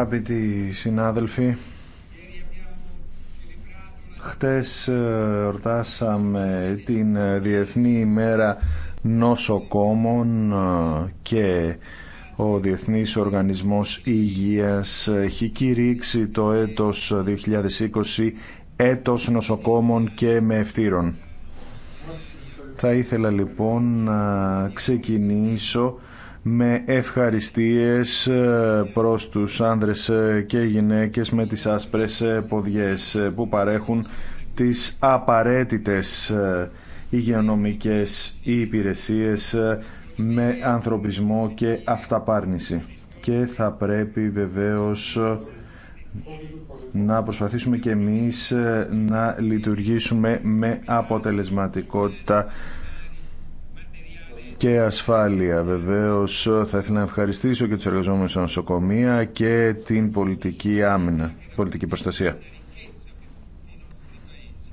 Αγαπητοί συνάδελφοι, χτες ε, ορτάσαμε την ε, Διεθνή ημέρα νοσοκόμων ε, και ο Διεθνής Οργανισμός Υγείας έχει κηρύξει το έτος 2020 έτος νοσοκόμων και με ευθύρων. Θα ήθελα λοιπόν να ξεκινήσω με ευχαριστίες ε, προς τους άνδρες ε, και γυναίκες με τις άσπρες ε, ποδιές που παρέχουν τις απαραίτητες υγειονομικές υπηρεσίες με ανθρωπισμό και αυταπάρνηση. Και θα πρέπει βεβαίως να προσπαθήσουμε και εμείς να λειτουργήσουμε με αποτελεσματικότητα και ασφάλεια. Βεβαίως θα ήθελα να ευχαριστήσω και του εργαζόμενους στα νοσοκομεία και την πολιτική άμυνα, πολιτική προστασία.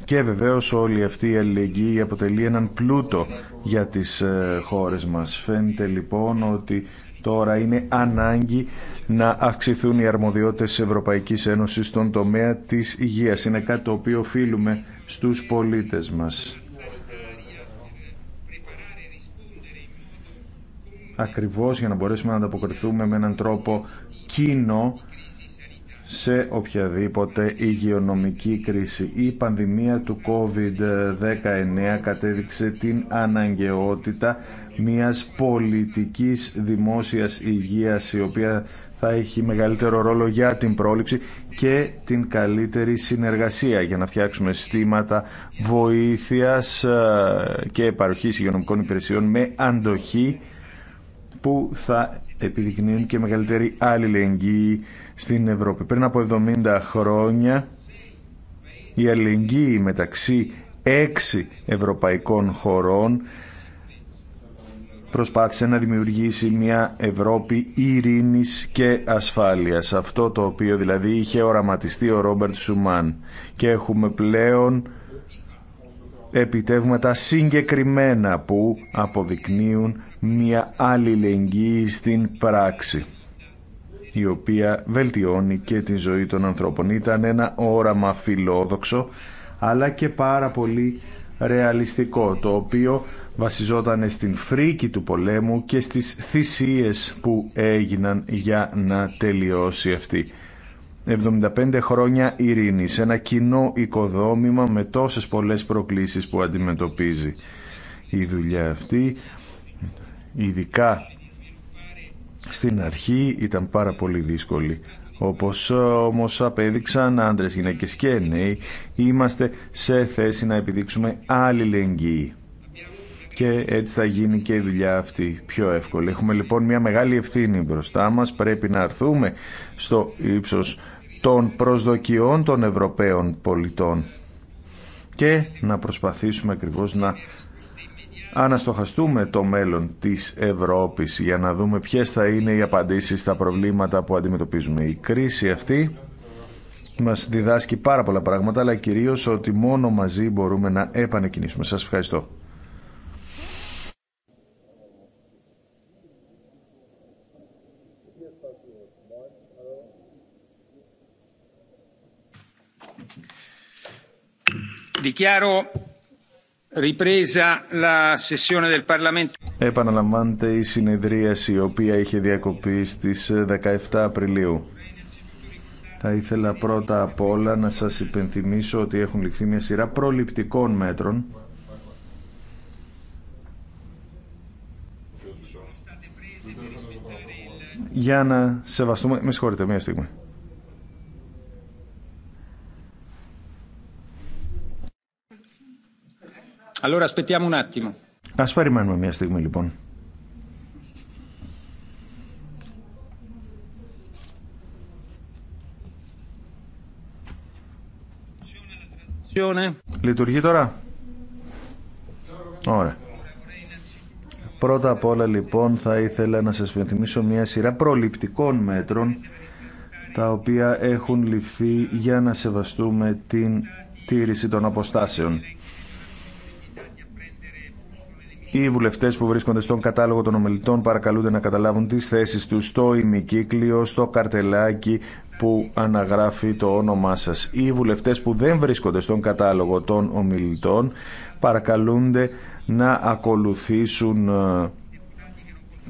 Και βεβαίως όλη αυτή η αλληλεγγύη αποτελεί έναν πλούτο για τις ε, χώρες μας. Φαίνεται λοιπόν ότι τώρα είναι ανάγκη να αυξηθούν οι αρμοδιότητες της Ευρωπαϊκής Ένωσης στον τομέα της υγείας. Είναι κάτι το οποίο οφείλουμε στους πολίτες μας. ακριβώς για να μπορέσουμε να ανταποκριθούμε με έναν τρόπο κοινό σε οποιαδήποτε υγειονομική κρίση. Η πανδημία του COVID-19 κατέδειξε την αναγκαιότητα μιας πολιτικής δημόσιας υγείας η οποία θα έχει μεγαλύτερο ρόλο για την πρόληψη και την καλύτερη συνεργασία για να φτιάξουμε στήματα βοήθειας ε, και παροχής υγειονομικών υπηρεσιών με αντοχή που θα επιδεικνύουν και μεγαλύτερη αλληλεγγύη στην Ευρώπη. Πριν από 70 χρόνια η αλληλεγγύη μεταξύ έξι ευρωπαϊκών χωρών προσπάθησε να δημιουργήσει μια Ευρώπη ειρήνης και ασφάλειας. Αυτό το οποίο δηλαδή είχε οραματιστεί ο Ρόμπερτ Σουμάν. Και έχουμε πλέον επιτεύγματα συγκεκριμένα που αποδεικνύουν μια αλληλεγγύη στην πράξη η οποία βελτιώνει και τη ζωή των ανθρώπων. Ήταν ένα όραμα φιλόδοξο αλλά και πάρα πολύ ρεαλιστικό το οποίο βασιζόταν στην φρίκη του πολέμου και στις θυσίες που έγιναν για να τελειώσει αυτή 75 χρόνια σε ένα κοινό οικοδόμημα με τόσες πολλές προκλήσεις που αντιμετωπίζει η δουλειά αυτή. Ειδικά στην αρχή ήταν πάρα πολύ δύσκολη. Όπως όμως απέδειξαν άντρες, γυναίκες και νέοι, είμαστε σε θέση να επιδείξουμε αλληλεγγύη. Και έτσι θα γίνει και η δουλειά αυτή πιο εύκολη. Έχουμε λοιπόν μια μεγάλη ευθύνη μπροστά μας, πρέπει να αρθούμε στο ύψος των προσδοκιών των Ευρωπαίων πολιτών και να προσπαθήσουμε ακριβώς να αναστοχαστούμε το μέλλον της Ευρώπης για να δούμε ποιες θα είναι οι απαντήσεις στα προβλήματα που αντιμετωπίζουμε. Η κρίση αυτή μας διδάσκει πάρα πολλά πράγματα αλλά κυρίως ότι μόνο μαζί μπορούμε να επανεκκινήσουμε. Σας ευχαριστώ. Επαναλαμβάνεται η συνεδρίαση η οποία είχε διακοπεί στις 17 ε, Απριλίου. Θα ήθελα πρώτα απ' όλα να σας υπενθυμίσω ότι έχουν ληφθεί μια σειρά προληπτικών μέτρων για να σεβαστούμε... Με συγχωρείτε, μία στιγμή. Allora Ας περιμένουμε μια στιγμή λοιπόν. Λειτουργεί τώρα. Ωραία. Πρώτα απ' όλα λοιπόν θα ήθελα να σας πενθυμίσω μια σειρά προληπτικών μέτρων τα οποία έχουν ληφθεί για να σεβαστούμε την τήρηση των αποστάσεων. Οι βουλευτέ που βρίσκονται στον κατάλογο των ομιλητών παρακαλούνται να καταλάβουν τι θέσει του στο ημικύκλιο, στο καρτελάκι που αναγράφει το όνομά σας. Οι βουλευτέ που δεν βρίσκονται στον κατάλογο των ομιλητών παρακαλούνται να ακολουθήσουν ε,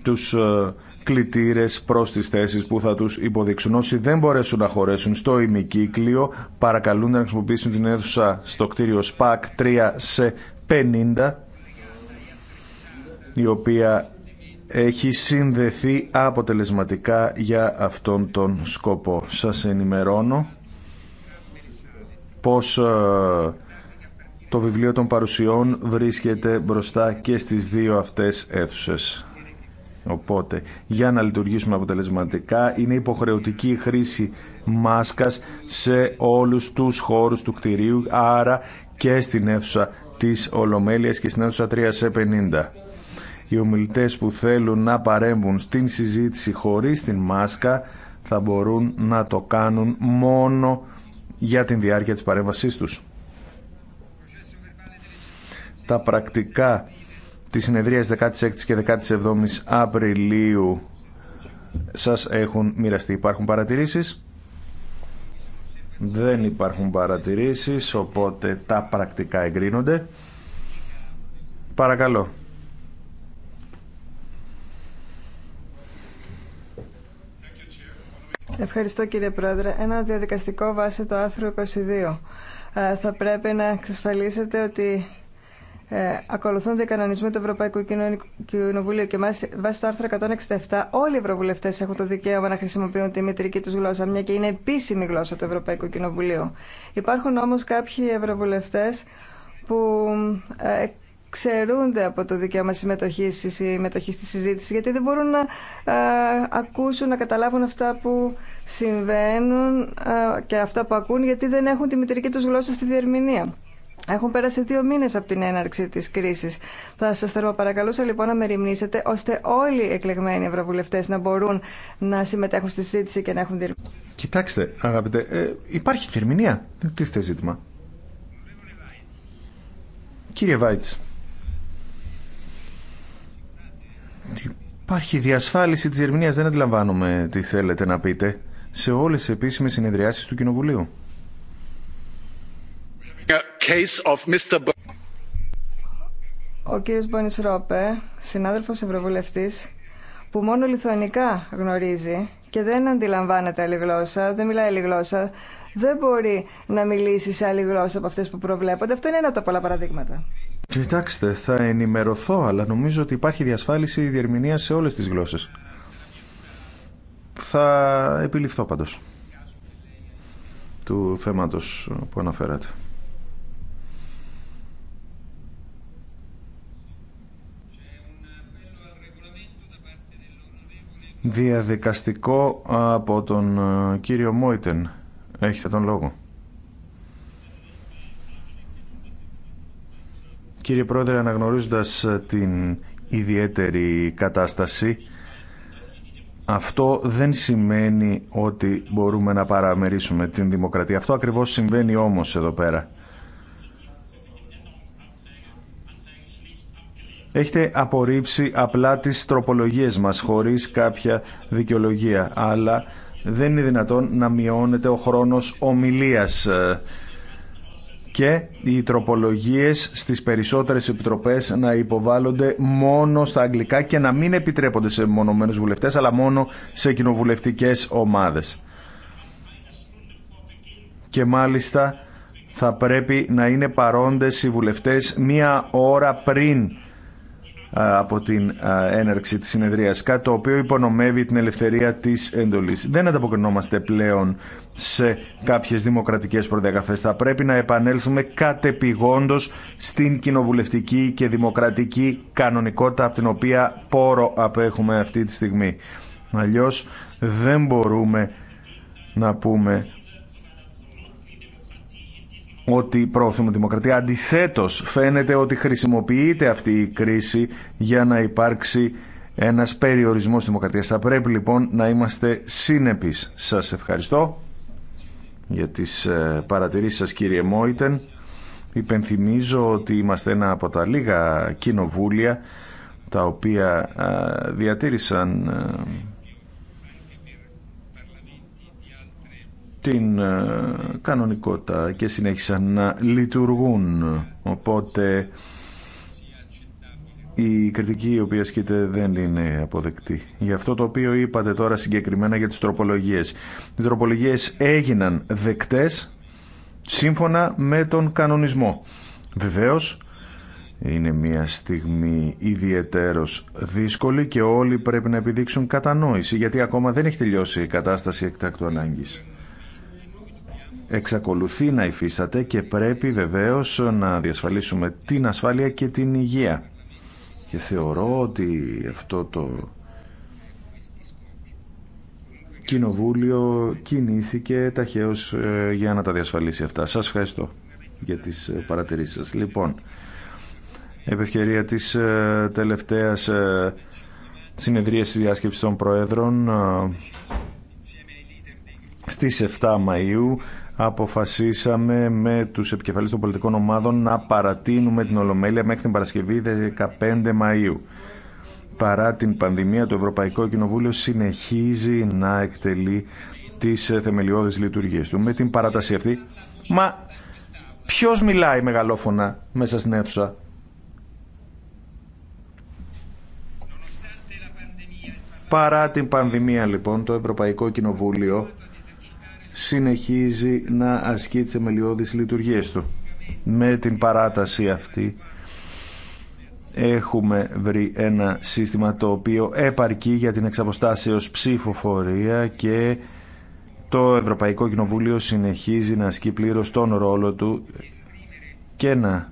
τους ε, κλητήρε προ τι θέσει που θα του υποδείξουν. Όσοι δεν μπορέσουν να χωρέσουν στο ημικύκλιο, παρακαλούνται να χρησιμοποιήσουν την αίθουσα στο κτίριο SPAC 3 σε 50 η οποία έχει συνδεθεί αποτελεσματικά για αυτόν τον σκοπό. Σας ενημερώνω πως ε, το βιβλίο των παρουσιών βρίσκεται μπροστά και στις δύο αυτές αίθουσες. Οπότε, για να λειτουργήσουμε αποτελεσματικά, είναι υποχρεωτική η χρήση μάσκας σε όλους τους χώρους του κτηρίου, άρα και στην αίθουσα της Ολομέλειας και στην αίθουσα 3 50 οι ομιλητές που θέλουν να παρέμβουν στην συζήτηση χωρίς την μάσκα θα μπορούν να το κάνουν μόνο για την διάρκεια της παρέμβασής τους. Τα πρακτικά της συνεδρίας 16 και 17 Απριλίου σας έχουν μοιραστεί. Υπάρχουν παρατηρήσεις. Δεν υπάρχουν παρατηρήσεις, οπότε τα πρακτικά εγκρίνονται. Παρακαλώ. Ευχαριστώ κύριε Πρόεδρε. Ένα διαδικαστικό βάσει το άρθρο 22. Ε, θα πρέπει να εξασφαλίσετε ότι ε, ακολουθούνται οι κανονισμοί του Ευρωπαϊκού Κοινοβουλίου και βάσει το άρθρο 167 όλοι οι ευρωβουλευτέ έχουν το δικαίωμα να χρησιμοποιούν τη μητρική του γλώσσα, μια και είναι επίσημη γλώσσα του Ευρωπαϊκού Κοινοβουλίου. Υπάρχουν όμω κάποιοι ευρωβουλευτέ που ε, ξερούνται από το δικαίωμα συμμετοχή συμμετοχή στη συζήτηση, γιατί δεν μπορούν να ε, ακούσουν, να καταλάβουν αυτά που συμβαίνουν ε, και αυτά που ακούν, γιατί δεν έχουν τη μητρική του γλώσσα στη διερμηνία. Έχουν πέρασει δύο μήνες από την έναρξη της κρίσης. Θα σας παρακαλούσα λοιπόν να με ρημνήσετε ώστε όλοι οι εκλεγμένοι ευρωβουλευτές να μπορούν να συμμετέχουν στη συζήτηση και να έχουν διερμηνία. Κοιτάξτε αγαπητέ, ε, υπάρχει διερμηνία. Τι είστε ζήτημα. Κύριε Βάιτς. Υπάρχει διασφάλιση της ερμηνείας, δεν αντιλαμβάνομαι τι θέλετε να πείτε, σε όλες τις επίσημες συνεδριάσεις του Κοινοβουλίου. Ο κύριος Μπόνις Ρόπε, συνάδελφος Ευρωβουλευτής, που μόνο λιθωνικά γνωρίζει και δεν αντιλαμβάνεται άλλη γλώσσα, δεν μιλάει άλλη γλώσσα, δεν μπορεί να μιλήσει σε άλλη γλώσσα από αυτές που προβλέπονται. Αυτό είναι ένα από τα πολλά παραδείγματα. Κοιτάξτε, θα ενημερωθώ, αλλά νομίζω ότι υπάρχει διασφάλιση διερμηνία σε όλες τις γλώσσες. Θα επιληφθώ πάντως του θέματος που αναφέρατε. Διαδικαστικό από τον ε, κύριο Μόιτεν. Έχετε τον λόγο. Κύριε Πρόεδρε, αναγνωρίζοντας ε, την ιδιαίτερη κατάσταση, αυτό δεν σημαίνει ότι μπορούμε να παραμερίσουμε την δημοκρατία. Αυτό ακριβώς συμβαίνει όμως εδώ πέρα. Έχετε απορρίψει απλά τις τροπολογίες μας χωρίς κάποια δικαιολογία, αλλά δεν είναι δυνατόν να μειώνεται ο χρόνος ομιλίας ε, και οι τροπολογίες στις περισσότερες επιτροπές να υποβάλλονται μόνο στα αγγλικά και να μην επιτρέπονται σε μονομένους βουλευτές αλλά μόνο σε κοινοβουλευτικές ομάδες. Και μάλιστα θα πρέπει να είναι παρόντες οι βουλευτές μία ώρα πριν ε, από την ε, έναρξη της συνεδρίας, κάτι το οποίο υπονομεύει την ελευθερία της εντολής. Δεν ανταποκρινόμαστε πλέον σε κάποιες δημοκρατικές προδιαγραφές. Θα πρέπει να επανέλθουμε κατεπηγόντως στην κοινοβουλευτική και δημοκρατική κανονικότητα από την οποία πόρο απέχουμε αυτή τη στιγμή. Αλλιώς δεν μπορούμε να πούμε ότι πρόωθουμε δημοκρατία. Αντιθέτως φαίνεται ότι χρησιμοποιείται αυτή η κρίση για να υπάρξει ένας περιορισμός δημοκρατίας. Θα πρέπει λοιπόν να είμαστε σύνεπείς. Σας ευχαριστώ για τις ε, παρατηρήσεις σας κύριε Μόιτεν. Υπενθυμίζω ότι είμαστε ένα από τα λίγα κοινοβούλια τα οποία ε, διατήρησαν ε, την ε, κανονικότητα και συνέχισαν να λειτουργούν. Οπότε η κριτική η οποία ασκείται δεν είναι αποδεκτή. Γι' αυτό το οποίο είπατε τώρα συγκεκριμένα για τις τροπολογίες. Οι τροπολογίες έγιναν δεκτές σύμφωνα με τον κανονισμό. Βεβαίως, είναι μια στιγμή ιδιαιτέρως δύσκολη και όλοι πρέπει να επιδείξουν κατανόηση, γιατί ακόμα δεν έχει τελειώσει η κατάσταση εκτάκτου ανάγκης εξακολουθεί να υφίσταται και πρέπει βεβαίως να διασφαλίσουμε την ασφάλεια και την υγεία. Και θεωρώ ότι αυτό το κοινοβούλιο κινήθηκε ταχαίως ε, για να τα διασφαλίσει αυτά. Σας ευχαριστώ για τις ε, παρατηρήσεις σας. Λοιπόν, επευκαιρία της ε, τελευταίας συνεδρίας της διάσκεψης των Προέδρων στις 7 Μαΐου αποφασίσαμε με τους επικεφαλεί των πολιτικών ομάδων να παρατείνουμε την Ολομέλεια μέχρι την Παρασκευή 15 Μαΐου. Παρά την πανδημία, το Ευρωπαϊκό Κοινοβούλιο συνεχίζει να εκτελεί τις θεμελιώδεις λειτουργίες του. Με την παράταση αυτή, μα ποιο μιλάει μεγαλόφωνα μέσα στην αίθουσα. Παρά την πανδημία λοιπόν το Ευρωπαϊκό Κοινοβούλιο συνεχίζει να ασκεί τις εμελιώδεις λειτουργίες του. Με την παράταση αυτή έχουμε βρει ένα σύστημα το οποίο επαρκεί για την εξαποστάσεως ψηφοφορία και το Ευρωπαϊκό Κοινοβούλιο συνεχίζει να ασκεί πλήρως τον ρόλο του και να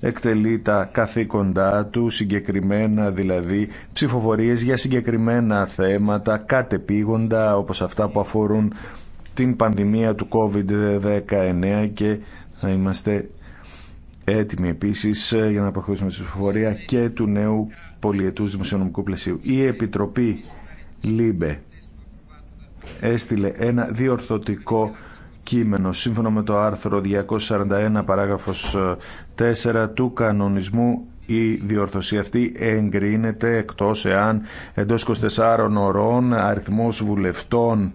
εκτελεί τα καθήκοντά του, συγκεκριμένα δηλαδή ψηφοφορίες για συγκεκριμένα θέματα, κατεπήγοντα όπως αυτά που αφορούν την πανδημία του COVID-19 και θα είμαστε έτοιμοι επίσης ε, για να προχωρήσουμε τη ψηφοφορία και του νέου πολιετούς δημοσιονομικού πλαισίου. Η Επιτροπή ΛΥΜΠΕ έστειλε ένα διορθωτικό κείμενο σύμφωνα με το άρθρο 241 παράγραφος ε, Τέσσερα του κανονισμού η διορθωσία αυτή εγκρίνεται εκτός εάν εντός 24 ωρών αριθμός βουλευτών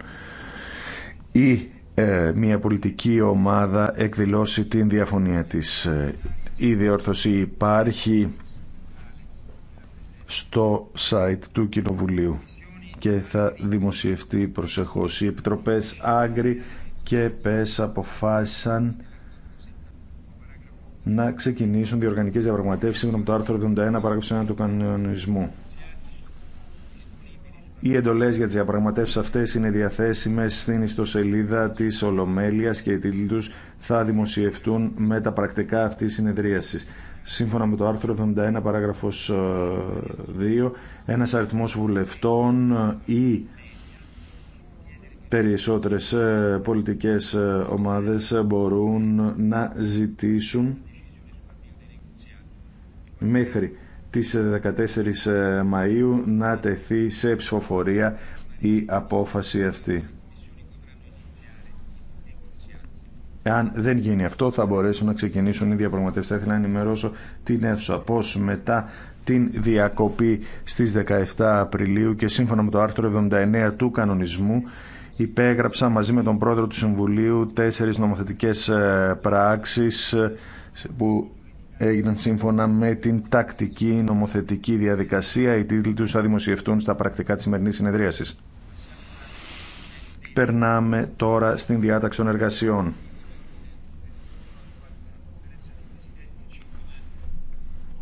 ή ε, μια πολιτική ομάδα εκδηλώσει την διαφωνία της. Η διορθωσία υπάρχει στο site του Κοινοβουλίου και θα δημοσιευτεί προσεχώς. Οι επιτροπές Άγκρη και ΠΕΣ αποφάσισαν να ξεκινήσουν διοργανικές διαπραγματεύσει σύμφωνα με το άρθρο 71 παράγραφος 1 του κανονισμού. Οι εντολέ για τι διαπραγματεύσει αυτές είναι διαθέσιμε στην ιστοσελίδα της Ολομέλειας και οι τίτλοι τους θα δημοσιευτούν με τα πρακτικά αυτή τη συνεδρίασης. Σύμφωνα με το άρθρο 71 παράγραφος 2, ε, ένα αριθμό βουλευτών ε, ή περισσότερες ε, πολιτικές ομάδες μπορούν να ζητήσουν μέχρι τις 14 ε, ε, Μαΐου να τεθεί σε ψηφοφορία η απόφαση αυτή. Αν δεν γίνει αυτό, θα μπορέσουν να ξεκινήσουν οι διαπραγματεύσεις. Θα ήθελα να ενημερώσω την αίθουσα Πώς μετά την διακοπή στις 17 Απριλίου και σύμφωνα με το άρθρο 79 του κανονισμού υπέγραψα μαζί με τον πρόεδρο του Συμβουλίου τέσσερις νομοθετικές ε, πράξεις που έγιναν σύμφωνα με την τακτική νομοθετική διαδικασία. Οι τίτλοι τους θα δημοσιευτούν στα πρακτικά της σημερινής συνεδρίασης. Περνάμε τώρα στην διάταξη των εργασιών.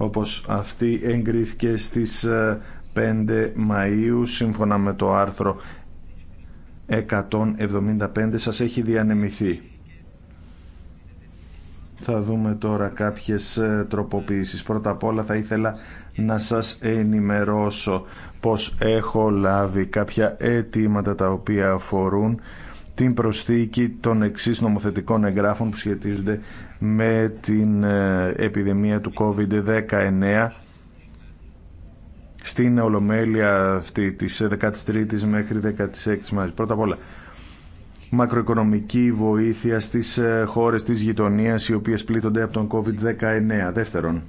όπως αυτή εγκρίθηκε στις 5 ε, Μαΐου σύμφωνα με το άρθρο 175 σας έχει διανεμηθεί. Θα δούμε τώρα κάποιες ε, τροποποιήσεις. Πρώτα απ' όλα θα ήθελα να σας ενημερώσω πως έχω λάβει κάποια αιτήματα τα οποία αφορούν την προσθήκη των εξή νομοθετικών εγγράφων που σχετίζονται με την ε, επιδημία του COVID-19 στην Ολομέλεια αυτή της 13ης μέχρι 16ης Μαρτίου. Πρώτα απ' όλα, μακροοικονομική βοήθεια στις ε, χώρες της γειτονίας οι οποίες πλήττονται από τον COVID-19. Δεύτερον,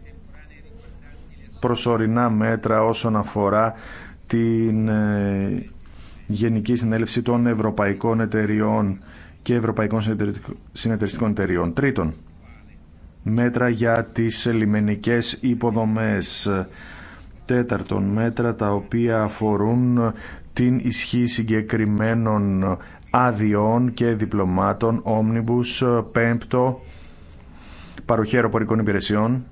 προσωρινά μέτρα όσον αφορά την ε, Γενική Συνέλευση των Ευρωπαϊκών Εταιριών και Ευρωπαϊκών Συνεταιριστικών Εταιριών. Τρίτον, μέτρα για τις λιμενικές υποδομές. Τέταρτον, μέτρα τα οποία αφορούν την ισχύ συγκεκριμένων αδειών και διπλωμάτων, όμνιμπους, ε, πέμπτο, παροχή αεροπορικών υπηρεσιών,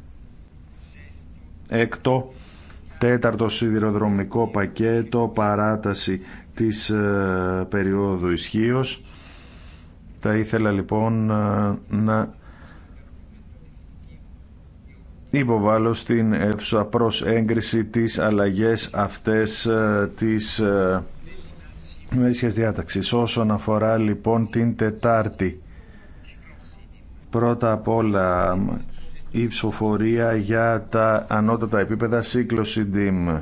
έκτο, τέταρτο σιδηροδρομικό πακέτο, παράταση της ε, περίοδου ισχύω. Θα ήθελα λοιπόν ε, να υποβάλλω στην αίθουσα προς έγκριση τις αλλαγές αυτές της ημερήσιας διάταξη; Όσον αφορά λοιπόν την Τετάρτη, πρώτα απ' όλα η ψηφοφορία για τα ανώτατα επίπεδα σύγκλωση DIM.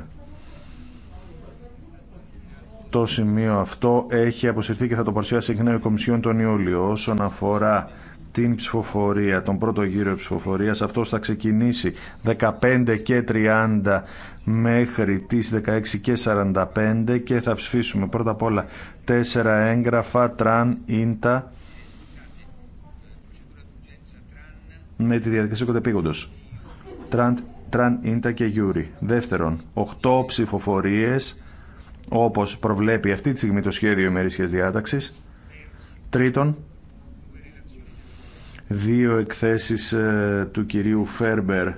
Το σημείο αυτό έχει αποσυρθεί και θα το παρουσιάσει η νέου Κομισιόν τον Ιούλιο. Όσον αφορά την ψηφοφορία, τον πρώτο γύρο ψηφοφορίας, αυτός θα ξεκινήσει 15 και 30 μέχρι τις 16 και 45 και θα ψηφίσουμε πρώτα απ' όλα τέσσερα έγγραφα τραν ίντα με τη διαδικασία κοντεπήγοντος τραν, τραν ίντα και γιούρι δεύτερον 8 ψηφοφορίες όπως προβλέπει αυτή τη στιγμή το σχέδιο ημερήσιας διάταξης τρίτον δύο εκθέσεις ε, του κυρίου Φέρμπερ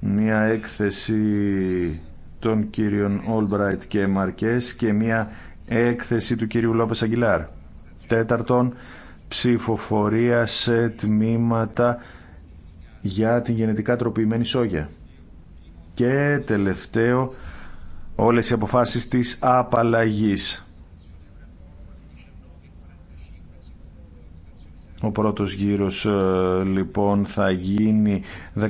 μια έκθεση των κύριων Όλμπραϊτ και Μαρκές και μια έκθεση του κύριου Λόπες Αγγιλάρ. Τέταρτον, ψηφοφορία σε τμήματα για την γενετικά τροποιημένη σόγια. Και τελευταίο, όλες οι αποφάσεις της απαλλαγής. Ο πρώτος γύρος ε, λοιπόν θα γίνει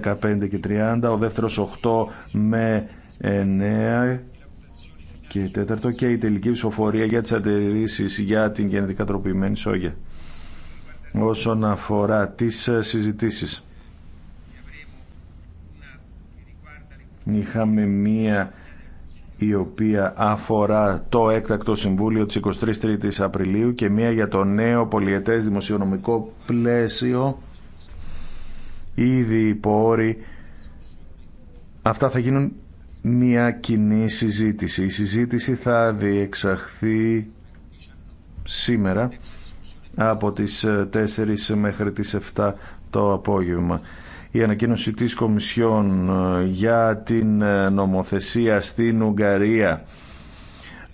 15 και 30, ο δεύτερος 8 με 9 και τέταρτο και η τελική ψηφοφορία για τις αντιρρήσεις για την γενετικά τροποποιημένη σόγια. Όσον αφορά τις ε, συζητήσεις. Είχαμε μία η οποία αφορά το έκτακτο συμβούλιο της 23ης Απριλίου και μία για το νέο πολιετές δημοσιονομικό πλαίσιο ήδη υπό όρη. Αυτά θα γίνουν μία κοινή συζήτηση. Η συζήτηση θα διεξαχθεί σήμερα από τις 4 μέχρι τις 7 το απόγευμα η ανακοίνωση της Κομισιόν ε, για την ε, νομοθεσία στην Ουγγαρία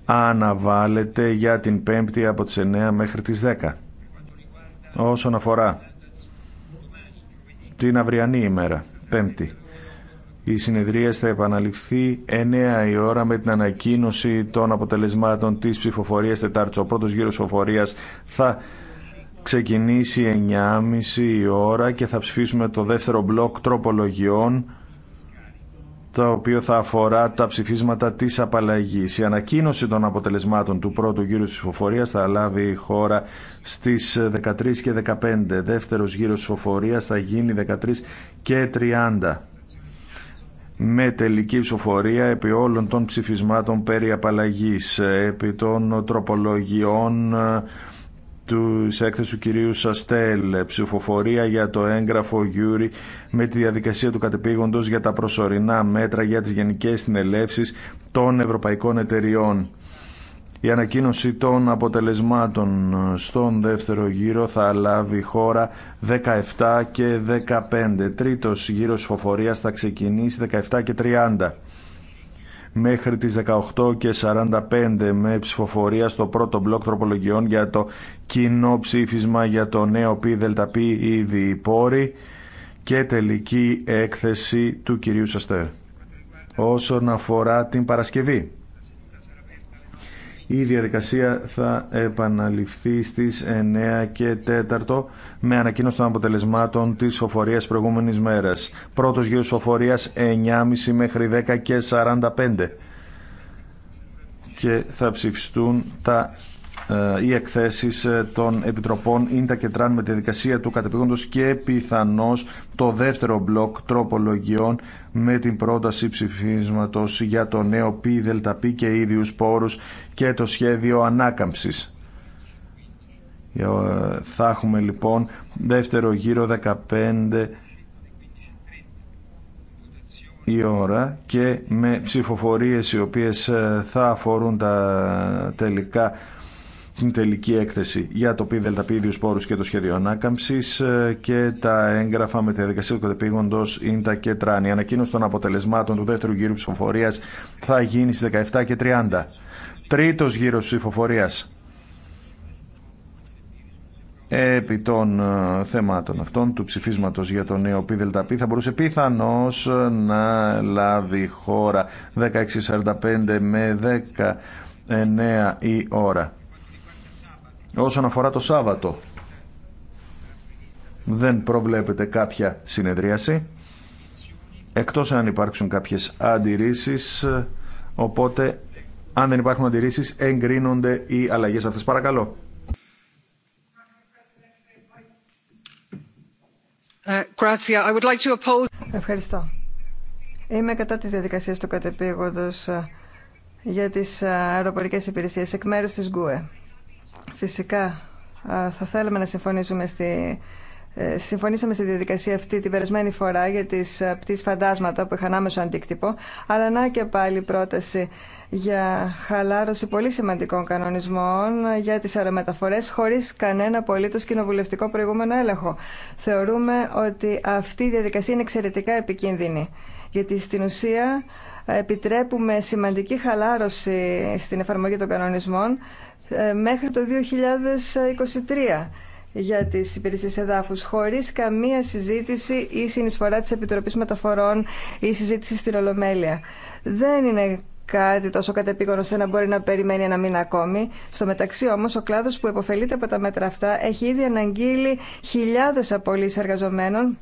αναβάλλεται για την 5η από τις 9 μέχρι τις 10. Όσον αφορά την αυριανή ημέρα, 5η, η συνεδρία θα επαναληφθεί 9 η ώρα με την ανακοίνωση των αποτελεσμάτων της ψηφοφορίας Τετάρτης. Ο πρώτος γύρος ψηφοφορίας θα ξεκινήσει 9.30 η ώρα και θα ψηφίσουμε το δεύτερο μπλοκ τροπολογιών το οποίο θα αφορά τα ψηφίσματα της απαλλαγής. Η ανακοίνωση των αποτελεσμάτων του πρώτου γύρου της ψηφοφορίας θα λάβει η χώρα στις 13 και 15. Δεύτερος γύρος ψηφοφορίας θα γίνει 13 και 30 με τελική ψηφοφορία επί όλων των ψηφισμάτων περί απαλλαγής, επί των τροπολογιών του έκθεση του κυρίου Σαστέλ, ψηφοφορία για το έγγραφο Γιούρι με τη διαδικασία του κατεπήγοντο για τα προσωρινά μέτρα για τι γενικέ συνελεύσει των ευρωπαϊκών εταιριών. Η ανακοίνωση των αποτελεσμάτων στον δεύτερο γύρο θα λάβει χώρα 17 και 15. Τρίτος γύρος φοφορίας θα ξεκινήσει 17 και 30 μέχρι τις 18.45 με ψηφοφορία στο πρώτο μπλοκ τροπολογιών για το κοινό ψήφισμα για το νέο πι δελτα πι ήδη πόρη και τελική έκθεση του κυρίου Σαστέρ. Όσον αφορά την Παρασκευή, η διαδικασία θα επαναληφθεί στις 9 και 4 με ανακοίνωση των αποτελεσμάτων της φοφορίας προηγούμενης μέρας. Πρώτος γύρος φοφορίας 9.30 μέχρι 10 και 45 και θα ψηφιστούν τα ε, οι εκθέσεις ε, των Επιτροπών είναι τα με τη δικασία του κατεπίγοντο και πιθανώ το δεύτερο μπλοκ τροπολογιών με την πρόταση ψηφίσματο για το νέο πι δελτα και ίδιους πόρους και το σχέδιο ανάκαμψης. Ε, θα έχουμε λοιπόν δεύτερο γύρο 15 η ώρα και με ψηφοφορίες οι οποίες θα αφορούν τα τελικά την τελική έκθεση για το ΠΔΠ ίδιους πόρου και το σχέδιο ανάκαμψη ε, και τα έγγραφα με τη διαδικασία του κατεπήγοντο Ίντα και Τράνη. Η ανακοίνωση των αποτελεσμάτων του δεύτερου γύρου ψηφοφορίας θα γίνει στις 17 και 30. Τρίτο γύρο ψηφοφορία επί των ε, θεμάτων αυτών του ψηφίσματος για το νέο ΠΔΠ θα μπορούσε πιθανώς ε, να λάβει χώρα 16.45 με 19 η ώρα. Όσον αφορά το Σάββατο, δεν προβλέπεται κάποια συνεδρίαση, εκτός αν υπάρξουν κάποιες αντιρρήσεις, οπότε αν δεν υπάρχουν αντιρρήσεις εγκρίνονται οι αλλαγές αυτές. Παρακαλώ. Ε, Ευχαριστώ. Είμαι κατά της διαδικασίας του κατεπήγοντος ε, για τις ε, αεροπορικές υπηρεσίες εκ μέρους της ΓΚΟΕ. Φυσικά θα θέλαμε να συμφωνήσουμε στη... Ε, συμφωνήσαμε στη διαδικασία αυτή την περασμένη φορά για τις ε, πτήσεις φαντάσματα που είχαν άμεσο αντίκτυπο, αλλά να και πάλι πρόταση για χαλάρωση πολύ σημαντικών κανονισμών ε, για τις αερομεταφορές χωρίς κανένα απολύτως κοινοβουλευτικό προηγούμενο έλεγχο. Θεωρούμε ότι αυτή η διαδικασία είναι εξαιρετικά επικίνδυνη, γιατί στην ουσία επιτρέπουμε σημαντική χαλάρωση στην εφαρμογή των κανονισμών ε, μέχρι το 2023 για τις υπηρεσίες εδάφους χωρίς καμία συζήτηση ή συνεισφορά της Επιτροπής Μεταφορών ή συζήτηση στην Ολομέλεια. Δεν είναι κάτι τόσο κατεπίγον ώστε να μπορεί να περιμένει ένα μήνα ακόμη. Στο μεταξύ όμως ο κλάδος που υποφελείται από τα μέτρα αυτά έχει ήδη αναγγείλει χιλιάδες απολύσεις εργαζομένων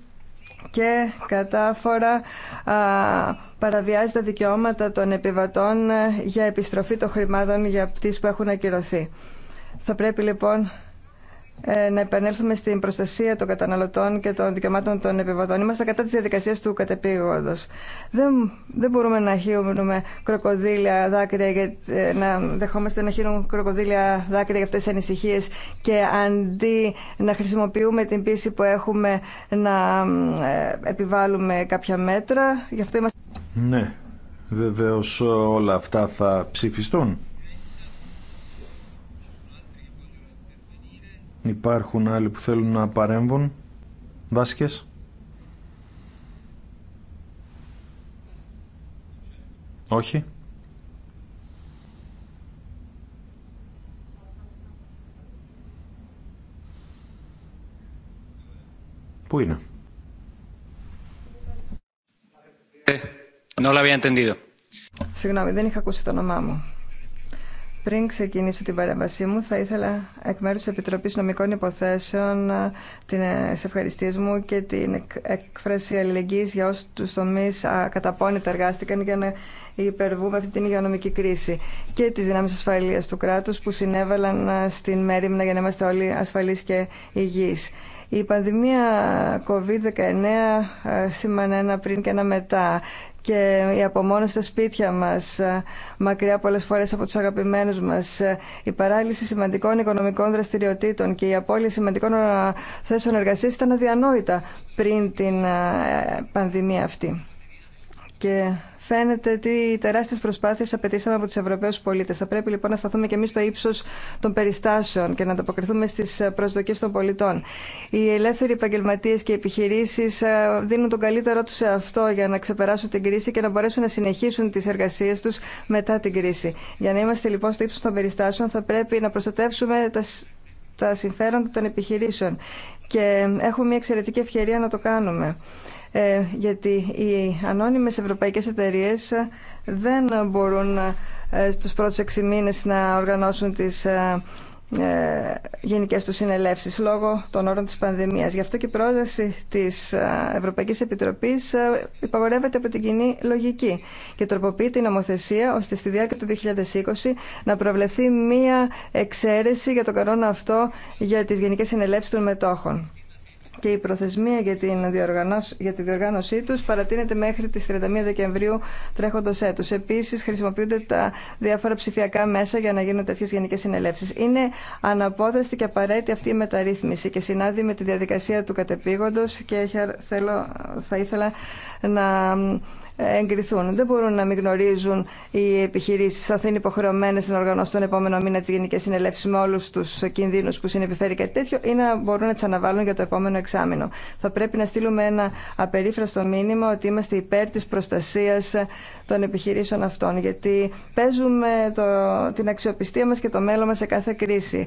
και κατάφορα παραβιάζει τα δικαιώματα των επιβατών ε, για επιστροφή των χρημάτων για τις που έχουν ακυρωθεί. Θα πρέπει λοιπόν ε, να επανέλθουμε στην προστασία των καταναλωτών και των δικαιωμάτων των επιβατών. Είμαστε κατά τη διαδικασία του κατεπήγοντο. Δεν, δεν μπορούμε να χύνουμε κροκοδίλια δάκρυα, για, ε, να δεχόμαστε να χύνουμε κροκοδίλια δάκρυα για αυτέ τι ανησυχίε και αντί να χρησιμοποιούμε την πίεση που έχουμε να ε, επιβάλλουμε κάποια μέτρα. αυτό Ναι, βεβαίω όλα αυτά θα ψηφιστούν. Υπάρχουν άλλοι που θέλουν να παρέμβουν. Βάσκες. Όχι. Πού είναι. Ε, no Συγγνώμη, δεν είχα ακούσει το όνομά μου. Πριν ξεκινήσω την παρέμβασή μου, θα ήθελα εκ μέρου τη Επιτροπή Νομικών Υποθέσεων ε, ε, τι ευχαριστίε μου και την έκφραση αλληλεγγύη για όσου του τομεί καταπώνητα εργάστηκαν για να υπερβούμε αυτή την υγειονομική κρίση και τι δυνάμει ασφαλεία του κράτου που συνέβαλαν ε, στην μέρημνα για να είμαστε όλοι ασφαλεί και υγιεί. Η πανδημία COVID-19 σήμανε ένα πριν και ένα μετά και η απομόνωση στα σπίτια μας, ε, μακριά πολλές φορές από τους αγαπημένους μας, ε, η παράλυση σημαντικών οικονομικών δραστηριοτήτων και η απώλεια σημαντικών ε, θέσεων εργασίας ήταν αδιανόητα πριν την πανδημία αυτή. Και Φαίνεται τι τεράστιε προσπάθειες απαιτήσαμε από του ευρωπαίου πολίτε. Θα πρέπει λοιπόν να σταθούμε και εμεί στο ύψο των περιστάσεων και να ανταποκριθούμε στι ε, προσδοκίε των πολιτών. Οι ελεύθεροι επαγγελματίε και επιχειρήσει ε, δίνουν τον καλύτερό του σε αυτό για να ξεπεράσουν την κρίση και να μπορέσουν να συνεχίσουν τι εργασίε του μετά την κρίση. Για να είμαστε λοιπόν στο ύψο των περιστάσεων θα πρέπει να προστατεύσουμε τα, τα συμφέροντα των επιχειρήσεων και ε, έχουμε μια εξαιρετική ευκαιρία να το κάνουμε. Ε, γιατί οι ανώνυμες ευρωπαϊκές εταιρείες δεν μπορούν στους ε, πρώτους έξι μήνες να οργανώσουν τις ε, γενικές του συνελεύσεις λόγω των όρων της πανδημίας. Γι' αυτό και η πρόταση της Ευρωπαϊκής Επιτροπής υπαγορεύεται από την κοινή λογική και τροποποιεί την νομοθεσία ώστε στη διάρκεια του 2020 να προβλεφθεί μία εξαίρεση για τον κανόνα αυτό για τις γενικές συνελεύσεις των μετόχων και η προθεσμία για, την για τη διοργάνωσή τους παρατείνεται μέχρι τις 31 Δεκεμβρίου τρέχοντος έτους. Επίσης χρησιμοποιούνται τα διάφορα ψηφιακά μέσα για να γίνουν τέτοιες γενικές συνελεύσεις. Είναι αναπόδραστη και απαραίτητη αυτή η μεταρρύθμιση και συνάδει με τη διαδικασία του κατεπήγοντος και θέλω, θα ήθελα να εγκριθούν. Δεν μπορούν να μην γνωρίζουν οι επιχειρήσει θα είναι υποχρεωμένε να οργανώσουν τον επόμενο μήνα τι γενικέ συνελεύσει με όλου του κινδύνου που συνεπιφέρει κάτι τέτοιο ή να μπορούν να τι αναβάλουν για το επόμενο εξάμεινο. Θα πρέπει να στείλουμε ένα απερίφραστο μήνυμα ότι είμαστε υπέρ τη προστασία των επιχειρήσεων αυτών. Γιατί παίζουμε την αξιοπιστία μα και το μέλλον μα σε κάθε κρίση.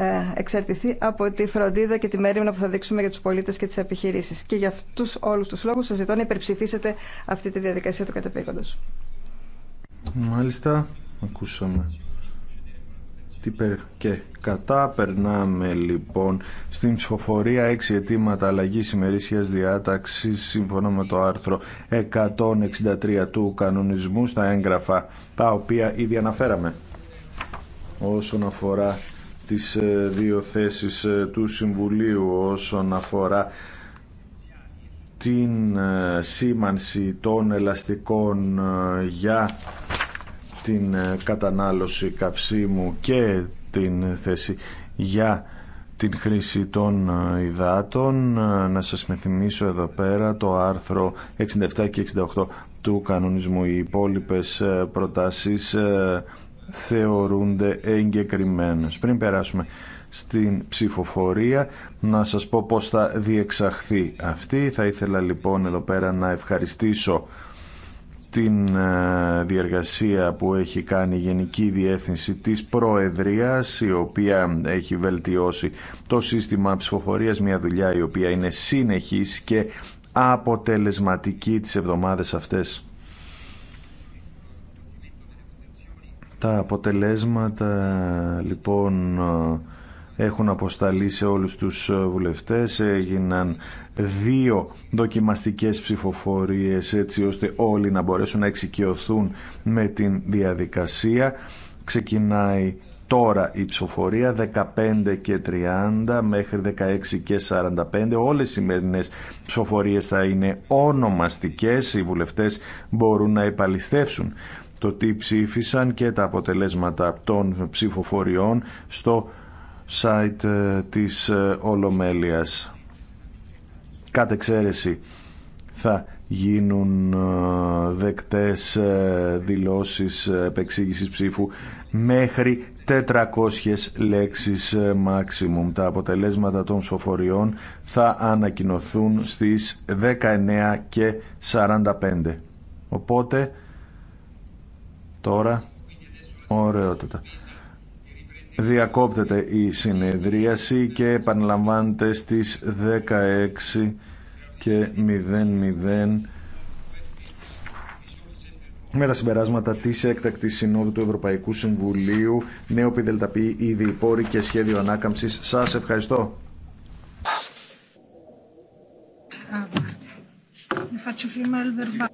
Ε, εξαρτηθεί από τη φροντίδα και τη μέρημνα που θα δείξουμε για τους πολίτες και τις επιχειρήσεις. Και για αυτούς όλους τους λόγους σας ζητώ να υπερψηφίσετε αυτή τη διαδικασία του καταπέκοντος. Μάλιστα, ακούσαμε. Τι και κατά περνάμε λοιπόν στην ψηφοφορία 6 αιτήματα αλλαγή ημερήσιας διάταξης σύμφωνα με το άρθρο 163 του κανονισμού στα έγγραφα τα οποία ήδη αναφέραμε όσον αφορά τις ε, δύο θέσεις ε, του Συμβουλίου όσον αφορά την ε, σήμανση των ελαστικών για την κατανάλωση καυσίμου και την θέση για την χρήση των υδάτων. Να σας μεθυμίσω εδώ πέρα το άρθρο 67 και 68 του κανονισμού. Οι υπόλοιπες προτάσεις θεωρούνται εγκεκριμένες. Πριν περάσουμε στην ψηφοφορία να σας πω πώς θα διεξαχθεί αυτή. Θα ήθελα λοιπόν εδώ πέρα να ευχαριστήσω την ε, διεργασία που έχει κάνει η Γενική Διεύθυνση της Προεδρίας η οποία έχει βελτιώσει το σύστημα ψηφοφορίας μια δουλειά η οποία είναι συνεχής και αποτελεσματική τις εβδομάδες αυτές Τα αποτελέσματα λοιπόν έχουν αποσταλεί σε όλους τους βουλευτές, έγιναν δύο δοκιμαστικές ψηφοφορίες έτσι ώστε όλοι να μπορέσουν να εξοικειωθούν με την διαδικασία. Ξεκινάει τώρα η ψηφοφορία 15 και 30 μέχρι 16 και 45 όλες οι σημερινές ψηφοφορίες θα είναι ονομαστικές οι βουλευτές μπορούν να επαληθεύσουν το τι ψήφισαν και τα αποτελέσματα των ψηφοφοριών στο site ε, της ε, Ολομέλειας. Κάτ' εξαίρεση θα γίνουν ε, δεκτές δηλώσεις επεξήγησης ψήφου μέχρι 400 λέξεις maximum. Τα αποτελέσματα των ψηφοφοριών θα ανακοινωθούν στις 19 και 45. Οπότε Τώρα, ωραιότατα. Διακόπτεται η συνεδρίαση και επαναλαμβάνεται στις 16 και 00 με τα συμπεράσματα τη έκτακτη συνόδου του Ευρωπαϊκού Συμβουλίου, νέο πιδελταπή, ήδη υπόρρη και σχέδιο ανάκαμψη. Σα ευχαριστώ. Ah,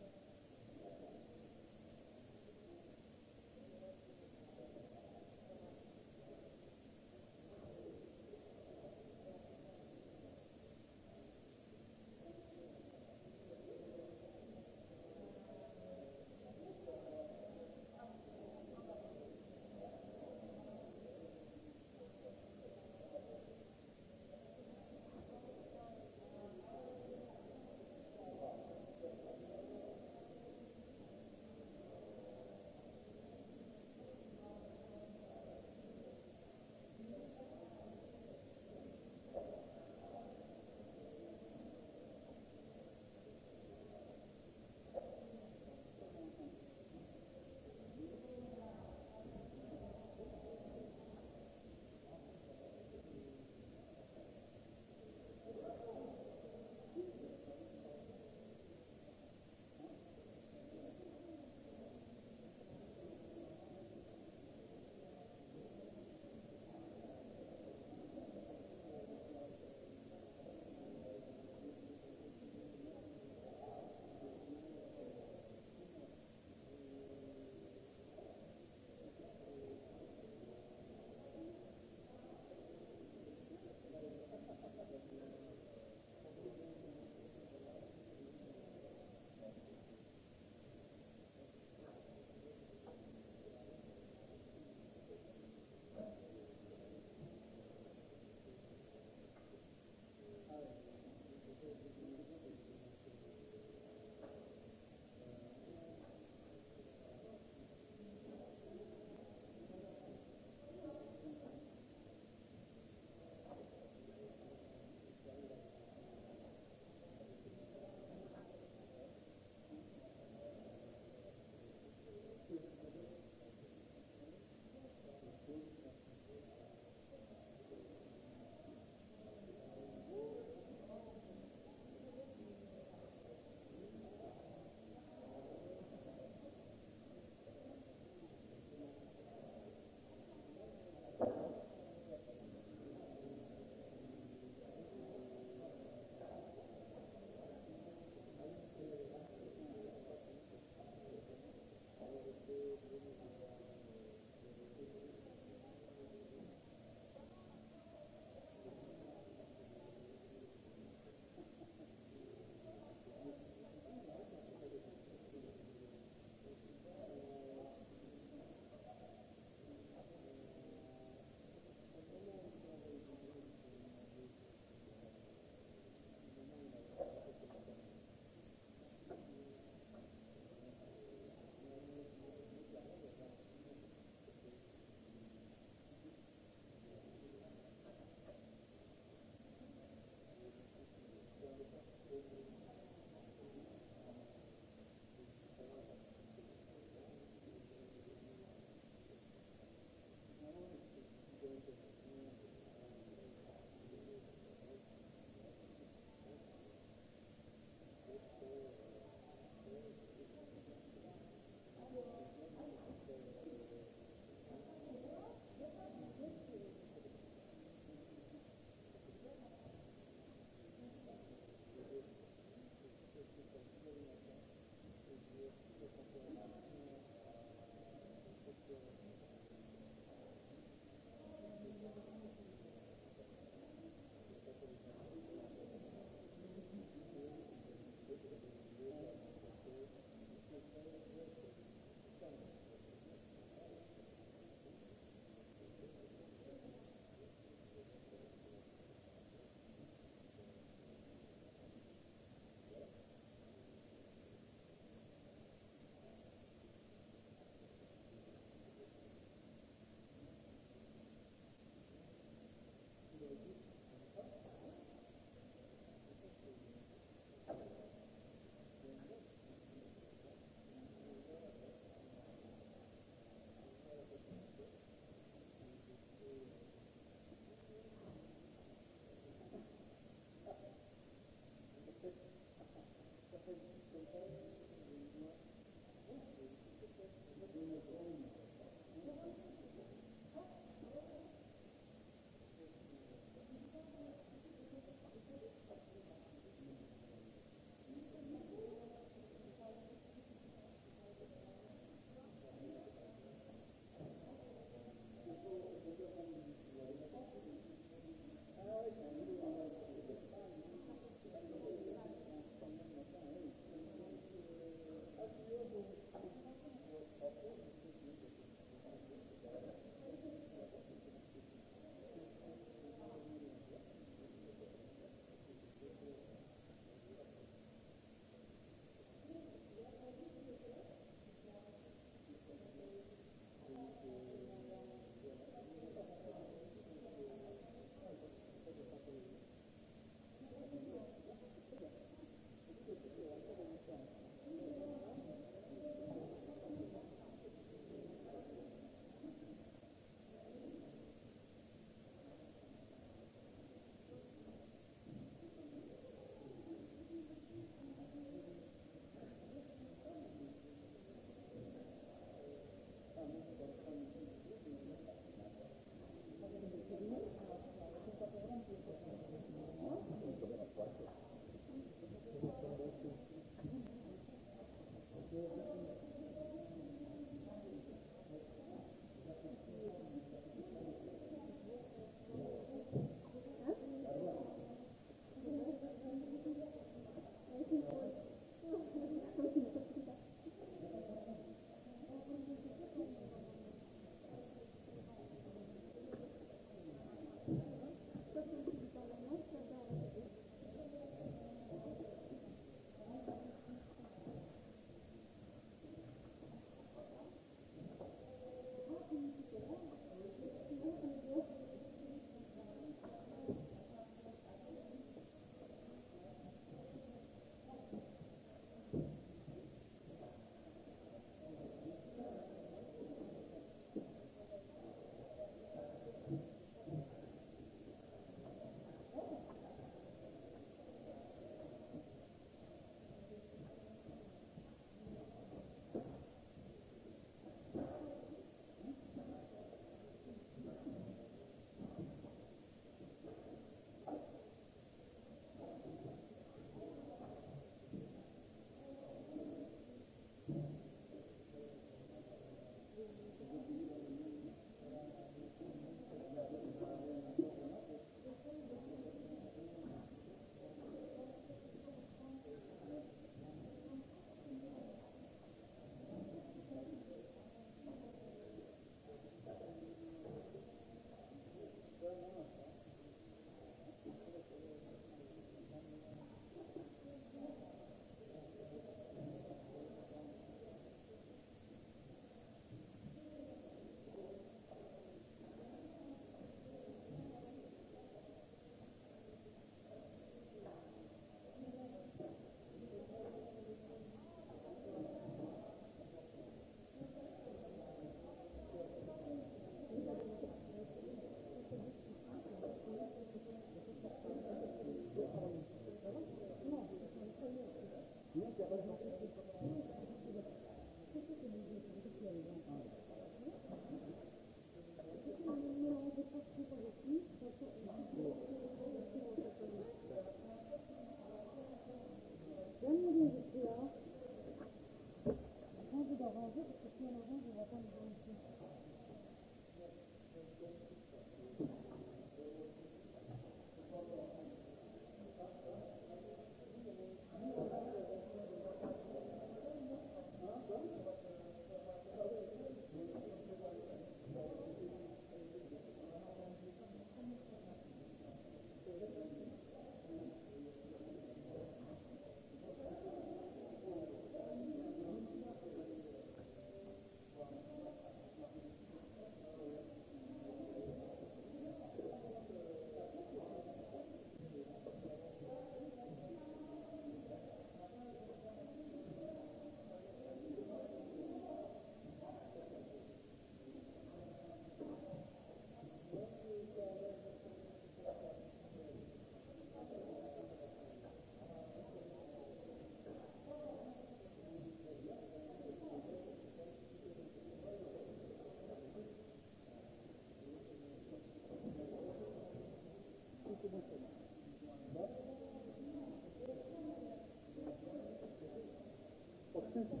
Thank you.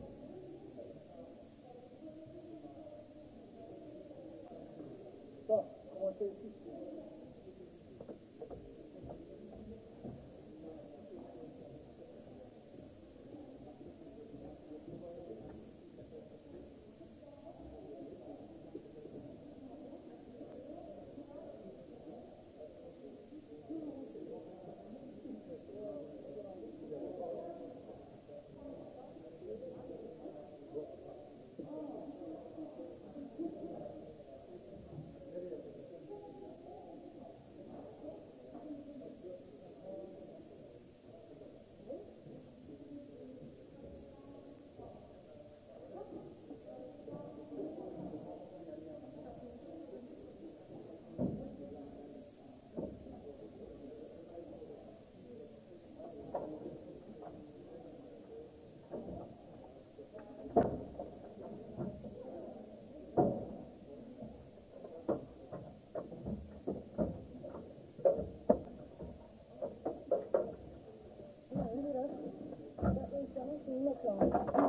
είναι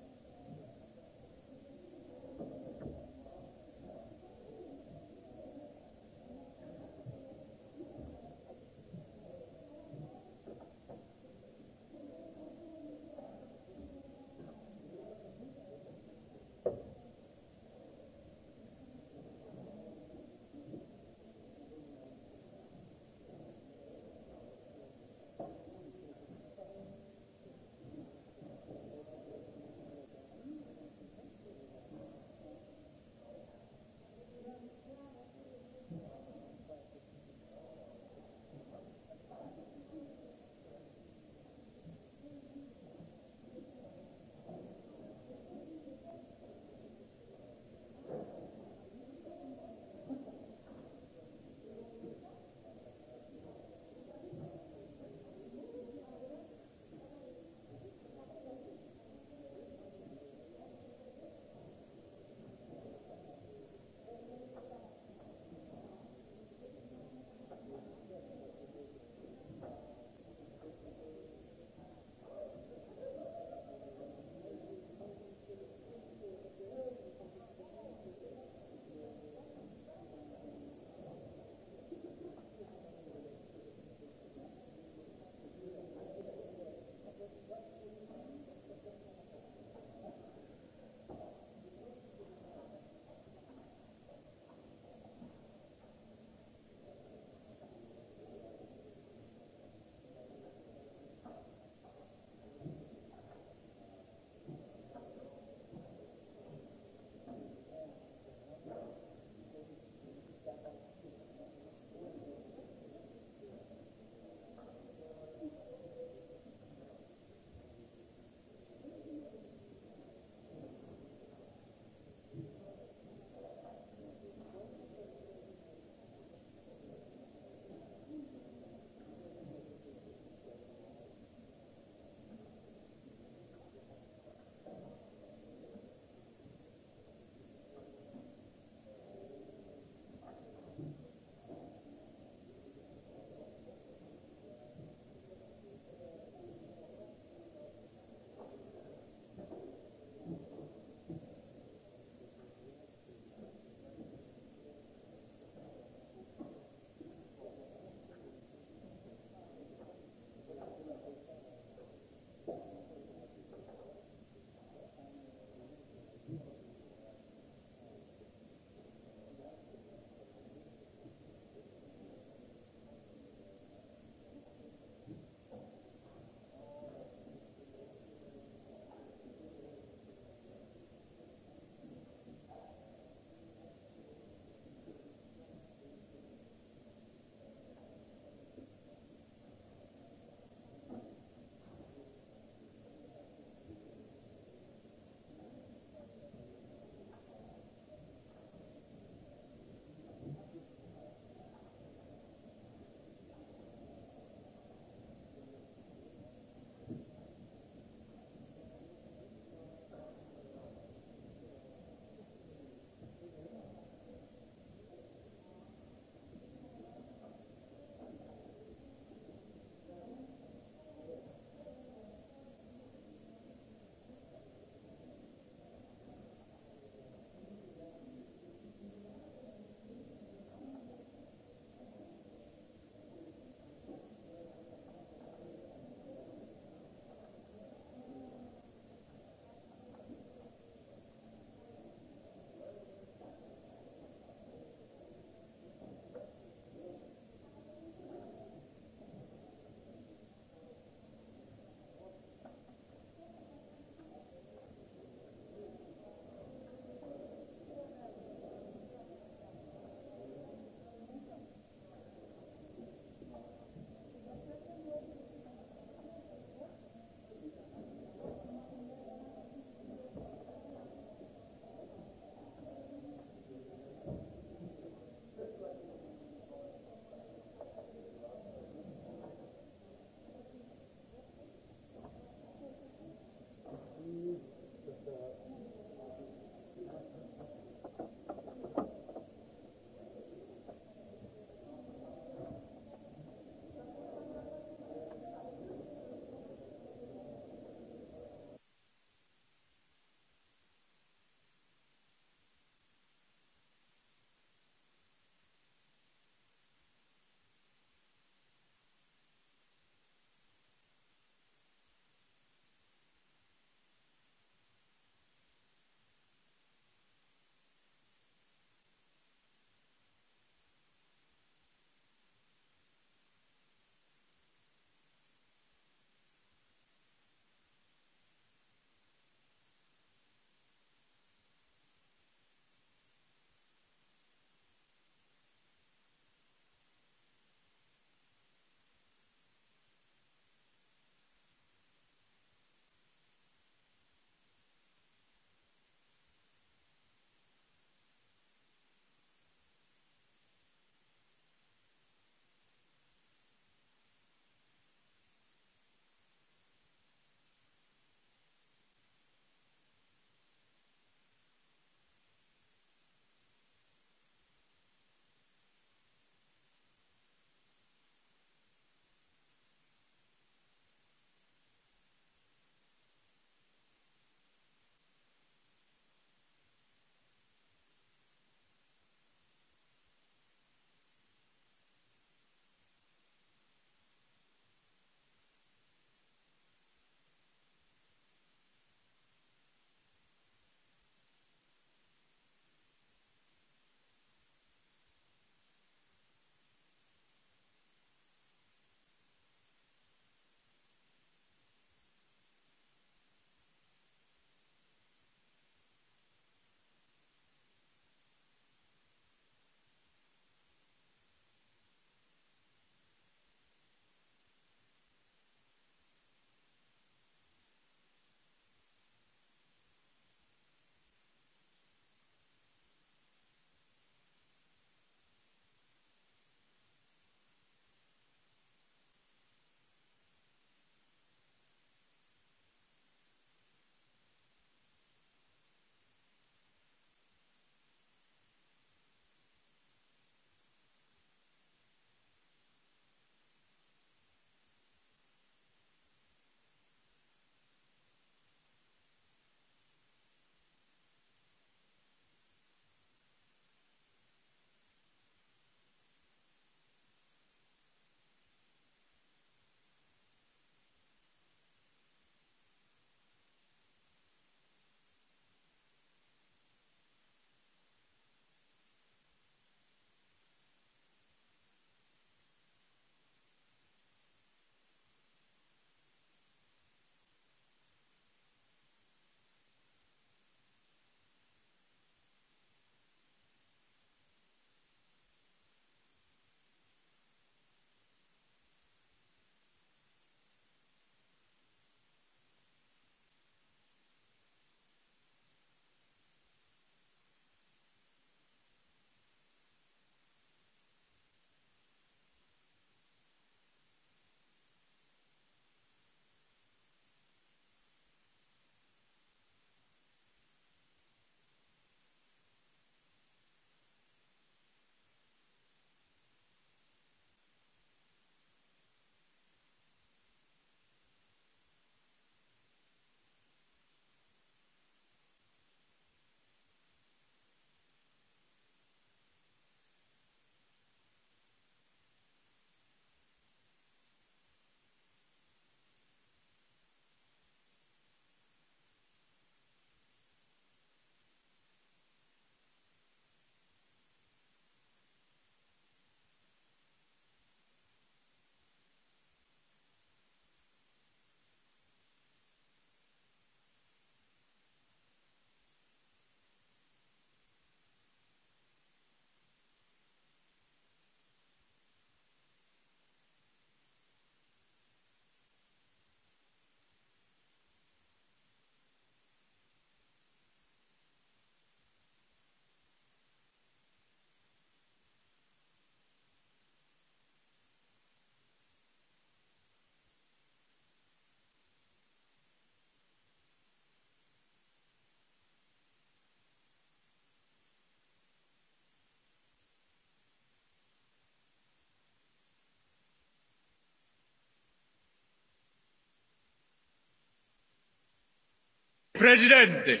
Presidente.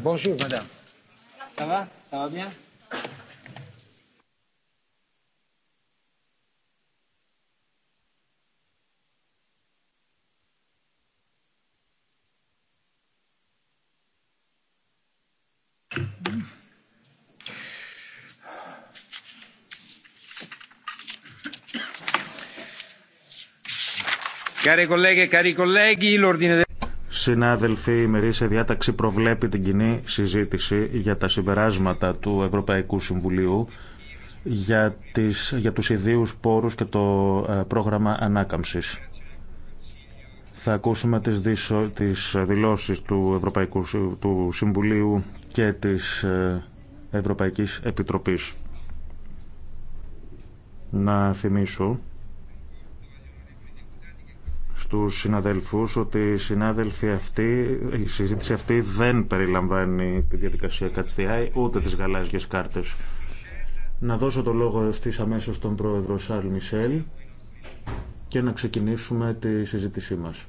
Bonjour, madame. Ça va Ça va bien Συνάδελφοι, η μερίσια διάταξη προβλέπει την κοινή συζήτηση για τα συμπεράσματα του Ευρωπαϊκού Συμβουλίου για, τις, για τους ιδίους πόρους και το ε, πρόγραμμα ανάκαμψης. Θα ακούσουμε τις, δισο, τις δηλώσεις του Ευρωπαϊκού του Συμβουλίου και της ε, Ευρωπαϊκής Επιτροπής. Να θυμίσω στους συναδέλφους ότι η αυτή, η συζήτηση αυτή δεν περιλαμβάνει τη διαδικασία Κατστιάη ούτε τις γαλάζιες κάρτες. Να δώσω το λόγο ευθύ αμέσω στον πρόεδρο Σαρλ Μισελ και να ξεκινήσουμε τη συζήτησή μας.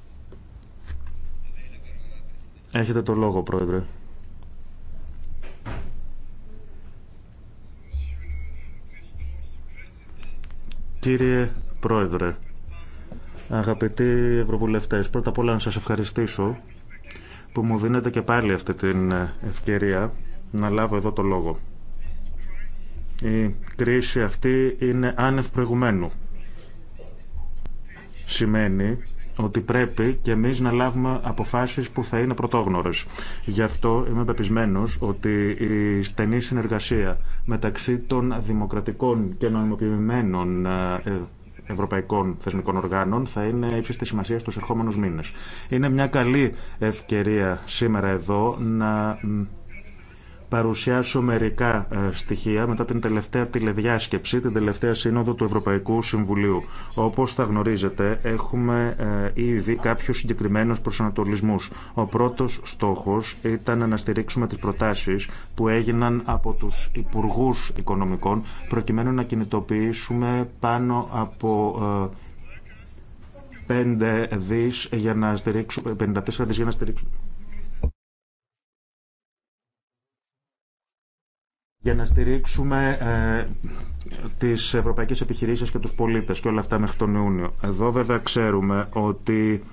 Έχετε το λόγο, πρόεδρε. Κύριε Πρόεδρε, Αγαπητοί Ευρωβουλευτές, πρώτα απ' όλα να σας ευχαριστήσω που μου δίνετε και πάλι αυτή την ευκαιρία να λάβω εδώ το λόγο. Η κρίση αυτή είναι άνευ προηγουμένου. Σημαίνει ότι πρέπει και εμείς να λάβουμε αποφάσεις που θα είναι πρωτόγνωρες. Γι' αυτό είμαι πεπισμένος ότι η στενή συνεργασία μεταξύ των δημοκρατικών και νομιμοποιημένων ε, ευρωπαϊκών θεσμικών οργάνων θα είναι ύψη τη σημασία στου ερχόμενου μήνες. Είναι μια καλή ευκαιρία σήμερα εδώ να παρουσιάσω μερικά ε, στοιχεία μετά την τελευταία τηλεδιάσκεψη, την τελευταία σύνοδο του Ευρωπαϊκού Συμβουλίου. Όπως θα γνωρίζετε, έχουμε ε, ήδη κάποιους συγκεκριμένους προσανατολισμούς. Ο πρώτος στόχος ήταν να στηρίξουμε τις προτάσεις που έγιναν από τους Υπουργούς Οικονομικών, προκειμένου να κινητοποιήσουμε πάνω από... 5 για να στηρίξουμε, 54 δις για να στηρίξουμε για να στηρίξουμε ε, τις ευρωπαϊκές επιχειρήσεις και τους πολίτες και όλα αυτά μέχρι τον Ιούνιο. Εδώ βέβαια ξέρουμε ότι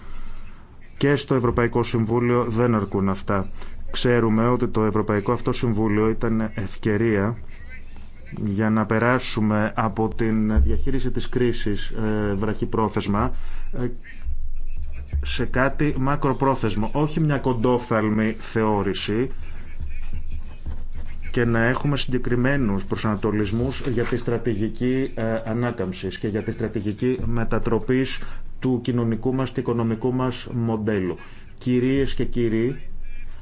και στο Ευρωπαϊκό Συμβούλιο δεν αρκούν αυτά. Ξέρουμε ότι το Ευρωπαϊκό αυτό Συμβούλιο ήταν ευκαιρία για να περάσουμε από την διαχείριση της κρίσης ε, βραχυπρόθεσμα ε, σε κάτι μακροπρόθεσμο. Όχι μια κοντόφθαλμη θεώρηση, και να έχουμε συγκεκριμένους προσανατολισμούς για τη στρατηγική ε, ανάκαμψη και για τη στρατηγική μετατροπής του κοινωνικού μας και οικονομικού μας μοντέλου. Κυρίες και κύριοι,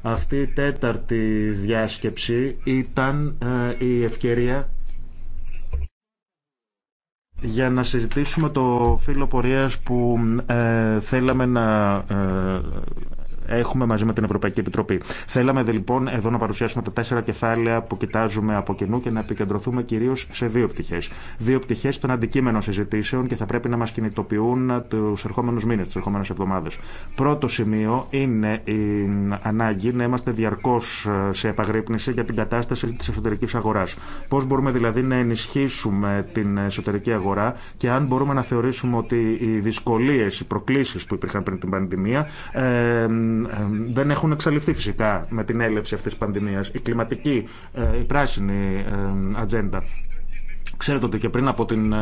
αυτή η τέταρτη διάσκεψη ήταν ε, η ευκαιρία για να συζητήσουμε το φύλλο πορείας που ε, θέλαμε να έχουμε μαζί με την Ευρωπαϊκή Επιτροπή. Θέλαμε δε, λοιπόν εδώ να παρουσιάσουμε τα τέσσερα κεφάλαια που κοιτάζουμε από κοινού και να επικεντρωθούμε κυρίω σε δύο πτυχέ. Δύο πτυχέ των αντικείμενων συζητήσεων και θα πρέπει να μα κινητοποιούν του ερχόμενου μήνε, τι ερχόμενε εβδομάδε. Πρώτο σημείο είναι η ανάγκη να είμαστε διαρκώ ε, σε επαγρύπνηση για την κατάσταση τη εσωτερική αγορά. Πώ μπορούμε δηλαδή να ενισχύσουμε την εσωτερική αγορά και αν μπορούμε να θεωρήσουμε ότι οι δυσκολίε, οι προκλήσει που υπήρχαν πριν την πανδημία ε, δεν έχουν εξαλειφθεί φυσικά με την έλευση αυτής της πανδημίας. Η κλιματική, ε, η πράσινη ατζέντα Ξέρετε ότι και πριν από την, ε,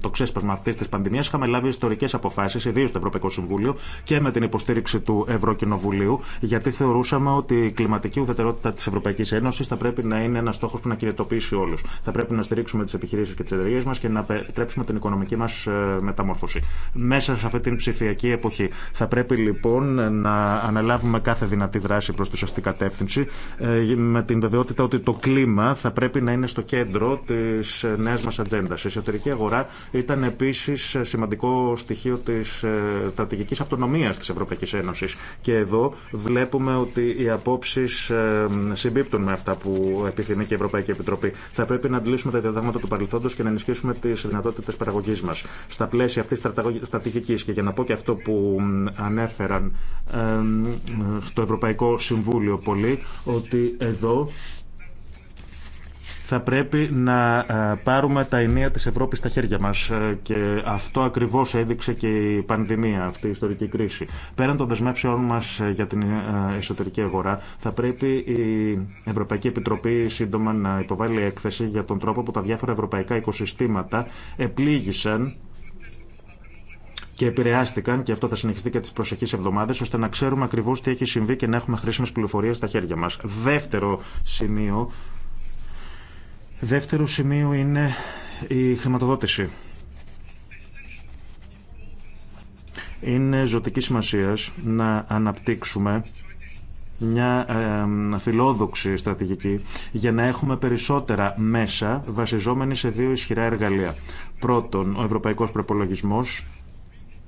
το ξέσπασμα αυτή τη πανδημία είχαμε λάβει ιστορικέ αποφάσει, ιδίω στο Ευρωπαϊκό Συμβούλιο και με την υποστήριξη του Ευρωκοινοβουλίου, γιατί θεωρούσαμε ότι η κλιματική ουδετερότητα τη Ευρωπαϊκή Ένωση θα πρέπει να είναι ένα στόχο που να κινητοποιήσει όλου. Θα πρέπει να στηρίξουμε τι επιχειρήσει και τι εταιρείε μα και να επιτρέψουμε την οικονομική μα ε, μεταμόρφωση. Μέσα σε αυτή την ψηφιακή εποχή θα πρέπει λοιπόν να αναλάβουμε κάθε δυνατή δράση προ τη σωστή κατεύθυνση, ε, με την βεβαιότητα ότι το κλίμα θα πρέπει να είναι στο κέντρο τη νέα μα ατζέντα. Η εσωτερική αγορά ήταν επίση σημαντικό στοιχείο τη ε, στρατηγική αυτονομία τη Ευρωπαϊκή Ένωση. Και εδώ βλέπουμε ότι οι απόψει ε, συμπίπτουν με αυτά που επιθυμεί και η Ευρωπαϊκή Επιτροπή. Θα πρέπει να αντλήσουμε τα διδάγματα του παρελθόντο και να ενισχύσουμε τι δυνατότητε παραγωγή μα. Στα πλαίσια αυτή τη στρατηγική, και για να πω και αυτό που ανέφεραν ε, στο Ευρωπαϊκό Συμβούλιο πολύ, ότι εδώ θα πρέπει να ε, πάρουμε τα ενία της Ευρώπης στα χέρια μας ε, και αυτό ακριβώς έδειξε και η πανδημία, αυτή η ιστορική κρίση. Πέραν των δεσμεύσεών μας ε, για την εσωτερική αγορά, θα πρέπει η Ευρωπαϊκή Επιτροπή σύντομα να υποβάλει έκθεση για τον τρόπο που τα διάφορα ευρωπαϊκά οικοσυστήματα επλήγησαν και επηρεάστηκαν, και αυτό θα συνεχιστεί και τι προσεχεί εβδομάδε, ώστε να ξέρουμε ακριβώ τι έχει συμβεί και να έχουμε χρήσιμε πληροφορίε στα χέρια μα. Δεύτερο σημείο Δεύτερο σημείο είναι η χρηματοδότηση. Είναι ζωτική σημασία να αναπτύξουμε μια φιλόδοξη στρατηγική για να έχουμε περισσότερα μέσα βασιζόμενη σε δύο ισχυρά εργαλεία. Πρώτον, ο ευρωπαϊκός προπολογισμός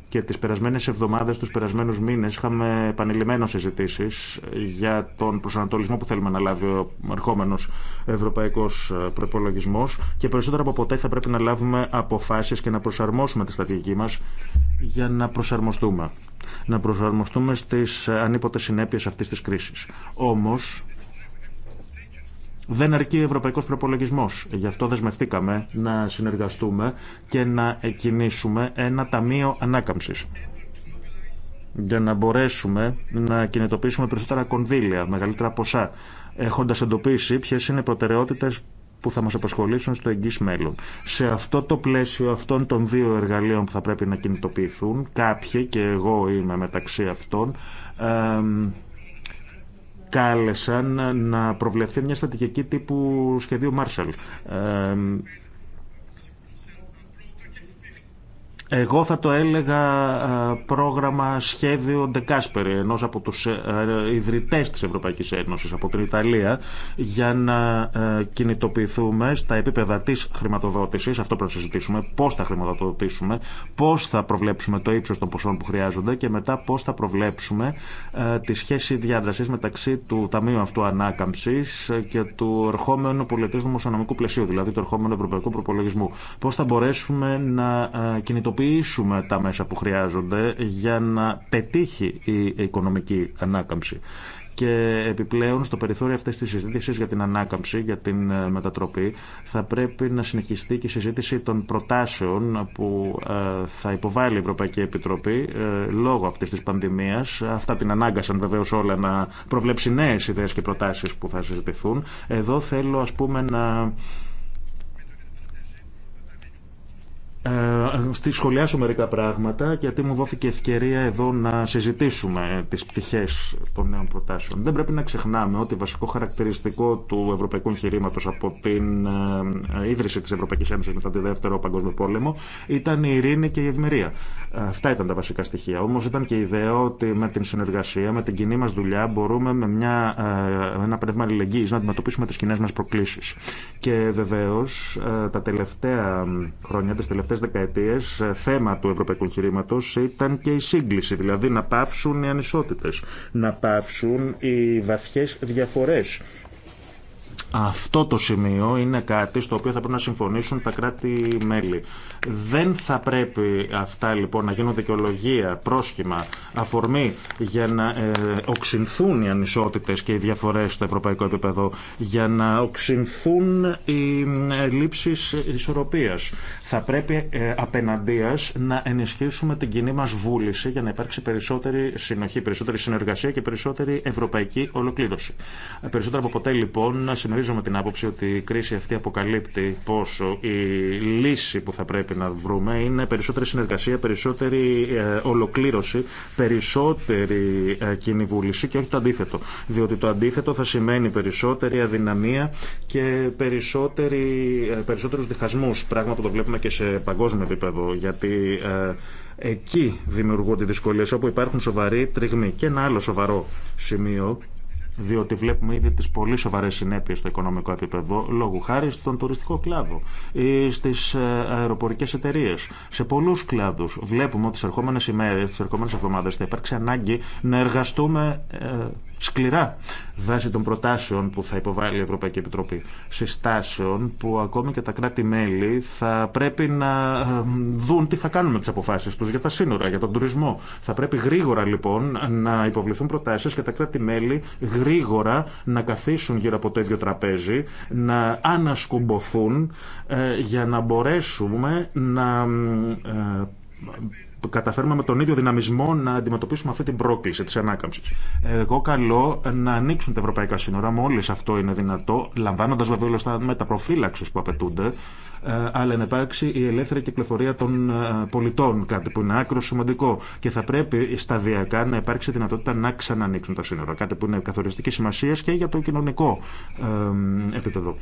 και τις περασμένες εβδομάδες, τους περασμένους μήνες είχαμε επανειλημμένο συζητήσει για τον προσανατολισμό που θέλουμε να λάβει ο ερχόμενο Ευρωπαϊκό ε, προπολογισμό και περισσότερο από ποτέ θα πρέπει να λάβουμε αποφάσεις και να προσαρμόσουμε τη στρατηγική μας για να προσαρμοστούμε. Να προσαρμοστούμε στι ε, ανίποτε συνέπειες αυτής της κρίσης. Όμως δεν αρκεί ευρωπαϊκός προπολογισμό. Γι' αυτό δεσμευτήκαμε να συνεργαστούμε και να εκκινήσουμε ένα ταμείο ανάκαμψης για να μπορέσουμε να κινητοποιήσουμε περισσότερα κονδύλια, μεγαλύτερα ποσά, έχοντας εντοπίσει ποιε είναι οι προτεραιότητες που θα μας απασχολήσουν στο εγγύς μέλλον. Σε αυτό το πλαίσιο αυτών των δύο εργαλείων που θα πρέπει να κινητοποιηθούν, κάποιοι και εγώ είμαι μεταξύ αυτών, κάλεσαν να προβλεφθεί μια στατικική τύπου σχεδίου Marshall ε, Εγώ θα το έλεγα πρόγραμμα σχέδιο Ντεκάσπερη, ενό από του ε, ε, ιδρυτέ τη Ευρωπαϊκή Ένωση, από την Ιταλία, για να ε, κινητοποιηθούμε στα επίπεδα τη χρηματοδότηση. Αυτό πρέπει να συζητήσουμε. Πώ θα χρηματοδοτήσουμε, πώ θα προβλέψουμε το ύψο των ποσών που χρειάζονται και μετά πώ θα προβλέψουμε τη σχέση διάδραση μεταξύ του Ταμείου Αυτού Ανάκαμψη και του ερχόμενου πολιτή δημοσιονομικού πλαισίου, δηλαδή του ερχόμενου Ευρωπαϊκού Προπολογισμού. Πώ θα μπορέσουμε να κινητοποιήσουμε τα μέσα που χρειάζονται για να πετύχει η οικονομική ανάκαμψη. Και επιπλέον στο περιθώριο αυτές της συζήτησης για την ανάκαμψη, για την ε, μετατροπή, θα πρέπει να συνεχιστεί και η συζήτηση των προτάσεων που ε, θα υποβάλει η Ευρωπαϊκή Επιτροπή ε, λόγω αυτής της πανδημίας. Αυτά την ανάγκασαν βεβαίως όλα να προβλέψει νέες ιδέες και προτάσεις που θα συζητηθούν. Εδώ θέλω ας πούμε να Ε, στη σχολιάσω μερικά πράγματα γιατί μου δόθηκε ευκαιρία εδώ να συζητήσουμε τις πτυχές των νέων προτάσεων. Δεν πρέπει να ξεχνάμε ότι βασικό χαρακτηριστικό του ευρωπαϊκού εγχειρήματος από την ε, ε, ίδρυση της Ευρωπαϊκής Ένωσης μετά τη Δεύτερο Παγκόσμιο Πόλεμο ήταν η ειρήνη και η ευμερία. Αυτά ήταν τα βασικά στοιχεία. Όμως ήταν και η ιδέα ότι με την συνεργασία, με την κοινή μας δουλειά μπορούμε με μια, ένα πνεύμα αλληλεγγύης να αντιμετωπίσουμε τι κοινέ μας προκλήσεις. Και βεβαίως τα τελευταία χρόνια, τις τελευταίες δεκαετίες ε, θέμα του ευρωπαϊκού εγχειρήματο ήταν και η σύγκληση, δηλαδή να πάυσουν οι ανισότητες, να πάυσουν οι βαθιές διαφορές αυτό το σημείο είναι κάτι στο οποίο θα πρέπει να συμφωνήσουν τα κράτη-μέλη. Δεν θα πρέπει αυτά λοιπόν να γίνουν δικαιολογία, πρόσχημα, αφορμή για να ε, οξυνθούν οι ανισότητες και οι διαφορές στο ευρωπαϊκό επίπεδο, για να οξυνθούν οι ε, λήψεις ισορροπίας. Θα πρέπει ε, απέναντίας να ενισχύσουμε την κοινή μας βούληση για να υπάρξει περισσότερη συνοχή, περισσότερη συνεργασία και περισσότερη ευρωπαϊκή ολοκλήρωση. Ε, περισσότερο από ποτέ λοιπόν Συμμερίζομαι την άποψη ότι η κρίση αυτή αποκαλύπτει πόσο η λύση που θα πρέπει να βρούμε είναι περισσότερη συνεργασία, περισσότερη ε, ολοκλήρωση, περισσότερη ε, κοινή βούληση και όχι το αντίθετο. Διότι το αντίθετο θα σημαίνει περισσότερη αδυναμία και ε, περισσότερους διχασμούς, πράγμα που το βλέπουμε και σε παγκόσμιο επίπεδο, γιατί εκεί δημιουργούνται δυσκολίε όπου υπάρχουν σοβαροί τριγμοί. Και ένα άλλο σοβαρό σημείο διότι βλέπουμε ήδη τις πολύ σοβαρές συνέπειες στο οικονομικό επίπεδο, λόγου χάρη στον τουριστικό κλάδο ή στις ε, αεροπορικές εταιρείε. Σε πολλούς κλάδους βλέπουμε ότι τις ερχόμενες ημέρες, τις ερχόμενες εβδομάδες θα υπάρξει ανάγκη να εργαστούμε ε, σκληρά βάσει των προτάσεων που θα υποβάλει η Ευρωπαϊκή Επιτροπή συστάσεων που ακόμη και τα κράτη-μέλη θα πρέπει να ε, δουν τι θα κάνουν με τις αποφάσεις τους για τα σύνορα, για τον τουρισμό. Θα πρέπει γρήγορα λοιπόν να υποβληθούν προτάσεις και τα κράτη-μέλη γρήγορα να καθίσουν γύρω από το ίδιο τραπέζι, να ανασκουμποθούν ε, για να μπορέσουμε να ε, καταφέρουμε με τον ίδιο δυναμισμό να αντιμετωπίσουμε αυτή την πρόκληση τη ανάκαμψη. Εγώ καλώ να ανοίξουν τα ευρωπαϊκά σύνορα, μόλι αυτό είναι δυνατό, λαμβάνοντα βέβαια τα μέτρα που απαιτούνται, ε, αλλά να υπάρξει η ελεύθερη κυκλοφορία των ε, πολιτών, κάτι που είναι άκρο σημαντικό. Και θα πρέπει σταδιακά να υπάρξει δυνατότητα να ξανανοίξουν τα σύνορα, κάτι που είναι καθοριστική σημασία και για το κοινωνικό ε, επίπεδο.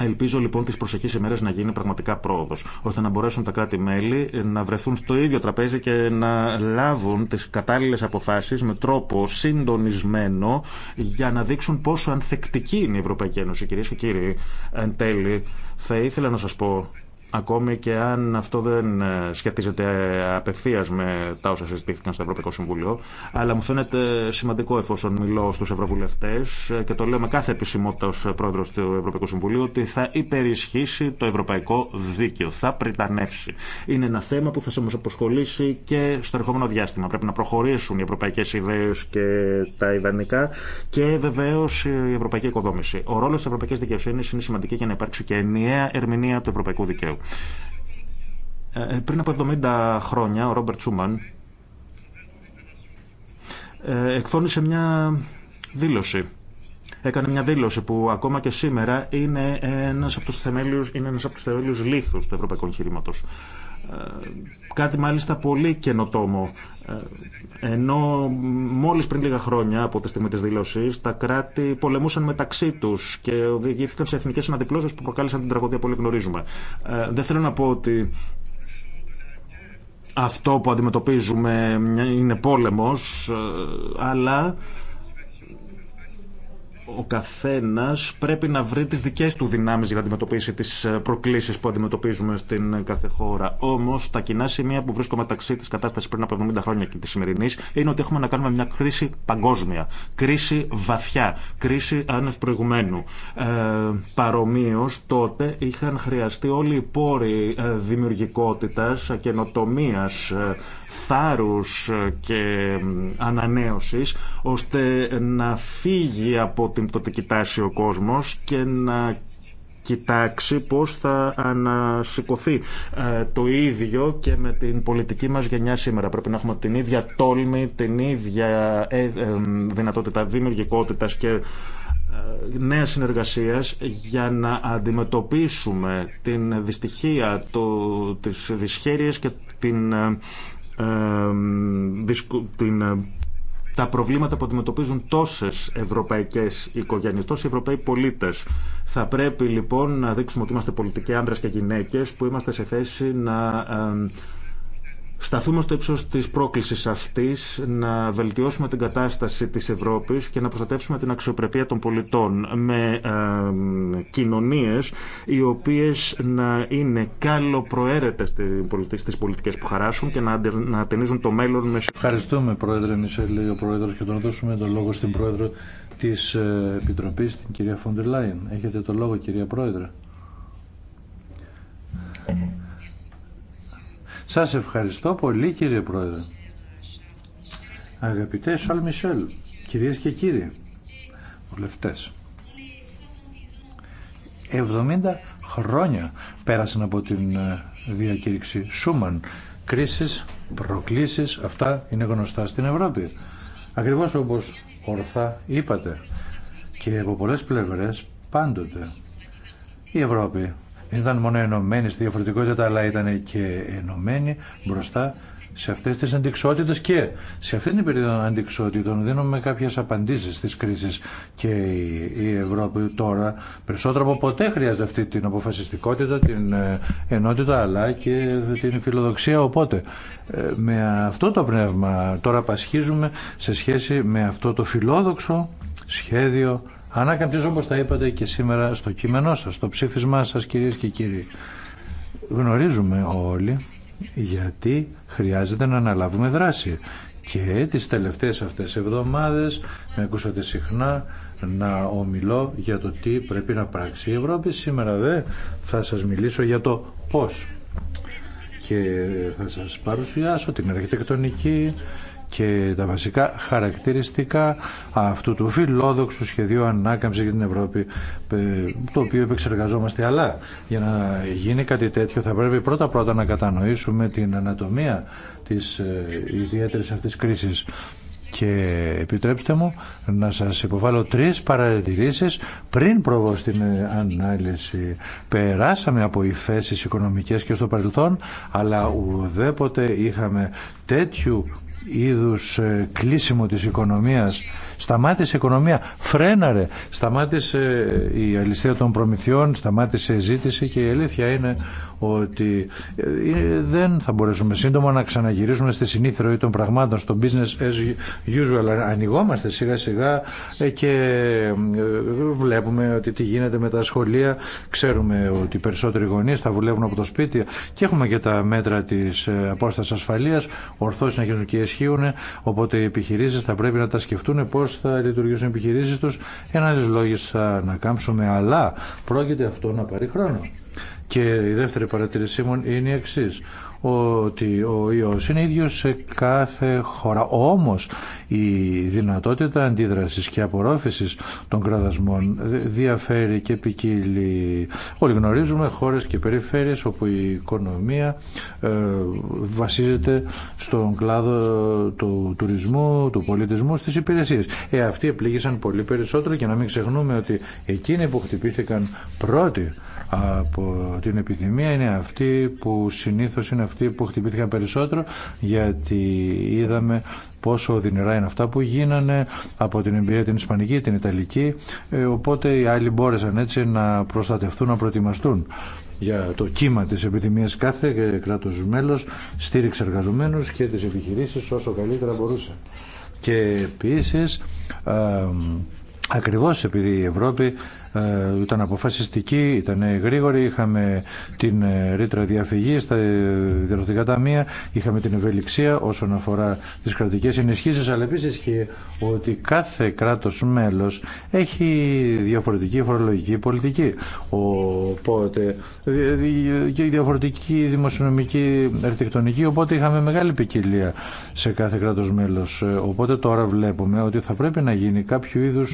Ελπίζω λοιπόν τι προσεχεί ημέρε να γίνει πραγματικά πρόοδο, ώστε να μπορέσουν τα κράτη-μέλη να βρεθούν στο ίδιο τραπέζι και να λάβουν τι κατάλληλε αποφάσει με τρόπο συντονισμένο για να δείξουν πόσο ανθεκτική είναι η Ευρωπαϊκή Ένωση. Κυρίε και κύριοι, εν τέλει, θα ήθελα να σα πω ακόμη και αν αυτό δεν ε, σχετίζεται ε, απευθεία με τα όσα συζητήθηκαν στο Ευρωπαϊκό Συμβούλιο. Αλλά μου φαίνεται σημαντικό, εφόσον μιλώ στου Ευρωβουλευτέ ε, και το λέω με κάθε επισημότητα ω πρόεδρο του Ευρωπαϊκού Συμβουλίου, ότι θα υπερισχύσει το ευρωπαϊκό δίκαιο. Θα πριτανεύσει. Είναι ένα θέμα που θα σε μα αποσχολήσει και στο ερχόμενο διάστημα. Πρέπει να προχωρήσουν οι ευρωπαϊκέ ιδέε και τα ιδανικά και βεβαίω η ευρωπαϊκή οικοδόμηση. Ο ρόλο τη ευρωπαϊκή δικαιοσύνη είναι σημαντική για να υπάρξει και ενιαία ερμηνεία του ευρωπαϊκού δικαίου. Ε, πριν από 70 χρόνια ο Ρόμπερτ Σούμαν ε, εκφώνησε μια δήλωση. Έκανε μια δήλωση που ακόμα και σήμερα είναι ένας από τους θεμέλιους, είναι ένας από τους θεμέλιους λίθους του ευρωπαϊκού εγχειρήματος. Ε, κάτι μάλιστα πολύ καινοτόμο. Ε, ενώ μόλις πριν λίγα χρόνια από τη στιγμή τη δήλωση, τα κράτη πολεμούσαν μεταξύ τους και οδηγήθηκαν σε εθνικές αναδιπλώσει που προκάλεσαν την τραγωδία που όλοι γνωρίζουμε. Ε, δεν θέλω να πω ότι αυτό που αντιμετωπίζουμε είναι πόλεμος, αλλά ο καθένα πρέπει να βρει τι δικέ του δυνάμει για να αντιμετωπίσει τις ε, προκλήσεις που αντιμετωπίζουμε στην κάθε χώρα. Όμως τα κοινά σημεία που βρίσκω μεταξύ τη κατάστασης πριν από 70 χρόνια και τη σημερινή είναι ότι έχουμε να κάνουμε μια κρίση παγκόσμια, κρίση βαθιά, κρίση άνευ προηγουμένου. Ε, τότε είχαν χρειαστεί όλοι οι πόροι ε, δημιουργικότητα καινοτομία, ε, θάρρου και ανανέωση, ώστε να φύγει από την, το ο κόσμος και να κοιτάξει πώς θα ανασηκωθεί ε, το ίδιο και με την πολιτική μας γενιά σήμερα. Πρέπει να έχουμε την ίδια τόλμη, την ίδια ε, ε, δυνατότητα δημιουργικότητας και νέα συνεργασίας για να αντιμετωπίσουμε την δυστυχία, το, τις δυσχέρειες και την, την τα προβλήματα που αντιμετωπίζουν τόσε ευρωπαϊκέ οικογένειε, τόσοι ευρωπαίοι πολίτε. Θα πρέπει λοιπόν να δείξουμε ότι είμαστε πολιτικοί άνδρες και γυναίκε που είμαστε σε θέση να ε, σταθούμε στο ύψο της πρόκλησης αυτής, να βελτιώσουμε την κατάσταση της Ευρώπης και να προστατεύσουμε την αξιοπρεπία των πολιτών με ε, κοινωνίες οι οποίες να είναι καλοπροαίρετες στις πολιτικέ που χαράσουν και να, να το μέλλον με... Ευχαριστούμε Πρόεδρε Μισελ, ο Πρόεδρος και τον δώσουμε τον λόγο στην Πρόεδρο της ε, επιτροπή, την κυρία Φοντερ Έχετε το λόγο κυρία Πρόεδρε. Σας ευχαριστώ πολύ κύριε Πρόεδρε. Αγαπητέ Σαλ Μισελ, κυρίες και κύριοι, βουλευτές. 70 χρόνια πέρασαν από την ε, διακήρυξη Σούμαν. Κρίσεις, προκλήσεις, αυτά είναι γνωστά στην Ευρώπη. Ακριβώς όπως ορθά είπατε και από πολλές πλευρές πάντοτε η Ευρώπη δεν ήταν μόνο ενωμένοι στη διαφορετικότητα, αλλά ήταν και ενωμένοι μπροστά σε αυτέ τι αντικσότητε και σε αυτήν την περίοδο αντικσότητων δίνουμε κάποιε απαντήσει στι κρίσει. Και η Ευρώπη τώρα περισσότερο από ποτέ χρειάζεται αυτή την αποφασιστικότητα, την ε, ενότητα αλλά και την φιλοδοξία. Οπότε ε, με αυτό το πνεύμα τώρα πασχίζουμε σε σχέση με αυτό το φιλόδοξο σχέδιο Ανάκαμψη, όπω τα είπατε και σήμερα στο κείμενό σα, στο ψήφισμά σας κυρίε και κύριοι. Γνωρίζουμε όλοι γιατί χρειάζεται να αναλάβουμε δράση. Και τις τελευταίες αυτές εβδομάδες με ακούσατε συχνά να ομιλώ για το τι πρέπει να πράξει η Ευρώπη. Σήμερα δε θα σας μιλήσω για το πώς. Και θα σας παρουσιάσω την αρχιτεκτονική, και τα βασικά χαρακτηριστικά αυτού του φιλόδοξου σχεδίου ανάκαμψη για την Ευρώπη ε, το οποίο επεξεργαζόμαστε αλλά για να γίνει κάτι τέτοιο θα πρέπει πρώτα πρώτα να κατανοήσουμε την ανατομία της ε, ιδιαίτερης αυτής κρίσης και επιτρέψτε μου να σας υποβάλω τρεις παρατηρήσεις πριν προβώ στην ε, ανάλυση. Περάσαμε από υφέσεις οικονομικές και στο παρελθόν, αλλά ουδέποτε είχαμε τέτοιου είδους ε, κλείσιμο της οικονομίας Σταμάτησε η οικονομία, φρέναρε, σταμάτησε ε, η αλυσία των προμηθειών, σταμάτησε η ζήτηση και η αλήθεια είναι ότι ε, ε, δεν θα μπορέσουμε σύντομα να ξαναγυρίσουμε στη συνήθεια ροή των πραγμάτων, στο business as usual. Ανοιγόμαστε σιγά σιγά και βλέπουμε ότι τι γίνεται με τα σχολεία. Ξέρουμε ότι οι περισσότεροι γονείς θα βουλεύουν από το σπίτι και έχουμε και τα μέτρα της απόστασης ασφαλείας. Ορθώς συνεχίζουν και ισχύουν, οπότε οι επιχειρήσεις θα πρέπει να τα σκεφτούν πώς θα λειτουργήσουν οι επιχειρήσεις τους, ένα λόγες θα ανακάμψουμε, αλλά πρόκειται αυτό να πάρει χρόνο. Και η δεύτερη παρατηρήσή μου είναι η εξή ότι ο ιός είναι ίδιος σε κάθε χώρα. Όμως η δυνατότητα αντίδρασης και απορρόφησης των κραδασμών διαφέρει και ποικίλει. Όλοι γνωρίζουμε χώρες και περιφέρειες όπου η οικονομία ε, βασίζεται στον κλάδο του τουρισμού, του πολιτισμού, στις υπηρεσίες. Ε, αυτοί επλήγησαν πολύ περισσότερο και να μην ξεχνούμε ότι εκείνοι που χτυπήθηκαν πρώτοι από την επιδημία είναι αυτή που συνήθως είναι αυτή που χτυπήθηκαν περισσότερο γιατί είδαμε πόσο οδυνηρά είναι αυτά που γίνανε από την εμπειρία την Ισπανική, την Ιταλική ε, οπότε οι άλλοι μπόρεσαν έτσι να προστατευτούν, να προετοιμαστούν για το κύμα της επιδημίας κάθε κράτος μέλος στήριξε εργαζομένους και τις επιχειρήσεις όσο καλύτερα μπορούσε. Και επίσης, α, ε, ε, ακριβώς επειδή η Ευρώπη ε, ήταν αποφασιστική, ήταν γρήγορη, είχαμε την ε, ρήτρα διαφυγή στα ε, διευθυντικά ταμεία, είχαμε την ευελιξία όσον αφορά τις κρατικέ ενισχύσει. αλλά επίση ισχύει ότι κάθε κράτος μέλος έχει διαφορετική φορολογική πολιτική. Οπότε, και διαφορετική δημοσιονομική αρχιτεκτονική, οπότε είχαμε μεγάλη ποικιλία σε κάθε κράτο μέλο. Οπότε τώρα βλέπουμε ότι θα πρέπει να γίνει κάποιο είδου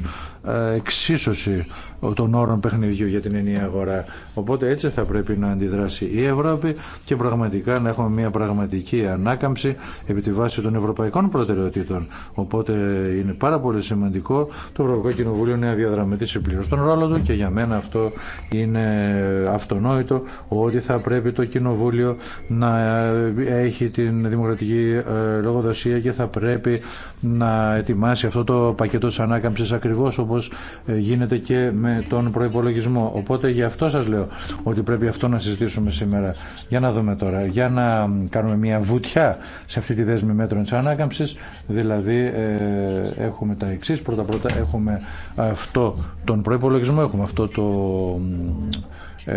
εξίσωση των όρων παιχνιδιού για την ενιαία αγορά. Οπότε έτσι θα πρέπει να αντιδράσει η Ευρώπη και πραγματικά να έχουμε μια πραγματική ανάκαμψη επί τη βάση των ευρωπαϊκών προτεραιοτήτων. Οπότε είναι πάρα πολύ σημαντικό το Ευρωπαϊκό Κοινοβούλιο να διαδραματίσει πλήρω τον ρόλο του και για μένα αυτό είναι αυτονόητο ότι θα πρέπει το Κοινοβούλιο να έχει την δημοκρατική ε, λογοδοσία και θα πρέπει να ετοιμάσει αυτό το πακέτο της ανάκαμψης ακριβώς όπως ε, γίνεται και με τον προπολογισμό. Οπότε γι' αυτό σα λέω ότι πρέπει αυτό να συζητήσουμε σήμερα. Για να δούμε τώρα. Για να κάνουμε μια βουτιά σε αυτή τη δέσμη μέτρων τη ανάκαμψη. Δηλαδή ε, έχουμε τα εξή. Πρώτα-πρώτα έχουμε αυτό τον προπολογισμό, έχουμε αυτό το ε,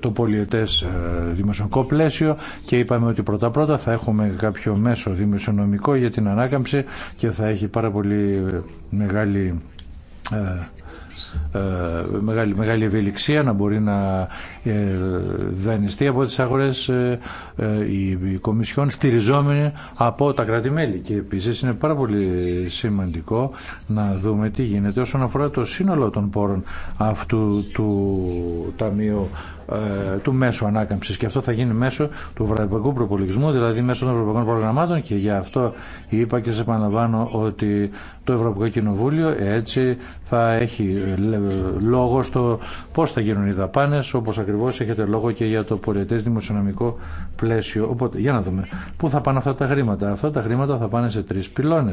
το πολιετές ε, δημοσιονομικό πλαίσιο και είπαμε ότι πρώτα πρώτα θα έχουμε κάποιο μέσο δημοσιονομικό για την ανάκαμψη και θα έχει πάρα πολύ μεγάλη ε, μεγάλη, μεγάλη ευελιξία να μπορεί να ε, δανειστεί από τις αγορές ε, η Κομισιόν στηριζόμενη από τα κρατη και επίσης είναι πάρα πολύ σημαντικό να δούμε τι γίνεται όσον αφορά το σύνολο των πόρων αυτού του Ταμείου ε, του μέσου ανάκαμψη. και αυτό θα γίνει μέσω του ευρωπαϊκού προπολογισμού, δηλαδή μέσω των ευρωπαϊκών προγραμμάτων και για αυτό είπα και σα επαναλαμβάνω ότι το Ευρωπαϊκό Κοινοβούλιο έτσι θα έχει ε, λόγο στο πώς θα γίνουν οι δαπάνες όπω ακριβώς έχετε λόγο και για το πολιτέ δημοσιονομικό πλαίσιο. Οπότε για να δούμε πού θα πάνε αυτά τα χρήματα. Αυτά τα χρήματα θα πάνε σε τρει πυλώνε.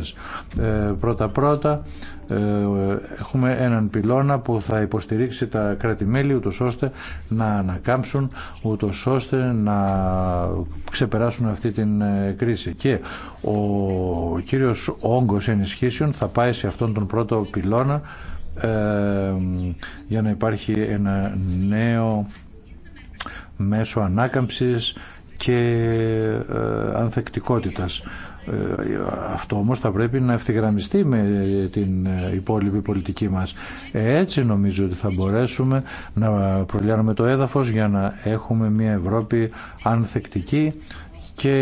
Ε, πρώτα πρώτα ε, έχουμε έναν πυλώνα που θα υποστηρίξει τα κράτη-μέλη ούτως ώστε να ανακάμψουν, ούτως ώστε να ξεπεράσουν αυτή την ε, κρίση. Και ο κύριος όγκος ενισχύσεων θα πάει σε αυτόν τον πρώτο πυλώνα ε, για να υπάρχει ένα νέο μέσο ανάκαμψης και ανθεκτικότητας. Ε, αυτό όμως θα πρέπει να ευθυγραμμιστεί με την υπόλοιπη πολιτική μας. Έτσι νομίζω ότι θα μπορέσουμε να προλιάνουμε το έδαφος για να έχουμε μια Ευρώπη ανθεκτική και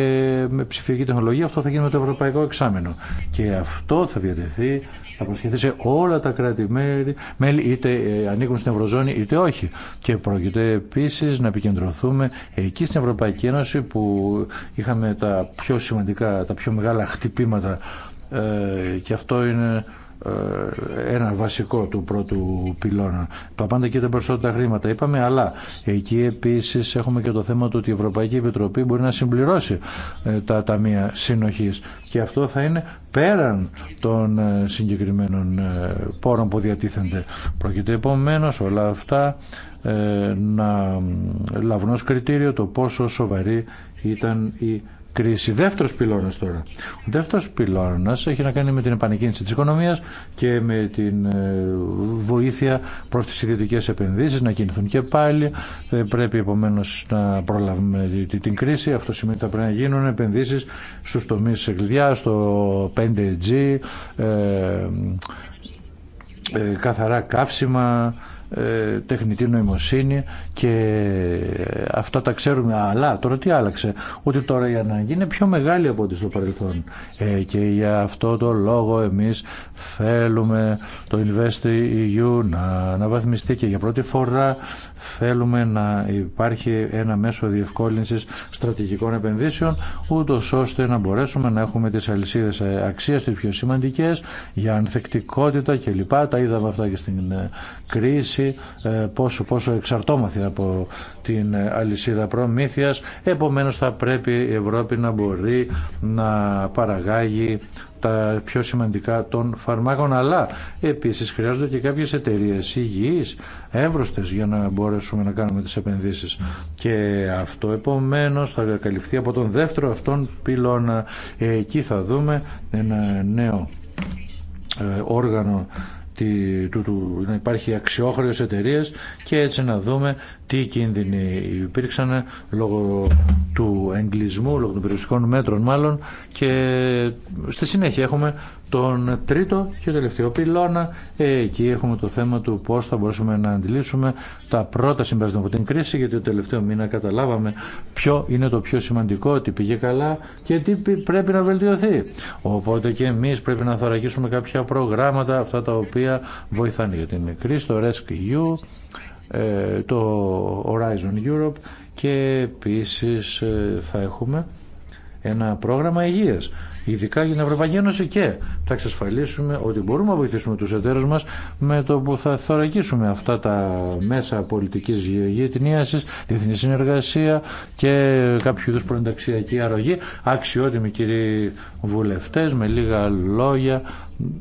με ψηφιακή τεχνολογία αυτό θα γίνει με το ευρωπαϊκό εξάμενο. Και αυτό θα διατεθεί θα προσχεθεί σε όλα τα κράτη-μέλη, είτε ε, ανήκουν στην Ευρωζώνη είτε όχι. Και πρόκειται επίση να επικεντρωθούμε εκεί στην Ευρωπαϊκή Ένωση που είχαμε τα πιο σημαντικά, τα πιο μεγάλα χτυπήματα. Ε, και αυτό είναι ε, ένα βασικό του πρώτου πυλώνα. Τα πάντα και τα περισσότερα χρήματα είπαμε, αλλά εκεί επίσης έχουμε και το θέμα του ότι η Ευρωπαϊκή Επιτροπή μπορεί να συμπληρώσει ε, τα ταμεία συνοχής και αυτό θα είναι πέραν των ε, συγκεκριμένων πόρων που διατίθενται. Πρόκειται επομένω όλα αυτά να λαβούν κριτήριο το πόσο σοβαρή ήταν η κρίση. Δεύτερος πυλώνας τώρα. Ο δεύτερος πυλώνας έχει να κάνει με την επανεκκίνηση της οικονομίας και με την ε, βοήθεια προς τις ιδιωτικές επενδύσεις να κινηθούν και πάλι. Δεν πρέπει επομένω να προλάβουμε την κρίση. Αυτό σημαίνει ότι θα πρέπει να γίνουν επενδύσεις στους τομείς κλειδιά, στο 5G, ε, ε, καθαρά καύσιμα, ε, τεχνητή νοημοσύνη και αυτά τα ξέρουμε αλλά τώρα τι άλλαξε ότι τώρα η ανάγκη είναι πιο μεγάλη από ό,τι στο παρελθόν ε, και για αυτό το λόγο εμείς θέλουμε το Invest EU να αναβαθμιστεί και για πρώτη φορά θέλουμε να υπάρχει ένα μέσο διευκόλυνσης στρατηγικών επενδύσεων ούτω ώστε να μπορέσουμε να έχουμε τις αλυσίδες αξίας τις πιο σημαντικές για ανθεκτικότητα κλπ. Τα είδαμε αυτά και στην ε, κρίση ε, πόσο, πόσο από την αλυσίδα προμήθειας επομένως θα πρέπει η Ευρώπη να μπορεί να παραγάγει τα πιο σημαντικά των φαρμάκων, αλλά επίσης χρειάζονται και κάποιες εταιρείες υγιείς, εύρωστες για να μπορέσουμε να κάνουμε τις επενδύσεις. Και αυτό επομένως θα καλυφθεί από τον δεύτερο αυτόν πυλώνα. Εκεί θα δούμε ένα νέο ε, όργανο του, του, να υπάρχει αξιόχρεος εταιρείε και έτσι να δούμε τι κίνδυνοι υπήρξαν λόγω του εγκλισμού, λόγω των περιοριστικών μέτρων μάλλον και στη συνέχεια έχουμε στον τρίτο και τελευταίο πυλώνα, ε, εκεί έχουμε το θέμα του πώ θα μπορέσουμε να αντιλήσουμε τα πρώτα συμπεράσματα από την κρίση, γιατί το τελευταίο μήνα καταλάβαμε ποιο είναι το πιο σημαντικό, τι πήγε καλά και τι πρέπει να βελτιωθεί. Οπότε και εμεί πρέπει να θωρακίσουμε κάποια προγράμματα, αυτά τα οποία βοηθάνε για την κρίση, το Rescue, ε, το Horizon Europe και επίσης ε, θα έχουμε ένα πρόγραμμα υγείας, ειδικά για την Ευρωπαϊκή Ένωση και θα εξασφαλίσουμε ότι μπορούμε να βοηθήσουμε τους εταίρου μας με το που θα θωρακίσουμε αυτά τα μέσα πολιτικής γειτονίασης, διεθνή συνεργασία και κάποιο είδου προενταξιακή αρρωγή, αξιότιμοι κύριοι βουλευτές, με λίγα λόγια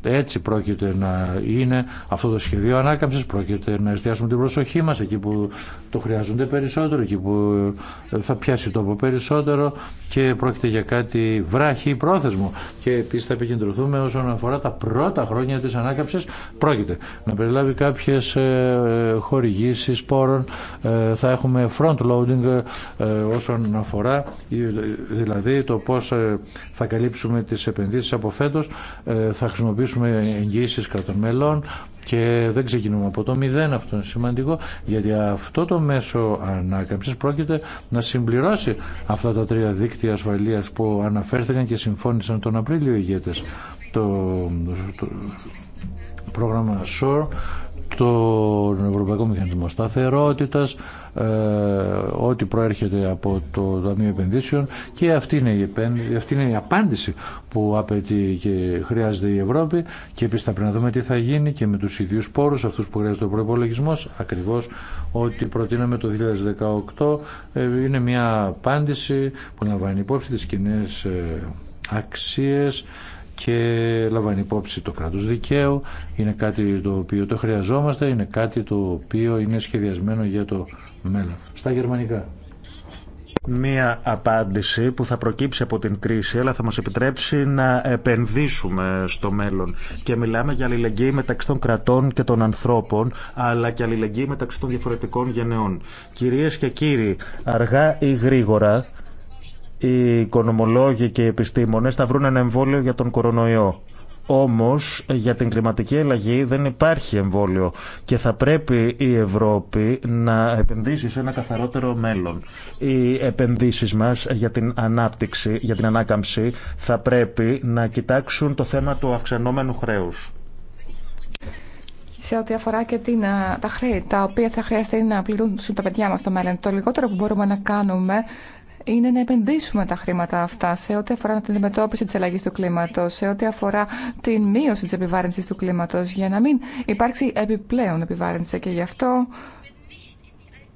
έτσι πρόκειται να είναι αυτό το σχεδίο ανάκαμψη. Πρόκειται να εστιάσουμε την προσοχή μα εκεί που το χρειάζονται περισσότερο, εκεί που θα πιάσει τόπο περισσότερο και πρόκειται για κάτι βράχη πρόθεσμο. Και επίση θα επικεντρωθούμε όσον αφορά τα πρώτα χρόνια τη ανάκαμψη. Πρόκειται να περιλάβει κάποιε χορηγήσει πόρων. Ε, θα έχουμε front loading ε, όσον αφορά ε, δηλαδή το πώ θα καλύψουμε τι επενδύσει από φέτο. Θα χρησιμοποιήσουμε κατά των μελών και δεν ξεκινούμε από το μηδέν, αυτό είναι σημαντικό, γιατί αυτό το μέσο ανάκαμψη πρόκειται να συμπληρώσει αυτά τα τρία δίκτυα ασφαλεία που αναφέρθηκαν και συμφώνησαν τον Απρίλιο οι ηγέτε. Το, το, το πρόγραμμα SOAR τον Ευρωπαϊκό Μηχανισμό Σταθερότητας, ε, ό,τι προέρχεται από το Ταμείο Επενδύσεων και αυτή είναι, η απάντηση που απαιτεί και χρειάζεται η Ευρώπη και επίσης θα πρέπει να δούμε τι θα γίνει και με τους ίδιους πόρους, αυτούς που χρειάζεται ο προπολογισμό, ακριβώς ό,τι προτείναμε το 2018 ε, είναι μια απάντηση που λαμβάνει υπόψη τις κοινέ ε, αξίες και λαμβάνει υπόψη το κράτος δικαίου, είναι κάτι το οποίο το χρειαζόμαστε, είναι κάτι το οποίο είναι σχεδιασμένο για το μέλλον. Στα γερμανικά. Μία απάντηση που θα προκύψει από την κρίση, αλλά θα μας επιτρέψει να επενδύσουμε στο μέλλον. Και μιλάμε για αλληλεγγύη μεταξύ των κρατών και των ανθρώπων, αλλά και αλληλεγγύη μεταξύ των διαφορετικών γενεών. Κυρίες και κύριοι, αργά ή γρήγορα οι οικονομολόγοι και οι επιστήμονες θα βρουν ένα εμβόλιο για τον κορονοϊό. Όμως για την κλιματική αλλαγή δεν υπάρχει εμβόλιο και θα πρέπει η Ευρώπη να επενδύσει σε ένα καθαρότερο μέλλον. Οι επενδύσεις μας για την ανάπτυξη, για την ανάκαμψη θα πρέπει να κοιτάξουν το θέμα του αυξανόμενου χρέους. Σε ό,τι αφορά και τα χρέη τα οποία θα χρειαστεί να πληρούν τα παιδιά μα στο μέλλον, το λιγότερο που μπορούμε να κάνουμε είναι να επενδύσουμε τα χρήματα αυτά σε ό,τι αφορά την αντιμετώπιση τη αλλαγή του κλίματο, σε ό,τι αφορά την μείωση τη επιβάρυνση του κλίματο για να μην υπάρξει επιπλέον επιβάρυνση. Και γι' αυτό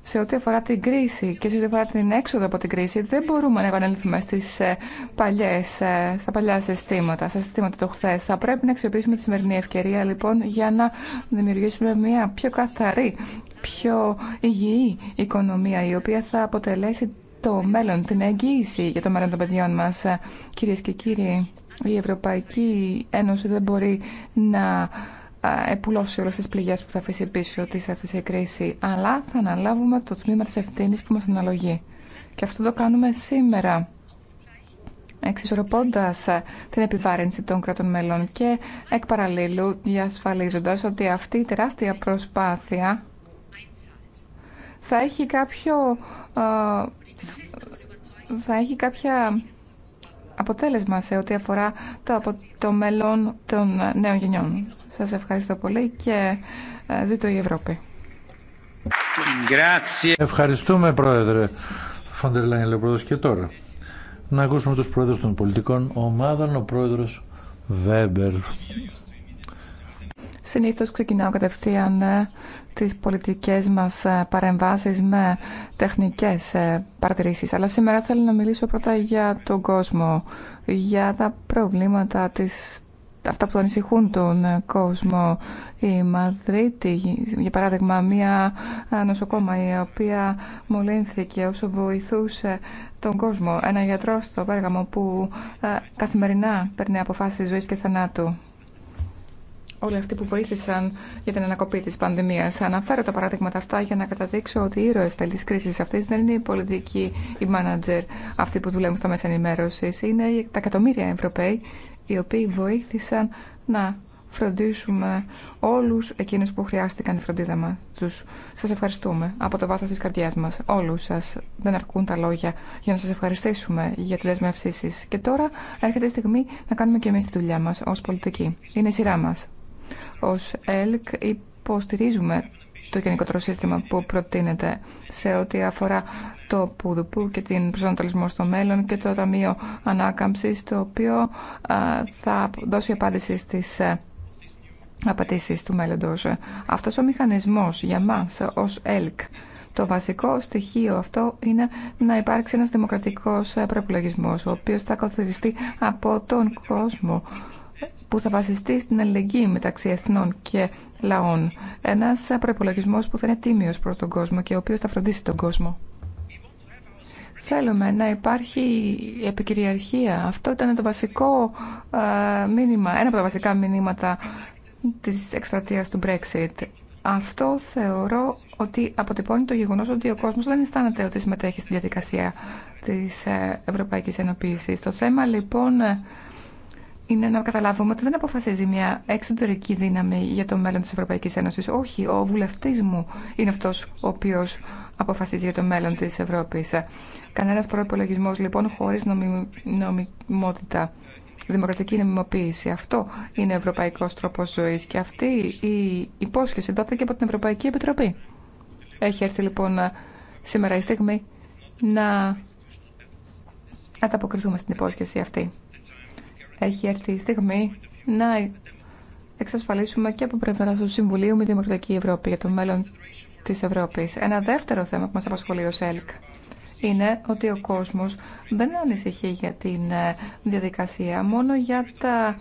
σε ό,τι αφορά την κρίση και σε ό,τι αφορά την έξοδο από την κρίση, δεν μπορούμε να επανέλθουμε στις ε, παλιές, ε, στα παλιά συστήματα, στα συστήματα του χθε. Θα πρέπει να αξιοποιήσουμε τη σημερινή ευκαιρία λοιπόν για να δημιουργήσουμε μια πιο καθαρή, πιο υγιή οικονομία, η οποία θα αποτελέσει το μέλλον, την εγγύηση για το μέλλον των παιδιών μας. Κυρίες και κύριοι, η Ευρωπαϊκή Ένωση δεν μπορεί να επουλώσει όλες τις πληγές που θα αφήσει πίσω της αυτή η κρίση, αλλά θα αναλάβουμε το τμήμα της ευθύνη που μας αναλογεί. Και αυτό το κάνουμε σήμερα, εξισορροπώντας την επιβάρυνση των κρατών μελών και εκ παραλλήλου διασφαλίζοντας ότι αυτή η τεράστια προσπάθεια θα έχει κάποιο θα έχει κάποια αποτέλεσμα σε ό,τι αφορά το, από το μέλλον των νέων γενιών. Σας ευχαριστώ πολύ και ε, ζήτω η Ευρώπη. Ευχαριστούμε Πρόεδρε Φόντερ Λάιν και τώρα. Να ακούσουμε τους πρόεδρους των πολιτικών ομάδων, ο πρόεδρος Βέμπερ. Συνήθως ξεκινάω κατευθείαν ε, τις πολιτικές μας ε, παρεμβάσεις με τεχνικές ε, παρατηρήσεις. Αλλά σήμερα θέλω να μιλήσω πρώτα για τον κόσμο, για τα προβλήματα της αυτά που ανησυχούν τον ε, κόσμο. Η Μαδρίτη, για παράδειγμα, μία νοσοκόμα η οποία μολύνθηκε όσο βοηθούσε τον κόσμο. Ένα γιατρό στο Πέργαμο που καθημερινά παίρνει αποφάσεις ζωής και θανάτου όλοι αυτοί που βοήθησαν για την ανακοπή τη πανδημία. Αναφέρω τα παράδειγματα αυτά για να καταδείξω ότι οι ήρωε τη κρίση αυτή δεν είναι οι πολιτικοί, οι μάνατζερ, αυτοί που δουλεύουν στα μέσα ενημέρωση. Είναι τα εκατομμύρια Ευρωπαίοι οι οποίοι βοήθησαν να φροντίσουμε όλου εκείνου που χρειάστηκαν τη φροντίδα μα. Σα ευχαριστούμε από το βάθο τη καρδιά μα, όλου σα. δεν αρκούν τα λόγια για να σα ευχαριστήσουμε για τη δέσμευσή σα. Και τώρα έρχεται η στιγμή να κάνουμε και εμεί τη δουλειά μα ω πολιτικοί. Είναι η σειρά μα. Ως ΕΛΚ υποστηρίζουμε το γενικότερο σύστημα που προτείνεται σε ό,τι αφορά το πουδουπού και την προσανατολισμό στο μέλλον και το Ταμείο Ανάκαμψης, το οποίο θα δώσει απάντηση στις ε, απαιτήσει του μέλλοντος. Αυτός ο μηχανισμός για μας ως ΕΛΚ το βασικό στοιχείο αυτό είναι να υπάρξει ένας δημοκρατικός ε, προπολογισμό, ο οποίος θα καθοριστεί από τον κόσμο που θα βασιστεί στην αλληλεγγύη μεταξύ εθνών και λαών. Ένας προπολογισμό που θα είναι τίμιο προ τον κόσμο και ο οποίο θα φροντίσει τον κόσμο. Θέλουμε να υπάρχει επικυριαρχία. Αυτό ήταν το βασικό ε, μήνυμα, ένα από τα βασικά μηνύματα της εκστρατείας του Brexit. Αυτό θεωρώ ότι αποτυπώνει το γεγονός ότι ο κόσμος δεν αισθάνεται ότι συμμετέχει στην διαδικασία της ε, Ευρωπαϊκή Ενοποίησης. Το θέμα λοιπόν είναι να καταλάβουμε ότι δεν αποφασίζει μια εξωτερική δύναμη για το μέλλον της Ευρωπαϊκής Ένωσης. Όχι, ο βουλευτής μου είναι αυτός ο οποίος αποφασίζει για το μέλλον της Ευρώπης. Κανένας προπολογισμό λοιπόν χωρίς νομι... νομιμότητα. Δημοκρατική νομιμοποίηση. Αυτό είναι ευρωπαϊκό τρόπο ζωή και αυτή η υπόσχεση δόθηκε από την Ευρωπαϊκή Επιτροπή. Έχει έρθει λοιπόν σήμερα η στιγμή να ανταποκριθούμε στην υπόσχεση αυτή έχει έρθει η στιγμή να εξασφαλίσουμε και από πλευρά του Συμβουλίου με Δημοκρατική Ευρώπη για το μέλλον της Ευρώπης. Ένα δεύτερο θέμα που μας απασχολεί ο ΕΛΚ είναι ότι ο κόσμος δεν ανησυχεί για την ε, διαδικασία, μόνο για τα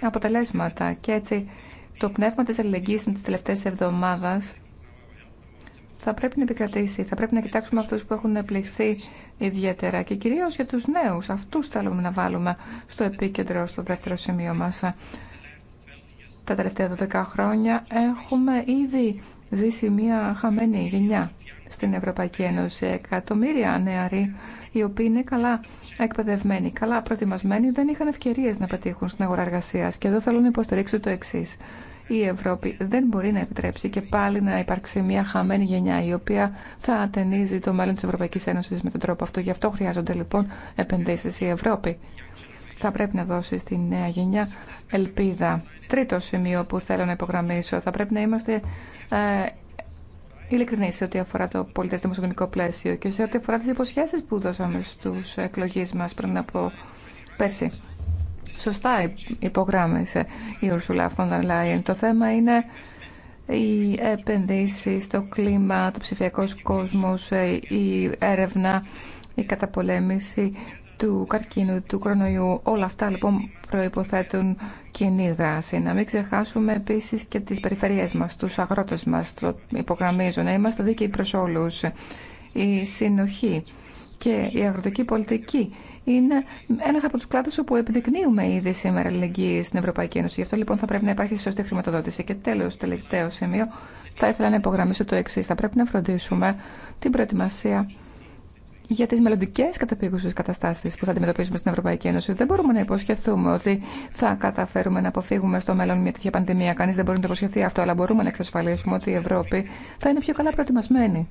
αποτελέσματα. Και έτσι το πνεύμα της αλληλεγγύης με τις τελευταίες εβδομάδες θα πρέπει να επικρατήσει. Θα πρέπει να κοιτάξουμε αυτού που έχουν πληχθεί ιδιαίτερα και κυρίως για τους νέους. Αυτού θέλουμε να βάλουμε στο επίκεντρο, στο δεύτερο σημείο μα. Τα τελευταία 12 χρόνια έχουμε ήδη ζήσει μια χαμένη γενιά στην Ευρωπαϊκή Ένωση. Εκατομμύρια νεαροί οι οποίοι είναι καλά εκπαιδευμένοι, καλά προετοιμασμένοι, δεν είχαν ευκαιρίες να πετύχουν στην αγορά εργασίας. Και εδώ θέλω να υποστηρίξω το εξή η Ευρώπη δεν μπορεί να επιτρέψει και πάλι να υπάρξει μια χαμένη γενιά η οποία θα ατενίζει το μέλλον της Ευρωπαϊκής Ένωσης με τον τρόπο αυτό. Γι' αυτό χρειάζονται λοιπόν επενδύσεις η Ευρώπη. Θα πρέπει να δώσει στη νέα γενιά ελπίδα. Τρίτο σημείο που θέλω να υπογραμμίσω. Θα πρέπει να είμαστε ε, ειλικρινεί σε ό,τι αφορά το πολιτέ δημοσιονομικό πλαίσιο και σε ό,τι αφορά τι υποσχέσει που δώσαμε στου εκλογεί μα πριν από πέρσι. Σωστά υπογράμμισε η Ουρσουλά von Το θέμα είναι οι επενδύσει στο κλίμα, το ψηφιακό κόσμο, ε, η έρευνα, η καταπολέμηση του καρκίνου, του κρονοϊού. Όλα αυτά λοιπόν προϋποθέτουν κοινή δράση. Να μην ξεχάσουμε επίσης και τις περιφερειές μας, τους αγρότες μας, το υπογραμμίζω, να είμαστε δίκαιοι προς όλους. Η συνοχή και η αγροτική πολιτική είναι ένα από του κλάδου όπου επιδεικνύουμε ήδη σήμερα αλληλεγγύη στην Ευρωπαϊκή Ένωση. Γι' αυτό λοιπόν θα πρέπει να υπάρχει σωστή χρηματοδότηση. Και τέλο, τελευταίο σημείο, θα ήθελα να υπογραμμίσω το εξή. Θα πρέπει να φροντίσουμε την προετοιμασία για τι μελλοντικέ καταπήγουσε καταστάσει που θα αντιμετωπίσουμε στην Ευρωπαϊκή Ένωση. Δεν μπορούμε να υποσχεθούμε ότι θα καταφέρουμε να αποφύγουμε στο μέλλον μια τέτοια πανδημία. Κανεί δεν μπορεί να το υποσχεθεί αυτό, αλλά μπορούμε να εξασφαλίσουμε ότι η Ευρώπη θα είναι πιο καλά προετοιμασμένη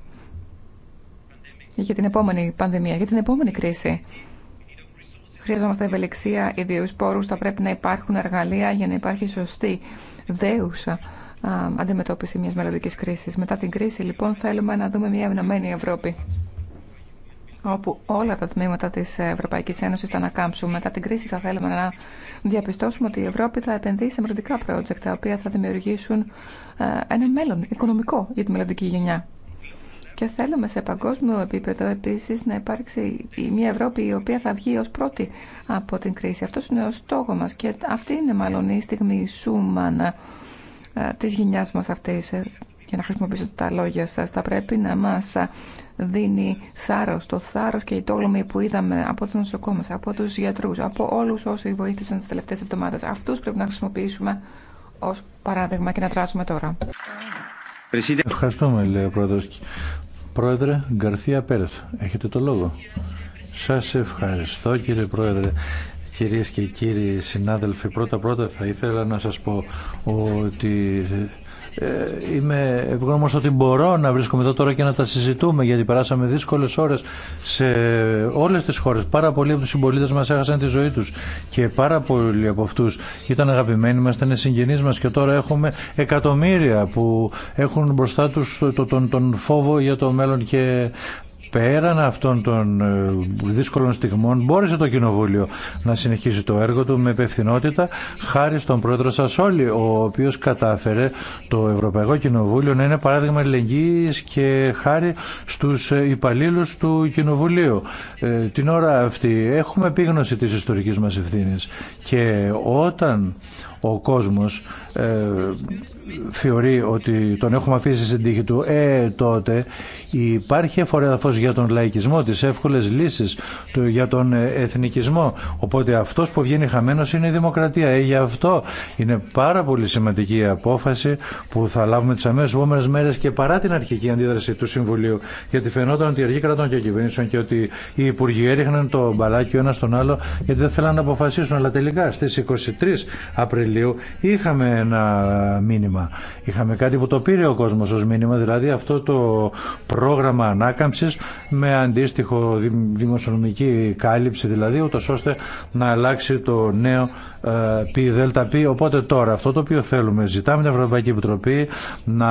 για την επόμενη πανδημία, για την επόμενη κρίση. Χρειαζόμαστε ευελιξία, ιδίου πόρου. Θα πρέπει να υπάρχουν εργαλεία για να υπάρχει σωστή, δέουσα αντιμετώπιση μια μελλοντική κρίση. Μετά την κρίση, λοιπόν, θέλουμε να δούμε μια ευνομένη Ευρώπη όπου όλα τα τμήματα τη Ευρωπαϊκή Ένωση θα ανακάμψουν. Μετά την κρίση θα θέλουμε να διαπιστώσουμε ότι η Ευρώπη θα επενδύσει σε μελλοντικά project, τα οποία θα δημιουργήσουν ένα μέλλον οικονομικό για τη μελλοντική γενιά. Και θέλουμε σε παγκόσμιο επίπεδο επίσης να υπάρξει μια Ευρώπη η οποία θα βγει ως πρώτη από την κρίση. Αυτός είναι ο στόχο μας και αυτή είναι μάλλον η στιγμή Σούμαν ε, της γενιά μας αυτής. Ε, για να χρησιμοποιήσω τα λόγια σας, θα πρέπει να μας δίνει θάρρος, το θάρρος και η τόλμη που είδαμε από τους νοσοκόμες, από τους γιατρούς, από όλους όσοι βοήθησαν τις τελευταίες εβδομάδες. Αυτούς πρέπει να χρησιμοποιήσουμε ως παράδειγμα και να δράσουμε τώρα. Ευχαριστούμε, λέει ο Πρόεδρος. Πρόεδρε Γκαρθία Πέρεθ, έχετε το λόγο. Σας ευχαριστώ κύριε Πρόεδρε. Κυρίες και κύριοι συνάδελφοι, πρώτα-πρώτα θα ήθελα να σας πω ότι ε, είμαι ευγνώμων ότι μπορώ να βρίσκομαι εδώ τώρα και να τα συζητούμε γιατί περάσαμε δύσκολε ώρε σε όλε τι χώρε. Πάρα πολλοί από του συμπολίτε μα έχασαν τη ζωή του και πάρα πολλοί από αυτού ήταν αγαπημένοι μα, ήταν συγγενεί μα και τώρα έχουμε εκατομμύρια που έχουν μπροστά του τον, τον, τον φόβο για το μέλλον και πέραν αυτών των ε, δύσκολων στιγμών μπόρεσε το Κοινοβούλιο να συνεχίσει το έργο του με υπευθυνότητα χάρη στον πρόεδρο Σασόλη ο οποίος κατάφερε το Ευρωπαϊκό Κοινοβούλιο να είναι παράδειγμα ελεγγύης και χάρη στους υπαλλήλου του Κοινοβουλίου. Ε, την ώρα αυτή έχουμε επίγνωση της ιστορικής μας ευθύνης και όταν ο κόσμος ε, θεωρεί ότι τον έχουμε αφήσει στην τύχη του, ε, τότε υπάρχει εφορέδαφος για τον λαϊκισμό, τις εύκολες λύσεις, για τον ε, εθνικισμό. Οπότε αυτός που βγαίνει χαμένος είναι η δημοκρατία. Ε, γι' αυτό είναι πάρα πολύ σημαντική η απόφαση που θα λάβουμε τις αμέσως επόμενες μέρες και παρά την αρχική αντίδραση του Συμβουλίου. Γιατί φαινόταν ότι οι αργοί κρατών και κυβερνήσεων και ότι οι υπουργοί έριχναν το μπαλάκι ο ένας τον άλλο γιατί δεν θέλαν να αποφασίσουν. Αλλά τελικά στις 23 Απριλίου είχαμε ένα μήνυμα. Είχαμε κάτι που το πήρε ο κόσμος ως μήνυμα, δηλαδή αυτό το πρόγραμμα ανάκαμψης με αντίστοιχο δημοσιονομική κάλυψη, δηλαδή ούτως ώστε να αλλάξει το νέο ΠΔΠ. Οπότε τώρα αυτό το οποίο θέλουμε, ζητάμε την Ευρωπαϊκή Επιτροπή να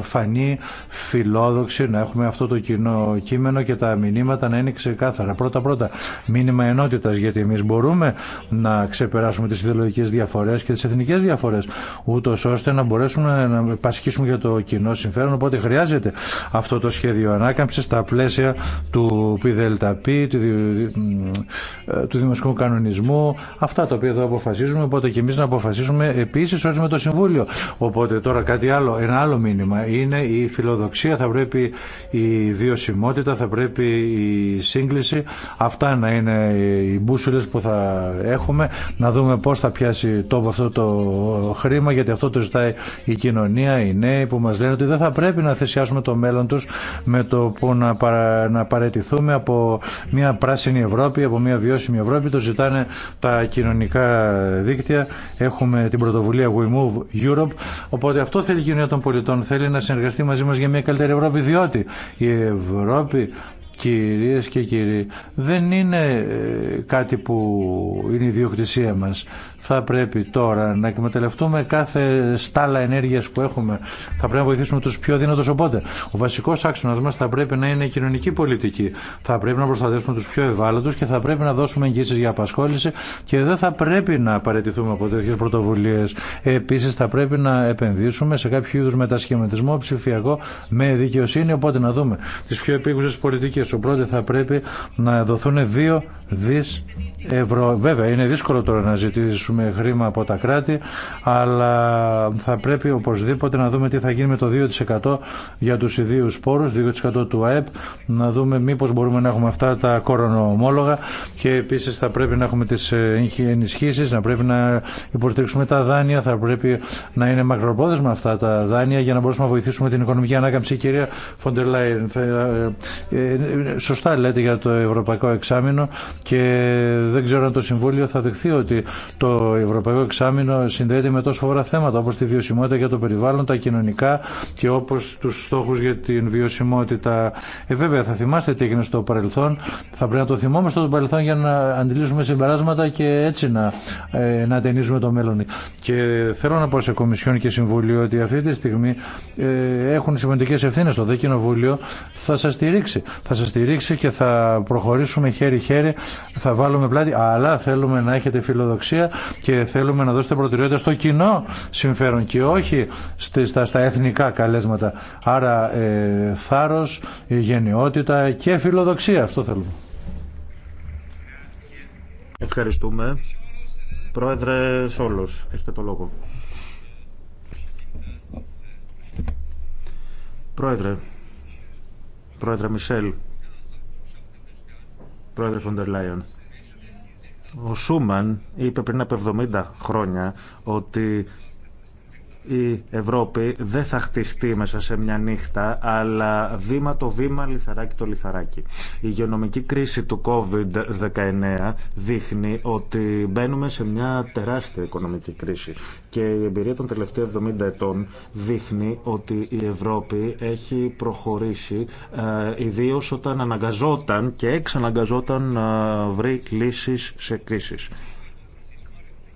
φανεί φιλόδοξη, να έχουμε αυτό το κοινό κείμενο και τα μηνύματα να είναι ξεκάθαρα. Πρώτα-πρώτα, μήνυμα ενότητας, γιατί εμεί μπορούμε να ξεπεράσουμε τις ιδεολογικές διαφορές και τις εθνικές διαφορές, ούτω ώστε να μπορέσουμε να πασχίσουμε για το κοινό συμφέρον. Οπότε χρειάζεται αυτό το σχέδιο ανάκαμψη στα πλαίσια του ΠΔΠ, του, του δημοσίου κανονισμού, αυτά τα οποία εδώ αποφασίζουμε, οπότε και εμεί να αποφασίσουμε επίση ω με το Συμβούλιο. Οπότε τώρα κάτι άλλο, ένα άλλο μήνυμα είναι η φιλοδοξία, θα πρέπει η βιωσιμότητα, θα πρέπει η σύγκληση. Αυτά να είναι οι μπούσουλε που θα έχουμε, να δούμε πώ θα πιάσει τόπο αυτό το χρήμα, γιατί αυτό το ζητάει η κοινωνία, οι νέοι που μα λένε ότι δεν θα πρέπει να θυσιάσουμε το μέλλον του με το που να, παρα, να παρετηθούμε από μια πράσινη Ευρώπη, από μια βιώσιμη Ευρώπη. Το ζητάνε τα κοινωνικά δίκτυα, έχουμε την πρωτοβουλία We Move Europe. Οπότε αυτό θέλει η κοινωνία των πολιτών. Θέλει να συνεργαστεί μαζί μα για μια καλύτερη Ευρώπη, διότι η Ευρώπη Κυρίες και κύριοι, δεν είναι ε, κάτι που είναι η διοκτησία μας θα πρέπει τώρα να εκμεταλλευτούμε κάθε στάλα ενέργειας που έχουμε. Θα πρέπει να βοηθήσουμε τους πιο δύνατους οπότε. Ο βασικός άξονας μας θα πρέπει να είναι η κοινωνική πολιτική. Θα πρέπει να προστατεύσουμε τους πιο ευάλωτους και θα πρέπει να δώσουμε εγγύσεις για απασχόληση και δεν θα πρέπει να παραιτηθούμε από τέτοιες πρωτοβουλίες. Επίσης θα πρέπει να επενδύσουμε σε κάποιο είδους μετασχηματισμό ψηφιακό με δικαιοσύνη. Οπότε να δούμε τι πιο επίγουσες πολιτικές. Ο θα πρέπει να δοθούν 2 ευρώ. Βέβαια είναι δύσκολο τώρα να ζητήσουμε με χρήμα από τα κράτη, αλλά θα πρέπει οπωσδήποτε να δούμε τι θα γίνει με το 2% για τους ιδίους πόρους, 2% του ΑΕΠ, να δούμε μήπως μπορούμε να έχουμε αυτά τα κορονομόλογα και επίσης θα πρέπει να έχουμε τις ε, ενισχύσεις, να πρέπει να υποστηρίξουμε τα δάνεια, θα πρέπει να είναι μακροπρόθεσμα αυτά τα δάνεια για να μπορούμε να βοηθήσουμε την οικονομική ανάκαμψη. Κυρία Φοντερ ε, ε, σωστά λέτε για το Ευρωπαϊκό Εξάμεινο και δεν ξέρω αν το Συμβούλιο θα δεχθεί ότι το το Ευρωπαϊκό Εξάμεινο συνδέεται με τόσο φοβερά θέματα όπως τη βιωσιμότητα για το περιβάλλον, τα κοινωνικά και όπως τους στόχους για την βιωσιμότητα. Ε, βέβαια, θα θυμάστε τι έγινε στο παρελθόν. Θα πρέπει να το θυμόμαστε στο παρελθόν για να αντιλήσουμε συμπεράσματα και έτσι να, ε, να ταινίζουμε το μέλλον. Και θέλω να πω σε Κομισιόν και Συμβούλιο ότι αυτή τη στιγμή ε, έχουν σημαντικέ ευθύνε. Το δέκινο Βούλιο. θα σα στηρίξει. Θα σα στηρίξει και θα προχωρήσουμε χέρι-χέρι, θα βάλουμε πλάτη. Αλλά θέλουμε να έχετε φιλοδοξία και θέλουμε να δώσετε προτεραιότητα στο κοινό συμφέρον και όχι στα, στα εθνικά καλέσματα. Άρα ε, θάρρος, γενναιότητα και φιλοδοξία. Αυτό θέλουμε. Ευχαριστούμε. Πρόεδρε Σόλος, έχετε το λόγο. Πρόεδρε, Πρόεδρε Μισελ, Πρόεδρε Φοντερ Λάιον. Ο Σούμαν είπε πριν από 70 χρόνια ότι η Ευρώπη δεν θα χτιστεί μέσα σε μια νύχτα, αλλά βήμα το βήμα, λιθαράκι το λιθαράκι. Η υγειονομική κρίση του COVID-19 δείχνει ότι μπαίνουμε σε μια τεράστια οικονομική κρίση και η εμπειρία των τελευταίων 70 ετών δείχνει ότι η Ευρώπη έχει προχωρήσει ε, ιδίως ιδίω όταν αναγκαζόταν και εξαναγκαζόταν να βρει λύσεις σε κρίσεις.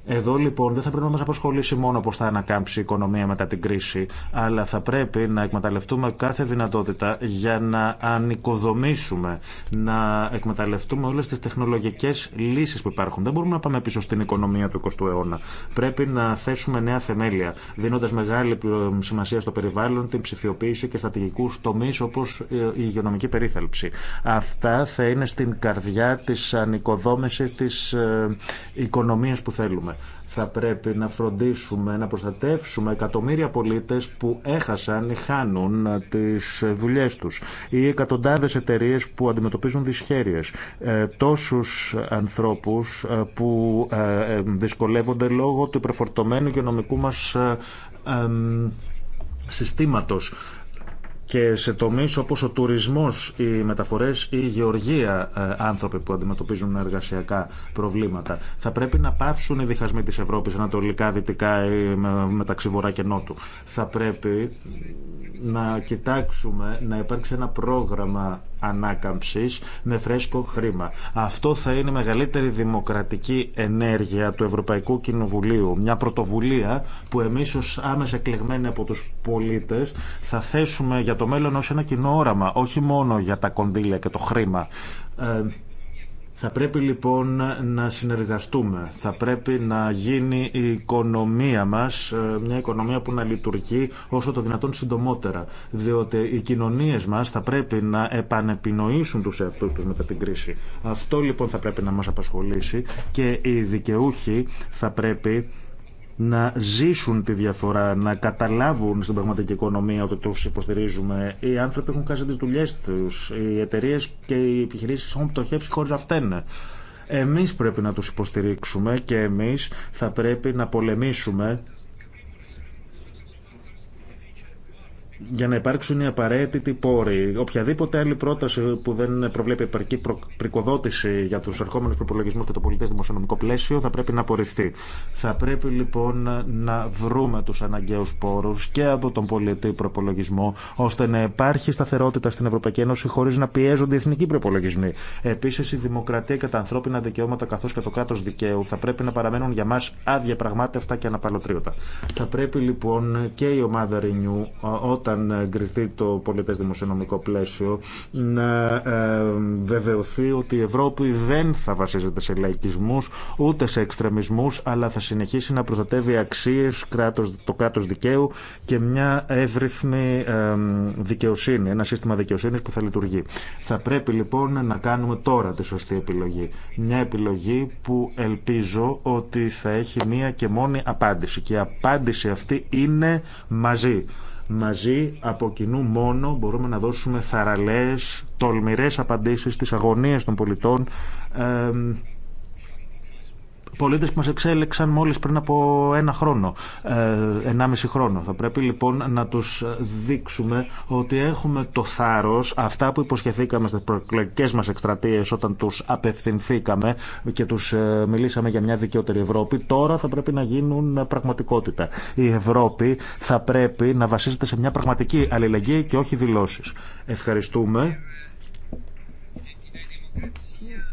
Εδώ λοιπόν δεν θα πρέπει να μα απασχολήσει μόνο πώ θα ανακάμψει η οικονομία μετά την κρίση, αλλά θα πρέπει να εκμεταλλευτούμε κάθε δυνατότητα για να ανοικοδομήσουμε, να εκμεταλλευτούμε όλε τι τεχνολογικέ λύσει που υπάρχουν. Δεν μπορούμε να πάμε πίσω στην οικονομία του 20ου αιώνα. Πρέπει να θέσουμε νέα θεμέλια, δίνοντα μεγάλη σημασία στο περιβάλλον, την ψηφιοποίηση και στρατηγικού τομεί όπω ε, η υγειονομική περίθαλψη. Αυτά θα είναι στην καρδιά τη ανοικοδόμηση τη ε, οικονομία που θέλουμε θα πρέπει να φροντίσουμε, να προστατεύσουμε εκατομμύρια πολίτες που έχασαν ή χάνουν ε, τις δουλειές τους ή εκατοντάδες εταιρείε που αντιμετωπίζουν δυσχέρειες. Ε, τόσους ανθρώπους ε, που δυσκολεύονται λόγω του υπερφορτωμένου νομικού μας συστήματος και σε τομείς όπως ο τουρισμός, οι μεταφορές ή η γεωργία ε, άνθρωποι που αντιμετωπίζουν εργασιακά προβλήματα. Θα πρέπει να πάυσουν οι διχασμοί της Ευρώπης ανατολικά, δυτικά ή μεταξύ βορρά και νότου. Θα πρέπει να κοιτάξουμε να υπάρξει ένα πρόγραμμα ανάκαμψης με φρέσκο χρήμα. Αυτό θα είναι η μεγαλύτερη δημοκρατική ενέργεια του Ευρωπαϊκού Κοινοβουλίου. Μια πρωτοβουλία που εμείς ως άμεσα εκλεγμένοι από τους πολίτες θα θέσουμε για το μέλλον ως ένα κοινό όραμα, όχι μόνο για τα κονδύλια και το χρήμα. Ε, θα πρέπει λοιπόν να συνεργαστούμε. Θα πρέπει να γίνει η οικονομία μας ε, μια οικονομία που να λειτουργεί όσο το δυνατόν συντομότερα. Διότι οι κοινωνίες μας θα πρέπει να επανεπινοήσουν τους εαυτούς τους μετά την κρίση. Αυτό λοιπόν θα πρέπει να μας απασχολήσει και οι δικαιούχοι θα πρέπει να ζήσουν τη διαφορά, να καταλάβουν στην πραγματική οικονομία ότι του υποστηρίζουμε. Οι άνθρωποι έχουν κάνει τι δουλειέ του, οι εταιρείε και οι επιχειρήσει έχουν πτωχεύσει χωρί να φταίνε. Εμείς πρέπει να τους υποστηρίξουμε και εμείς θα πρέπει να πολεμήσουμε για να υπάρξουν οι απαραίτητοι πόροι. Οποιαδήποτε άλλη πρόταση που δεν προβλέπει επαρκή πρικοδότηση για του ερχόμενου προπολογισμού και το πολιτέ δημοσιονομικό πλαίσιο θα πρέπει να απορριφθεί. Θα πρέπει λοιπόν να βρούμε του αναγκαίου πόρου και από τον πολιτή προπολογισμό, ώστε να υπάρχει σταθερότητα στην Ευρωπαϊκή Ένωση χωρί να πιέζονται οι εθνικοί προπολογισμοί. Επίση, η δημοκρατία και τα ανθρώπινα δικαιώματα καθώ και το κράτο δικαίου θα πρέπει να παραμένουν για μα πραγμάτευτα και αναπαλωτρίωτα. Θα πρέπει λοιπόν και η ομάδα Renew, όταν γκριθεί το πολιτέ δημοσιονομικό πλαίσιο να ε, βεβαιωθεί ότι η Ευρώπη δεν θα βασίζεται σε λαϊκισμού ούτε σε εξτρεμισμού, αλλά θα συνεχίσει να προστατεύει αξίε το κράτος δικαίου και μια εύρυθμη ε, δικαιοσύνη, ένα σύστημα δικαιοσύνη που θα λειτουργεί. Θα πρέπει λοιπόν να κάνουμε τώρα τη σωστή επιλογή. Μια επιλογή που ελπίζω ότι θα έχει μία και μόνη απάντηση. Και η απάντηση αυτή είναι μαζί. Μαζί από κοινού μόνο μπορούμε να δώσουμε θαραλές τολμηρές απαντήσεις στις αγωνίες των πολιτών πολίτες που μας εξέλεξαν μόλις πριν από ένα χρόνο, ε, ενάμιση χρόνο. Θα πρέπει λοιπόν να τους δείξουμε ότι έχουμε το θάρρος, αυτά που υποσχεθήκαμε στις προεκλογικές μας εκστρατείε όταν τους απευθυνθήκαμε και τους ε, μιλήσαμε για μια δικαιότερη Ευρώπη, τώρα θα πρέπει να γίνουν πραγματικότητα. Η Ευρώπη θα πρέπει να βασίζεται σε μια πραγματική αλληλεγγύη και όχι δηλώσεις. Ευχαριστούμε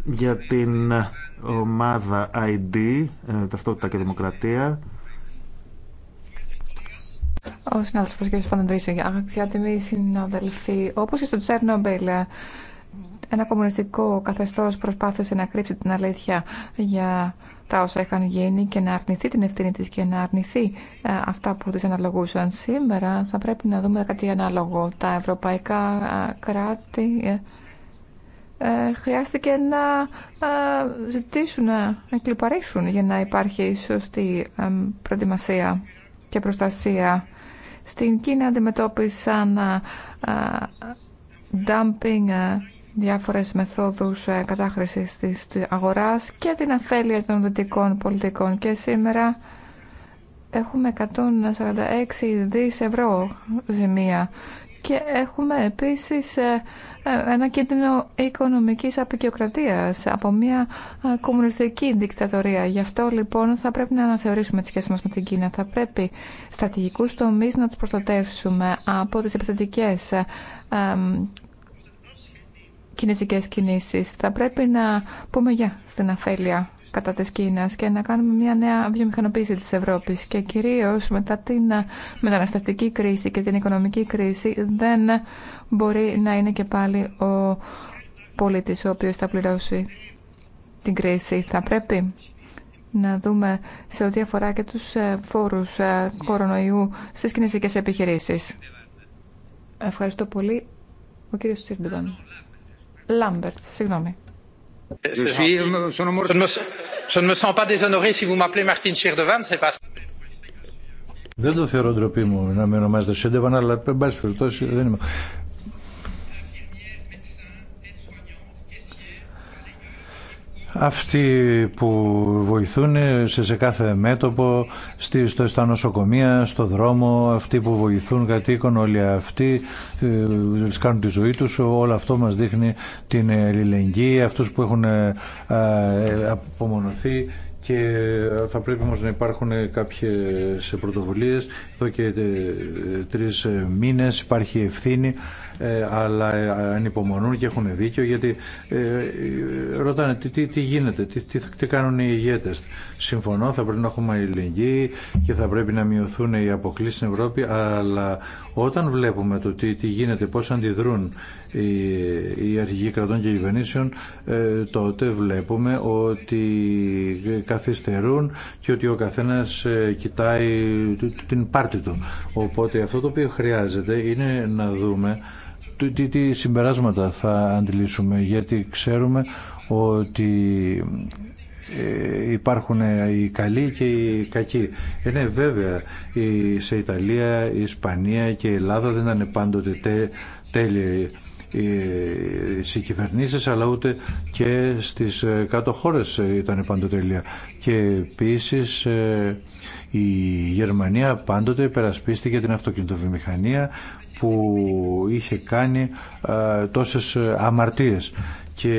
για την ομάδα ID, ε, ταυτότητα και δημοκρατία. Ο συνάδελφος κ. Φαναντρίσσα, αξιότιμοι συναδελφοί, όπως και στο Τσέρνομπιλ, ένα κομμουνιστικό καθεστώς προσπάθησε να κρύψει την αλήθεια για τα όσα είχαν γίνει και να αρνηθεί την ευθύνη της και να αρνηθεί ε, αυτά που της αναλογούσαν σήμερα, θα πρέπει να δούμε κάτι ανάλογο. Τα ευρωπαϊκά ε, κράτη ε, χρειάστηκε να ε, ζητήσουν, να κλειπαρίσουν για να υπάρχει σωστή ε, προετοιμασία και προστασία. Στην Κίνα αντιμετώπισαν dumping, διάφορες μεθόδους κατάχρησης της αγοράς και την αφέλεια των δυτικών πολιτικών. Και σήμερα έχουμε 146 δις ευρώ ζημία και έχουμε επίσης ε, ένα κίνδυνο οικονομικής απεικιοκρατία, από μια ε, κομμουνιστική δικτατορία. Γι' αυτό λοιπόν θα πρέπει να αναθεωρήσουμε τη σχέση μας με την Κίνα. Θα πρέπει στρατηγικούς τομείς να τους προστατεύσουμε από τις επιθετικές ε, κινέζικες κινήσεις. Θα πρέπει να πούμε γεια στην αφέλεια κατά της Κίνας και να κάνουμε μια νέα βιομηχανοποίηση της Ευρώπης και κυρίως μετά την μεταναστευτική κρίση και την οικονομική κρίση δεν μπορεί να είναι και πάλι ο πολίτης ο οποίος θα πληρώσει την κρίση. Θα πρέπει να δούμε σε ό,τι αφορά και τους ε, φόρους ε, κορονοϊού στις κινησικές επιχειρήσεις. Ευχαριστώ πολύ. Ο κύριος Σίρντουμπαν. Λάμπερτ, συγγνώμη. Δεν το θεωρώ ντροπή μου να με ονομάζετε Σέντεβαν, αλλά εν πάση δεν είμαι. αυτοί που βοηθούν σε, σε κάθε μέτωπο, στη, στο, στα νοσοκομεία, στο δρόμο, αυτοί που βοηθούν κατοίκον, όλοι αυτοί ε, κάνουν τη ζωή τους, όλο αυτό μας δείχνει την ελληνική, αυτούς που έχουν ε, ε, απομονωθεί και θα πρέπει όμως να υπάρχουν κάποιες πρωτοβουλίες εδώ και ε, τρεις μήνες υπάρχει ευθύνη ε, αλλά ε, ανυπομονούν και έχουν δίκιο γιατί ε, ρωτάνε τι, τι, γίνεται, τι, τι, τι κάνουν οι ηγέτες. Συμφωνώ, θα πρέπει να έχουμε αλληλεγγύη και θα πρέπει να μειωθούν οι αποκλήσεις στην Ευρώπη, αλλά όταν βλέπουμε το τι, γίνεται, πώς αντιδρούν οι, οι αρχηγοί κρατών και κυβερνήσεων, τότε βλέπουμε ότι καθυστερούν και ότι ο καθένας κοιτάει την πάρτη του. Οπότε αυτό το οποίο χρειάζεται είναι να δούμε τι, τι συμπεράσματα θα αντιλήσουμε γιατί ξέρουμε ότι ε, υπάρχουν οι καλοί και οι κακοί. Είναι βέβαια σε Ιταλία, η Ισπανία και η Ελλάδα δεν ήταν πάντοτε τέ, τέλεια αλλά ούτε και στις ε, κάτω χώρες ήταν πάντοτε τέλεια. και επίσης ε, η Γερμανία πάντοτε υπερασπίστηκε την αυτοκινητοβιομηχανία που είχε κάνει ε, τόσες ε, αμαρτίες και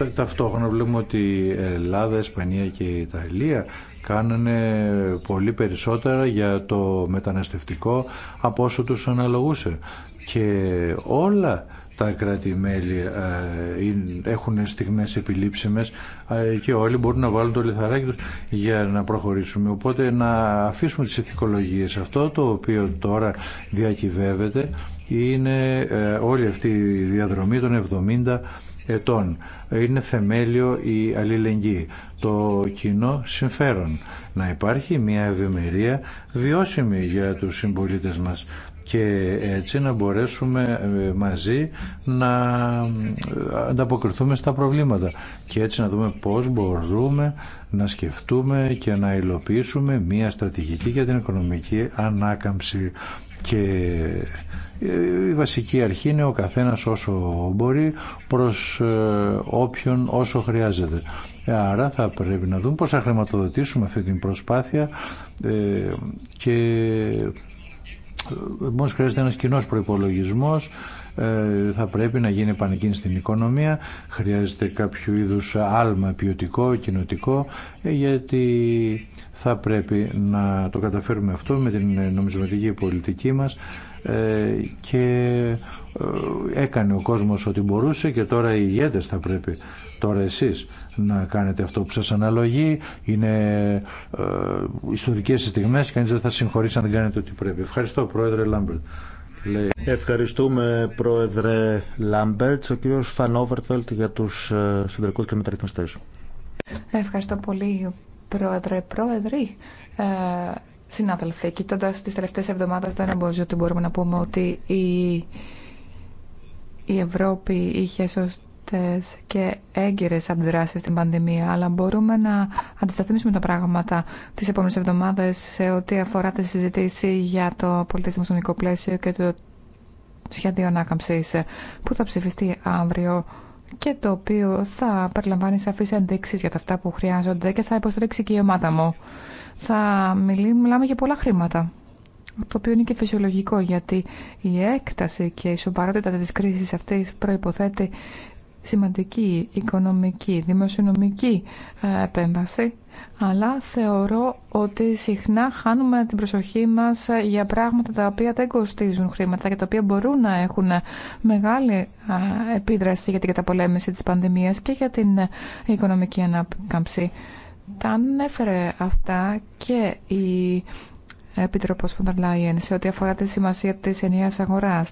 ε, ταυτόχρονα βλέπουμε ότι η Ελλάδα, Ισπανία και η Ιταλία κάνανε πολύ περισσότερα για το μεταναστευτικό από όσο τους αναλογούσε και όλα τα κράτη-μέλη ε, έχουν στιγμές επιλήψιμες ε, και όλοι μπορούν να βάλουν το λιθαράκι τους για να προχωρήσουμε. Οπότε να αφήσουμε τις ηθικολογίες. Αυτό το οποίο τώρα διακυβεύεται είναι ε, όλη αυτή η διαδρομή των 70 ετών. Είναι θεμέλιο η αλληλεγγύη, το κοινό συμφέρον. Να υπάρχει μια ευημερία βιώσιμη για τους συμπολίτε μας και έτσι να μπορέσουμε ε, μαζί να ε, ανταποκριθούμε στα προβλήματα και έτσι να δούμε πώς μπορούμε να σκεφτούμε και να υλοποιήσουμε μια στρατηγική για την οικονομική ανάκαμψη και ε, η βασική αρχή είναι ο καθένας όσο μπορεί προς όποιον όσο χρειάζεται. Άρα θα πρέπει να δούμε πώς θα χρηματοδοτήσουμε αυτή την προσπάθεια και μόνος χρειάζεται ένα κοινό προπολογισμό, ε, θα πρέπει να γίνει επανεκκίνηση στην οικονομία, χρειάζεται κάποιο είδους άλμα ποιοτικό, κοινοτικό, ε, γιατί θα πρέπει να το καταφέρουμε αυτό με την ε, νομισματική πολιτική μας και έκανε ο κόσμος ό,τι μπορούσε και τώρα οι ηγέτες θα πρέπει Τώρα εσείς να κάνετε αυτό που σας αναλογεί, είναι ε, ιστορικές στιγμές, κανείς δεν θα συγχωρήσει αν δεν κάνετε ό,τι πρέπει. Ευχαριστώ Πρόεδρε Λάμπερτ. Ευχαριστούμε Πρόεδρε Λάμπερτ, ο κύριος Φανόβερτφελτ για τους ε, συντηρικούς και μεταρρυθμιστές. Ευχαριστώ πολύ Πρόεδρε, Πρόεδρε. Ε, συνάδελφοι, κοιτώντα τι τελευταίε εβδομάδε, δεν εμπόζει ότι μπορούμε να πούμε ότι η, Ευρώπη είχε σωστή και έγκυρες αντιδράσεις στην πανδημία, αλλά μπορούμε να αντισταθμίσουμε τα πράγματα τις επόμενες εβδομάδες σε ό,τι αφορά τη συζήτηση για το πολιτισμό πλαίσιο και το σχέδιο ανάκαμψης που θα ψηφιστεί αύριο και το οποίο θα περιλαμβάνει σαφείς ενδείξεις για τα αυτά που χρειάζονται και θα υποστηρίξει και η ομάδα μου. Θα μιλή, μιλάμε για πολλά χρήματα το οποίο είναι και φυσιολογικό γιατί η έκταση και η σοβαρότητα της κρίσης αυτή προϋποθέτει σημαντική οικονομική, δημοσιονομική ε, επέμβαση, αλλά θεωρώ ότι συχνά χάνουμε την προσοχή μας ε, για πράγματα τα οποία δεν κοστίζουν χρήματα και τα οποία μπορούν να έχουν ε, μεγάλη επίδραση για την καταπολέμηση της πανδημίας και για την οικονομική ανάκαμψη. Τα ανέφερε αυτά και η Επίτροπος Φοντερ σε ό,τι αφορά τη σημασία της ενιαίας αγοράς.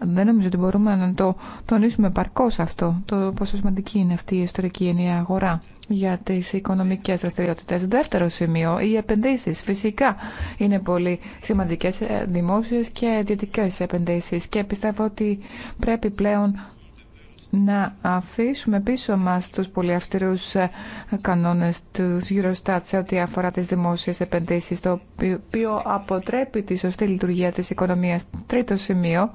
Δεν νομίζω ότι μπορούμε να το τονίσουμε παρκώς αυτό, το πόσο σημαντική είναι αυτή η ιστορική ενιαία αγορά για τις οικονομικές δραστηριότητε. Δεύτερο σημείο, οι επενδύσεις. Φυσικά είναι πολύ σημαντικές ε, δημόσιες και ιδιωτικέ επενδύσεις και πιστεύω ότι πρέπει πλέον να αφήσουμε πίσω μας τους πολύ αυστηρούς ε, κανόνες του Eurostat σε ό,τι αφορά τις δημόσιες επενδύσεις, το οποίο αποτρέπει τη σωστή λειτουργία της οικονομίας. Τρίτο σημείο,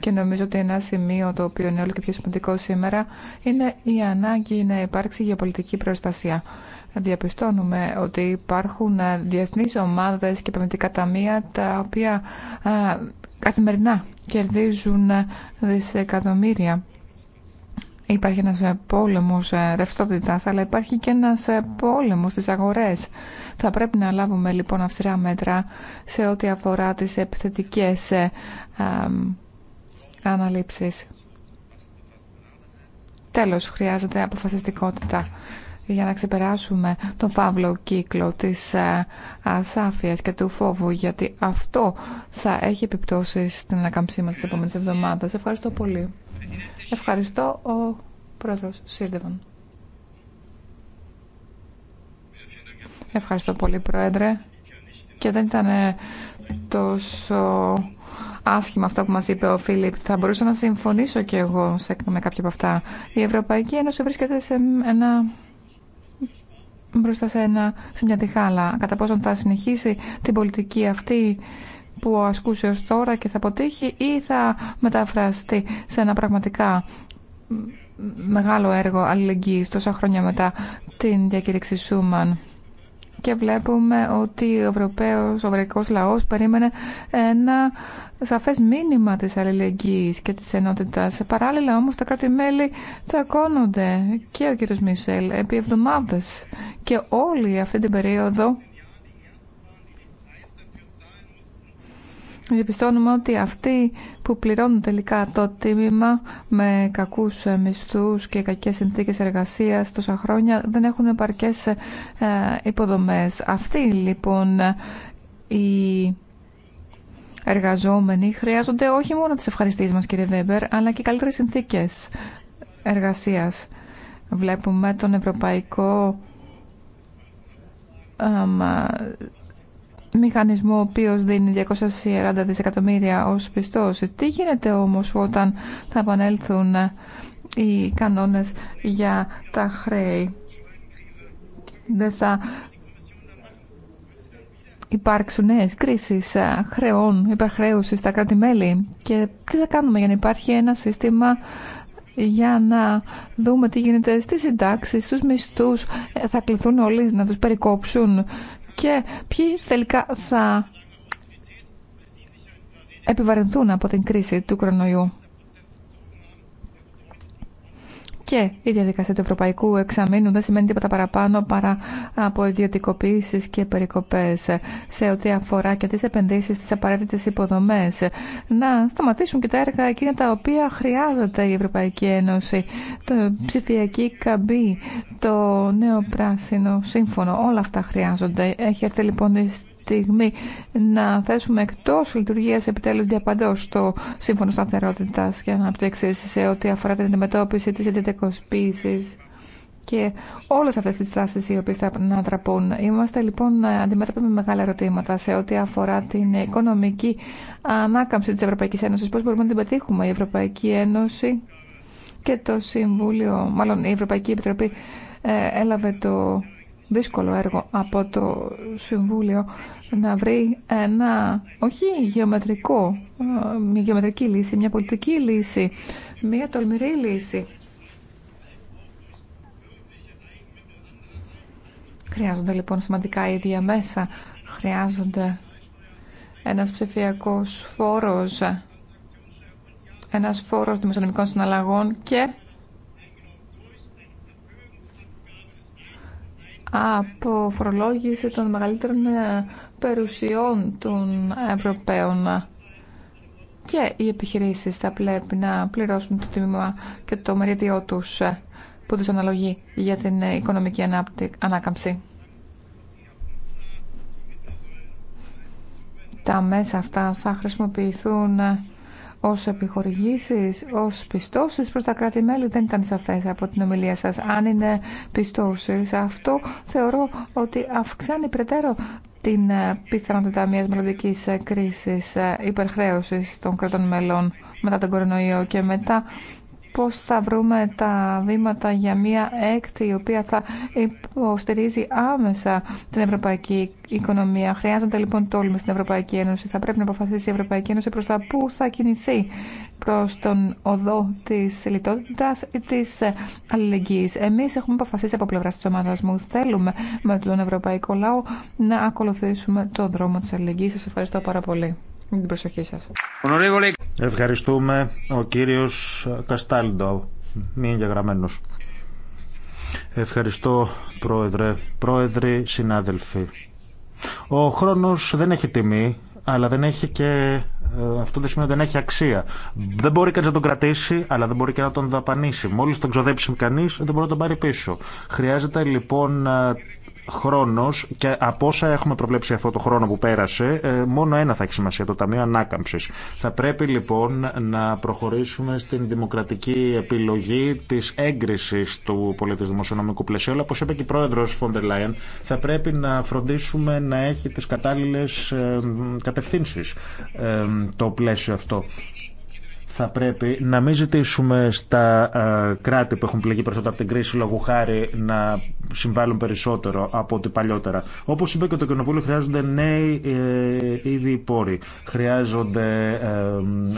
και νομίζω ότι ένα σημείο το οποίο είναι όλο και πιο σημαντικό σήμερα, είναι η ανάγκη να υπάρξει γεωπολιτική προστασία. Διαπιστώνουμε ότι υπάρχουν ε, διεθνείς ομάδες και επενδυτικά ταμεία τα οποία ε, καθημερινά κερδίζουν δισεκατομμύρια Υπάρχει ένας ε, πόλεμος ε, ρευστότητας, αλλά υπάρχει και ένας ε, πόλεμος στις αγορές. Θα πρέπει να λάβουμε λοιπόν αυστηρά μέτρα σε ό,τι αφορά τις επιθετικές αναλήψεις. Τέλος, χρειάζεται αποφασιστικότητα για να ξεπεράσουμε τον φαύλο κύκλο της ασάφειας και του φόβου, γιατί αυτό θα έχει επιπτώσεις στην ανακαμψή μας τις επόμενες εβδομάδες. Ευχαριστώ πολύ. Ευχαριστώ, ο πρόεδρος Σύρδεβον. Ευχαριστώ πολύ, πρόεδρε. Και δεν ήταν τόσο άσχημα αυτά που μας είπε ο Φίλιπ. Θα μπορούσα να συμφωνήσω και εγώ με κάποια από αυτά. Η Ευρωπαϊκή Ένωση βρίσκεται σε ένα μπροστά σε, ένα, σε μια διχάλα. Κατά πόσον θα συνεχίσει την πολιτική αυτή που ασκούσε ως τώρα και θα αποτύχει ή θα μεταφραστεί σε ένα πραγματικά μεγάλο έργο αλληλεγγύης τόσα χρόνια μετά την διακήρυξη Σούμαν. Και βλέπουμε ότι ο Ευρωπαίος, ο Ευρωπαϊκός λαός περίμενε ένα σαφές μήνυμα της αλληλεγγύης και της ενότητας. Παράλληλα όμως τα κράτη-μέλη τσακώνονται και ο κύριος Μισελ επί εβδομάδες και όλη αυτή την περίοδο διαπιστώνουμε ότι αυτοί που πληρώνουν τελικά το τίμημα με κακούς ε, μισθούς και κακές συνθήκες εργασίας τόσα χρόνια δεν έχουν επαρκές ε, υποδομές. Αυτοί λοιπόν οι εργαζόμενοι χρειάζονται όχι μόνο τις ευχαριστίες μας κύριε Βέμπερ αλλά και καλύτερες συνθήκες εργασίας. Βλέπουμε τον ευρωπαϊκό ε, μηχανισμό ο οποίο δίνει 240 δισεκατομμύρια ω πιστώσεις. Τι γίνεται όμως όταν θα επανέλθουν ε, οι κανόνες για τα χρέη. Δεν θα υπάρξουν νέε κρίσει ε, χρεών, υπερχρέωση στα κράτη-μέλη. Και τι θα κάνουμε για να υπάρχει ένα σύστημα για να δούμε τι γίνεται στις συντάξεις, στους μισθούς. Ε, θα κληθούν όλοι να τους περικόψουν και ποιοι τελικά θα επιβαρυνθούν από την κρίση του κορονοϊού. και η διαδικασία του Ευρωπαϊκού Εξαμήνου δεν σημαίνει τίποτα παραπάνω παρά από ιδιωτικοποίησει και περικοπέ σε ό,τι αφορά και τι επενδύσει τι απαραίτητε υποδομέ. Να σταματήσουν και τα έργα εκείνα τα οποία χρειάζεται η Ευρωπαϊκή Ένωση. Το ψηφιακή καμπή, το νέο πράσινο σύμφωνο, όλα αυτά χρειάζονται. Έχει έρθει λοιπόν στιγμή να θέσουμε εκτό λειτουργία επιτέλου διαπαντό το Σύμφωνο Σταθερότητα και Αναπτύξη σε ό,τι αφορά την αντιμετώπιση τη εντετεκοσποίηση και όλες αυτές τις τάσεις οι οποίες θα ανατραπούν. Είμαστε λοιπόν αντιμέτωποι με μεγάλα ερωτήματα σε ό,τι αφορά την οικονομική ανάκαμψη της Ευρωπαϊκή Ένωση. Πώς μπορούμε να την πετύχουμε η Ευρωπαϊκή Ένωση και το Συμβούλιο, μάλλον η Ευρωπαϊκή Επιτροπή ε, έλαβε το δύσκολο έργο από το Συμβούλιο να βρει ένα, όχι γεωμετρικό, ε, μια γεωμετρική λύση, μια πολιτική λύση, μια τολμηρή λύση. Χρειάζονται λοιπόν σημαντικά ίδια μέσα, χρειάζονται ένας ψηφιακός φόρος, ένας φόρος δημοσιονομικών συναλλαγών και από φορολόγηση των μεγαλύτερων ε, περιουσιών των Ευρωπαίων. Και οι επιχειρήσεις θα πρέπει να πληρώσουν το τίμημα και το μερίδιό τους ε, που τους αναλογεί για την ε, οικονομική ανάκαμψη. Τα μέσα αυτά θα χρησιμοποιηθούν ως επιχορηγήσεις, ως πιστώσεις προς τα κράτη-μέλη δεν ήταν σαφές από την ομιλία σας. Αν είναι πιστώσεις, αυτό θεωρώ ότι αυξάνει πρετέρω την ε, πιθανότητα μια μελλοντικής ε, κρίσης ε, υπερχρέωσης των κρατών μελών μετά τον κορονοϊό και μετά πώς θα βρούμε τα βήματα για μία έκτη η οποία θα υποστηρίζει άμεσα την ευρωπαϊκή οικονομία. Χρειάζεται λοιπόν τόλμη στην Ευρωπαϊκή Ένωση. Θα πρέπει να αποφασίσει η Ευρωπαϊκή Ένωση προς τα πού θα κινηθεί προς τον οδό της λιτότητας ή της αλληλεγγύης. Εμείς έχουμε αποφασίσει από πλευρά της ομάδας μου. Θέλουμε με τον ευρωπαϊκό λαό να ακολουθήσουμε τον δρόμο της αλληλεγγύης. Σας ευχαριστώ πάρα πολύ με την προσοχή σας. Ευχαριστούμε ο κύριος Καστάλντο, μη εγγεγραμμένος. Ευχαριστώ πρόεδρε, πρόεδροι, συνάδελφοι. Ο χρόνος δεν έχει τιμή, αλλά δεν έχει και ε, αυτό δεν σημαίνει ότι δεν έχει αξία. Δεν μπορεί κανεί να τον κρατήσει, αλλά δεν μπορεί και να τον δαπανίσει. Μόλι τον ξοδέψει κανεί, δεν μπορεί να τον πάρει πίσω. Χρειάζεται λοιπόν ε, χρόνος και από όσα έχουμε προβλέψει αυτό το χρόνο που πέρασε, ε, μόνο ένα θα έχει σημασία, το Ταμείο Ανάκαμψης. Θα πρέπει λοιπόν να προχωρήσουμε στην δημοκρατική επιλογή της έγκρισης του πολιτισμού δημοσιονομικού πλαισίου, όπω είπε και η πρόεδρος Φόντερ Λάιεν, θα πρέπει να φροντίσουμε να έχει τις κατάλληλες ε, κατευθύνσεις ε, το πλαίσιο αυτό θα πρέπει να μην ζητήσουμε στα ε, κράτη που έχουν πληγεί περισσότερο από την κρίση λόγου χάρη να συμβάλλουν περισσότερο από ό,τι παλιότερα. Όπω είπε και το Κοινοβούλιο, χρειάζονται νέοι ε, ήδη πόροι. Χρειάζονται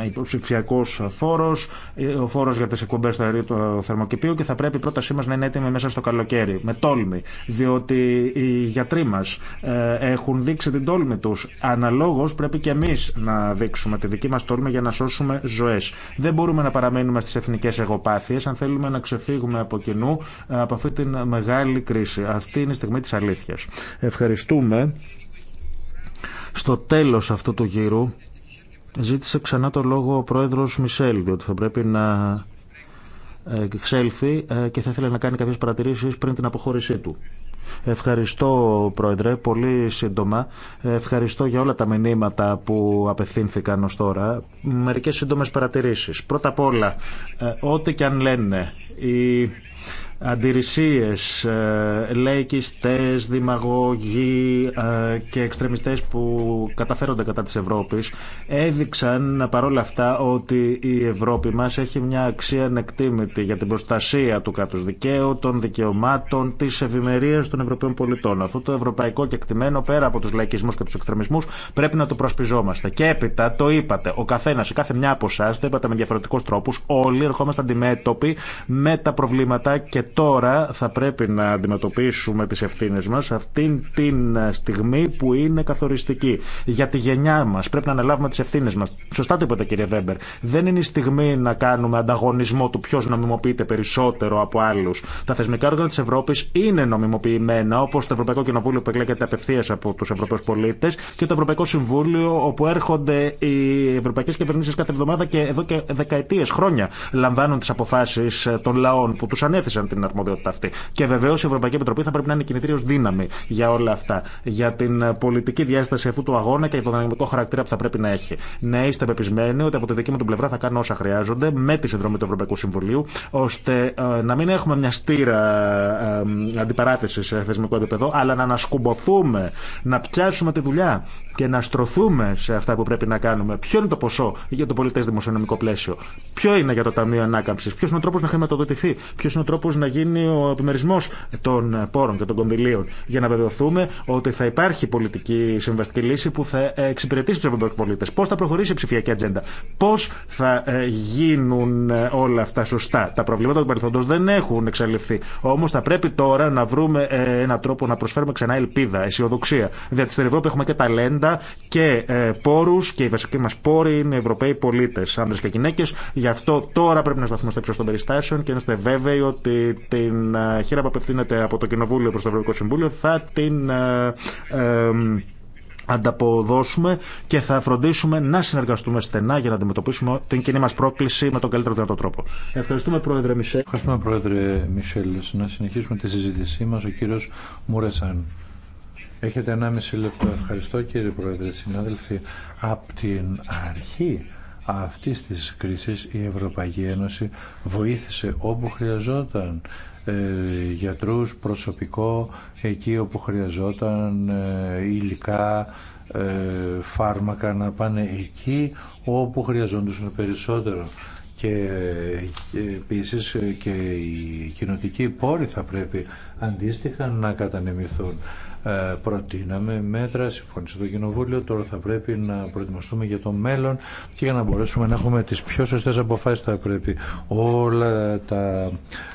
ε, υποψηφιακό φόρο, ε, ο φόρο για τι εκπομπέ του αερίου του θερμοκηπίου και θα πρέπει η πρότασή μα να είναι έτοιμη μέσα στο καλοκαίρι, με τόλμη. Διότι οι γιατροί μα ε, έχουν δείξει την τόλμη του. Αναλόγω πρέπει και εμεί να δείξουμε τη δική μα τόλμη για να σώσουμε ζωέ. Δεν μπορούμε να παραμένουμε στι εθνικέ εγωπάθειε αν θέλουμε να ξεφύγουμε από κοινού ε, από αυτή τη μεγάλη κρίση. Αυτή είναι η στιγμή τη αλήθεια. Ευχαριστούμε. Στο τέλος αυτού του γύρου ζήτησε ξανά το λόγο ο πρόεδρος Μισελ, ότι θα πρέπει να ε, εξέλθει ε, και θα ήθελε να κάνει κάποιες παρατηρήσεις πριν την αποχώρησή του. Ευχαριστώ, Πρόεδρε. Πολύ σύντομα. Ευχαριστώ για όλα τα μηνύματα που απευθύνθηκαν ως τώρα. Μερικές σύντομες παρατηρήσεις. Πρώτα απ' όλα, ε, ό,τι και αν λένε, η αντιρρησίες, ε, λαϊκιστές, δημαγωγοί ε, και εξτρεμιστές που καταφέρονται κατά της Ευρώπης έδειξαν παρόλα αυτά ότι η Ευρώπη μας έχει μια αξία ανεκτήμητη για την προστασία του κράτους δικαίου, των δικαιωμάτων, της ευημερία των Ευρωπαίων πολιτών. Αυτό το ευρωπαϊκό κεκτημένο πέρα από τους λαϊκισμούς και τους εξτρεμισμούς πρέπει να το προσπιζόμαστε. Και έπειτα το είπατε, ο καθένας, κάθε μια από εσά, το είπατε με διαφορετικούς τρόπους, όλοι ερχόμαστε αντιμέτωποι με τα προβλήματα και τώρα θα πρέπει να αντιμετωπίσουμε τις ευθύνες μας αυτήν την στιγμή που είναι καθοριστική για τη γενιά μας. Πρέπει να αναλάβουμε τις ευθύνες μας. Σωστά το είπατε κύριε Βέμπερ. Δεν είναι η στιγμή να κάνουμε ανταγωνισμό του ποιος νομιμοποιείται περισσότερο από άλλους. Τα θεσμικά όργανα της Ευρώπης είναι νομιμοποιημένα όπως το Ευρωπαϊκό Κοινοβούλιο που εκλέγεται απευθείας από τους Ευρωπαίους πολίτες και το Ευρωπαϊκό Συμβούλιο όπου έρχονται οι ευρωπαϊκές κυβερνήσεις κάθε εβδομάδα και εδώ και δεκαετίες, χρόνια λαμβάνουν τις αποφάσεις των λαών που τους ανέθεσαν την την αρμοδιότητα αυτή. Και βεβαίω η Ευρωπαϊκή Επιτροπή θα πρέπει να είναι κινητήριο δύναμη για όλα αυτά. Για την ε, πολιτική διάσταση αυτού του αγώνα και για τον δυναμικό χαρακτήρα που θα πρέπει να έχει. Ναι, είστε πεπισμένοι ότι από τη δική μου την πλευρά θα κάνω όσα χρειάζονται με τη συνδρομή του Ευρωπαϊκού Συμβουλίου, ώστε ε, να μην έχουμε μια στήρα ε, αντιπαράθεση σε θεσμικό επίπεδο, αλλά να ανασκουμποθούμε, να πιάσουμε τη δουλειά και να στρωθούμε σε αυτά που πρέπει να κάνουμε. Ποιο είναι το ποσό για το πολιτέ δημοσιονομικό πλαίσιο, ποιο είναι για το Ταμείο Ανάκαμψη, ποιο είναι ο τρόπο να χρηματοδοτηθεί, ποιο είναι ο τρόπο να γίνει ο επιμερισμό των πόρων και των κονδυλίων, για να βεβαιωθούμε ότι θα υπάρχει πολιτική συμβαστική λύση που θα εξυπηρετήσει του Ευρωπαίου πολίτε. Πώ θα προχωρήσει η ψηφιακή ατζέντα, πώ θα ε, γίνουν ε, όλα αυτά σωστά. Τα προβλήματα του παρελθόντο δεν έχουν εξαλειφθεί. Όμω θα πρέπει τώρα να βρούμε ε, έναν τρόπο να προσφέρουμε ξανά ελπίδα, αισιοδοξία. Διότι στην Ευρώπη έχουμε και ταλέντα και ε, πόρου και οι βασικοί μα πόροι είναι Ευρωπαίοι πολίτε, άντρε και γυναίκε. Γι' αυτό τώρα πρέπει να σταθούμε στο ύψο των περιστάσεων και να είστε βέβαιοι ότι την ε, χείρα που απευθύνεται από το Κοινοβούλιο προ το Ευρωπαϊκό Συμβούλιο θα την ε, ανταποδώσουμε και θα φροντίσουμε να συνεργαστούμε στενά για να αντιμετωπίσουμε την κοινή μας πρόκληση με τον καλύτερο δυνατό τρόπο. Ευχαριστούμε Πρόεδρε Μισελ. Ευχαριστούμε Πρόεδρε Μισελ. Να συνεχίσουμε τη συζήτησή μας ο κύριος Μουρεσάν. Έχετε 1,5 λεπτό. Ευχαριστώ κύριε Πρόεδρε, συνάδελφοι. Απ' την αρχή αυτή της κρίση η Ευρωπαϊκή Ένωση βοήθησε όπου χρειαζόταν ε, γιατρούς, προσωπικό, εκεί όπου χρειαζόταν ε, υλικά, ε, φάρμακα να πάνε εκεί όπου χρειαζόντουσαν περισσότερο. Και ε, επίση και οι κοινοτικοί πόροι θα πρέπει αντίστοιχα να κατανεμηθούν. Ε, προτείναμε μέτρα, συμφωνήσε το Κοινοβούλιο, τώρα θα πρέπει να προετοιμαστούμε για το μέλλον και για να μπορέσουμε να έχουμε τις πιο σωστές αποφάσεις θα πρέπει όλα τα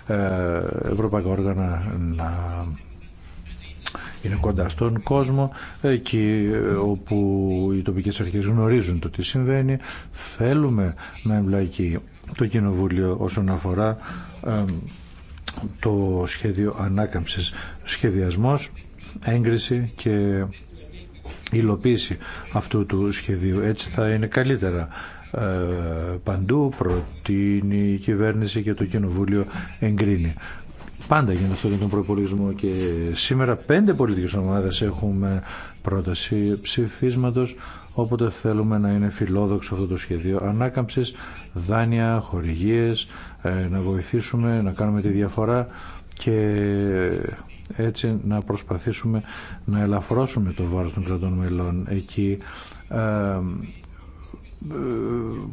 ε, ευρωπαϊκά όργανα να είναι κοντά στον κόσμο, εκεί όπου οι τοπικές αρχές γνωρίζουν το τι συμβαίνει. Θέλουμε να εμπλακεί το Κοινοβούλιο όσον αφορά ε, το σχέδιο ανάκαμψης σχεδιασμός έγκριση και υλοποίηση αυτού του σχεδίου. Έτσι θα είναι καλύτερα. Ε, παντού προτείνει η κυβέρνηση και το κοινοβούλιο εγκρίνει. Πάντα γίνεται αυτό για τον προπολογισμό και σήμερα πέντε πολιτικές ομάδες έχουμε πρόταση ψηφίσματος όποτε θέλουμε να είναι φιλόδοξο αυτό το σχεδίο ανάκαμψης, δάνεια, χορηγίες, ε, να βοηθήσουμε, να κάνουμε τη διαφορά και έτσι να προσπαθήσουμε να ελαφρώσουμε το βάρος των κρατών μελών εκεί ε, ε,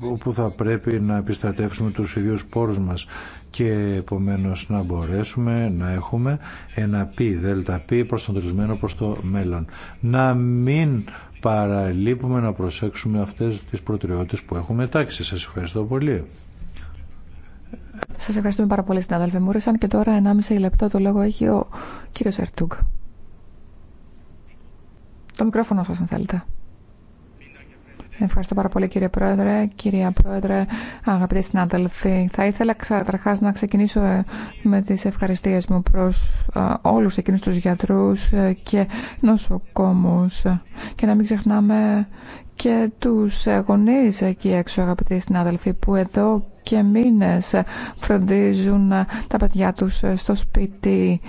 όπου θα πρέπει να επιστρατεύσουμε τους ίδιους πόρους μας και επομένως να μπορέσουμε να έχουμε ένα πι, δέλτα πι προσανατολισμένο προς το μέλλον. Να μην παραλείπουμε να προσέξουμε αυτές τις προτεραιότητες που έχουμε τάξει. Σας ευχαριστώ πολύ. Σας ευχαριστούμε πάρα πολύ, συνάδελφε Μούρισαν. Και τώρα 1,5 λεπτό το λόγο έχει ο κύριο Ερτούγκ. Το μικρόφωνο σας, αν θέλετε. Ευχαριστώ πάρα πολύ κύριε Πρόεδρε. Κυρία Πρόεδρε, αγαπητοί συνάδελφοι, θα ήθελα καταρχά να ξεκινήσω ε, με τις ευχαριστίες μου προς ε, όλους εκείνους τους γιατρούς ε, και νοσοκόμους και να μην ξεχνάμε και τους γονείς εκεί έξω αγαπητοί συνάδελφοι που εδώ και μήνες φροντίζουν τα παιδιά τους στο σπίτι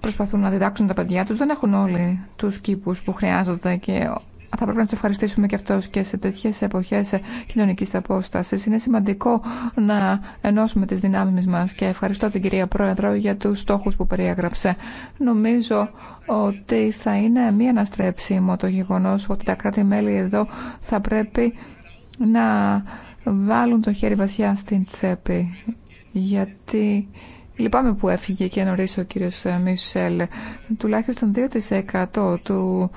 προσπαθούν να διδάξουν τα παιδιά τους δεν έχουν όλοι τους κήπους που χρειάζονται και θα πρέπει να του ευχαριστήσουμε και αυτός και σε τέτοιες εποχές ε, κοινωνική απόσταση. Είναι σημαντικό να ενώσουμε τις δυνάμεις μας και ευχαριστώ την κυρία Πρόεδρο για τους στόχους που περιέγραψε. Νομίζω ότι θα είναι μία αναστρέψιμο το γεγονό ότι τα κράτη-μέλη εδώ θα πρέπει να βάλουν το χέρι βαθιά στην τσέπη γιατί Λυπάμαι που έφυγε και νωρίς ο κύριος ε, Μισελ. Τουλάχιστον 2% του,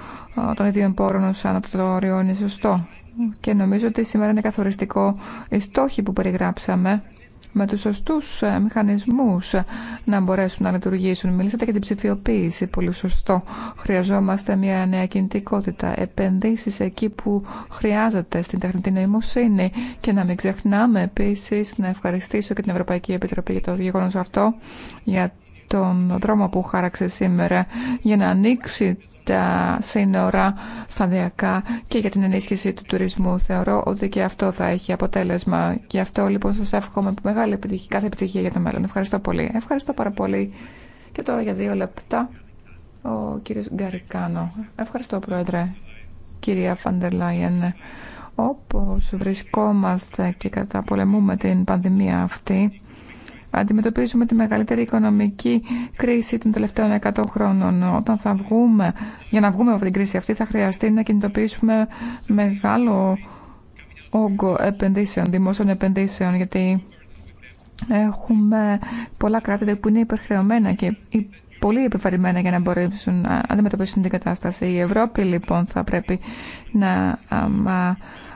ε, των ίδιων πόρων ως ανατολόριο είναι σωστό. Και νομίζω ότι σήμερα είναι καθοριστικό οι στόχοι που περιγράψαμε με τους σωστούς ε, μηχανισμούς να μπορέσουν να λειτουργήσουν. Μιλήσατε για την ψηφιοποίηση, πολύ σωστό. Χρειαζόμαστε μια νέα κινητικότητα, επενδύσεις εκεί που χρειάζεται στην τεχνητή νοημοσύνη και να μην ξεχνάμε επίσης να ευχαριστήσω και την Ευρωπαϊκή Επιτροπή για το γεγονός αυτό, για τον δρόμο που χάραξε σήμερα για να ανοίξει τα σύνορα σταδιακά και για την ενίσχυση του τουρισμού. Θεωρώ ότι και αυτό θα έχει αποτέλεσμα. Γι' αυτό λοιπόν σα εύχομαι μεγάλη επιτυχία, κάθε επιτυχία για το μέλλον. Ευχαριστώ πολύ. Ευχαριστώ πάρα πολύ. Και τώρα για δύο λεπτά ο κύριος Γκαρικάνο. Ευχαριστώ Πρόεδρε, κυρία Φαντερ Λάιεν. Όπως βρισκόμαστε και καταπολεμούμε την πανδημία αυτή, Αντιμετωπίσουμε τη μεγαλύτερη οικονομική κρίση των τελευταίων 100 χρόνων. Όταν θα βγούμε, για να βγούμε από την κρίση αυτή θα χρειαστεί να κινητοποιήσουμε μεγάλο όγκο επενδύσεων, δημόσιων επενδύσεων, γιατί έχουμε πολλά κράτη που είναι υπερχρεωμένα και πολύ επιφαρημένα για να μπορέσουν να αντιμετωπίσουν την κατάσταση. Η Ευρώπη λοιπόν θα πρέπει να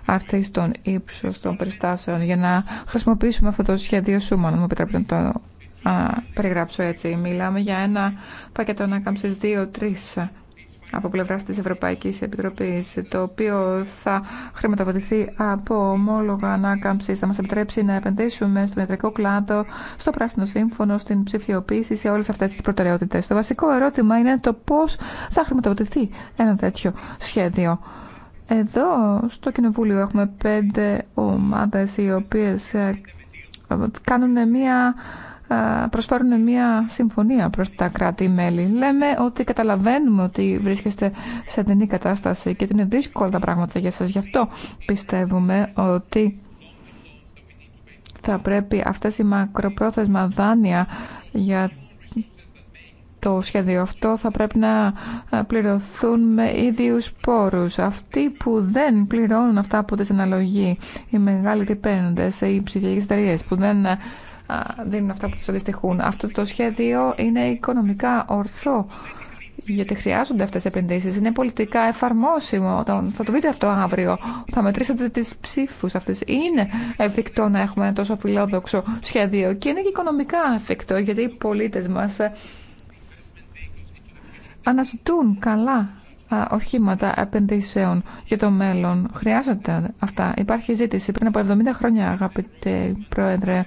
άρθει στον ύψο των περιστάσεων για να χρησιμοποιήσουμε αυτό το σχέδιο να μου επιτρέπετε να το α, περιγράψω έτσι. Μιλάμε για ένα πακέτο ανάκαμψη 2-3 από πλευρά της Ευρωπαϊκής Επιτροπής, το οποίο θα χρηματοδοτηθεί από ομόλογα ανάκαμψη, θα μας επιτρέψει να επενδύσουμε στον ιατρικό κλάδο, στο πράσινο σύμφωνο, στην ψηφιοποίηση, σε όλες αυτές τις προτεραιότητες. Το βασικό ερώτημα είναι το πώ θα χρηματοδοτηθεί ένα τέτοιο σχέδιο. Εδώ στο Κοινοβούλιο έχουμε πέντε ομάδες οι οποίες ε, κάνουν μία ε, προσφέρουν μια συμφωνία προς τα κράτη-μέλη. Λέμε ότι καταλαβαίνουμε ότι βρίσκεστε σε δενή κατάσταση και ότι είναι δύσκολα τα πράγματα για σας. Γι' αυτό πιστεύουμε ότι θα πρέπει αυτές οι μακροπρόθεσμα δάνεια για το σχέδιο αυτό θα πρέπει να ε, πληρωθούν με ίδιους πόρους. Αυτοί που δεν πληρώνουν αυτά που τις αναλογεί, οι μεγάλοι τυπαίνοντες, οι ψηφιακές εταιρείε που δεν ε, δίνουν αυτά που τους αντιστοιχούν. Αυτό το σχέδιο είναι οικονομικά ορθό γιατί χρειάζονται αυτές τι επενδύσεις. Είναι πολιτικά εφαρμόσιμο. Θα το δείτε αυτό αύριο. Θα μετρήσετε τις ψήφους αυτές. Είναι εφικτό να έχουμε ένα τόσο φιλόδοξο σχέδιο και είναι και οικονομικά εφικτό γιατί οι πολίτε μα. Ε, αναζητούν καλά οχήματα επενδύσεων για το μέλλον. Χρειάζεται αυτά. Υπάρχει ζήτηση. Πριν από 70 χρόνια, αγαπητέ Πρόεδρε,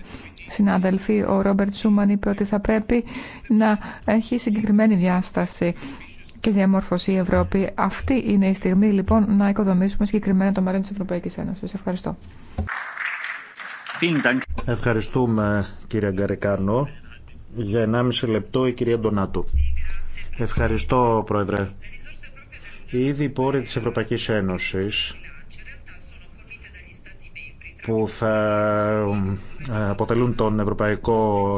συνάδελφοι, ο Ρόμπερτ Σούμαν είπε ότι θα πρέπει να έχει συγκεκριμένη διάσταση και διαμόρφωση η Ευρώπη. Αυτή είναι η στιγμή λοιπόν να οικοδομήσουμε συγκεκριμένα το μέλλον της Ευρωπαϊκής Ένωσης. Ευχαριστώ. Ευχαριστούμε κύριε Γκαρικάνο. Για 1,5 λεπτό η κυρία Ντονάτου. Ευχαριστώ, Πρόεδρε. Οι ίδιοι πόροι της Ευρωπαϊκής Ένωσης που θα ε, αποτελούν τον ευρωπαϊκό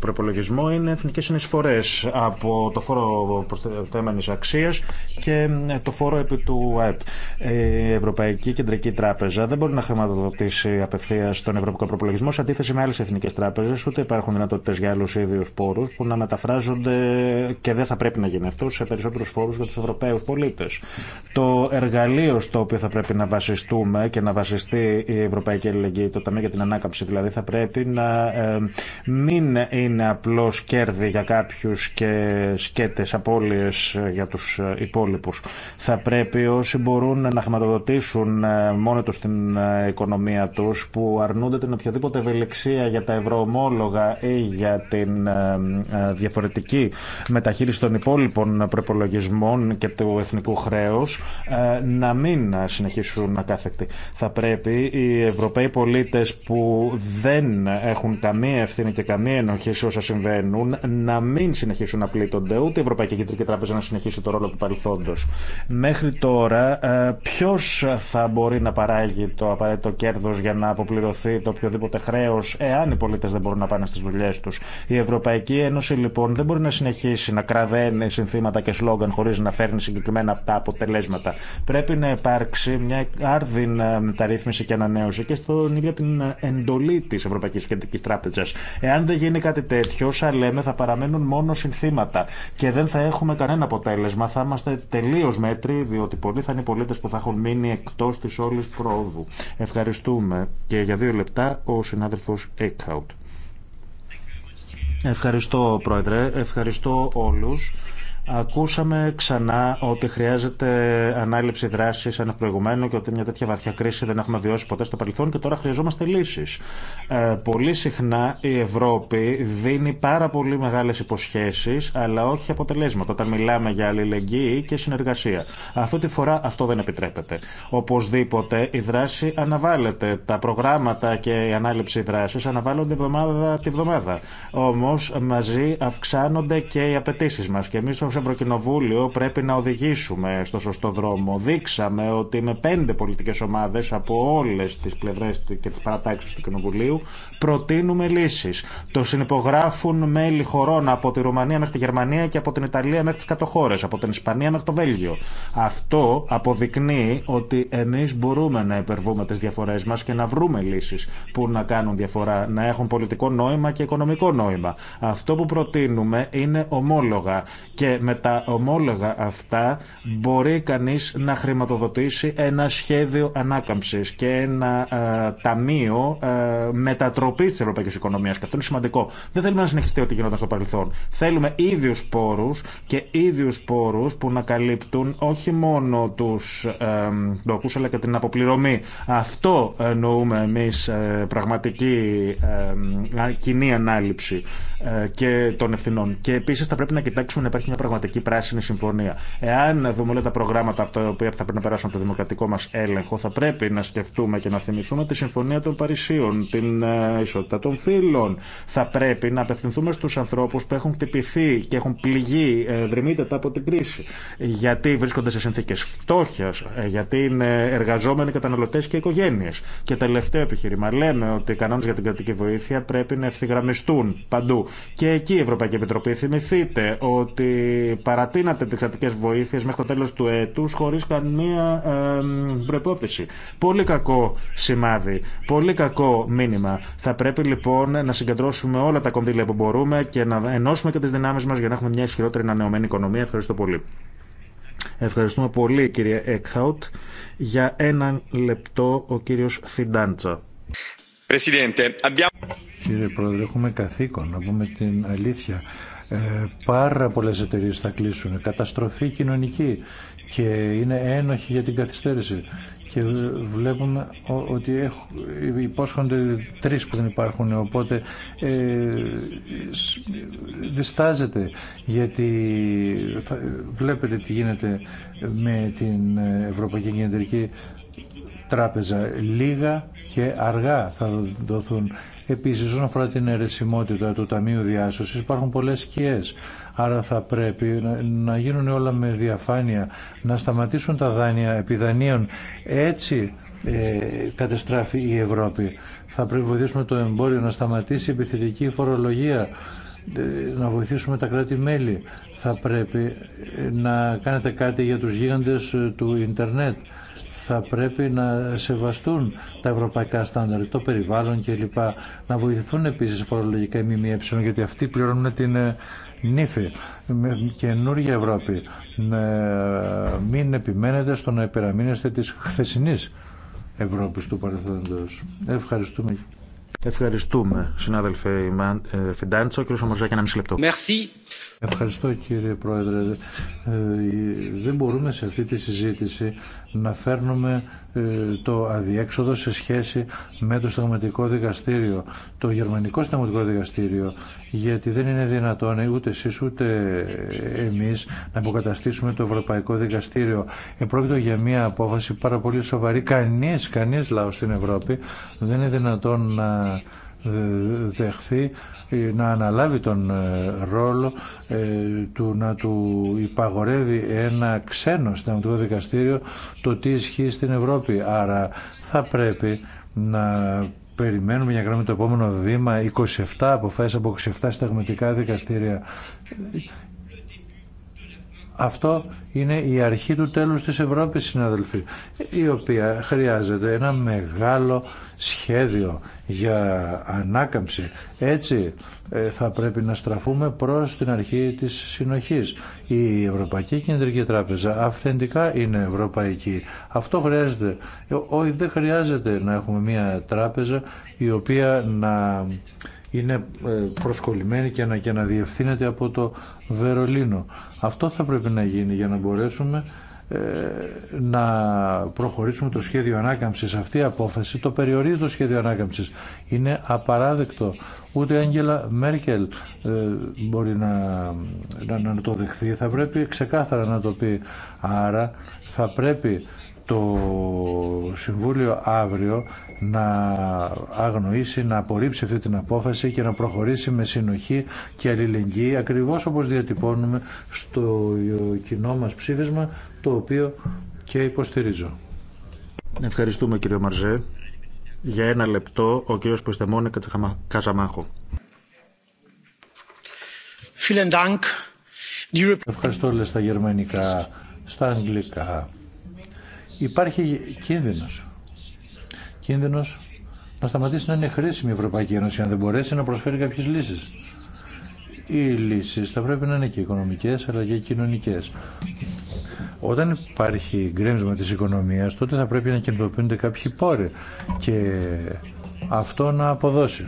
προπολογισμό είναι εθνικές συνεισφορές από το φόρο προστατέμενης αξίας και ε, το φόρο επί του ΑΕΠ. Η Ευρωπαϊκή Κεντρική Τράπεζα δεν μπορεί να χρηματοδοτήσει απευθεία τον ευρωπαϊκό προπολογισμό σε αντίθεση με άλλες εθνικές τράπεζες, ούτε υπάρχουν δυνατότητες για άλλους ίδιους πόρους που να μεταφράζονται και δεν θα πρέπει να γίνει αυτό σε περισσότερους φόρους για τους Ευρωπαίους πολίτες. Το εργαλείο στο οποίο θα πρέπει να βασιστούμε και να βασιστεί η Ευρωπαϊκή Ευρωπαϊκή Αλληλεγγύη, το Ταμείο για την Ανάκαμψη. Δηλαδή θα πρέπει να ε, μην είναι απλώ κέρδη για κάποιου και σκέτε απώλειε ε, για του ε, υπόλοιπου. Θα πρέπει όσοι μπορούν να χρηματοδοτήσουν μόνο του την οικονομία του, που αρνούνται την οποιαδήποτε ευελιξία για τα ευρωομόλογα ή για την διαφορετική μεταχείριση των υπόλοιπων προπολογισμών και του εθνικού χρέου, να μην συνεχίσουν ακάθεκτοι. Θα πρέπει Ευρωπαίοι πολίτες που δεν έχουν καμία ευθύνη και καμία ενοχή σε όσα συμβαίνουν να μην συνεχίσουν να πλήττονται, ούτε η Ευρωπαϊκή Κεντρική Τράπεζα να συνεχίσει το ρόλο του παρελθόντος. Μέχρι τώρα ε, ποιο θα μπορεί να παράγει το απαραίτητο κέρδος για να αποπληρωθεί το οποιοδήποτε χρέος εάν οι πολίτες δεν μπορούν να πάνε στις δουλειές τους. Η Ευρωπαϊκή Ένωση λοιπόν δεν μπορεί να συνεχίσει να κραδένει συνθήματα και σλόγγαν χωρίς να φέρνει συγκεκριμένα τα αποτελέσματα. Πρέπει να υπάρξει μια άρδιν ε, μεταρρύθμιση και ανανέωση Ένωση και στον ίδιο την εντολή τη Ευρωπαϊκή Κεντρική Τράπεζα. Εάν δεν γίνει κάτι τέτοιο, όσα λέμε θα παραμένουν μόνο συνθήματα και δεν θα έχουμε κανένα αποτέλεσμα. Θα είμαστε τελείω μέτροι, διότι πολλοί θα είναι οι πολίτε που θα έχουν μείνει εκτό τη όλη πρόοδου. Ευχαριστούμε. Και για δύο λεπτά ο συνάδελφο Έκχαουτ. Ευχαριστώ, Πρόεδρε. Ευχαριστώ όλους. Ακούσαμε ξανά ότι χρειάζεται ανάληψη δράση προηγούμενο και ότι μια τέτοια βαθιά κρίση δεν έχουμε βιώσει ποτέ στο παρελθόν και τώρα χρειαζόμαστε λύσει. Ε, πολύ συχνά η Ευρώπη δίνει πάρα πολύ μεγάλε υποσχέσει, αλλά όχι αποτελέσματα όταν μιλάμε για αλληλεγγύη και συνεργασία. Αυτή τη φορά αυτό δεν επιτρέπεται. Οπωσδήποτε η δράση αναβάλλεται. Τα προγράμματα και η ανάληψη δράση αναβάλλονται εβδομάδα τη βδομάδα. Όμω μαζί αυξάνονται και οι απαιτήσει μα και εμεί Ευρωκοινοβούλιο πρέπει να οδηγήσουμε στο σωστό δρόμο. Δείξαμε ότι με πέντε πολιτικές ομάδες από όλες τις πλευρές και τις παρατάξεις του Κοινοβουλίου προτείνουμε λύσει. Το συνυπογράφουν μέλη χωρών από τη Ρουμανία μέχρι τη Γερμανία και από την Ιταλία μέχρι τι κατοχώρε, από την Ισπανία μέχρι το Βέλγιο. Αυτό αποδεικνύει ότι εμεί μπορούμε να υπερβούμε τι διαφορέ μα και να βρούμε λύσει που να κάνουν διαφορά, να έχουν πολιτικό νόημα και οικονομικό νόημα. Αυτό που προτείνουμε είναι ομόλογα και με τα ομόλογα αυτά μπορεί κανεί να χρηματοδοτήσει ένα σχέδιο ανάκαμψη και ένα ε, ταμείο α, ε, μετατροπή διαφοροποίηση τη ευρωπαϊκή οικονομία. Και αυτό είναι σημαντικό. Δεν θέλουμε να συνεχιστεί ό,τι γινόταν στο παρελθόν. Θέλουμε ίδιου πόρου και ίδιου πόρου που να καλύπτουν όχι μόνο του ντόπου, αλλά και την αποπληρωμή. Αυτό εννοούμε εμεί ε, πραγματική κοινή ανάληψη ε, και των ευθυνών. Και επίση θα πρέπει να κοιτάξουμε να υπάρχει μια πραγματική πράσινη συμφωνία. Εάν δούμε όλα τα προγράμματα από τα οποία θα πρέπει να περάσουν από το δημοκρατικό μα έλεγχο, θα πρέπει να σκεφτούμε και να θυμηθούμε τη Συμφωνία των Παρισίων, την ε, ισότητα των φύλων. Θα πρέπει να απευθυνθούμε στου ανθρώπου που έχουν χτυπηθεί και έχουν πληγεί ε, δρυμύτερα από την κρίση. Γιατί βρίσκονται σε συνθήκε φτώχεια, ε, γιατί είναι εργαζόμενοι καταναλωτέ και οικογένειε. Και τελευταίο επιχείρημα, λέμε ότι οι κανόνε για την κρατική βοήθεια πρέπει να ευθυγραμμιστούν παντού. Και εκεί η Ευρωπαϊκή Επιτροπή θυμηθείτε ότι παρατείνατε τι κρατικέ βοήθειε μέχρι το τέλο του Ετου χωρί καμία ε, προπόθεση. Πολύ κακό σημάδι, πολύ κακό μήνυμα. Θα πρέπει λοιπόν να συγκεντρώσουμε όλα τα κονδύλια που μπορούμε και να ενώσουμε και τι δυνάμει μα για να έχουμε μια ισχυρότερη ανανεωμένη οικονομία. Ευχαριστώ πολύ. Ευχαριστούμε πολύ κύριε Εκχάουτ. Για ένα λεπτό ο κύριο Φιντάντσα. Κύριε Πρόεδρε, έχουμε καθήκον να πούμε την αλήθεια. Ε, πάρα πολλέ εταιρείε θα κλείσουν. Καταστροφή κοινωνική και είναι ένοχοι για την καθυστέρηση και βλέπουμε ότι υπόσχονται τρεις που δεν υπάρχουν οπότε ε, διστάζεται γιατί βλέπετε τι γίνεται με την Ευρωπαϊκή Κεντρική Τράπεζα λίγα και αργά θα δοθούν Επίσης, όσον αφορά την αιρεσιμότητα του Ταμείου Διάσωσης, υπάρχουν πολλές σκιέ. Άρα θα πρέπει να γίνουν όλα με διαφάνεια, να σταματήσουν τα δάνεια επιδανείων. Έτσι ε, κατεστράφει η Ευρώπη. Θα πρέπει να βοηθήσουμε το εμπόριο, να σταματήσει η επιθετική φορολογία, ε, να βοηθήσουμε τα κράτη-μέλη. Θα πρέπει ε, να κάνετε κάτι για τους γίγαντες ε, του ίντερνετ θα πρέπει να σεβαστούν τα ευρωπαϊκά στάνταρ, το περιβάλλον κλπ. Να βοηθηθούν επίσης φορολογικά οι ΜΜΕ, γιατί αυτοί πληρώνουν την ε, νύφη με καινούργια Ευρώπη. Ναι, μην επιμένετε στο να υπεραμείνεστε τη χθεσινής Ευρώπη του παρελθόντο. Ευχαριστούμε. Ευχαριστούμε, συνάδελφε ε, Φιντάντσο. Κύριε Σομορζάκη, ένα μισή λεπτό. Merci. Ευχαριστώ κύριε Πρόεδρε. Ε, δεν μπορούμε σε αυτή τη συζήτηση να φέρνουμε ε, το αδιέξοδο σε σχέση με το Συνταγματικό Δικαστήριο, το Γερμανικό Συνταγματικό Δικαστήριο, γιατί δεν είναι δυνατόν ε, ούτε εσείς ούτε εμείς να αποκαταστήσουμε το Ευρωπαϊκό Δικαστήριο. Επρόκειτο για μια απόφαση πάρα πολύ σοβαρή. Κανείς, κανεί λαό στην Ευρώπη δεν είναι δυνατόν να δεχθεί να αναλάβει τον ε, ρόλο ε, του να του υπαγορεύει ένα ξένο συνταγματικό δικαστήριο το τι ισχύει στην Ευρώπη. Άρα θα πρέπει να περιμένουμε για να κάνουμε το επόμενο βήμα 27 αποφάσεις από 27 συνταγματικά δικαστήρια. Αυτό είναι η αρχή του τέλους της Ευρώπης, συνάδελφοι, η οποία χρειάζεται ένα μεγάλο σχέδιο για ανάκαμψη. Έτσι ε, θα πρέπει να στραφούμε προς την αρχή της συνοχής. Η Ευρωπαϊκή Κεντρική Τράπεζα αυθεντικά είναι ευρωπαϊκή. Αυτό χρειάζεται. Όχι, δεν χρειάζεται να έχουμε μια τράπεζα η οποία να είναι ε, προσκολλημένη και να, και να διευθύνεται από το Βερολίνο. Αυτό θα πρέπει να γίνει για να μπορέσουμε να προχωρήσουμε το σχέδιο ανάκαμψης. Αυτή η απόφαση το περιορίζει το σχέδιο ανάκαμψης. Είναι απαράδεκτο. Ούτε η Άγγελα Μέρκελ ε, μπορεί να, να, να το δεχθεί. Θα πρέπει ξεκάθαρα να το πει. Άρα θα πρέπει το Συμβούλιο αύριο να αγνοήσει, να απορρίψει αυτή την απόφαση και να προχωρήσει με συνοχή και αλληλεγγύη ακριβώς όπως διατυπώνουμε στο κοινό μας ψήφισμα το οποίο και υποστηρίζω. Ευχαριστούμε κύριο Μαρζέ. Για ένα λεπτό ο κύριος Πεστεμόνη Καζαμάχο. Ευχαριστώ όλες τα γερμανικά, στα αγγλικά υπάρχει κίνδυνος. Κίνδυνος να σταματήσει να είναι χρήσιμη η Ευρωπαϊκή Ένωση αν δεν μπορέσει να προσφέρει κάποιες λύσεις. Οι λύσεις θα πρέπει να είναι και οικονομικές αλλά και κοινωνικές. Όταν υπάρχει γκρέμισμα της οικονομίας τότε θα πρέπει να κινητοποιούνται κάποιοι πόροι και αυτό να αποδώσει.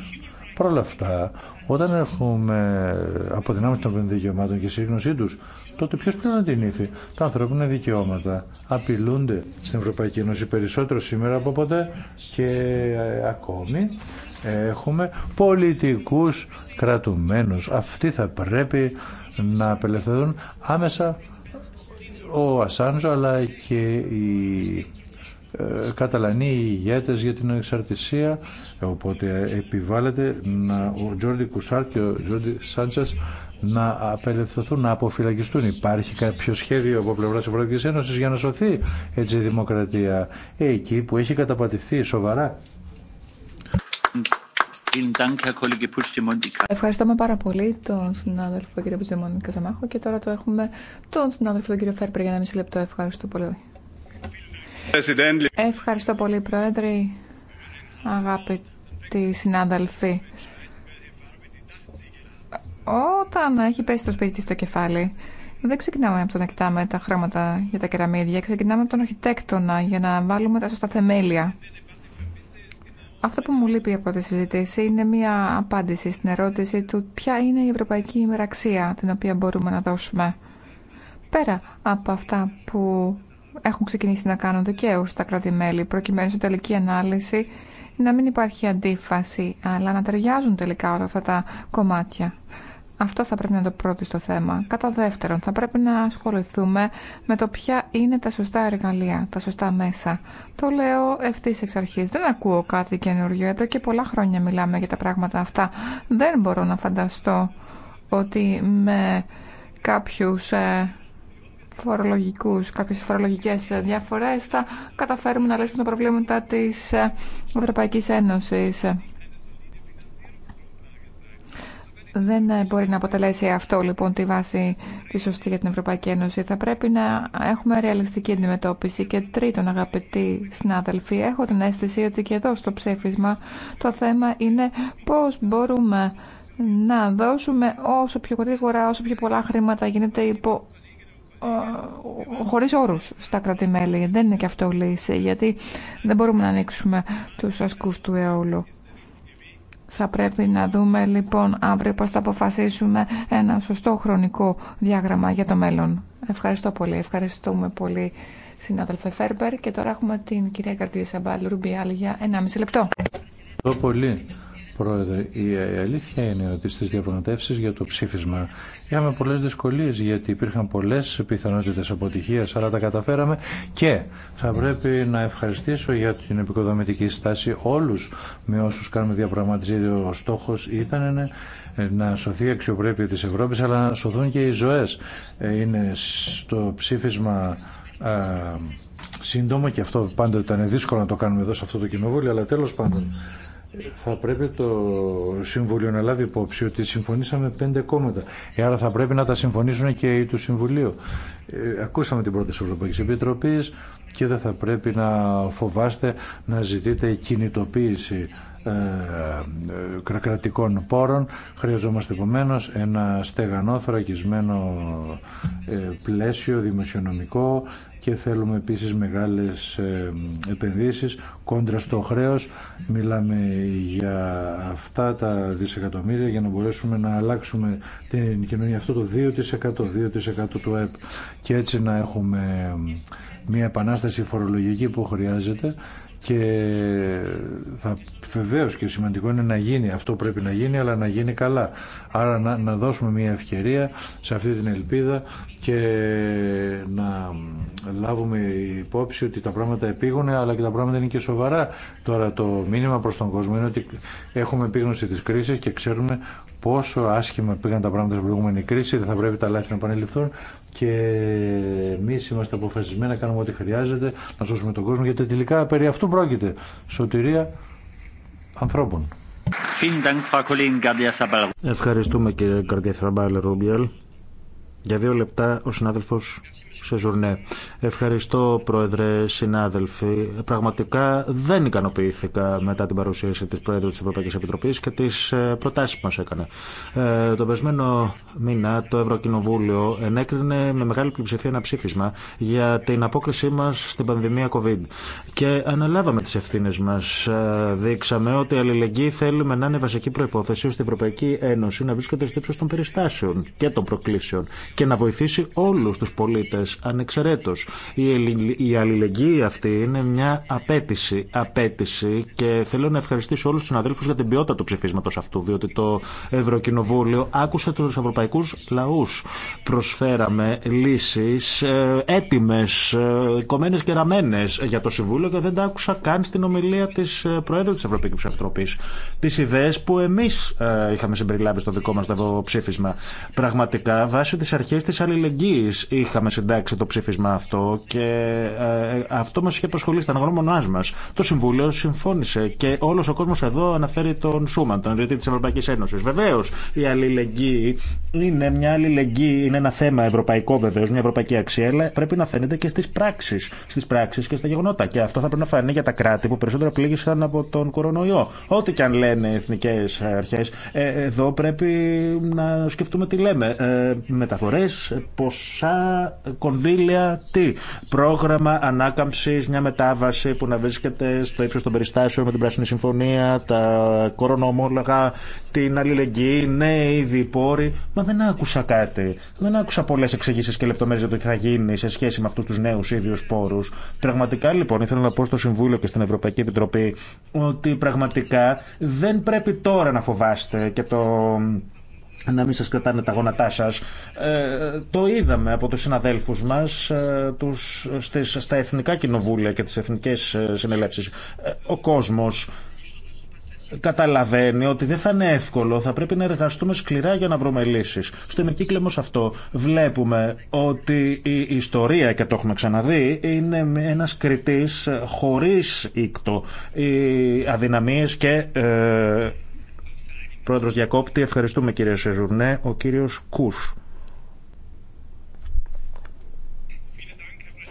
Παρ' όλα αυτά, όταν έχουμε αποδυνάμωση των δικαιωμάτων και σύγνωσή τους, τότε ποιο πρέπει να την ήθει. Τα ανθρώπινα δικαιώματα απειλούνται στην Ευρωπαϊκή Ένωση περισσότερο σήμερα από ποτέ και ε, ακόμη έχουμε πολιτικούς κρατουμένους. Αυτοί θα πρέπει να απελευθερωθούν. άμεσα ο Ασάντζο αλλά και οι ε, Καταλανοί ηγέτε για την εξαρτησία οπότε επιβάλλεται να, ο Τζόρντι Κουσάρ και ο Τζόρντι Σάντσα να απελευθερωθούν, να αποφυλακιστούν. Υπάρχει κάποιο σχέδιο από πλευρά Ευρωπαϊκή Ένωση για να σωθεί έτσι η δημοκρατία ε, εκεί που έχει καταπατηθεί σοβαρά. Ευχαριστούμε πάρα πολύ τον συνάδελφο κύριο Πιτζεμόν Καζαμάχο και τώρα το έχουμε τον συνάδελφο τον κύριο Φέρπερ για ένα μισή λεπτό. Ευχαριστώ πολύ. Ευχαριστώ πολύ, Πρόεδρε. Αγαπητοί συνάδελφοι, όταν έχει πέσει το σπίτι στο κεφάλι, δεν ξεκινάμε από το να κοιτάμε τα χρώματα για τα κεραμίδια, ξεκινάμε από τον αρχιτέκτονα για να βάλουμε τα σωστά θεμέλια. Αυτό που μου λείπει από τη συζήτηση είναι μια απάντηση στην ερώτηση του ποια είναι η ευρωπαϊκή ημεραξία την οποία μπορούμε να δώσουμε. Πέρα από αυτά που έχουν ξεκινήσει να κάνουν δικαίω τα κράτη-μέλη, προκειμένου στην τελική ανάλυση να μην υπάρχει αντίφαση, αλλά να ταιριάζουν τελικά όλα αυτά τα κομμάτια. Αυτό θα πρέπει να είναι το πρώτο στο θέμα. Κατά δεύτερον, θα πρέπει να ασχοληθούμε με το ποια είναι τα σωστά εργαλεία, τα σωστά μέσα. Το λέω ευθύ εξ αρχή. Δεν ακούω κάτι καινούριο. Εδώ και πολλά χρόνια μιλάμε για τα πράγματα αυτά. Δεν μπορώ να φανταστώ ότι με κάποιους ε, φορολογικούς, κάποιες φορολογικές διαφορές θα καταφέρουμε να λύσουμε τα προβλήματα της ε, Ευρωπαϊκής Ένωσης. Δεν ε, μπορεί να αποτελέσει αυτό λοιπόν τη βάση τη σωστή για την Ευρωπαϊκή Ένωση. Θα πρέπει να έχουμε ρεαλιστική αντιμετώπιση. Και τρίτον, αγαπητοί συνάδελφοι, έχω την αίσθηση ότι και εδώ στο ψήφισμα το θέμα είναι πώς μπορούμε να δώσουμε όσο πιο γρήγορα, όσο πιο πολλά χρήματα γίνεται υπό ε, χωρίς όρους στα κρατημέλη. Δεν είναι και αυτό λύση, γιατί δεν μπορούμε να ανοίξουμε τους ασκούς του αιώλου. Θα πρέπει να δούμε λοιπόν αύριο πώς θα αποφασίσουμε ένα σωστό χρονικό διάγραμμα για το μέλλον. Ευχαριστώ πολύ. Ευχαριστούμε πολύ συνάδελφε Φέρμπερ και τώρα έχουμε την κυρία Καρτίδη Σαμπάλ Ρουμπιάλ για 1,5 λεπτό. Ευχαριστώ πολύ. Πρόεδρε, η αλήθεια είναι ότι στις διαπραγματεύσεις για το ψήφισμα είχαμε πολλές δυσκολίες γιατί υπήρχαν πολλές πιθανότητες αποτυχίας αλλά τα καταφέραμε και θα πρέπει να ευχαριστήσω για την επικοδομητική στάση όλους με όσους κάνουμε διαπραγματεύσεις. Ο στόχος ήταν να σωθεί η αξιοπρέπεια της Ευρώπης αλλά να σωθούν και οι ζωές. Ε, είναι στο ψήφισμα σύντομο και αυτό πάντοτε ήταν δύσκολο να το κάνουμε εδώ σε αυτό το κοινοβούλιο αλλά τέλος πάντων θα πρέπει το Συμβουλίο να λάβει υπόψη ότι συμφωνήσαμε πέντε κόμματα. Ε, άρα θα πρέπει να τα συμφωνήσουν και οι του Συμβουλίου. Ε, ακούσαμε την πρόταση Ευρωπαϊκή Επιτροπή και δεν θα πρέπει να φοβάστε να ζητείτε κινητοποίηση ε, ε κρατικών πόρων. Χρειαζόμαστε επομένω ένα στεγανό, θωρακισμένο ε, πλαίσιο δημοσιονομικό και θέλουμε επίσης μεγάλες ε, επενδύσεις κόντρα στο χρέος. Μιλάμε για αυτά τα δισεκατομμύρια για να μπορέσουμε να αλλάξουμε την κοινωνία αυτό το 2%, 2% του ΕΠ και έτσι να έχουμε ε, μια επανάσταση φορολογική που χρειάζεται και θα βεβαίω και σημαντικό είναι να γίνει αυτό πρέπει να γίνει αλλά να γίνει καλά άρα να, δώσουμε μια ευκαιρία σε αυτή την ελπίδα και να λάβουμε υπόψη ότι τα πράγματα επίγουν αλλά και τα πράγματα είναι και σοβαρά τώρα το μήνυμα προς τον κόσμο είναι ότι έχουμε επίγνωση της κρίσης και ξέρουμε πόσο άσχημα πήγαν τα πράγματα στην προηγούμενη κρίση, δεν θα πρέπει τα λάθη να επανεληφθούν και εμεί είμαστε αποφασισμένοι να κάνουμε ό,τι χρειάζεται, να σώσουμε τον κόσμο, γιατί τελικά περί αυτού πρόκειται. Σωτηρία ανθρώπων. Ευχαριστούμε κύριε Καρδιά Θραμπάλε Ρούμπιελ. Για δύο λεπτά ο συνάδελφος σε Ζουρνέ. Ευχαριστώ, Πρόεδρε, συνάδελφοι. Πραγματικά δεν ικανοποιήθηκα μετά την παρουσίαση τη Πρόεδρου τη Ευρωπαϊκή Επιτροπή και τι ε, προτάσει που μα έκανε. Ε, τον περσμένο μήνα το Ευρωκοινοβούλιο ενέκρινε με μεγάλη πλειοψηφία ένα ψήφισμα για την απόκρισή μα στην πανδημία COVID. Και αναλάβαμε τι ευθύνε μα. Ε, δείξαμε ότι η αλληλεγγύη θέλουμε να είναι βασική προπόθεση ώστε η Ευρωπαϊκή Ένωση να βρίσκεται στο ύψο των περιστάσεων και των προκλήσεων και να βοηθήσει όλου του πολίτε ανεξαιρέτω. ανεξαιρέτως. Η αλληλεγγύη αυτή είναι μια απέτηση, απέτηση και θέλω να ευχαριστήσω όλους τους συναδέλφους για την ποιότητα του ψηφίσματος αυτού, διότι το Ευρωκοινοβούλιο άκουσε τους ευρωπαϊκούς λαούς. Προσφέραμε λύσεις ε, έτοιμες, ε, κομμένες και ραμμένες για το Συμβούλιο και δεν τα άκουσα καν στην ομιλία της ε, Προέδρου της Ευρωπαϊκής Επιτροπής. Τις ιδέες που εμείς είχαμε συμπεριλάβει στο δικό μας το ψήφισμα. Πραγματικά, βάσει τις αρχές της αλληλεγγύης είχαμε συντάξει συντάξει το ψήφισμα αυτό και ε, αυτό μας είχε προσχολήσει, ήταν γνώμονάς μα. Το Συμβούλιο συμφώνησε και όλος ο κόσμος εδώ αναφέρει τον Σούμαν, τον ιδρυτή της Ευρωπαϊκής Ένωσης. Βεβαίως η αλληλεγγύη είναι μια αλληλεγγύη, είναι ένα θέμα ευρωπαϊκό βεβαίω, μια ευρωπαϊκή αξία, αλλά πρέπει να φαίνεται και στις πράξεις, στις πράξεις και στα γεγονότα. Και αυτό θα πρέπει να φανεί για τα κράτη που περισσότερο πλήγησαν από τον κορονοϊό. Ό,τι και αν λένε οι εθνικές αρχές, ε, εδώ πρέπει να σκεφτούμε τι λέμε. Ε, μεταφορές, ποσά, κονδύλια, τι πρόγραμμα ανάκαμψη, μια μετάβαση που να βρίσκεται στο ύψο των περιστάσεων με την Πράσινη Συμφωνία, τα κορονομόλογα, την αλληλεγγύη, νέοι ήδη πόροι. Μα δεν άκουσα κάτι. Δεν άκουσα πολλέ εξηγήσει και λεπτομέρειε για το τι θα γίνει σε σχέση με αυτού του νέου ίδιου πόρου. Πραγματικά λοιπόν ήθελα να πω στο Συμβούλιο και στην Ευρωπαϊκή Επιτροπή ότι πραγματικά δεν πρέπει τώρα να φοβάστε και το να μην σας κρατάνε τα γόνατά σας. Ε, το είδαμε από τους συναδέλφους μας ε, τους, στις, στα εθνικά κοινοβούλια και τις εθνικές ε, συνελεύσεις. ο κόσμος καταλαβαίνει ότι δεν θα είναι εύκολο, θα πρέπει να εργαστούμε σκληρά για να βρούμε λύσεις. Στο εμικύκλεμο αυτό βλέπουμε ότι η ιστορία, και το έχουμε ξαναδεί, είναι ένας κριτή χωρί ήκτο. Οι αδυναμίες και Πρόεδρος Διακόπτη, ευχαριστούμε κύριε Σεζουρνέ. Ο κύριος Κούς.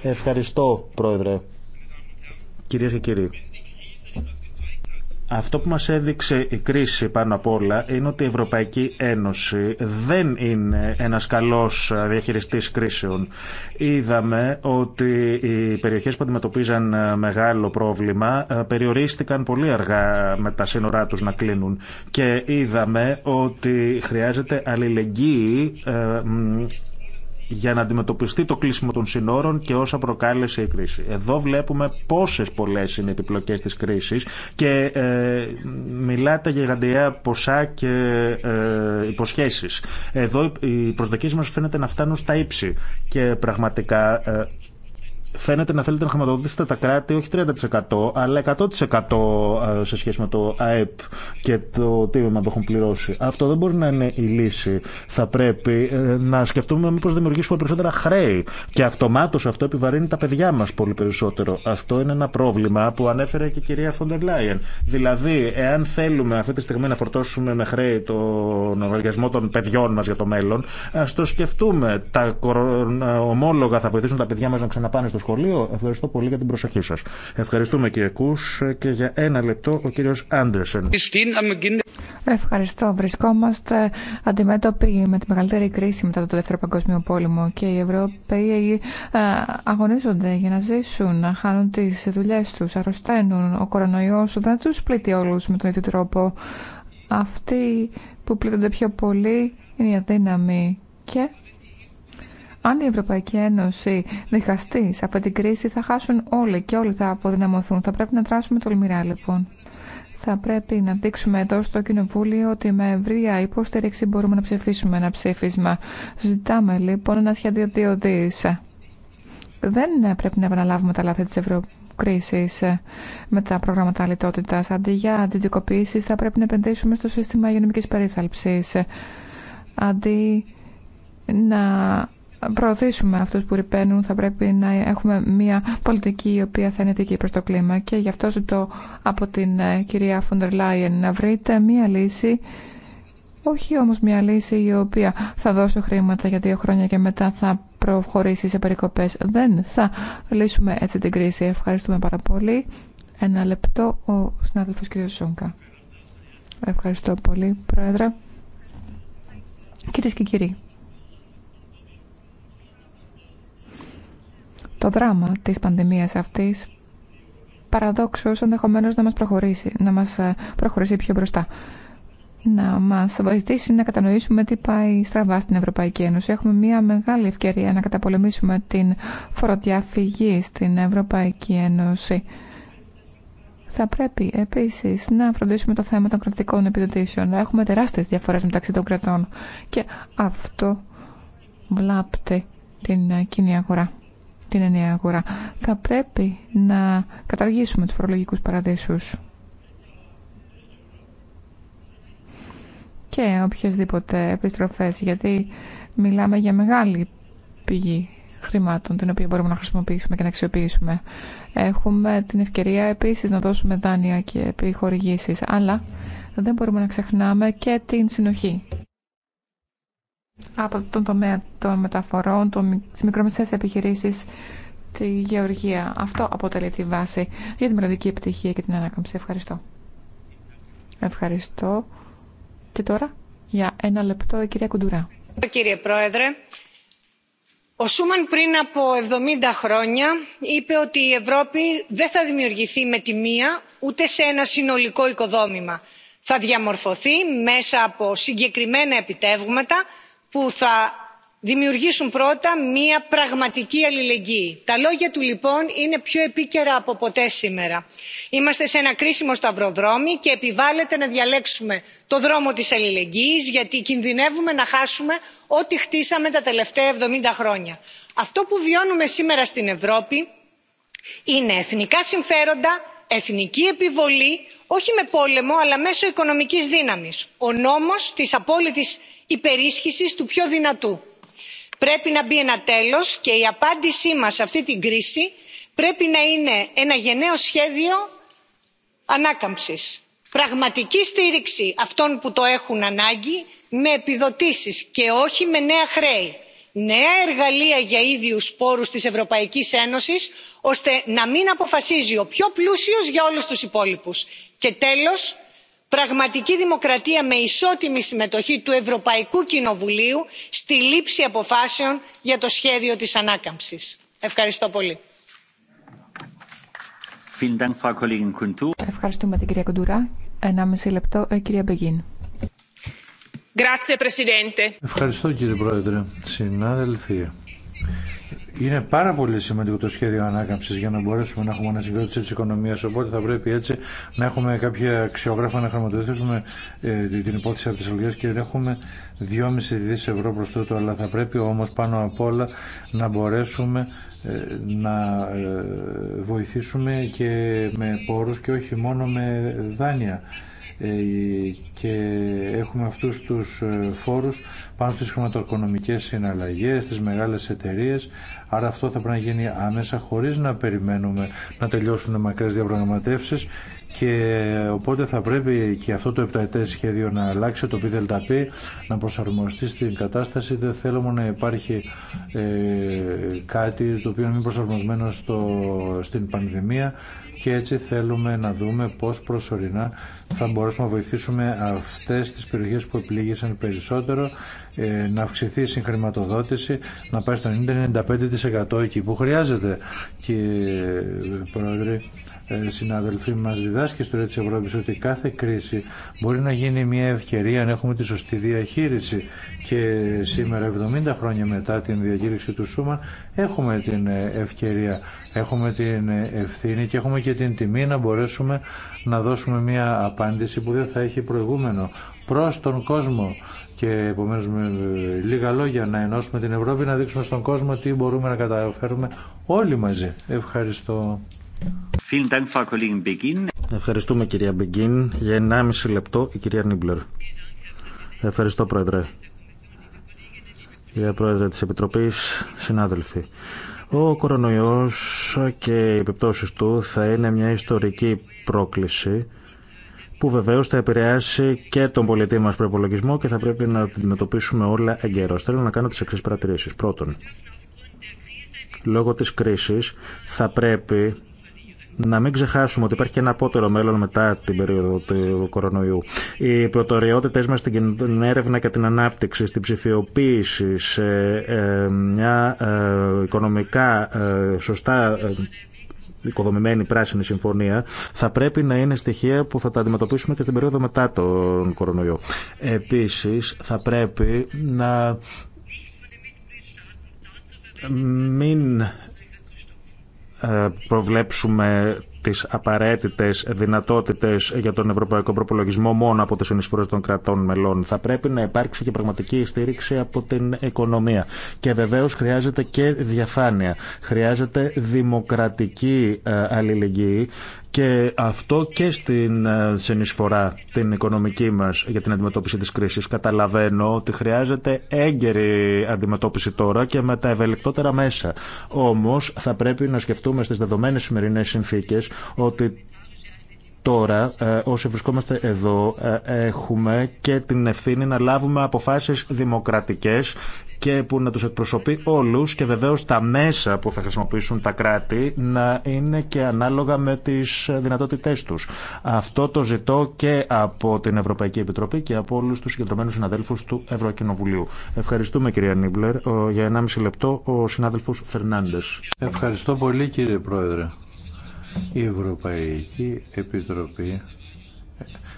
Ευχαριστώ, Πρόεδρε. Κυρίες και κύριοι. Αυτό που μας έδειξε η κρίση πάνω απ' όλα είναι ότι η Ευρωπαϊκή Ένωση δεν είναι ένας καλός διαχειριστής κρίσεων. Είδαμε ότι οι περιοχές που αντιμετωπίζαν μεγάλο πρόβλημα ε, περιορίστηκαν πολύ αργά με τα σύνορά τους να κλείνουν και είδαμε ότι χρειάζεται αλληλεγγύη ε, για να αντιμετωπιστεί το κλείσιμο των συνόρων και όσα προκάλεσε η κρίση. Εδώ βλέπουμε πόσε πολλέ είναι οι επιπλοκέ τη κρίση και ε, μιλάτε για γιγαντιά ποσά και ε, υποσχέσει. Εδώ οι προσδοκίε μα φαίνεται να φτάνουν στα ύψη και πραγματικά ε, φαίνεται να θέλετε να χρηματοδοτήσετε τα κράτη όχι 30% αλλά 100% ε, σε σχέση με το ΑΕΠ και το τίμημα που έχουν πληρώσει. Αυτό δεν μπορεί να είναι η λύση. Θα πρέπει ε, να σκεφτούμε μήπως δημιουργήσουμε περισσότερα χρέη και αυτομάτως αυτό επιβαρύνει τα παιδιά μας πολύ περισσότερο. Αυτό είναι ένα πρόβλημα που ανέφερε και η κυρία Φοντερ Λάιεν. Δηλαδή, εάν θέλουμε αυτή τη στιγμή να φορτώσουμε με χρέη τον οργανισμό των παιδιών μας για το μέλλον, α το σκεφτούμε. Τα ε, ομόλογα θα βοηθήσουν τα παιδιά μας να ξαναπάνε στο σχολείο. Ευχαριστώ πολύ για την προσοχή σας. Ευχαριστούμε κύριε Κού και για ένα λεπτό ο κύριο Άντερσεν. Ευχαριστώ. Βρισκόμαστε αντιμέτωποι με τη μεγαλύτερη κρίση μετά το Δεύτερο Παγκόσμιο Πόλεμο και οι Ευρωπαίοι ε, αγωνίζονται για να ζήσουν, να χάνουν τι δουλειέ τους, αρρωσταίνουν. Ο κορονοϊός δεν του πλήττει όλου με τον ίδιο τρόπο. Αυτοί που πλήττονται πιο πολύ είναι οι αδύναμοι και αν η Ευρωπαϊκή Ένωση δικαστή από την κρίση θα χάσουν όλοι και όλοι θα αποδυναμωθούν. Θα πρέπει να δράσουμε τολμηρά λοιπόν. Θα πρέπει να δείξουμε εδώ στο Κοινοβούλιο ότι με ευρεία υποστήριξη μπορούμε να ψηφίσουμε ένα ψήφισμα. Ζητάμε λοιπόν ένα σχέδιο δύο Δεν πρέπει να επαναλάβουμε τα λάθη της Ευρώπη κρίσης με τα προγράμματα λιτότητα. Αντί για αντιδικοποίηση, θα πρέπει να επενδύσουμε στο σύστημα υγειονομική περίθαλψη. Αντί να προωθήσουμε αυτούς που ρηπαίνουν θα πρέπει να έχουμε μια πολιτική η οποία θα είναι δική προς το κλίμα και γι' αυτό ζητώ από την ε, κυρία Φοντερ Λάιεν να βρείτε μια λύση όχι όμως μια λύση η οποία θα δώσει χρήματα για δύο χρόνια και μετά θα προχωρήσει σε περικοπές. Δεν θα λύσουμε έτσι την κρίση. Ευχαριστούμε πάρα πολύ. Ένα λεπτό ο συνάδελφος κ. Σούγκα. Ευχαριστώ πολύ, Πρόεδρε. Κυρίες και κύριοι. το δράμα της πανδημίας αυτής παραδόξως ενδεχομένως να μας προχωρήσει, να μας ε, προχωρήσει πιο μπροστά. Να μας βοηθήσει να κατανοήσουμε τι πάει στραβά στην Ευρωπαϊκή Ένωση. Έχουμε μια μεγάλη ευκαιρία να καταπολεμήσουμε την φοροδιαφυγή στην Ευρωπαϊκή Ένωση. Θα πρέπει επίση να φροντίσουμε το θέμα των κρατικών επιδοτήσεων. Έχουμε τεράστιε διαφορέ μεταξύ των κρατών και αυτό βλάπτει την ε, κοινή αγορά την ενιαία αγορά. Θα πρέπει να καταργήσουμε τους φορολογικούς παραδείσους. Και οποιασδήποτε επιστροφές, γιατί μιλάμε για μεγάλη πηγή χρημάτων, την οποία μπορούμε να χρησιμοποιήσουμε και να αξιοποιήσουμε. Έχουμε την ευκαιρία επίσης να δώσουμε δάνεια και επιχορηγήσεις, αλλά δεν μπορούμε να ξεχνάμε και την συνοχή από τον τομέα των μεταφορών, τις μικρομεσαίες επιχειρήσεις, τη γεωργία. Αυτό αποτελεί τη βάση για την μελλοντική επιτυχία και την ανάκαμψη. Ευχαριστώ. Ευχαριστώ. Και τώρα για ένα λεπτό η κυρία Κουντουρά. Κύριε Πρόεδρε, ο Σούμαν πριν από 70 χρόνια είπε ότι η Ευρώπη δεν θα δημιουργηθεί με τη μία ούτε σε ένα συνολικό οικοδόμημα. Θα διαμορφωθεί μέσα από συγκεκριμένα επιτεύγματα που θα δημιουργήσουν πρώτα μια πραγματική αλληλεγγύη. τα λόγια του λοιπόν είναι πιο επίκαιρα από ποτέ σήμερα. είμαστε σε ένα κρίσιμο σταυροδρόμι και επιβάλλεται να διαλέξουμε το δρόμο της αλληλεγγύης γιατί κινδυνεύουμε να χάσουμε ό,τι χτίσαμε τα τελευταία 70 χρόνια. αυτό που βιώνουμε σήμερα στην ευρώπη είναι εθνικά συμφέροντα εθνική επιβολή όχι με πόλεμο αλλά μέσω οικονομικής δύναμης. ο νόμος της απόλυτης υπερίσχυσης του πιο δυνατού. πρέπει να μπει ένα τέλος και η απάντησή μας σε αυτή την κρίση πρέπει να είναι ένα γενναίο σχέδιο ανάκαμψης πραγματική στήριξη αυτών που το έχουν ανάγκη με επιδοτήσεις και όχι με νέα χρέη νέα εργαλεία για ίδιους πόρους της ευρωπαϊκής ένωσης ώστε να μην αποφασίζει ο πιο πλούσιος για όλους τους υπόλοιπους και τέλος πραγματική δημοκρατία με ισότιμη συμμετοχή του ευρωπαϊκού κοινοβουλίου στη λήψη αποφάσεων για το σχέδιο της ανάκαμψης. ευχαριστώ πολύ. κυρία ε, Μπεγίν. Ευχαριστώ κύριε Πρόεδρε. Συνάδελφοι, είναι πάρα πολύ σημαντικό το σχέδιο ανάκαμψη για να μπορέσουμε να έχουμε ανασυγκρότηση τη οικονομία. Οπότε θα πρέπει έτσι να έχουμε κάποια αξιόγραφα να χρηματοδοτήσουμε ε, την υπόθεση από τι και έχουμε 2,5 δι ευρώ προ τούτο. Αλλά θα πρέπει όμω πάνω απ' όλα να μπορέσουμε ε, να ε, βοηθήσουμε και με πόρου και όχι μόνο με δάνεια. Ε, και έχουμε αυτούς τους ε, φόρους πάνω στις χρηματοοικονομικές συναλλαγές, στις μεγάλες εταιρείες. Άρα αυτό θα πρέπει να γίνει άμεσα χωρίς να περιμένουμε να τελειώσουν μακρές διαπραγματεύσεις και οπότε θα πρέπει και αυτό το επταετές σχέδιο να αλλάξει το ΠΔΠ να προσαρμοστεί στην κατάσταση δεν θέλουμε να υπάρχει ε, κάτι το οποίο είναι προσαρμοσμένο στην πανδημία και έτσι θέλουμε να δούμε πώς προσωρινά θα μπορέσουμε να βοηθήσουμε αυτές τις περιοχές που επλήγησαν περισσότερο ε, να αυξηθεί η συγχρηματοδότηση να πάει στο 90-95% εκεί που χρειάζεται και ε, πρόεδρε ε, συναδελφοί μας διδάσκει στο της Ευρώπης ότι κάθε κρίση μπορεί να γίνει μια ευκαιρία αν έχουμε τη σωστή διαχείριση και σήμερα 70 χρόνια μετά την διακήρυξη του Σούμαν έχουμε την ε, ευκαιρία, έχουμε την ε, ευθύνη και έχουμε και την τιμή να μπορέσουμε να δώσουμε μια απάντηση που δεν θα έχει προηγούμενο προς τον κόσμο και επομένως με λίγα λόγια να ενώσουμε την Ευρώπη να δείξουμε στον κόσμο τι μπορούμε να καταφέρουμε όλοι μαζί. Ευχαριστώ. Ευχαριστούμε κυρία Μπεγκίν. Για 1,5 λεπτό η κυρία Νίμπλερ. Ευχαριστώ πρόεδρε. Κυρία Πρόεδρε της Επιτροπής, συνάδελφοι. Ο κορονοϊός και οι επιπτώσεις του θα είναι μια ιστορική πρόκληση που βεβαίως θα επηρεάσει και τον πολιτή μας προπολογισμό και θα πρέπει να αντιμετωπίσουμε όλα εγκαίρως. Θέλω να κάνω τις εξής παρατηρήσεις. Πρώτον, λόγω της κρίσης θα πρέπει να μην ξεχάσουμε ότι υπάρχει και ένα απότερο μέλλον μετά την περίοδο του κορονοϊού. Οι προτεραιότητε μα στην έρευνα και την ανάπτυξη, στην ψηφιοποίηση, σε ε, μια ε, οικονομικά ε, σωστά οικοδομημένη πράσινη συμφωνία, θα πρέπει να είναι στοιχεία που θα τα αντιμετωπίσουμε και στην περίοδο μετά τον κορονοϊό. Επίσης, θα πρέπει να μην ε, προβλέψουμε τις απαραίτητες δυνατότητες για τον ευρωπαϊκό προπολογισμό μόνο από τις συνεισφορές των κρατών μελών. Θα πρέπει να υπάρξει και πραγματική στήριξη από την οικονομία. Και βεβαίως χρειάζεται και διαφάνεια. Χρειάζεται δημοκρατική ε, αλληλεγγύη και αυτό και στην ε, συνεισφορά την οικονομική μας για την αντιμετώπιση της κρίσης. Καταλαβαίνω ότι χρειάζεται έγκαιρη αντιμετώπιση τώρα και με τα ευελικτότερα μέσα. Όμως θα πρέπει να σκεφτούμε στις δεδομένες σημερινές συνθήκες ότι τώρα, ε, όσοι βρισκόμαστε εδώ, ε, έχουμε και την ευθύνη να λάβουμε αποφάσεις δημοκρατικές και που να τους εκπροσωπεί όλους και βεβαίως τα μέσα που θα χρησιμοποιήσουν τα κράτη να είναι και ανάλογα με τις δυνατότητές τους. Αυτό το ζητώ και από την Ευρωπαϊκή Επιτροπή και από όλους τους συγκεντρωμένους συναδέλφους του Ευρωκοινοβουλίου. Ευχαριστούμε κυρία Νίμπλερ. Για 1,5 λεπτό ο συνάδελφος Φερνάντες. Ευχαριστώ πολύ κύριε Πρόεδρε. Η Ευρωπαϊκή Επιτροπή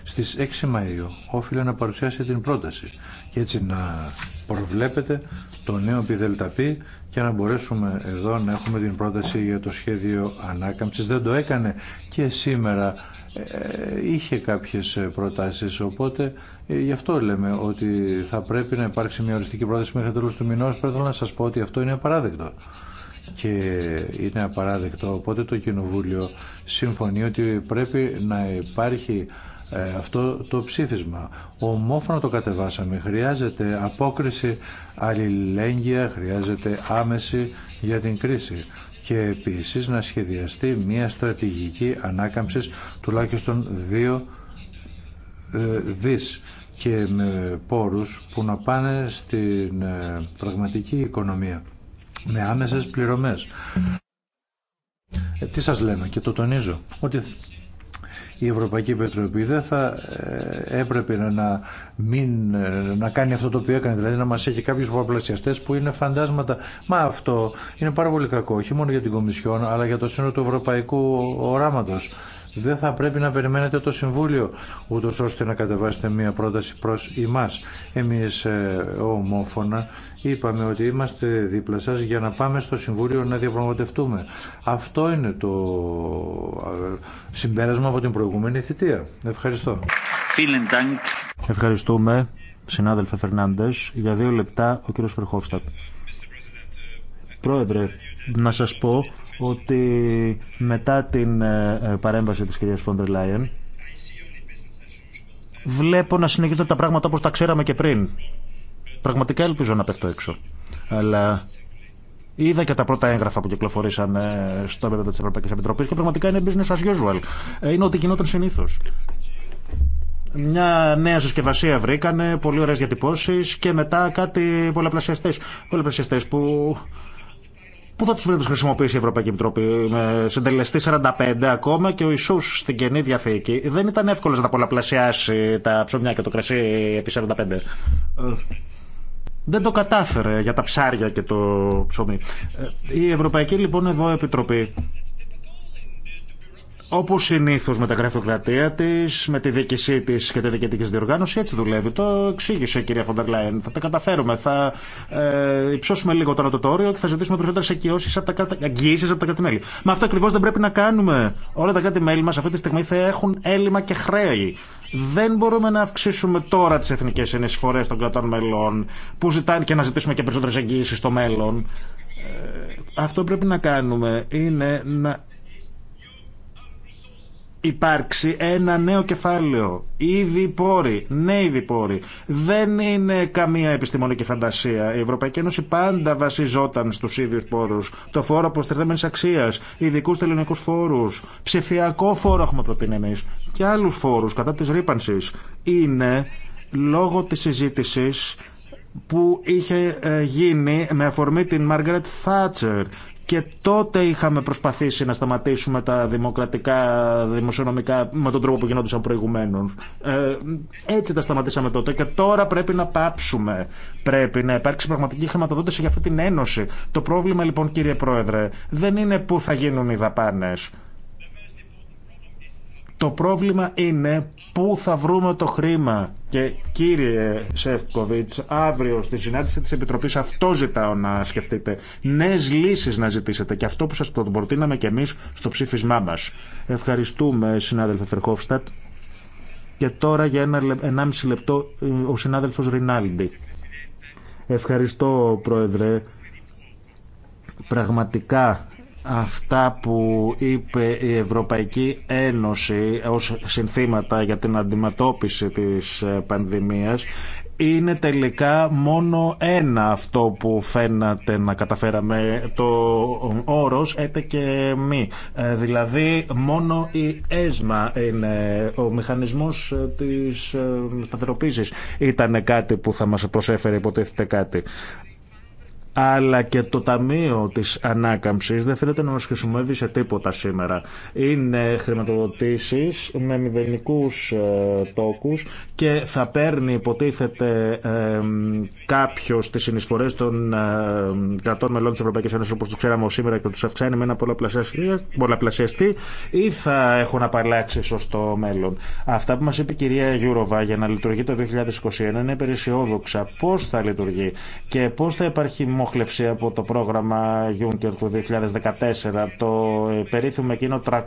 Στι 6 Μαου όφιλε να παρουσιάσει την πρόταση και έτσι να προβλέπετε το νέο πιδελταπή και να μπορέσουμε εδώ να έχουμε την πρόταση για το σχέδιο ανάκαμψης. Δεν το έκανε και σήμερα ε, είχε κάποιες προτάσεις οπότε ε, γι' αυτό λέμε ότι θα πρέπει να υπάρξει μια οριστική πρόταση μέχρι τέλος του μηνός πρέπει να σας πω ότι αυτό είναι απαράδεκτο και είναι απαράδεκτο οπότε το Κοινοβούλιο συμφωνεί ότι πρέπει να υπάρχει ε, αυτό το ψήφισμα. Ομόφωνα το κατεβάσαμε. Χρειάζεται απόκριση αλληλέγγυα, χρειάζεται άμεση για την κρίση και επίσης να σχεδιαστεί μια στρατηγική ανάκαμψης τουλάχιστον δύο ε, δις και με πόρους που να πάνε στην ε, πραγματική οικονομία με άμεσες πληρωμές. Τι σας λέμε και το τονίζω ότι η Ευρωπαϊκή Επιτροπή δεν θα ε, έπρεπε να, μην, ε, να κάνει αυτό το οποίο έκανε, δηλαδή να μας έχει κάποιου προπλασιαστέ που είναι φαντάσματα. Μα αυτό είναι πάρα πολύ κακό, όχι μόνο για την Κομισιόν, αλλά για το σύνολο του ευρωπαϊκού οράματο δεν θα πρέπει να περιμένετε το Συμβούλιο ούτως ώστε να κατεβάσετε μια πρόταση προς εμάς. Εμείς ε, ομόφωνα είπαμε ότι είμαστε δίπλα σας για να πάμε στο Συμβούλιο να διαπραγματευτούμε. Αυτό είναι το ε, συμπέρασμα από την προηγούμενη θητεία. Ευχαριστώ. Ευχαριστούμε, συνάδελφε Φερνάντες. Για δύο λεπτά ο κύριος Φερχόφστατ. Πρόεδρε, να σας πω ότι μετά την ε, ε, παρέμβαση της κυρίας Φόντερ Λάιεν βλέπω να συνεχίζονται τα πράγματα όπως τα ξέραμε και πριν. Πραγματικά ελπίζω να πέφτω έξω. Αλλά Είδα και τα πρώτα έγγραφα που κυκλοφορήσαν στο επίπεδο τη Ευρωπαϊκή Επιτροπή και πραγματικά είναι business as usual. Ε, είναι ό,τι γινόταν συνήθω. Μια νέα συσκευασία βρήκανε, πολύ ωραίε διατυπώσει και μετά κάτι πολλαπλασιαστέ. Πολλαπλασιαστέ που Πού θα του βρει να του χρησιμοποιήσει η Ευρωπαϊκή Επιτροπή με συντελεστή 45 ακόμα και ο Ισού στην καινή διαθήκη. Δεν ήταν εύκολο να τα πολλαπλασιάσει τα ψωμιά και το κρασί επί 45. Ε, δεν το κατάφερε για τα ψάρια και το ψωμί. Ε, η Ευρωπαϊκή λοιπόν εδώ Επιτροπή Όπω συνήθω με τα γραφειοκρατία τη, με τη διοίκησή τη και τη διοικητική διοργάνωση, έτσι δουλεύει. Το εξήγησε η κυρία Φοντερ Λάιν. Θα τα καταφέρουμε. Θα ε, υψώσουμε λίγο τώρα το τόριο και θα ζητήσουμε περισσότερε εγγυήσει από τα, κρατη... τα μελη Μα αυτό ακριβώ δεν πρέπει να κάνουμε. Όλα τα κράτη-μέλη μα αυτή τη στιγμή θα έχουν έλλειμμα και χρέη. Δεν μπορούμε να αυξήσουμε τώρα τι εθνικέ ενισφορέ των κρατών μελών, που ζητάνε και να ζητήσουμε και περισσότερε εγγυήσει στο μέλλον. Ε, αυτό πρέπει να κάνουμε είναι να υπάρξει ένα νέο κεφάλαιο. Ήδη πόροι, νέοι διπόροι. Δεν είναι καμία επιστημονική φαντασία. Η Ευρωπαϊκή Ένωση πάντα βασιζόταν στου ίδιου πόρου. Το φόρο προστιθέμενη αξία, ειδικού τελωνικού φόρου, ψηφιακό φόρο έχουμε προτείνει εμεί και άλλου φόρου κατά τη ρήπανση. Είναι λόγω τη συζήτηση που είχε ε, γίνει με αφορμή την Μάργαρετ Θάτσερ και τότε είχαμε προσπαθήσει να σταματήσουμε τα δημοκρατικά δημοσιονομικά με τον τρόπο που γινόντουσαν προηγουμένω. Ε, έτσι τα σταματήσαμε τότε και τώρα πρέπει να πάψουμε. Πρέπει να υπάρξει πραγματική χρηματοδότηση για αυτή την ένωση. Το πρόβλημα λοιπόν κύριε Πρόεδρε δεν είναι πού θα γίνουν οι δαπάνες. Το πρόβλημα είναι πού θα βρούμε το χρήμα. Και κύριε Σεφτκοβίτς αύριο στη συνάντηση τη Επιτροπή, αυτό ζητάω να σκεφτείτε. Νέες λύσεις να ζητήσετε και αυτό που σας προτείναμε και εμεί στο ψήφισμά μας. Ευχαριστούμε συνάδελφε Φερχόφστατ. Και τώρα για ένα, λεπτό ε, ο συνάδελφος Ρινάλντι. Ευχαριστώ πρόεδρε. Πραγματικά αυτά που είπε η Ευρωπαϊκή Ένωση ως συνθήματα για την αντιμετώπιση της ε, πανδημίας είναι τελικά μόνο ένα αυτό που φαίνεται να καταφέραμε το όρος έτε και μη. Ε, δηλαδή μόνο η ΕΣΜΑ είναι ο μηχανισμός ε, της σταθεροποίησης ήταν κάτι που θα μας προσέφερε υποτίθεται κάτι αλλά και το Ταμείο της Ανάκαμψης δεν φαίνεται να μας χρησιμεύει σε τίποτα σήμερα. Είναι χρηματοδοτήσεις με μηδενικούς ε, τόκους και θα παίρνει υποτίθεται ε, κάποιος τις συνεισφορές των ε, κρατών μελών της Ευρωπαϊκής Ένωσης όπως τους ξέραμε σήμερα και τους αυξάνει με ένα πολλαπλασιαστή ή θα έχουν απαλλάξει στο μέλλον. Αυτά που μας είπε η κυρία Γιούροβα για να λειτουργεί το 2021 είναι περισσιόδοξα. Πώς θα λειτουργεί και πώς θα υπάρχει μόχλευση από το πρόγραμμα Juncker του 2014, το περίφημο εκείνο 300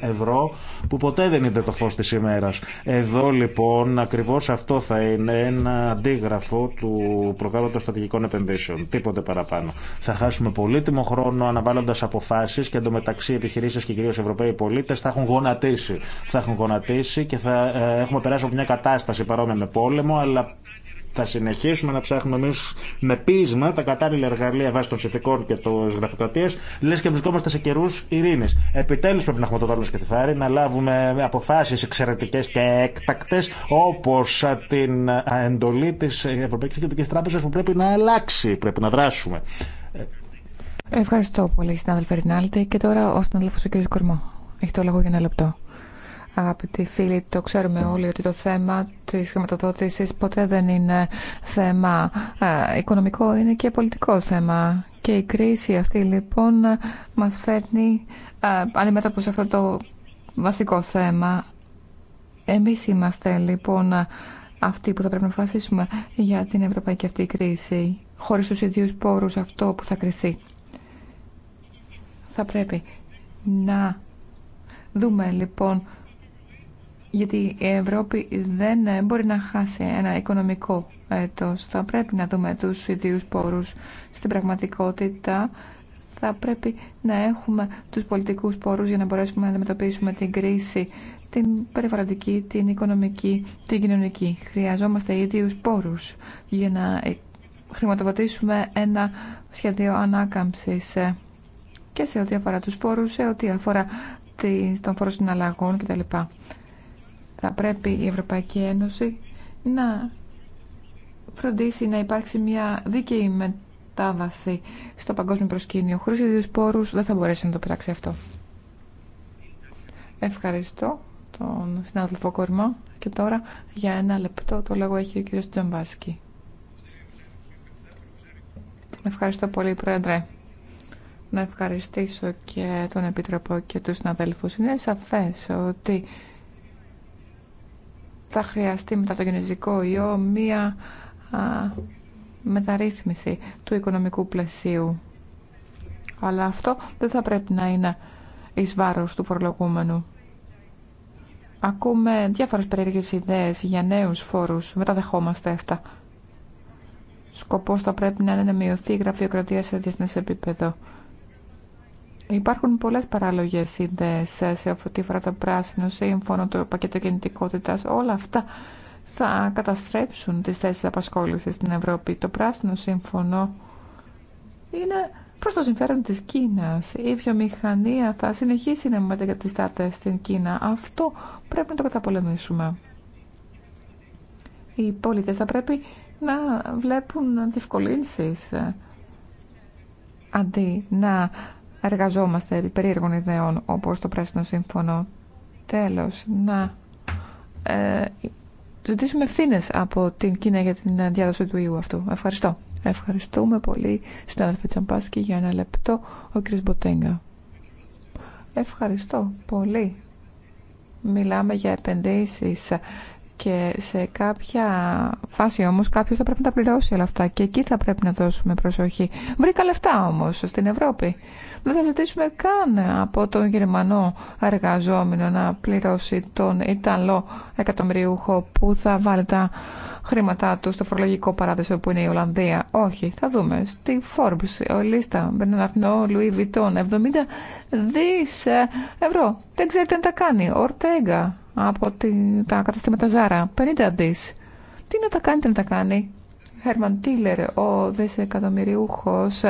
ευρώ που ποτέ δεν είδε το φως της ημέρας. Εδώ λοιπόν ακριβώς αυτό θα είναι ένα αντίγραφο του προγράμματος στρατηγικών επενδύσεων, τίποτε παραπάνω. Θα χάσουμε πολύτιμο χρόνο αναβάλλοντας αποφάσεις και εντωμεταξύ επιχειρήσεις και κυρίως Ευρωπαίοι πολίτες θα έχουν γονατίσει. Θα έχουν γονατίσει και θα ε, έχουμε περάσει από μια κατάσταση παρόμοια με πόλεμο, αλλά θα συνεχίσουμε να ψάχνουμε εμεί με πείσμα τα κατάλληλα εργαλεία βάσει των συνθηκών και τη γραφειοκρατία, λε και βρισκόμαστε σε καιρού ειρήνη. Επιτέλου πρέπει να έχουμε το δόλο και τη θάρη, να λάβουμε αποφάσει εξαιρετικέ και έκτακτε, όπω την εντολή τη Ευρωπαϊκή Κεντρική Τράπεζα που πρέπει να αλλάξει, πρέπει να δράσουμε. Ευχαριστώ πολύ, συνάδελφε Ρινάλτη. Και τώρα ο συνάδελφο ο κ. Κορμό. Έχει το λόγο για ένα λεπτό. Αγαπητοί φίλοι, το ξέρουμε όλοι ότι το θέμα τη χρηματοδότηση ποτέ δεν είναι θέμα ε, οικονομικό, είναι και πολιτικό θέμα. Και η κρίση αυτή λοιπόν μας φέρνει ε, αντιμέτωπο σε αυτό το βασικό θέμα. Εμείς είμαστε λοιπόν αυτοί που θα πρέπει να προσπαθήσουμε για την ευρωπαϊκή αυτή κρίση. Χωρίς τους ίδιου πόρους αυτό που θα κρυθεί. Θα πρέπει να δούμε λοιπόν γιατί η Ευρώπη δεν ε, μπορεί να χάσει ένα οικονομικό έτος. Θα πρέπει να δούμε τους ιδίους πόρους στην πραγματικότητα. Θα πρέπει να έχουμε τους πολιτικούς πόρους για να μπορέσουμε να αντιμετωπίσουμε την κρίση, την περιβαλλοντική, την οικονομική, την κοινωνική. Χρειαζόμαστε ίδιους πόρους για να ε, χρηματοδοτήσουμε ένα σχέδιο ανάκαμψης ε, και σε ό,τι αφορά τους πόρους, σε ό,τι αφορά τον φόρο συναλλαγών κτλ θα πρέπει η Ευρωπαϊκή Ένωση να φροντίσει να υπάρξει μια δίκαιη μετάβαση στο παγκόσμιο προσκήνιο. Χωρίς ιδίους πόρους δεν θα μπορέσει να το πειράξει αυτό. Ευχαριστώ τον συνάδελφο Κορμά και τώρα για ένα λεπτό το λόγο έχει ο κύριος Τζαμπάσκι. Ευχαριστώ πολύ Πρόεδρε. Να ευχαριστήσω και τον Επίτροπο και τους συναδέλφους. Είναι σαφές ότι θα χρειαστεί μετά το γενεζικό ιό μία α, μεταρρύθμιση του οικονομικού πλαισίου. Αλλά αυτό δεν θα πρέπει να είναι εις βάρος του φορολογούμενου. Ακούμε διάφορες περίεργες ιδέες για νέους φόρους. Μεταδεχόμαστε αυτά. Σκοπός θα πρέπει να είναι να μειωθεί η γραφειοκρατία σε διεθνές επίπεδο. Υπάρχουν πολλές παράλογες ιδέες σε αυτή φορά το πράσινο σύμφωνο, το πακέτο κινητικότητας. Όλα αυτά θα καταστρέψουν τις θέσεις απασχόλησης στην Ευρώπη. Το πράσινο σύμφωνο είναι προς το συμφέρον της Κίνας. Η βιομηχανία θα συνεχίσει να μετακαταστάται στην Κίνα. Αυτό πρέπει να το καταπολεμήσουμε. Οι πολίτες θα πρέπει να βλέπουν διευκολύνσεις ε, αντί να εργαζόμαστε επί περίεργων ιδεών όπως το Πράσινο Σύμφωνο. Τέλος, να ε, ζητήσουμε ευθύνε από την Κίνα για την διάδοση του ιού αυτού. Ευχαριστώ. Ευχαριστούμε πολύ, συνάδελφε Τσαμπάσκη, για ένα λεπτό, ο κ. Μποτέγκα. Ευχαριστώ πολύ. Μιλάμε για επενδύσεις και σε κάποια φάση όμω κάποιο θα πρέπει να τα πληρώσει όλα αυτά. Και εκεί θα πρέπει να δώσουμε προσοχή. Βρήκα λεφτά όμω στην Ευρώπη. Δεν θα ζητήσουμε καν από τον Γερμανό εργαζόμενο να πληρώσει τον Ιταλό εκατομμυρίουχο που θα βάλει τα χρήματά του στο φορολογικό παράδεισο που είναι η Ολλανδία. Όχι, θα δούμε. Στη Forbes, ο Λίστα, Μπερναναρνό, Λουί Βιτών, 70 δις ε, ευρώ. Δεν ξέρετε αν τα κάνει. Ορτέγκα από την, τα καταστήματα Ζάρα, 50 δις. Τι να τα κάνει, τι να τα κάνει. Χέρμαν Τίλερ, ο δισεκατομμυριούχος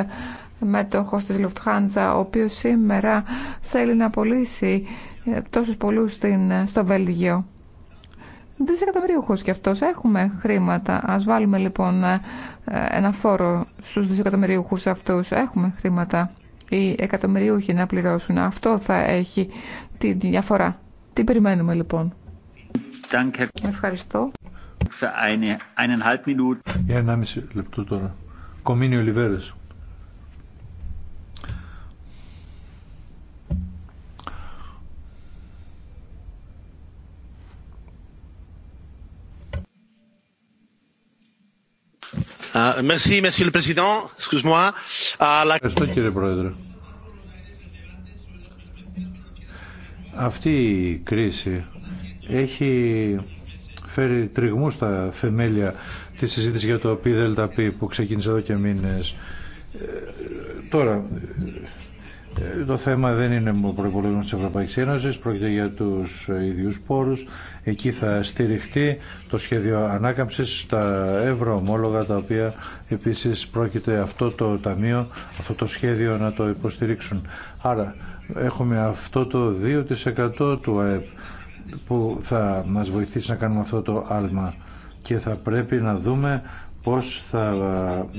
χώρο τη Λουφτχάντζα, ο οποίο σήμερα θέλει να πωλήσει ε, τόσου πολλούς ε, στο Βέλγιο δισεκατομμυρίουχο κι αυτό. Έχουμε χρήματα. Α βάλουμε λοιπόν ε, ένα φόρο στου δισεκατομμυρίουχου αυτού. Έχουμε χρήματα. Οι εκατομμυρίουχοι να πληρώσουν. Αυτό θα έχει τη διαφορά. Τι περιμένουμε λοιπόν. Ευχαριστώ. Για ένα μισή λεπτό τώρα. Κομίνιο Λιβέρες. Euh, euh, Ευχαριστώ κύριε Πρόεδρε. Αυτή η κρίση έχει φέρει τριγμού στα θεμέλια τη συζήτηση για το ΠΔΠ που ξεκίνησε εδώ και μήνες. Ε, τώρα, ε, το θέμα δεν είναι ο προπολογισμό τη Ευρωπαϊκή Ένωση, πρόκειται για του ίδιου πόρου. Εκεί θα στηριχτεί το σχέδιο ανάκαμψη, τα ευρωομόλογα, τα οποία επίση πρόκειται αυτό το ταμείο, αυτό το σχέδιο να το υποστηρίξουν. Άρα έχουμε αυτό το 2% του ΑΕΠ που θα μας βοηθήσει να κάνουμε αυτό το άλμα και θα πρέπει να δούμε πώς θα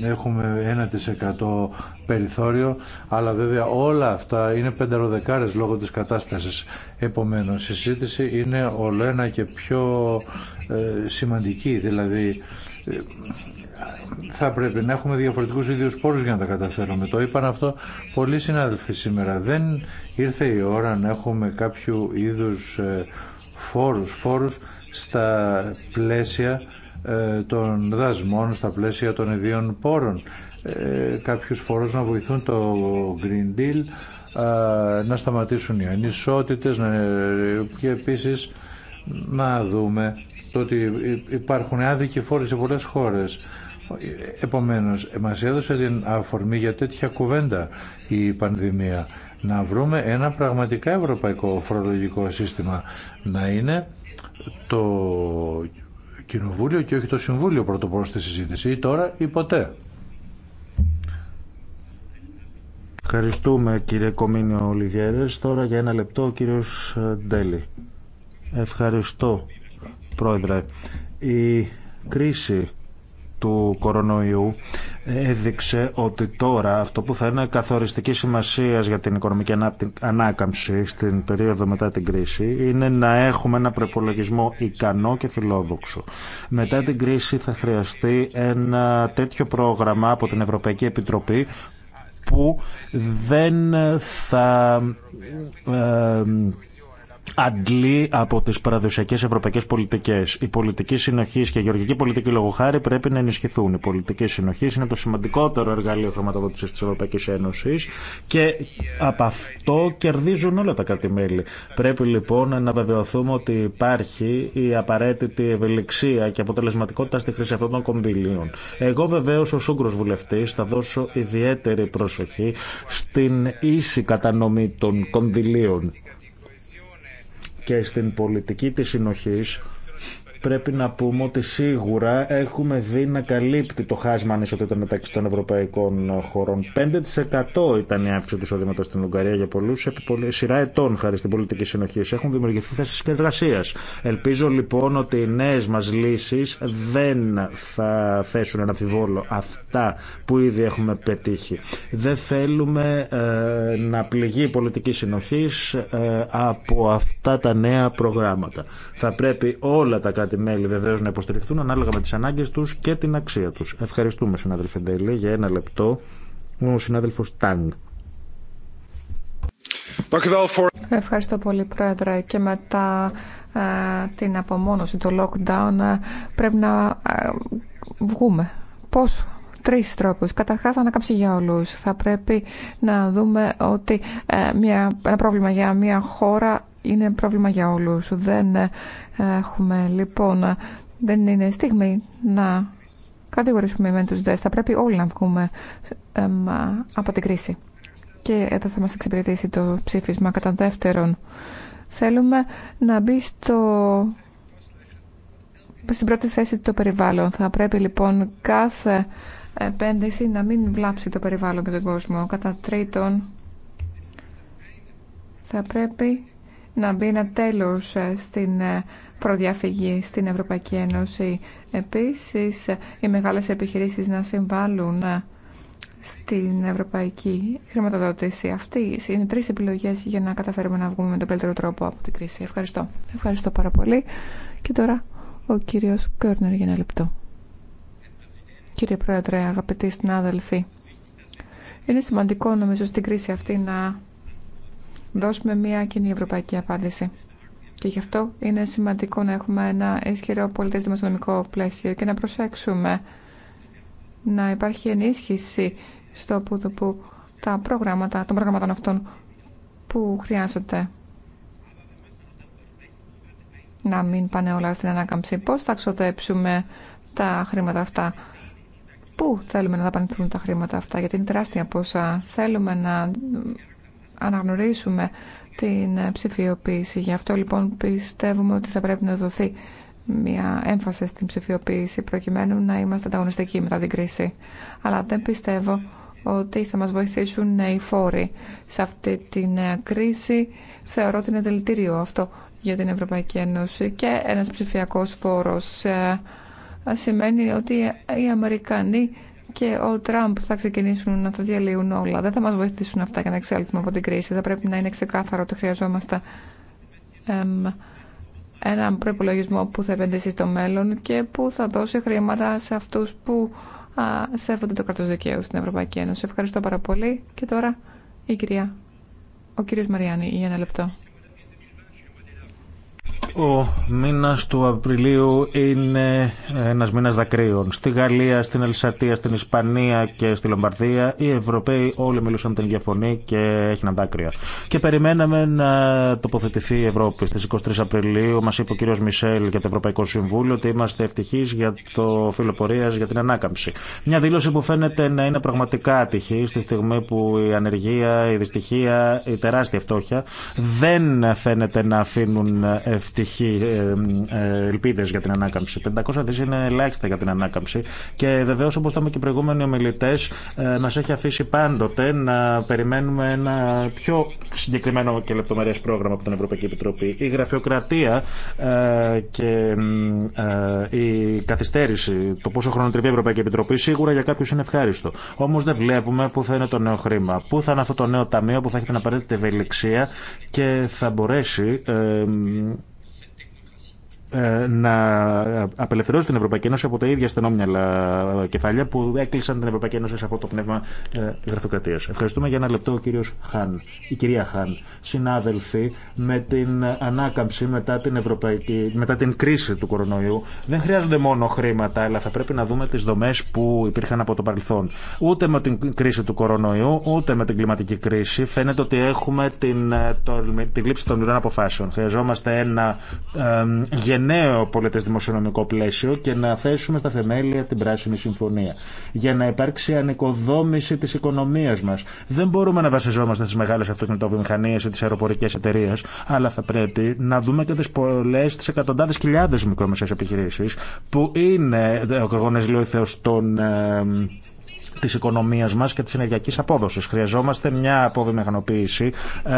ε, έχουμε 1% περιθώριο, αλλά βέβαια όλα αυτά είναι πενταροδεκάρες λόγω της κατάστασης. Επομένως, η συζήτηση είναι ολοένα και πιο ε, σημαντική, δηλαδή ε, θα πρέπει να έχουμε διαφορετικούς ίδιους πόρους για να τα καταφέρουμε. Το είπαν αυτό πολλοί συνάδελφοι σήμερα. Δεν ήρθε η ώρα να έχουμε κάποιο είδους φόρους, φόρους στα πλαίσια ε, των δασμών στα πλαίσια των ιδίων πόρων. Ε, κάποιους φορούς να βοηθούν το Green Deal ε, να σταματήσουν οι ανισότητες και επίσης να δούμε το ότι υπάρχουν άδικοι φόροι σε πολλές χώρες. Επομένως, μας έδωσε την αφορμή για τέτοια κουβέντα η πανδημία. Να βρούμε ένα πραγματικά ευρωπαϊκό φορολογικό σύστημα. Να είναι το Κοινοβούλιο και όχι το Συμβούλιο πρωτοπόρο στη συζήτηση ή τώρα ή ποτέ. Ευχαριστούμε κύριε Κομίνιο Ολιγέρες. Τώρα για ένα λεπτό ο κύριος Ντέλη. Ευχαριστώ πρόεδρε. Η κρίση του κορονοϊού έδειξε ότι τώρα αυτό που θα είναι καθοριστική σημασία για την οικονομική ανάκαμψη στην περίοδο μετά την κρίση είναι να έχουμε ένα προπολογισμό ικανό και φιλόδοξο. Μετά την κρίση θα χρειαστεί ένα τέτοιο πρόγραμμα από την Ευρωπαϊκή Επιτροπή που δεν θα ε, αντλεί από τι παραδοσιακέ ευρωπαϊκέ πολιτικέ. Η πολιτική συνοχή και η γεωργική πολιτική λόγω χάρη πρέπει να ενισχυθούν. Η πολιτική συνοχή είναι το σημαντικότερο εργαλείο χρηματοδότηση τη Ευρωπαϊκή Ένωση και από αυτό κερδίζουν όλα τα κρατη Πρέπει λοιπόν να βεβαιωθούμε ότι υπάρχει η απαραίτητη ευελιξία και αποτελεσματικότητα στη χρήση αυτών των κονδυλίων. Εγώ βεβαίω ω Ούγκρο βουλευτή θα δώσω ιδιαίτερη προσοχή στην ίση κατανομή των κονδυλίων και στην πολιτική της συνοχής πρέπει να πούμε ότι σίγουρα έχουμε δει να καλύπτει το χάσμα ανισότητα μεταξύ των ευρωπαϊκών χωρών. 5% ήταν η αύξηση του εισοδήματο στην Ουγγαρία για πολλού επί σειρά ετών χάρη στην πολιτική συνοχή. Έχουν δημιουργηθεί θέσει εργασία. Ελπίζω λοιπόν ότι οι νέε μα λύσει δεν θα θέσουν ένα αμφιβόλο αυτά που ήδη έχουμε πετύχει. Δεν θέλουμε ε, να πληγεί η πολιτική συνοχή ε, από αυτά τα νέα προγράμματα. Θα πρέπει όλα τα τη μελη βεβαίω να υποστηριχθούν ανάλογα με τι ανάγκε του και την αξία του. Ευχαριστούμε, συνάδελφε Ντέιλε, για ένα λεπτό. Ο συνάδελφο Τάνγκ. Ευχαριστώ πολύ, Πρόεδρε. Και μετά ε, την απομόνωση, το lockdown, ε, πρέπει να α, ε, βγούμε. Πώς τρεις τρόπους. Καταρχάς ανακάψει για όλους. Θα πρέπει να δούμε ότι μια, ένα πρόβλημα για μια χώρα είναι πρόβλημα για όλους. Δεν έχουμε. Λοιπόν, δεν είναι στιγμή να κατηγορήσουμε με τους ΔΕΣ. Θα πρέπει όλοι να βγούμε από την κρίση. Και εδώ θα μας εξυπηρετήσει το ψήφισμα κατά δεύτερον. Θέλουμε να μπει στο στην πρώτη θέση το περιβάλλον. Θα πρέπει λοιπόν κάθε επένδυση να μην βλάψει το περιβάλλον και τον κόσμο. Κατά τρίτον, θα πρέπει να μπει ένα τέλος ε, στην ε, προδιαφυγή στην Ευρωπαϊκή Ένωση. Επίσης, οι μεγάλες επιχειρήσεις να συμβάλλουν ε, στην ευρωπαϊκή χρηματοδότηση. Αυτή είναι τρεις επιλογές για να καταφέρουμε να βγούμε με τον καλύτερο τρόπο από την κρίση. Ευχαριστώ. Ευχαριστώ πάρα πολύ. Και τώρα ο κύριος Κέρνερ για ένα λεπτό. Κύριε Πρόεδρε, αγαπητοί συνάδελφοι, είναι σημαντικό νομίζω στην κρίση αυτή να δώσουμε μια κοινή ευρωπαϊκή απάντηση. Και γι' αυτό είναι σημαντικό να έχουμε ένα ισχυρό πολιτές δημοσιονομικό πλαίσιο και να προσέξουμε να υπάρχει ενίσχυση στο που, το που τα προγράμματα των προγραμμάτων αυτών που χρειάζεται να μην πάνε όλα στην ανάκαμψη. Πώς θα ξοδέψουμε τα χρήματα αυτά. Πού θέλουμε να δαπανηθούν τα χρήματα αυτά, γιατί είναι τεράστια πόσα. Θέλουμε να αναγνωρίσουμε την ε, ψηφιοποίηση. Γι' αυτό λοιπόν πιστεύουμε ότι θα πρέπει να δοθεί μια έμφαση στην ψηφιοποίηση προκειμένου να είμαστε ανταγωνιστικοί μετά την κρίση. Αλλά δεν πιστεύω ότι θα μας βοηθήσουν οι φόροι. Σε αυτή την ε, κρίση θεωρώ ότι είναι δηλητήριο αυτό για την Ευρωπαϊκή Ένωση και ένας ψηφιακός φόρος ε, σημαίνει ότι οι Αμερικανοί και ο Τραμπ θα ξεκινήσουν να τα διαλύουν όλα. Δεν θα μας βοηθήσουν αυτά για να εξέλθουμε από την κρίση. Θα πρέπει να είναι ξεκάθαρο ότι χρειαζόμαστε έναν προπολογισμό που θα επενδύσει στο μέλλον και που θα δώσει χρήματα σε αυτούς που α, σέβονται το κράτος δικαίου στην Ευρωπαϊκή Ένωση. Ευχαριστώ πάρα πολύ και τώρα ο κύριος Μαριάννη για ένα λεπτό. Ο μήνα του Απριλίου είναι ένα μήνα δακρύων. Στη Γαλλία, στην Ελσατία, στην Ισπανία και στη Λομπαρδία οι Ευρωπαίοι όλοι μιλούσαν την διαφωνή και έγιναν δάκρυα. Και περιμέναμε να τοποθετηθεί η Ευρώπη. Στι 23 Απριλίου μα είπε ο κ. Μισελ για το Ευρωπαϊκό Συμβούλιο ότι είμαστε ευτυχεί για το φιλοπορία, για την ανάκαμψη. Μια δήλωση που φαίνεται να είναι πραγματικά άτυχη στη στιγμή που η ανεργία, η δυστυχία, η τεράστια φτώχεια δεν φαίνεται να αφήνουν ευτυχία τυχή ε, ελπίδε για την ανάκαμψη. 500 δι είναι ελάχιστα για την ανάκαμψη και βεβαίω όπω είπαμε και οι προηγούμενοι ομιλητέ ε, μα έχει αφήσει πάντοτε να περιμένουμε ένα πιο συγκεκριμένο και λεπτομερέ πρόγραμμα από την Ευρωπαϊκή Επιτροπή. Η γραφειοκρατία ε, και η καθυστέρηση, το πόσο χρόνο τριβεί η Ευρωπαϊκή Επιτροπή σίγουρα για κάποιου είναι ευχάριστο. Όμω δεν βλέπουμε πού θα είναι το νέο χρήμα, πού θα είναι αυτό το νέο ταμείο που θα έχει την απαραίτητη ευελιξία και θα μπορέσει ε, να απελευθερώσει την Ευρωπαϊκή Ένωση από τα ίδια στενόμυαλα κεφάλια που έκλεισαν την Ευρωπαϊκή Ένωση σε αυτό το πνεύμα ε, γραφειοκρατία. Ευχαριστούμε για ένα λεπτό ο κύριος Χάν, η κυρία Χάν, συνάδελφοι, με την ανάκαμψη μετά την, Ευρωπαϊκή, μετά την κρίση του κορονοϊού. Δεν χρειάζονται μόνο χρήματα, αλλά θα πρέπει να δούμε τι δομέ που υπήρχαν από το παρελθόν. Ούτε με την κρίση του κορονοϊού, ούτε με την κλιματική κρίση φαίνεται ότι έχουμε την, ε, το, τη λήψη των μοιρών αποφάσεων. Χρειαζόμαστε ένα ε, νέο πολιτές δημοσιονομικό πλαίσιο και να θέσουμε στα θεμέλια την Πράσινη Συμφωνία. Για να υπάρξει ανοικοδόμηση της οικονομίας μας. Δεν μπορούμε να βασιζόμαστε στις μεγάλες αυτοκινητοβιομηχανίε ή τι αεροπορικές εταιρείε, αλλά θα πρέπει να δούμε και τι πολλέ τις εκατοντάδες χιλιάδες μικρομεσαίε επιχειρήσεις που είναι ο κρογόνες λέω των ε, τη οικονομία μα και τη ενεργειακή απόδοση. Χρειαζόμαστε μια αποβιομηχανοποίηση ε,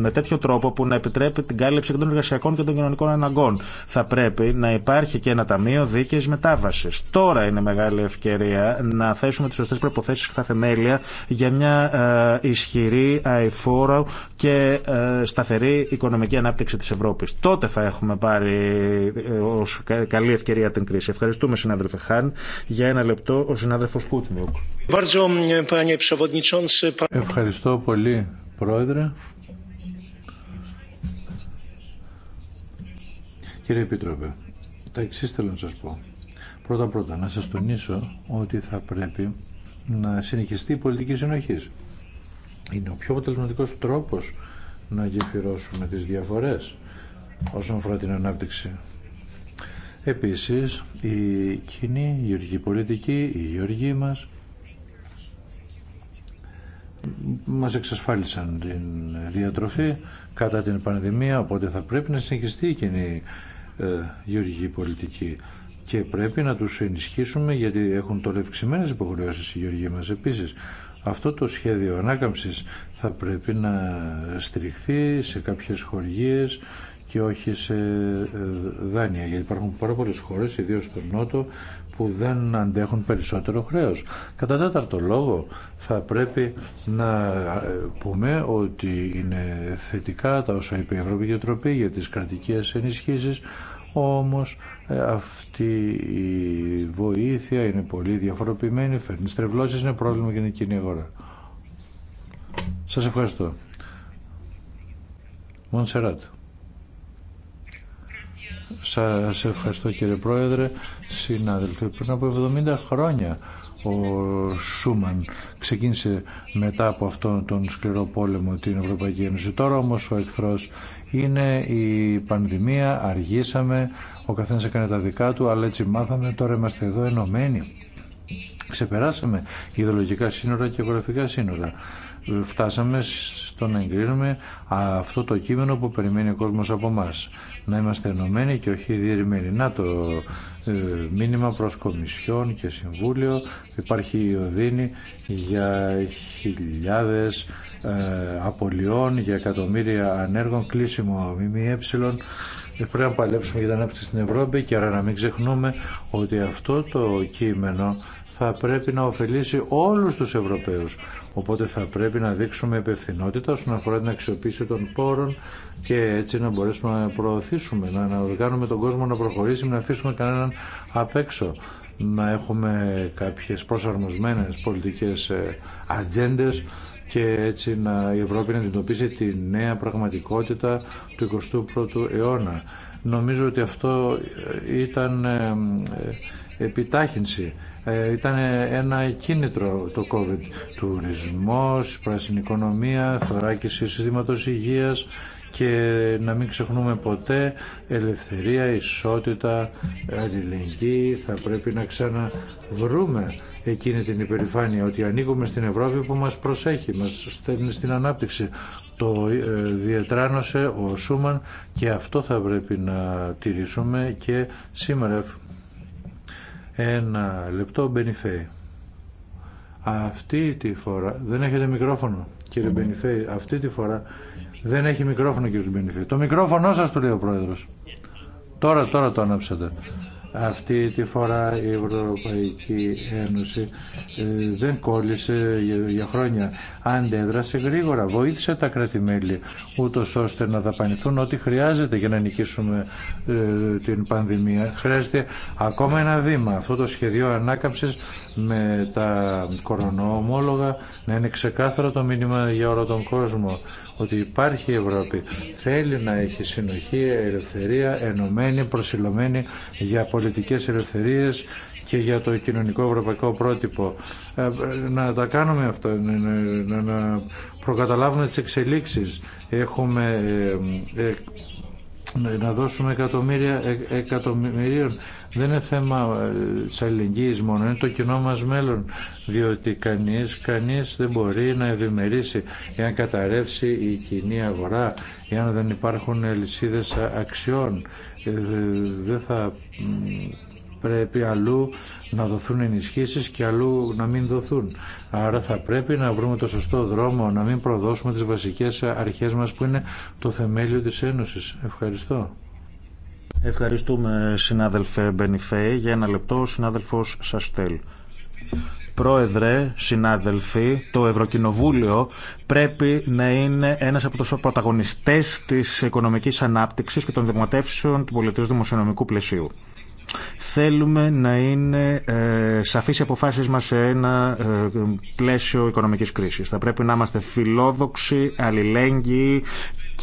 με τέτοιο τρόπο που να επιτρέπει την κάλυψη και των εργασιακών και των κοινωνικών αναγκών. Θα πρέπει να υπάρχει και ένα ταμείο δίκαιη μετάβαση. Τώρα είναι μεγάλη ευκαιρία να θέσουμε τι σωστέ προποθέσει και τα θεμέλια για μια ε, ισχυρή, αηφόρο και ε, σταθερή οικονομική ανάπτυξη τη Ευρώπη. Τότε θα έχουμε πάρει ε, ω καλή ευκαιρία την κρίση. Ευχαριστούμε, συνάδελφε Χάν. Για ένα λεπτό, ο συνάδελφο Ευχαριστώ πολύ, Πρόεδρε. Κύριε Επίτροπε, τα εξή θέλω να σας πω. Πρώτα-πρώτα, να σας τονίσω ότι θα πρέπει να συνεχιστεί η πολιτική συνοχή. Είναι ο πιο αποτελεσματικό τρόπος να γεφυρώσουμε τις διαφορές όσον αφορά την ανάπτυξη Επίσης, η κοινή γεωργική πολιτική, οι γεωργοί μας, μας εξασφάλισαν την διατροφή κατά την πανδημία, οπότε θα πρέπει να συνεχιστεί η κοινή ε, γεωργική πολιτική και πρέπει να τους ενισχύσουμε γιατί έχουν τώρα ευξημένες υποχρεώσεις οι γεωργοί μας. Επίσης, αυτό το σχέδιο ανάκαμψης θα πρέπει να στηριχθεί σε κάποιες χωριές, και όχι σε ε, δάνεια. Γιατί υπάρχουν πάρα πολλέ χώρε, ιδίω στον Νότο, που δεν αντέχουν περισσότερο χρέο. Κατά τέταρτο λόγο, θα πρέπει να ε, πούμε ότι είναι θετικά τα όσα είπε η Ευρωπαϊκή Τροπή για τι κρατικέ ενισχύσει. Όμως ε, αυτή η βοήθεια είναι πολύ διαφοροποιημένη, φέρνει στρεβλώσεις, είναι πρόβλημα για την κοινή αγορά. Σας ευχαριστώ. Μονσεράτ. Σας ευχαριστώ κύριε Πρόεδρε, συνάδελφοι. Πριν από 70 χρόνια ο Σούμαν ξεκίνησε μετά από αυτόν τον σκληρό πόλεμο την Ευρωπαϊκή Ένωση. Τώρα όμως ο εχθρός είναι η πανδημία, αργήσαμε, ο καθένας έκανε τα δικά του, αλλά έτσι μάθαμε, τώρα είμαστε εδώ ενωμένοι. Ξεπεράσαμε ιδεολογικά σύνορα και γραφικά σύνορα φτάσαμε στο να εγκρίνουμε αυτό το κείμενο που περιμένει ο κόσμος από εμά. Να είμαστε ενωμένοι και όχι διερημερινά το ε, μήνυμα προς Κομισιόν και Συμβούλιο. Υπάρχει η Οδύνη για χιλιάδες ε, απολειών, για εκατομμύρια ανέργων, κλείσιμο ΜΜΕ. Ε, πρέπει να παλέψουμε για την ανάπτυξη στην Ευρώπη και άρα να μην ξεχνούμε ότι αυτό το κείμενο θα πρέπει να ωφελήσει όλους τους Ευρωπαίους. Οπότε θα πρέπει να δείξουμε υπευθυνότητα όσον αφορά την αξιοποίηση των πόρων και έτσι να μπορέσουμε να προωθήσουμε, να, να τον κόσμο να προχωρήσει, να αφήσουμε κανέναν απ' έξω. Να έχουμε κάποιες προσαρμοσμένες πολιτικές ε, ατζέντε και έτσι να, η Ευρώπη να αντιμετωπίσει τη νέα πραγματικότητα του 21ου αιώνα. Νομίζω ότι αυτό ε, ήταν ε, επιτάχυνση ε, ήταν ένα κίνητρο το COVID. Τουρισμός, πράσινη οικονομία, θωράκιση συστήματος υγείας και να μην ξεχνούμε ποτέ ελευθερία, ισότητα, αλληλεγγύη. Θα πρέπει να ξαναβρούμε εκείνη την υπερηφάνεια ότι ανοίγουμε στην Ευρώπη που μας προσέχει, μας στέλνει στην ανάπτυξη. Το ε, διετράνωσε ο Σούμαν και αυτό θα πρέπει να τηρήσουμε και σήμερα. Ένα λεπτό Μπενιφέη. Αυτή τη φορά δεν έχετε μικρόφωνο κύριε Μπενιφέη. Αυτή τη φορά δεν έχει μικρόφωνο κύριε Μπενιφέη. Το μικρόφωνο σας του λέει ο πρόεδρος. Τώρα, τώρα το ανάψατε. Αυτή τη φορά η Ευρωπαϊκή Ένωση ε, δεν κόλλησε για, χρόνια αντέδρασε γρήγορα, βοήθησε τα κρατημέλη, ούτω ώστε να δαπανηθούν ό,τι χρειάζεται για να νικήσουμε ε, την πανδημία. Χρειάζεται ακόμα ένα βήμα. Αυτό το σχεδίο ανάκαμψη με τα κορονοομόλογα να είναι ξεκάθαρο το μήνυμα για όλο τον κόσμο ότι υπάρχει η Ευρώπη. Θέλει να έχει συνοχή, ελευθερία, ενωμένη, προσιλωμένη για πολιτικές ελευθερίες, και για το κοινωνικό ευρωπαϊκό πρότυπο. Ε, να τα κάνουμε αυτά να προκαταλάβουμε τις εξελίξεις. Έχουμε ε, ε, να δώσουμε εκατομμύρια εκατομμυρίων. Δεν είναι θέμα τη αλληλεγγύη μόνο, είναι το κοινό μα μέλλον. Διότι κανεί κανείς δεν μπορεί να ευημερήσει εάν καταρρεύσει η κοινή αγορά, εάν δεν υπάρχουν λυσίδε αξιών. Δεν θα πρέπει αλλού να δοθούν ενισχύσεις και αλλού να μην δοθούν. Άρα θα πρέπει να βρούμε το σωστό δρόμο, να μην προδώσουμε τις βασικές αρχές μας που είναι το θεμέλιο της Ένωσης. Ευχαριστώ. Ευχαριστούμε συνάδελφε Μπενιφέη. Για ένα λεπτό ο συνάδελφος Σαστέλ. Πρόεδρε, συνάδελφοι, το Ευρωκοινοβούλιο πρέπει να είναι ένας από τους πρωταγωνιστές της οικονομικής ανάπτυξης και των δημοτεύσεων του πολιτικού δημοσιονομικού πλαισίου. Θέλουμε να είναι ε, σαφείς οι αποφάσεις μας σε ένα ε, πλαίσιο οικονομικής κρίσης. Θα πρέπει να είμαστε φιλόδοξοι, αλληλέγγυοι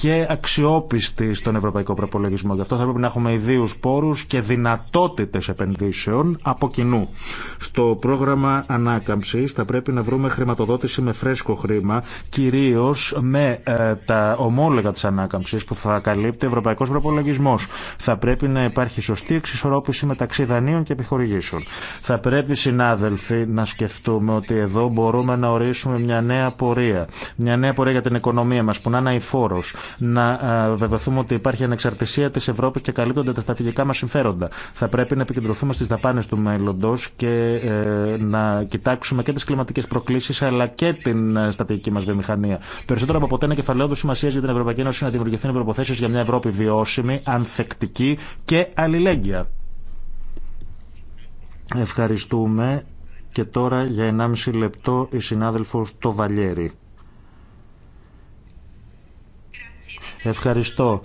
και αξιόπιστη στον ευρωπαϊκό προπολογισμό. Γι' αυτό θα πρέπει να έχουμε ιδίου πόρου και δυνατότητε επενδύσεων από κοινού. Στο πρόγραμμα ανάκαμψη θα πρέπει να βρούμε χρηματοδότηση με φρέσκο χρήμα, κυρίω με ε, τα ομόλογα τη ανάκαμψη που θα καλύπτει ο ευρωπαϊκό προπολογισμό. Θα πρέπει να υπάρχει σωστή εξισορρόπηση μεταξύ δανείων και επιχορηγήσεων. Θα πρέπει, συνάδελφοι, να σκεφτούμε ότι εδώ μπορούμε να ορίσουμε μια νέα πορεία. Μια νέα πορεία για την οικονομία μα που να είναι φόρος να ε, βεβαιωθούμε ότι υπάρχει ανεξαρτησία τη Ευρώπη και καλύπτονται τα στρατηγικά μα συμφέροντα. Θα πρέπει να επικεντρωθούμε στι δαπάνε του μέλλοντο και ε, να κοιτάξουμε και τι κλιματικέ προκλήσει αλλά και την ε, στρατηγική μα βιομηχανία. Περισσότερο από ποτέ είναι κεφαλαίο σημασία για την Ευρωπαϊκή Ένωση να δημιουργηθούν προποθέσει για μια Ευρώπη βιώσιμη, ανθεκτική και αλληλέγγυα. Ευχαριστούμε. Και τώρα για 1,5 λεπτό η συνάδελφος το Βαλιέρη. Ευχαριστώ.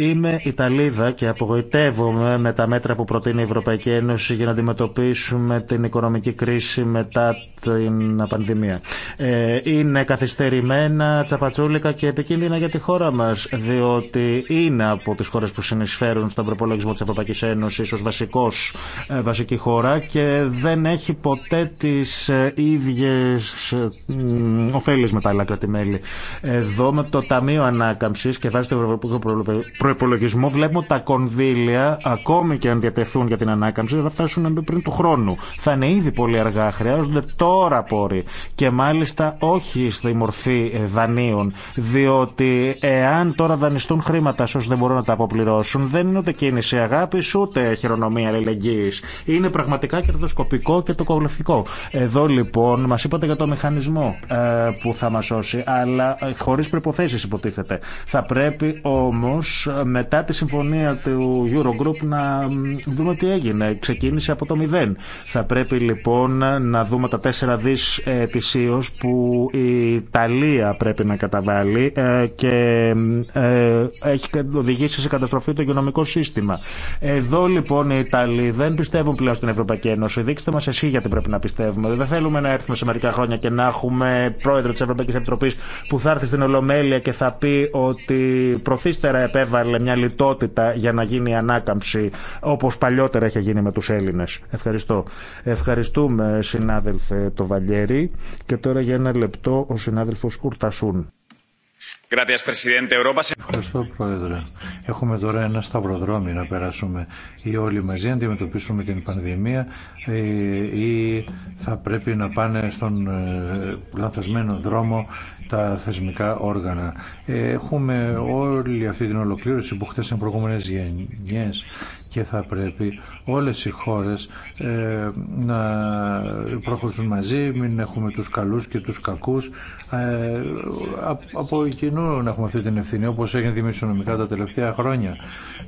Είμαι Ιταλίδα και απογοητεύομαι με τα μέτρα που προτείνει η Ευρωπαϊκή Ένωση για να αντιμετωπίσουμε την οικονομική κρίση μετά την πανδημία. Ε, είναι καθυστερημένα, τσαπατσούλικα και επικίνδυνα για τη χώρα μα, διότι είναι από τι χώρε που συνεισφέρουν στον προπολογισμό τη Ευρωπαϊκή Ένωση ω ε, βασική χώρα και δεν έχει ποτέ τι ε, ίδιε ωφέλειε με τα άλλα Εδώ με το Ταμείο Ανάκαμψη και το Ευρωπαϊκό Ευρωπαϊκού προπολογισμό βλέπουμε ότι τα κονδύλια, ακόμη και αν διατεθούν για την ανάκαμψη, δεν θα φτάσουν πριν του χρόνου. Θα είναι ήδη πολύ αργά. Χρειάζονται τώρα πόροι. Και μάλιστα όχι στη μορφή ε, δανείων. Διότι εάν τώρα δανειστούν χρήματα σε δεν μπορούν να τα αποπληρώσουν, δεν είναι ούτε κίνηση αγάπη, ούτε χειρονομία αλληλεγγύη. Είναι πραγματικά κερδοσκοπικό και το κοβλευτικό. Εδώ λοιπόν μα είπατε για το μηχανισμό ε, που θα μα σώσει, αλλά ε, χωρί προποθέσει υποτίθεται. Θα πρέπει όμω μετά τη συμφωνία του Eurogroup να δούμε τι έγινε. Ξεκίνησε από το μηδέν. Θα πρέπει λοιπόν να δούμε τα τέσσερα δις ετησίω που η Ιταλία πρέπει να καταβάλει ε, και ε, έχει οδηγήσει σε καταστροφή το υγειονομικό σύστημα. Εδώ λοιπόν οι Ιταλοί δεν πιστεύουν πλέον στην Ευρωπαϊκή Ένωση. Δείξτε μα εσύ γιατί πρέπει να πιστεύουμε. Δεν θέλουμε να έρθουμε σε μερικά χρόνια και να έχουμε πρόεδρο τη Ευρωπαϊκή Επιτροπή που θα έρθει στην Ολομέλεια και θα πει ότι προθύστερα επέβαλε έβαλε μια λιτότητα για να γίνει η ανάκαμψη όπως παλιότερα είχε γίνει με τους Έλληνες. Ευχαριστώ. Ευχαριστούμε συνάδελφε το Βαλιέρη και τώρα για ένα λεπτό ο συνάδελφος Ουρτασούν. Ευχαριστώ, Πρόεδρε. Έχουμε τώρα ένα σταυροδρόμι να περάσουμε ή όλοι μαζί να αντιμετωπίσουμε την πανδημία ε, ή θα πρέπει να πάνε στον ε, λανθασμένο δρόμο τα θεσμικά όργανα. Ε, έχουμε όλη αυτή την ολοκλήρωση που είναι προηγούμενες γενιές και θα πρέπει όλες οι χώρες να προχωρήσουν μαζί, μην έχουμε τους καλούς και τους κακούς από να έχουμε αυτή την ευθύνη, όπω έγινε δημοσιονομικά τα τελευταία χρόνια.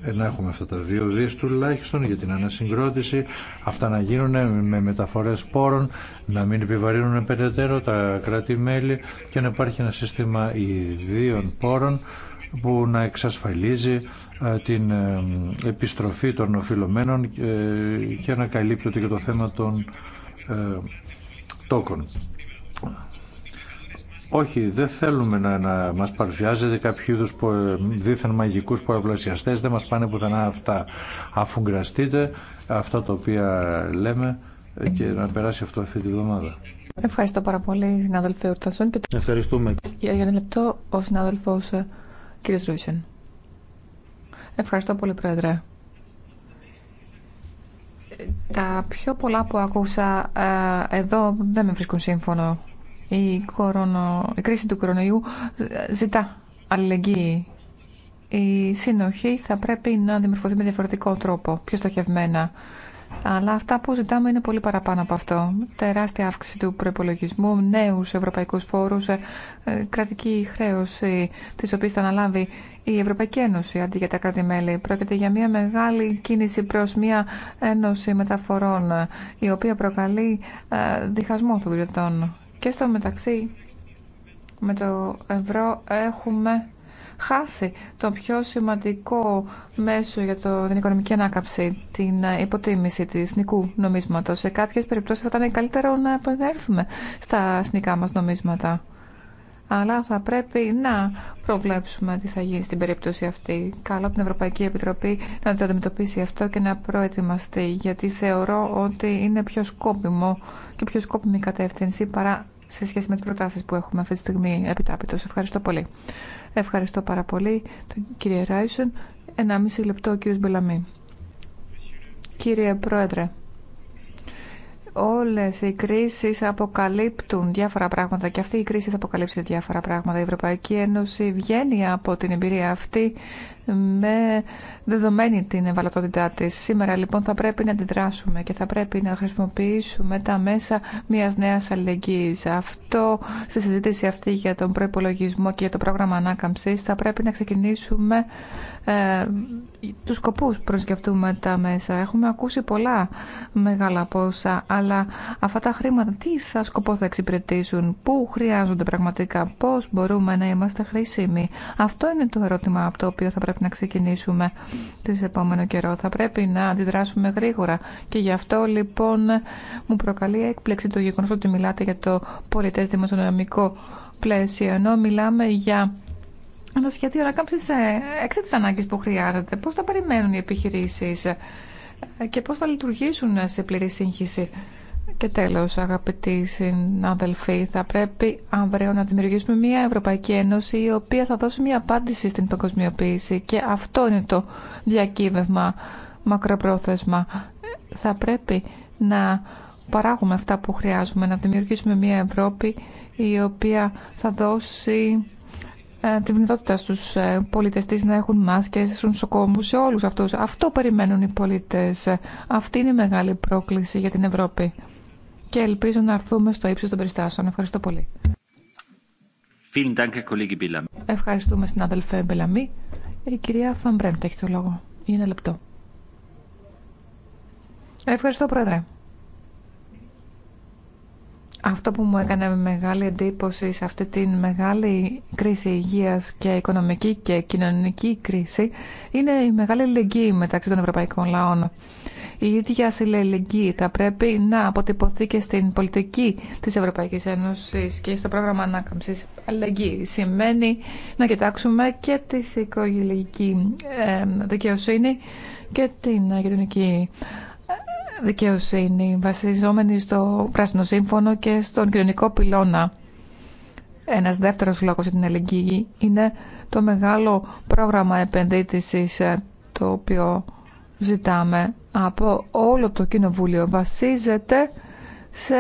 Ε, να έχουμε αυτά τα δύο δι τουλάχιστον για την ανασυγκρότηση, αυτά να γίνουν με μεταφορέ πόρων, να μην επιβαρύνουν περαιτέρω τα κράτη-μέλη και να υπάρχει ένα σύστημα ιδίων πόρων που να εξασφαλίζει ε, την ε, επιστροφή των οφειλωμένων και να καλύπτει και το θέμα των τόκων. Όχι, δεν θέλουμε να, να μας παρουσιάζεται κάποιο είδου δίθεν μαγικούς πολλαπλασιαστέ. δεν μας πάνε πουθενά αυτά. γραστείτε, αυτά τα οποία λέμε ε, και να περάσει αυτό αυτή τη βδομάδα. Ευχαριστώ πάρα πολύ, συνάδελφε Ορτασόν. Ευχαριστούμε. Για, ένα λεπτό, ο συνάδελφο ε, κ. Ρούισεν. Ευχαριστώ πολύ, Πρόεδρε. Ε, τα πιο πολλά που ακούσα εδώ δεν με βρίσκουν σύμφωνο η, κορονο... η κρίση του κορονοϊού ε, ζητά αλληλεγγύη. Η συνοχή θα πρέπει να δημιουργηθεί με διαφορετικό τρόπο, πιο στοχευμένα. Αλλά αυτά που ζητάμε είναι πολύ παραπάνω από αυτό. Τεράστια αύξηση του προπολογισμού, νέου ευρωπαϊκού φόρου, ε, ε, κρατική χρέωση, τη οποία θα αναλάβει η Ευρωπαϊκή Ένωση αντί για τα κράτη-μέλη. Πρόκειται για μια μεγάλη κίνηση προ μια ένωση μεταφορών, η οποία προκαλεί διχασμό των πολιτών. Και στο μεταξύ με το ευρώ έχουμε χάσει το πιο σημαντικό μέσο για το, την οικονομική ανάκαψη, την ε, υποτίμηση της εθνικού νομίσματος. Σε κάποιες περιπτώσεις θα ήταν καλύτερο να επανέλθουμε στα εθνικά μας νομίσματα αλλά θα πρέπει να προβλέψουμε τι θα γίνει στην περίπτωση αυτή. Καλό την Ευρωπαϊκή Επιτροπή να το αντιμετωπίσει αυτό και να προετοιμαστεί, γιατί θεωρώ ότι είναι πιο σκόπιμο και πιο σκόπιμη η κατεύθυνση παρά σε σχέση με τις προτάσεις που έχουμε αυτή τη στιγμή επιτάπητος. Ευχαριστώ πολύ. Ευχαριστώ πάρα πολύ τον κύριο Ένα μισή λεπτό ο Μπελαμή. Κύριε Πρόεδρε, Όλες οι κρίσεις αποκαλύπτουν διάφορα πράγματα και αυτή η κρίση θα αποκαλύψει διάφορα πράγματα. Η Ευρωπαϊκή Ένωση βγαίνει από την εμπειρία αυτή με δεδομένη την ευαλωτότητά τη. Σήμερα λοιπόν θα πρέπει να αντιδράσουμε και θα πρέπει να χρησιμοποιήσουμε τα μέσα μια νέα αλληλεγγύη. Αυτό, στη συζήτηση αυτή για τον προπολογισμό και για το πρόγραμμα ανάκαμψη. θα πρέπει να ξεκινήσουμε ε, τους σκοπούς που προσκεφτούμε τα μέσα. Έχουμε ακούσει πολλά μεγάλα πόσα, αλλά αυτά τα χρήματα τι θα σκοπό θα εξυπηρετήσουν, πού χρειάζονται πραγματικά, πώ μπορούμε να είμαστε χρήσιμοι. Αυτό είναι το ερώτημα από το οποίο θα πρέπει να ξεκινήσουμε το επόμενο καιρό. Θα πρέπει να αντιδράσουμε γρήγορα και γι' αυτό λοιπόν μου προκαλεί έκπλεξη το γεγονό ότι μιλάτε για το πολιτέ δημοσιονομικό πλαίσιο ενώ μιλάμε για ανακάμψη ανακάμψης ε, έκτακτης ανάγκη που χρειάζεται. Πώ θα περιμένουν οι επιχειρήσει ε, και πώ θα λειτουργήσουν σε πλήρη σύγχυση. Και τέλος, αγαπητοί συνάδελφοι, θα πρέπει αύριο να δημιουργήσουμε μια Ευρωπαϊκή Ένωση η οποία θα δώσει μια απάντηση στην παγκοσμιοποίηση και αυτό είναι το διακύβευμα μακροπρόθεσμα. Θα πρέπει να παράγουμε αυτά που χρειάζουμε, να δημιουργήσουμε μια Ευρώπη η οποία θα δώσει ε, τη δυνατότητα στους ε, πολίτες της να έχουν μάσκες, στου νοσοκόμους, σε όλους αυτούς. Αυτό περιμένουν οι πολίτες. Αυτή είναι η μεγάλη πρόκληση για την Ευρώπη και ελπίζω να έρθουμε στο ύψος των περιστάσεων. Ευχαριστώ πολύ. Ευχαριστούμε στην αδελφέ Μπελαμή. Η κυρία Φαμπρέμπτ έχει το λόγο. Είναι λεπτό. Ευχαριστώ, Πρόεδρε. Αυτό που μου έκανε μεγάλη εντύπωση σε αυτή τη μεγάλη κρίση υγείας και οικονομική και κοινωνική κρίση είναι η μεγάλη λυγγύη μεταξύ των ευρωπαϊκών λαών. Η ίδια συλλελεγγύη θα πρέπει να αποτυπωθεί και στην πολιτική της Ευρωπαϊκής Ένωσης και στο πρόγραμμα ανάκαμψης. Αλληλεγγύη σημαίνει να κοιτάξουμε και τη οικογενειακή ε, δικαιοσύνη και την κοινωνική ε, δικαιοσύνη βασιζόμενη στο Πράσινο Σύμφωνο και στον κοινωνικό πυλώνα. Ένας δεύτερος λόγος για την αλληλεγγύη είναι το μεγάλο πρόγραμμα επενδύτησης ε, το οποίο ζητάμε από όλο το Κοινοβούλιο βασίζεται σε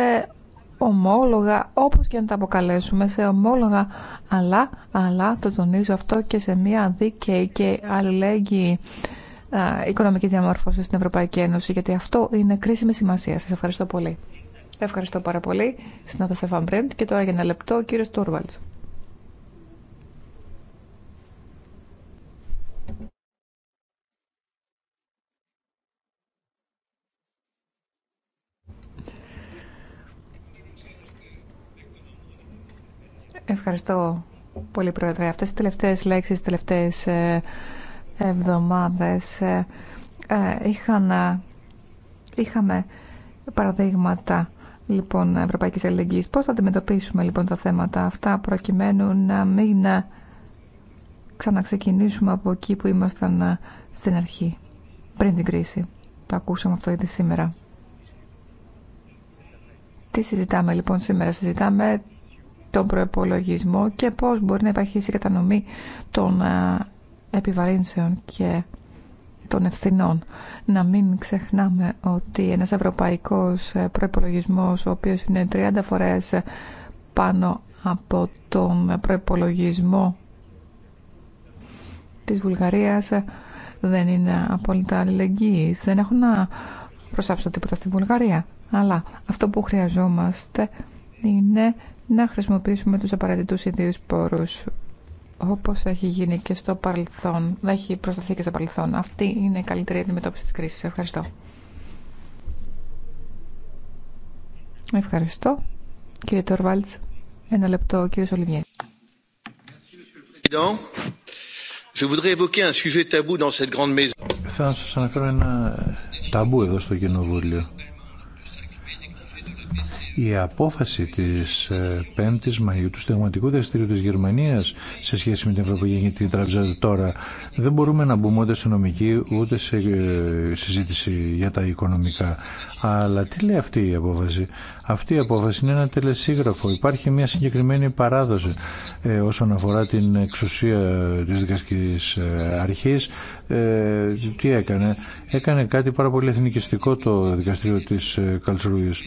ομόλογα, όπως και να τα αποκαλέσουμε, σε ομόλογα, αλλά, αλλά το τονίζω αυτό και σε μια δίκαιη και αλληλέγγυη οικονομική διαμόρφωση στην Ευρωπαϊκή Ένωση, γιατί αυτό είναι κρίσιμη σημασία. Σας ευχαριστώ πολύ. Ευχαριστώ πάρα πολύ, συνάδελφε Φαμπρέμπτ. Και τώρα για ένα λεπτό, ο κύριος Τούρβαλτς. Ευχαριστώ πολύ, Πρόεδρε. Αυτές οι τελευταίες λέξεις, τις τελευταίες ε, εβδομάδες ε, ε, είχαμε παραδείγματα λοιπόν, Ευρωπαϊκής Ελληνικής. Πώς θα αντιμετωπίσουμε λοιπόν τα θέματα αυτά προκειμένου να μην ξαναξεκινήσουμε από εκεί που ήμασταν στην αρχή, πριν την κρίση. Το ακούσαμε αυτό ήδη σήμερα. Τι συζητάμε λοιπόν σήμερα, συζητάμε τον προπολογισμό και πώς μπορεί να υπάρχει συγκατανομή των ε, επιβαρύνσεων και των ευθυνών. Να μην ξεχνάμε ότι ένας ευρωπαϊκός ε, προϋπολογισμός, ο οποίος είναι 30 φορές ε, πάνω από τον προϋπολογισμό της Βουλγαρίας, δεν είναι απόλυτα αλληλεγγύης. Δεν έχω να προσάψω τίποτα στη Βουλγαρία. Αλλά αυτό που χρειαζόμαστε είναι να χρησιμοποιήσουμε τους απαραίτητους ιδίους πόρους όπως έχει γίνει και στο παρελθόν, να έχει προσταθεί και στο παρελθόν. Αυτή είναι η καλύτερη αντιμετώπιση της κρίσης. Ευχαριστώ. Ευχαριστώ. Κύριε Τόρβαλτς, ένα λεπτό, κύριε Σολιβιέ. Θα σας αναφέρω ένα ταμπού εδώ στο Κοινοβούλιο η απόφαση της 5ης ε, Μαΐου του Στεγματικού Δεστήριου της Γερμανίας σε σχέση με την Ευρωπαϊκή Τράπεζα τώρα δεν μπορούμε να μπούμε ούτε σε νομική ούτε σε ε, συζήτηση για τα οικονομικά αλλά τι λέει αυτή η απόφαση αυτή η απόφαση είναι ένα τελεσίγραφο. Υπάρχει μια συγκεκριμένη παράδοση ε, όσον αφορά την εξουσία της δικαστικής ε, αρχής. Ε, τι έκανε. Έκανε κάτι πάρα πολύ εθνικιστικό το δικαστήριο της ε, Καλσρούης.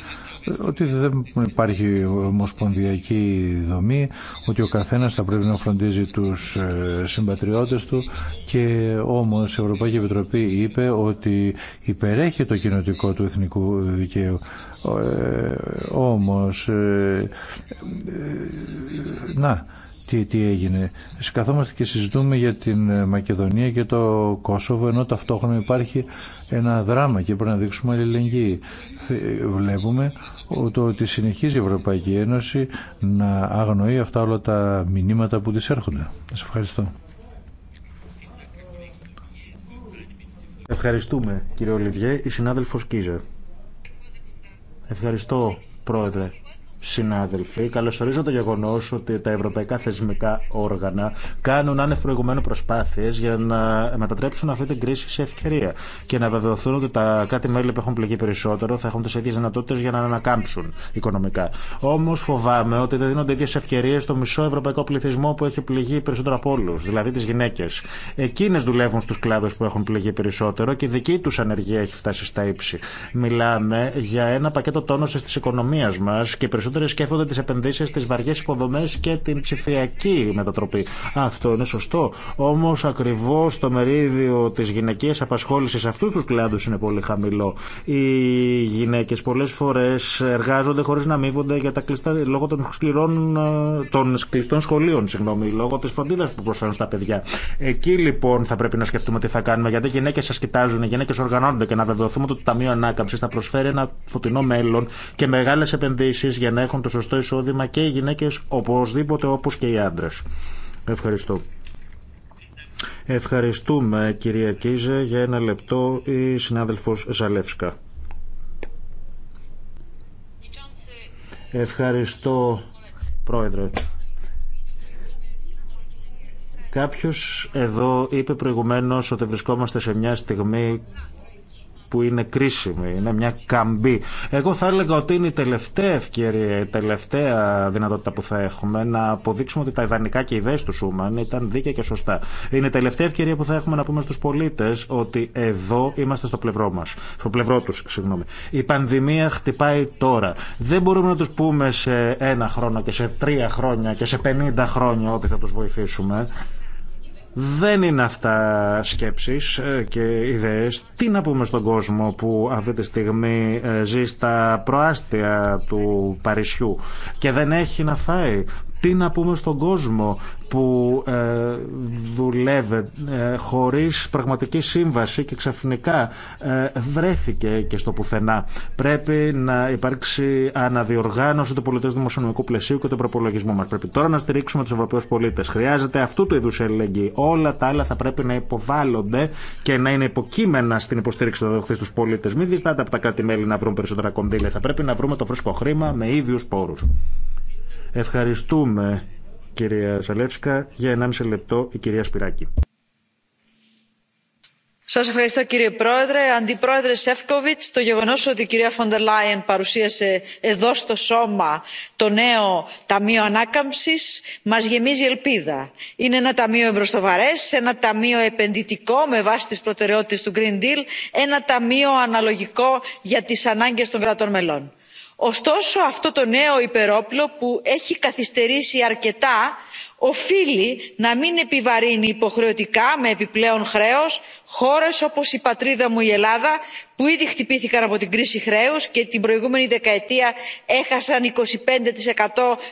Ότι δεν υπάρχει ομοσπονδιακή δομή, ότι ο καθένας θα πρέπει να φροντίζει τους συμπατριώτες του και όμως η Ευρωπαϊκή Επιτροπή είπε ότι υπερέχει το κοινοτικό του εθνικού δικαίου όμως ε, ε, να τι, τι έγινε. Καθόμαστε και συζητούμε για την Μακεδονία και το Κόσοβο ενώ ταυτόχρονα υπάρχει ένα δράμα και πρέπει να δείξουμε αλληλεγγύη. Βλέπουμε το ότι συνεχίζει η Ευρωπαϊκή Ένωση να αγνοεί αυτά όλα τα μηνύματα που της έρχονται. Σας ευχαριστώ. Ευχαριστούμε κύριε Ολιβιέ, η συνάδελφος Κίζερ. Ευχαριστώ, Πρόεδρε συνάδελφοι, καλωσορίζω το γεγονό ότι τα ευρωπαϊκά θεσμικά όργανα κάνουν άνευ προηγουμένου προσπάθειε για να μετατρέψουν αυτή την κρίση σε ευκαιρία και να βεβαιωθούν ότι τα κάτι μελη που έχουν πληγεί περισσότερο θα έχουν τι ίδιε δυνατότητε για να ανακάμψουν οικονομικά. Όμω φοβάμαι ότι δεν δίνονται ίδιε ευκαιρίε στο μισό ευρωπαϊκό πληθυσμό που έχει πληγεί περισσότερο από όλου, δηλαδή τι γυναίκε. Εκείνε δουλεύουν στου κλάδου που έχουν πληγεί περισσότερο και δική του ανεργία έχει φτάσει στα ύψη. Μιλάμε για ένα πακέτο τόνωση τη οικονομία μα και περισσότεροι σκέφτονται τι επενδύσει, τι βαριέ υποδομέ και την ψηφιακή μετατροπή. Αυτό είναι σωστό. Όμω ακριβώ το μερίδιο τη γυναικεία απασχόληση σε αυτού του κλάδου είναι πολύ χαμηλό. Οι γυναίκε πολλέ φορέ εργάζονται χωρί να αμείβονται για τα κλειστά, λόγω των, σκληρών, των κλειστών σχολείων, συγγνώμη, λόγω τη φροντίδα που προσφέρουν στα παιδιά. Εκεί λοιπόν θα πρέπει να σκεφτούμε τι θα κάνουμε, γιατί οι γυναίκε σα κοιτάζουν, οι γυναίκε οργανώνονται και να βεβαιωθούμε ότι το Ταμείο Ανάκαμψη θα προσφέρει ένα φωτεινό μέλλον και μεγάλε επενδύσει για να έχουν το σωστό εισόδημα και οι γυναίκες οπωσδήποτε όπως και οι άντρες. Ευχαριστώ. Ευχαριστούμε κυρία Κίζε για ένα λεπτό η συνάδελφος Ζαλεύσκα. Ευχαριστώ πρόεδρε. Κάποιος εδώ είπε προηγουμένως ότι βρισκόμαστε σε μια στιγμή που είναι κρίσιμη, είναι μια καμπή. Εγώ θα έλεγα ότι είναι η τελευταία ευκαιρία, η τελευταία δυνατότητα που θα έχουμε να αποδείξουμε ότι τα ιδανικά και οι ιδέε του Σούμαν ήταν δίκαια και σωστά. Είναι η τελευταία ευκαιρία που θα έχουμε να πούμε στου πολίτε ότι εδώ είμαστε στο πλευρό μα. Στο πλευρό του, συγγνώμη. Η πανδημία χτυπάει τώρα. Δεν μπορούμε να του πούμε σε ένα χρόνο και σε τρία χρόνια και σε πενήντα χρόνια ότι θα του βοηθήσουμε. Δεν είναι αυτά σκέψεις ε, και ιδέες. Τι να πούμε στον κόσμο που αυτή τη στιγμή ε, ζει στα προάστια του Παρισιού και δεν έχει να φάει. Τι να πούμε στον κόσμο που ε, δουλεύει ε, χωρίς πραγματική σύμβαση και ξαφνικά ε, βρέθηκε και στο πουθενά. Πρέπει να υπάρξει αναδιοργάνωση του πολιτέ δημοσιονομικού πλαισίου και του προπολογισμού μα. Πρέπει τώρα να στηρίξουμε τους Ευρωπαίου πολίτες. Χρειάζεται αυτού του είδου ελεγγύη. Όλα τα άλλα θα πρέπει να υποβάλλονται και να είναι υποκείμενα στην υποστήριξη των δεδοχθείς τους πολίτες. πολίτε. Μην διστάτε από τα κράτη-μέλη να βρουν περισσότερα κονδύλια. Θα πρέπει να βρούμε το φρέσκο χρήμα με ίδιου πόρου. Ευχαριστούμε κυρία Ζαλεύσκα. Για 1,5 λεπτό η κυρία Σπυράκη. Σα ευχαριστώ κύριε Πρόεδρε. Αντιπρόεδρε Σεύκοβιτ, το γεγονό ότι η κυρία Φοντερ παρουσίασε εδώ στο σώμα το νέο Ταμείο Ανάκαμψη μα γεμίζει ελπίδα. Είναι ένα ταμείο εμπροστοβαρέ, ένα ταμείο επενδυτικό με βάση τι προτεραιότητε του Green Deal, ένα ταμείο αναλογικό για τι ανάγκε των κρατών μελών ωστόσο αυτό το νέο υπερόπλο που έχει καθυστερήσει αρκετά οφείλει να μην επιβαρύνει υποχρεωτικά με επιπλέον χρέος χώρες όπως η πατρίδα μου η ελλάδα που ήδη χτυπήθηκαν από την κρίση χρέους και την προηγούμενη δεκαετία έχασαν 25%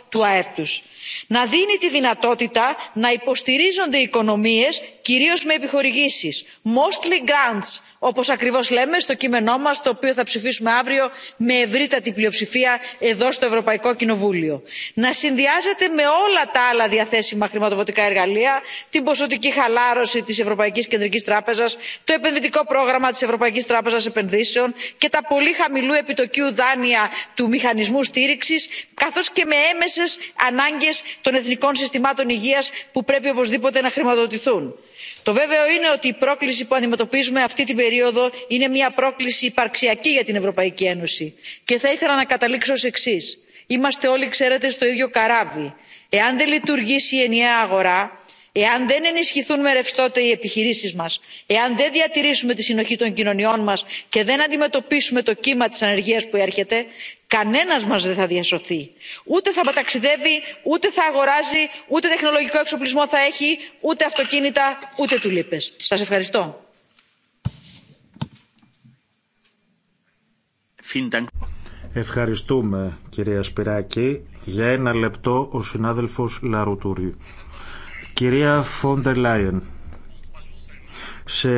του αεπ τους. να δίνει τη δυνατότητα να υποστηρίζονται οι οικονομίες κυρίως με επιχορηγήσεις mostly grants όπως ακριβώς λέμε στο κείμενό μας το οποίο θα ψηφίσουμε αύριο με ευρύτατη πλειοψηφία εδώ στο ευρωπαϊκό κοινοβούλιο να συνδυάζεται με όλα τα άλλα διαθέσιμα χρηματοδοτικά εργαλεία την ποσοτική χαλάρωση της ευρωπαϊκής κεντρικής τράπεζας το επενδυτικό πρόγραμμα της ευρωπαϊκής τράπεζας επενδύσεων και τα πολύ χαμηλού επιτοκίου δάνεια του μηχανισμού στήριξης καθώς και με έμεσες ανάγκες των εθνικών συστημάτων υγείας που πρέπει οπωσδήποτε να χρηματοδοτηθούν το βέβαιο είναι ότι η πρόκληση που αντιμετωπίζουμε αυτή την περίοδο είναι μια πρόκληση υπαρξιακή για την ευρωπαϊκή ένωση και θα ήθελα να καταλήξω ως εξής είμαστε όλοι ξέρετε στο ίδιο καράβι. εάν δεν λειτουργήσει η ενιαία αγορά εάν δεν ενισχυθούν με ρευστότητα οι επιχειρήσεις μας εάν δεν διατηρήσουμε τη συνοχή των κοινωνιών μας και δεν αντιμετωπίσουμε το κύμα της ανεργίας που έρχεται κανένας μας δεν θα διασωθεί ούτε θα ταξιδεύει ούτε θα αγοράζει ούτε τεχνολογικό εξοπλισμό θα έχει ούτε αυτοκίνητα ούτε τουλίπες. σας ευχαριστώ. Ευχαριστούμε κυρία Σπυράκη. Για ένα λεπτό ο συνάδελφος Λαρουτούριου. Κυρία Φόντερ Λάιεν, σε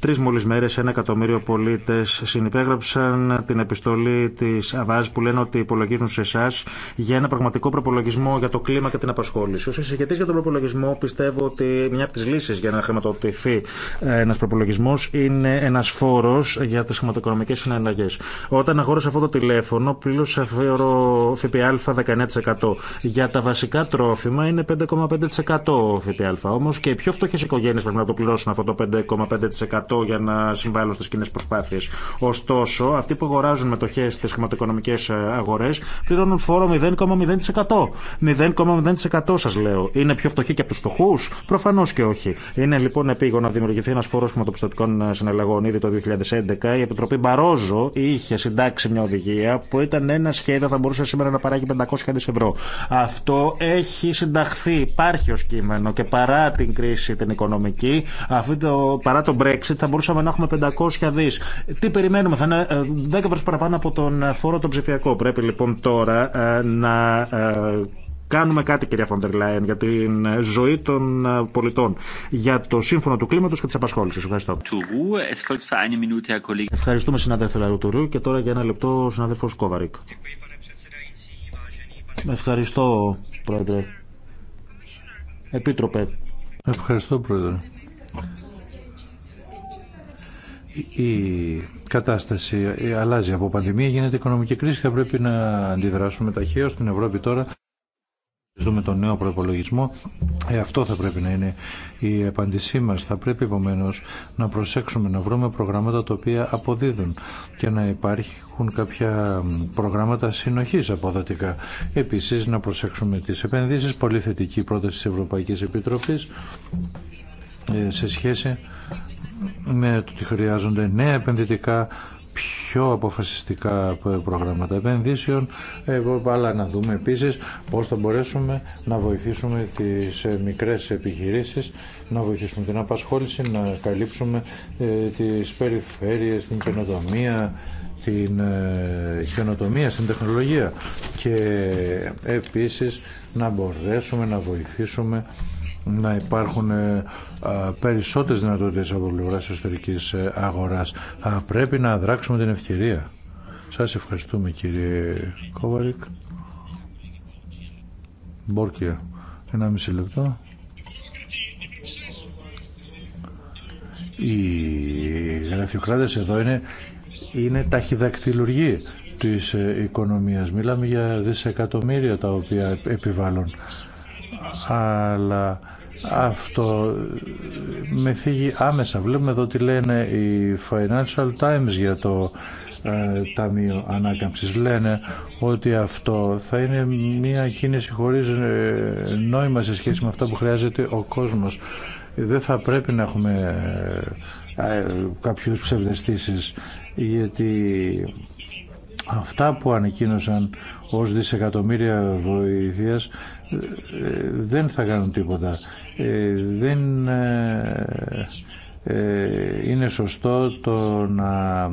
Τρει μόλι μέρε, ένα εκατομμύριο πολίτε συνυπέγραψαν την επιστολή τη ΑΒΑΖ που λένε ότι υπολογίζουν σε εσά για ένα πραγματικό προπολογισμό για το κλίμα και την απασχόληση. Ω εισηγητή για τον προπολογισμό, πιστεύω ότι μια από τι λύσει για να χρηματοδοτηθεί ε, ένα προπολογισμό είναι ένα φόρο για τι χρηματοοικονομικέ συναλλαγέ. Όταν αγόρασα αυτό το τηλέφωνο, πλήρωσα φόρο ΦΠΑ 19%. Για τα βασικά τρόφιμα είναι 5,5% ΦΠΑ. Όμω και οι πιο φτωχέ οικογένειε πρέπει να το πληρώσουν αυτό το 5,5% για να συμβάλλουν στι κοινέ προσπάθειε. Ωστόσο, αυτοί που αγοράζουν μετοχέ στι χρηματοοικονομικέ ε, αγορέ πληρώνουν φόρο 0,0%. 0,0% σα λέω. Είναι πιο φτωχοί και από του φτωχού. Προφανώ και όχι. Είναι λοιπόν επίγον να δημιουργηθεί ένα φόρο χρηματοπιστωτικών ε, συναλλαγών. Ήδη το 2011 η Επιτροπή Μπαρόζο είχε συντάξει μια οδηγία που ήταν ένα σχέδιο θα μπορούσε σήμερα να παράγει 500 ευρώ. Αυτό έχει συνταχθεί, υπάρχει ω κείμενο και παρά την κρίση την οικονομική, αυτό, παρά το Brexit θα μπορούσαμε να έχουμε 500 δι. Τι περιμένουμε, θα είναι 10 ε, φορέ παραπάνω από τον φόρο το ψηφιακό. Πρέπει λοιπόν τώρα ε, να ε, κάνουμε κάτι, κυρία Φοντερ Λάιεν, για την ζωή των πολιτών, για το σύμφωνο του κλίματο και τη απασχόληση. Ευχαριστώ. Ευχαριστούμε, συνάδελφε Λαρουτουρού, και τώρα για ένα λεπτό συνάδελφο Κόβαρικ. Ευχαριστώ, Πρόεδρε. Επίτροπε. Ευχαριστώ, Πρόεδρε η κατάσταση αλλάζει από πανδημία, γίνεται οικονομική κρίση, θα πρέπει να αντιδράσουμε ταχαίως στην Ευρώπη τώρα. Δούμε τον νέο προπολογισμό. Ε, αυτό θα πρέπει να είναι η απάντησή μας. Θα πρέπει επομένω να προσέξουμε να βρούμε προγράμματα τα οποία αποδίδουν και να υπάρχουν κάποια προγράμματα συνοχής αποδοτικά. Επίσης να προσέξουμε τις επενδύσεις. Πολύ θετική πρόταση της Ευρωπαϊκής Επιτροπής ε, σε σχέση με το ότι χρειάζονται νέα επενδυτικά πιο αποφασιστικά προγράμματα επενδύσεων, αλλά να δούμε επίσης πώς θα μπορέσουμε να βοηθήσουμε τις ε, μικρές επιχειρήσεις, να βοηθήσουμε την απασχόληση, να καλύψουμε ε, τις περιφέρειες, την καινοτομία, την ε, καινοτομία στην τεχνολογία και επίσης να μπορέσουμε να βοηθήσουμε να υπάρχουν ε, περισσότερες δυνατότητες από πλευρά εσωτερικής ε, αγοράς. α πρέπει να δράξουμε την ευκαιρία. Σας ευχαριστούμε κύριε Κόβαρικ. Μπόρκια, ένα μισή λεπτό. Οι γραφειοκράτες εδώ είναι, είναι ταχυδακτηλουργοί της ε, οικονομίας. Μιλάμε για δισεκατομμύρια τα οποία επιβάλλουν. Αλλά αυτό με φύγει άμεσα. Βλέπουμε εδώ τι λένε οι Financial Times για το ε, Ταμείο Ανάκαμψης. Λένε ότι αυτό θα είναι μια κίνηση χωρίς ε, νόημα σε σχέση με αυτά που χρειάζεται ο κόσμος. Δεν θα πρέπει να έχουμε ε, ε κάποιους ψευδεστήσεις γιατί αυτά που ανακοίνωσαν ως δισεκατομμύρια βοήθειας δεν θα κάνουν τίποτα. Ε, δεν ε, ε, είναι σωστό το να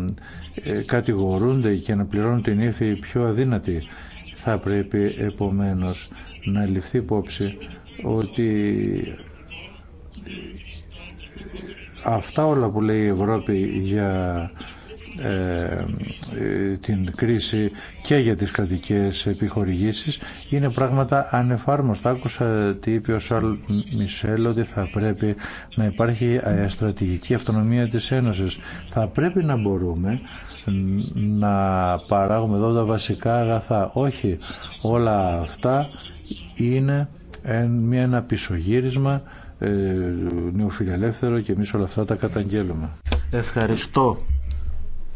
κατηγορούνται και να πληρώνουν την ύφη πιο αδύνατη. Θα πρέπει επομένως να ληφθεί υπόψη ότι αυτά όλα που λέει η Ευρώπη για ε, την κρίση και για τις κρατικές επιχορηγήσεις είναι πράγματα ανεφάρμοστα. Άκουσα τι είπε ο Σαλ ότι θα πρέπει να υπάρχει ε, στρατηγική αυτονομία της Ένωσης. Θα πρέπει να μπορούμε να παράγουμε εδώ τα βασικά αγαθά. Όχι, όλα αυτά είναι μια ένα πισωγύρισμα ε, νεοφιλελεύθερο και εμείς όλα αυτά τα καταγγέλουμε. Ευχαριστώ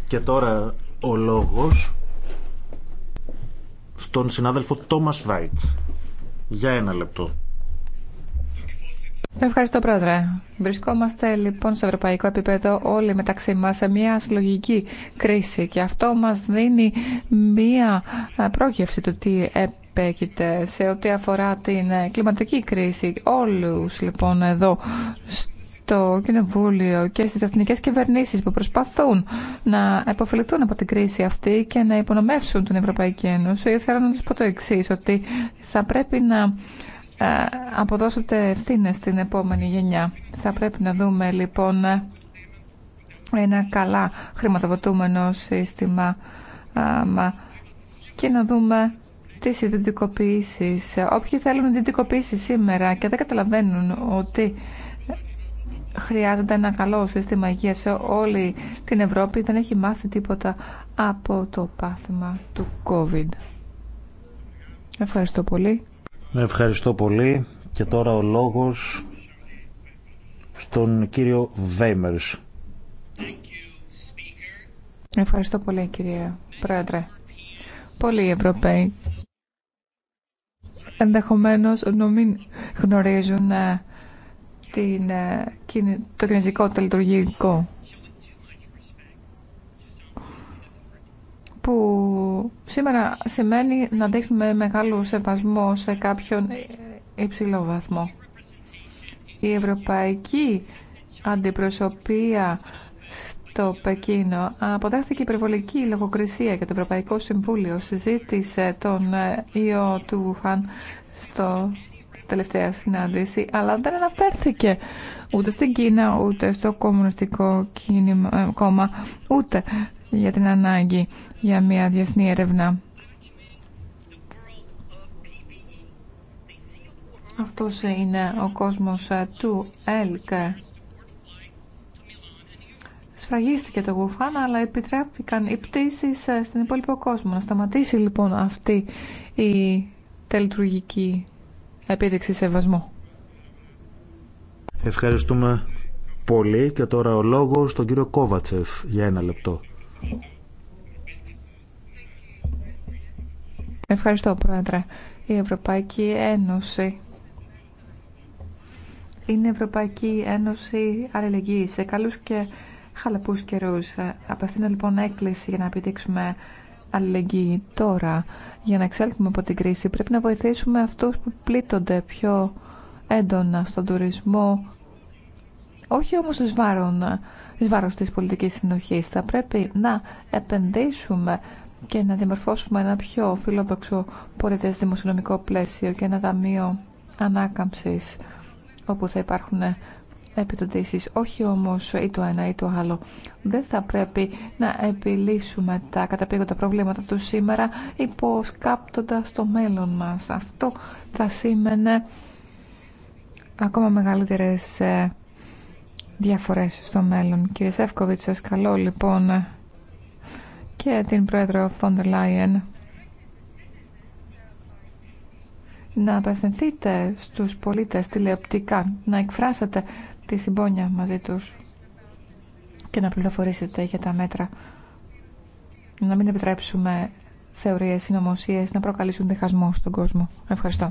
και τώρα ο λόγος στον συνάδελφο Τόμας Βάιτς. Για ένα λεπτό. Ευχαριστώ, Πρόεδρε. Βρισκόμαστε λοιπόν σε ευρωπαϊκό επίπεδο όλοι μεταξύ μας σε μια συλλογική κρίση και αυτό μας δίνει μια πρόγευση του τι επέκειται σε ό,τι αφορά την κλιματική κρίση. Όλους λοιπόν εδώ το Κοινοβούλιο και στις εθνικές κυβερνήσεις που προσπαθούν να επωφεληθούν από την κρίση αυτή και να υπονομεύσουν την Ευρωπαϊκή Ένωση, ήθελα να τους πω το εξή ότι θα πρέπει να ε, αποδώσετε ευθύνε στην επόμενη γενιά. Θα πρέπει να δούμε λοιπόν ένα καλά χρηματοδοτούμενο σύστημα και να δούμε τι ιδιωτικοποίησεις. Όποιοι θέλουν ιδιωτικοποίηση σήμερα και δεν καταλαβαίνουν ότι χρειάζεται ένα καλό σύστημα υγείας σε όλη την Ευρώπη δεν έχει μάθει τίποτα από το πάθημα του COVID. Ευχαριστώ πολύ. Ευχαριστώ πολύ και τώρα ο λόγος στον κύριο Βέιμερς. Ευχαριστώ πολύ κύριε Πρόεδρε. Πολλοί Ευρωπαίοι ενδεχομένως να μην γνωρίζουν ε, την, ε, το κινητικό τελειτουργικό που σήμερα σημαίνει να δείχνουμε μεγάλο σεβασμό σε κάποιον ε, υψηλό βαθμό. Η ευρωπαϊκή αντιπροσωπεία στο Πεκίνο αποδέχθηκε υπερβολική λογοκρισία και το Ευρωπαϊκό Συμβούλιο συζήτησε τον ε, ιό του Χαν στο τελευταία συνάντηση, αλλά δεν αναφέρθηκε ούτε στην Κίνα, ούτε στο Κομμουνιστικό ε, Κόμμα, ούτε για την ανάγκη για μια διεθνή έρευνα. Αυτός είναι ο κόσμος ε, του ΕΛΚ. Σφραγίστηκε το Γουφάν, αλλά επιτρέπηκαν οι πτήσει ε, στην υπόλοιπο κόσμο. Να σταματήσει λοιπόν αυτή η τελειτουργική επίδειξη σεβασμού. Ευχαριστούμε πολύ και τώρα ο λόγος στον κύριο Κόβατσεφ για ένα λεπτό. Ευχαριστώ, Πρόεδρε. Η Ευρωπαϊκή Ένωση είναι Ευρωπαϊκή Ένωση Αλληλεγγύης σε καλούς και χαλαπούς καιρούς. Απευθύνω λοιπόν έκκληση για να επιδείξουμε αλληλεγγύη τώρα για να εξέλθουμε από την κρίση. Πρέπει να βοηθήσουμε αυτούς που πλήττονται πιο έντονα στον τουρισμό, όχι όμως τους βάρων, τις βάρος της πολιτικής συνοχής. Θα πρέπει να επενδύσουμε και να δημορφώσουμε ένα πιο φιλόδοξο πολιτές δημοσιονομικό πλαίσιο και ένα ταμείο ανάκαμψης όπου θα υπάρχουν επιδοτήσεις, όχι όμως ή το ένα ή το άλλο. Δεν θα πρέπει να επιλύσουμε τα καταπήγοντα προβλήματα του σήμερα υποσκάπτοντας το μέλλον μας. Αυτό θα σήμαινε ακόμα μεγαλύτερες ε, διαφορές στο μέλλον. Κύριε Σεύκοβιτ, σας καλώ λοιπόν και την Πρόεδρο Φόντερ Λάιεν να απευθυνθείτε στους πολίτες τηλεοπτικά, να εκφράσετε τη συμπόνια μαζί τους και να πληροφορήσετε για τα μέτρα. Να μην επιτρέψουμε θεωρίες, συνωμοσίε να προκαλήσουν διχασμό στον κόσμο. Ευχαριστώ.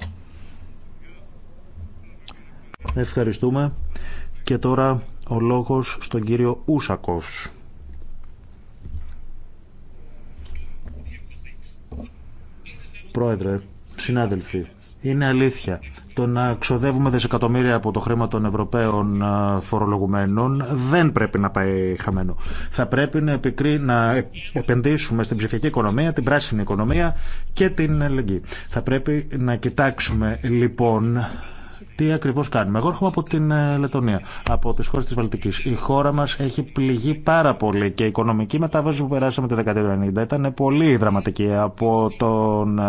Ευχαριστούμε. Και τώρα ο λόγος στον κύριο Ούσακοφ. Πρόεδρε, συνάδελφοι, είναι αλήθεια το να ξοδεύουμε δισεκατομμύρια από το χρήμα των Ευρωπαίων φορολογουμένων δεν πρέπει να πάει χαμένο. Θα πρέπει να, επικρί... να επενδύσουμε στην ψηφιακή οικονομία, την πράσινη οικονομία και την ελεγγύη. Θα πρέπει να κοιτάξουμε λοιπόν τι ακριβώ κάνουμε. Εγώ έρχομαι από την ε, Λετωνία, από τι χώρε τη Βαλτική. Η χώρα μα έχει πληγεί πάρα πολύ και η οικονομική μετάβαση που περάσαμε τη δεκαετία του 90 ήταν πολύ δραματική από τον ε,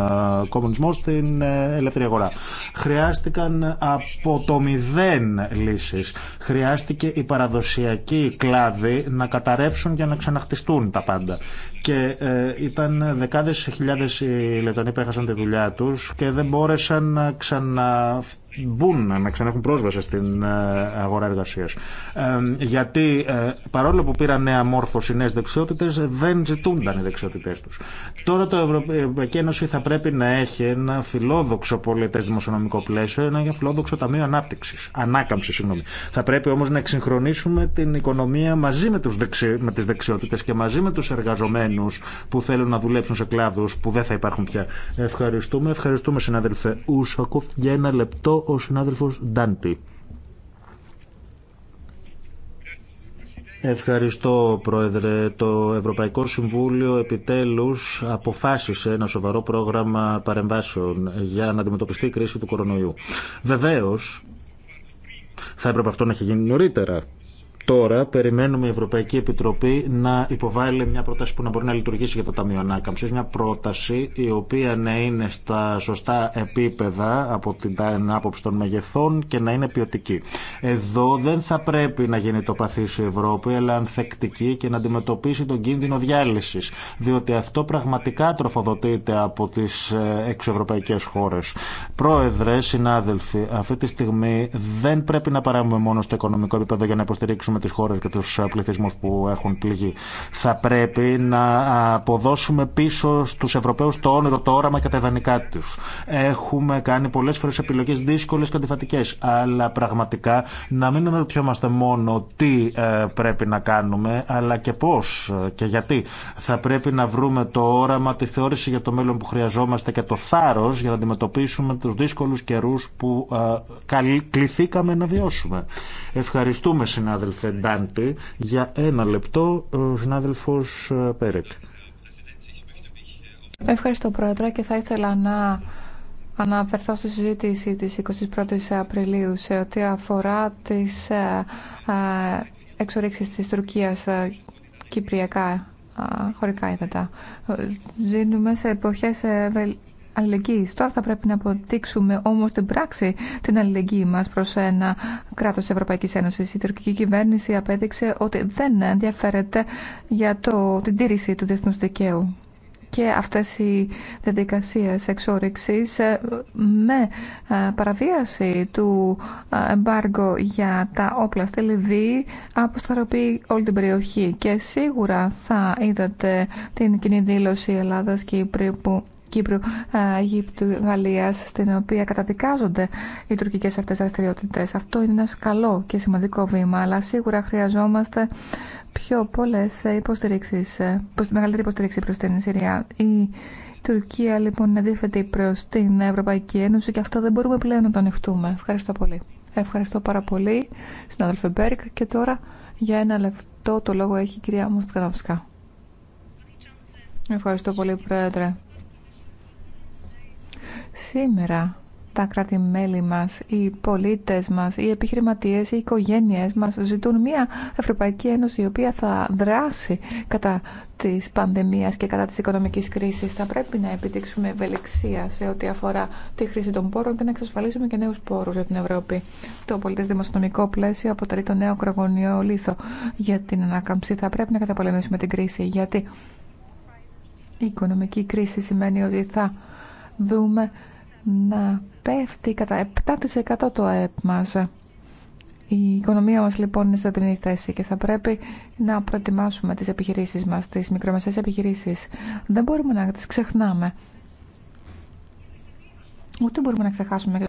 κομμουνισμό στην ε, ελεύθερη αγορά. Χρειάστηκαν από το μηδέν λύσει. Χρειάστηκε οι παραδοσιακοί κλάδοι να καταρρεύσουν για να ξαναχτιστούν τα πάντα. Και ήταν δεκάδε χιλιάδε οι Λετωνοί που έχασαν τη δουλειά του και δεν μπόρεσαν να ξαναφτιάξουν μπουν, να ξανέχουν πρόσβαση στην ε, αγορά εργασία. Ε, γιατί ε, παρόλο που πήραν νέα μόρφωση, νέε δεξιότητε, δεν ζητούνταν οι δεξιότητέ του. Τώρα το Ευρωπαϊκή Ένωση θα πρέπει να έχει ένα φιλόδοξο πολιτέ δημοσιονομικό πλαίσιο, ένα φιλόδοξο ταμείο ανάπτυξη, ανάκαμψη, συγγνώμη. Θα πρέπει όμω να εξυγχρονίσουμε την οικονομία μαζί με, δεξι... με τι δεξιότητε και μαζί με του εργαζομένου που θέλουν να δουλέψουν σε κλάδου που δεν θα υπάρχουν πια. Ευχαριστούμε, ευχαριστούμε συνάδελφε Ούσακοφ για ένα λεπτό ο συνάδελφος Ντάντι. Ευχαριστώ, Πρόεδρε. Το Ευρωπαϊκό Συμβούλιο επιτέλους αποφάσισε ένα σοβαρό πρόγραμμα παρεμβάσεων για να αντιμετωπιστεί η κρίση του κορονοϊού. Βεβαίως, θα έπρεπε αυτό να έχει γίνει νωρίτερα Τώρα περιμένουμε η Ευρωπαϊκή Επιτροπή να υποβάλει μια πρόταση που να μπορεί να λειτουργήσει για τα Ταμείο Ανάκαμψη. Μια πρόταση η οποία να είναι στα σωστά επίπεδα από την άποψη των μεγεθών και να είναι ποιοτική. Εδώ δεν θα πρέπει να γίνει το παθή η Ευρώπη, αλλά ανθεκτική και να αντιμετωπίσει τον κίνδυνο διάλυση. Διότι αυτό πραγματικά τροφοδοτείται από τι ε, εξωευρωπαϊκέ χώρε. Πρόεδρε, συνάδελφοι, αυτή τη στιγμή δεν πρέπει να παράγουμε μόνο στο οικονομικό επίπεδο για να υποστηρίξουμε με τις χώρες και τους ε, πληθυσμούς που έχουν πληγεί. Θα πρέπει να αποδώσουμε πίσω στους Ευρωπαίους το όνειρο, το όραμα και τα ιδανικά τους. Έχουμε κάνει πολλές φορές επιλογές δύσκολες και αντιφατικές, αλλά πραγματικά να μην αναρωτιόμαστε μόνο τι ε, πρέπει να κάνουμε, αλλά και πώς και γιατί. Θα πρέπει να βρούμε το όραμα, τη θεώρηση για το μέλλον που χρειαζόμαστε και το θάρρος για να αντιμετωπίσουμε τους δύσκολους καιρούς που ε, κληθήκαμε να βιώσουμε. Ευχαριστούμε συνάδελφε για ένα λεπτό, ο συνάδελφος ε, Πέρεκ. Ευχαριστώ, Πρόεδρε, και θα ήθελα να αναφερθώ στη συζήτηση της 21ης Απριλίου σε ό,τι αφορά τις ε, ε, εξορίξεις της Τουρκίας κυπριακά χωρικά είδατα. Ζήνουμε σε εποχές Τώρα θα πρέπει να αποδείξουμε όμως την πράξη την αλληλεγγύη μας προς ένα κράτος Ευρωπαϊκής Ένωσης. Η τουρκική κυβέρνηση απέδειξε ότι δεν ενδιαφέρεται για την τήρηση του διεθνούς δικαίου και αυτές οι διαδικασίε εξόριξης ε, με ε, παραβίαση του ε, εμπάργου για τα όπλα στη Λιβύη αποσταροποιεί όλη την περιοχή και σίγουρα θα είδατε την κοινή δήλωση Ελλάδας και Κύπρου Κύπρου, ε, Αιγύπτου, Γαλλία, στην οποία καταδικάζονται οι τουρκικέ αυτέ δραστηριότητε. Αυτό είναι ένα καλό και σημαντικό βήμα, αλλά σίγουρα χρειαζόμαστε πιο πολλέ ε, υποστηρίξει ε, μεγαλύτερη υποστηρίξη προ την Συρία. Η Τουρκία λοιπόν είναι αντίθετη προς την Ευρωπαϊκή Ένωση και αυτό δεν μπορούμε πλέον να το ανοιχτούμε. Ευχαριστώ πολύ. Ευχαριστώ πάρα πολύ, συνάδελφε Μπέρκ. Και τώρα για ένα λεπτό το λόγο έχει η κυρία Μουστκαναυσικά. Ευχαριστώ πολύ, Πρόεδρε. Σήμερα τα κράτη-μέλη μας, οι πολίτες μας, οι επιχειρηματίες, οι οικογένειες μας ζητούν μια Ευρωπαϊκή Ένωση η οποία θα δράσει κατά της πανδημίας και κατά της οικονομικής κρίσης. Θα πρέπει να επιτύξουμε ευελιξία σε ό,τι αφορά τη χρήση των πόρων και να εξασφαλίσουμε και νέους πόρους για την Ευρώπη. Το πολιτές δημοσιονομικό πλαίσιο αποτελεί το νέο κρογωνιό λίθο για την ανάκαμψη. Θα πρέπει να καταπολεμήσουμε την κρίση γιατί η οικονομική κρίση σημαίνει ότι θα δούμε να πέφτει κατά 7% το ΑΕΠ μας. Η οικονομία μας λοιπόν είναι τρινή θέση και θα πρέπει να προετοιμάσουμε τις επιχειρήσεις μας, τις μικρομεσαίες επιχειρήσεις. Δεν μπορούμε να τις ξεχνάμε. Ούτε μπορούμε να ξεχάσουμε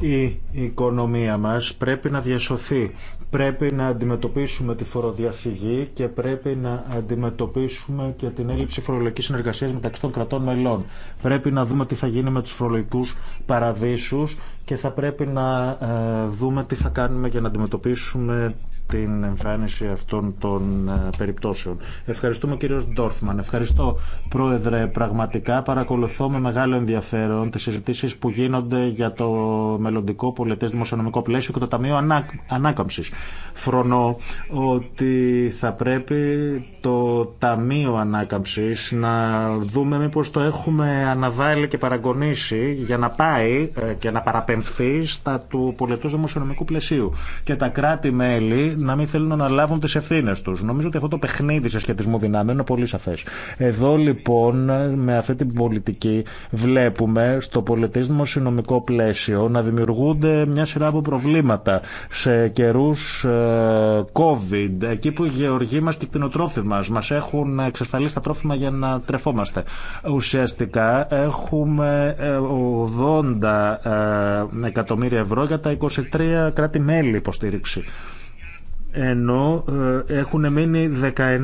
Η οικονομία μας πρέπει να διασωθεί. Πρέπει να αντιμετωπίσουμε τη φοροδιαφυγή και πρέπει να αντιμετωπίσουμε και την έλλειψη φορολογικής συνεργασίας μεταξύ των κρατών μελών. Πρέπει να δούμε τι θα γίνει με τους φορολογικούς παραδείσους και θα πρέπει να ε, δούμε τι θα κάνουμε για να αντιμετωπίσουμε την εμφάνιση αυτών των ε, περιπτώσεων. Ευχαριστούμε κύριο Ντόρφμαν. Ευχαριστώ πρόεδρε. Πραγματικά παρακολουθώ με μεγάλο ενδιαφέρον τις συζητήσεις που γίνονται για το μελλοντικό πολιτές δημοσιονομικό πλαίσιο και το Ταμείο Ανάκαμψης. Φρονώ ότι θα πρέπει το Ταμείο Ανάκαμψης να δούμε μήπως το έχουμε αναβάλει και παραγωνίσει για να πάει ε, και να παραπεμφθεί στα του πολιτού δημοσιονομικού πλαισίου. Και τα κράτη-μέλη να μην θέλουν να λάβουν τι ευθύνε του. Νομίζω ότι αυτό το παιχνίδι σε σχετισμό δυνάμεων είναι πολύ σαφέ. Εδώ λοιπόν με αυτή την πολιτική βλέπουμε στο πολιτισμό συνομικό πλαίσιο να δημιουργούνται μια σειρά από προβλήματα σε καιρού ε, COVID, εκεί που οι γεωργοί μα και οι κτηνοτρόφοι μα μας έχουν εξασφαλίσει τα τρόφιμα για να τρεφόμαστε. Ουσιαστικά έχουμε 80 ε, ε, εκατομμύρια ευρώ για τα 23 κράτη-μέλη υποστήριξη ενώ ε, έχουν μείνει 19 ε,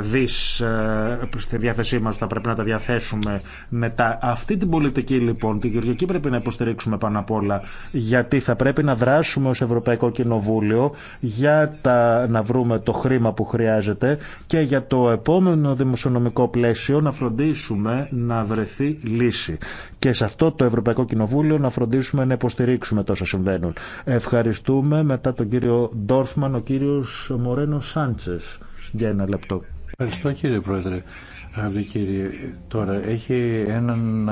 δις ε, στη διάθεσή μας θα πρέπει να τα διαθέσουμε μετά. Αυτή την πολιτική λοιπόν, την Κυριακή πρέπει να υποστηρίξουμε πάνω απ' όλα γιατί θα πρέπει να δράσουμε ως Ευρωπαϊκό Κοινοβούλιο για τα, να βρούμε το χρήμα που χρειάζεται και για το επόμενο δημοσιονομικό πλαίσιο να φροντίσουμε να βρεθεί λύση. Και σε αυτό το Ευρωπαϊκό Κοινοβούλιο να φροντίσουμε να υποστηρίξουμε τόσα συμβαίνουν. Ευχαριστούμε μετά τον κύριο Ντόρφμαν Λοιπόν ο κύριος Μορένο Σάντσες για ένα λεπτό. Ευχαριστώ κύριε Πρόεδρε. Αγαπητοί κύριοι, τώρα έχει έναν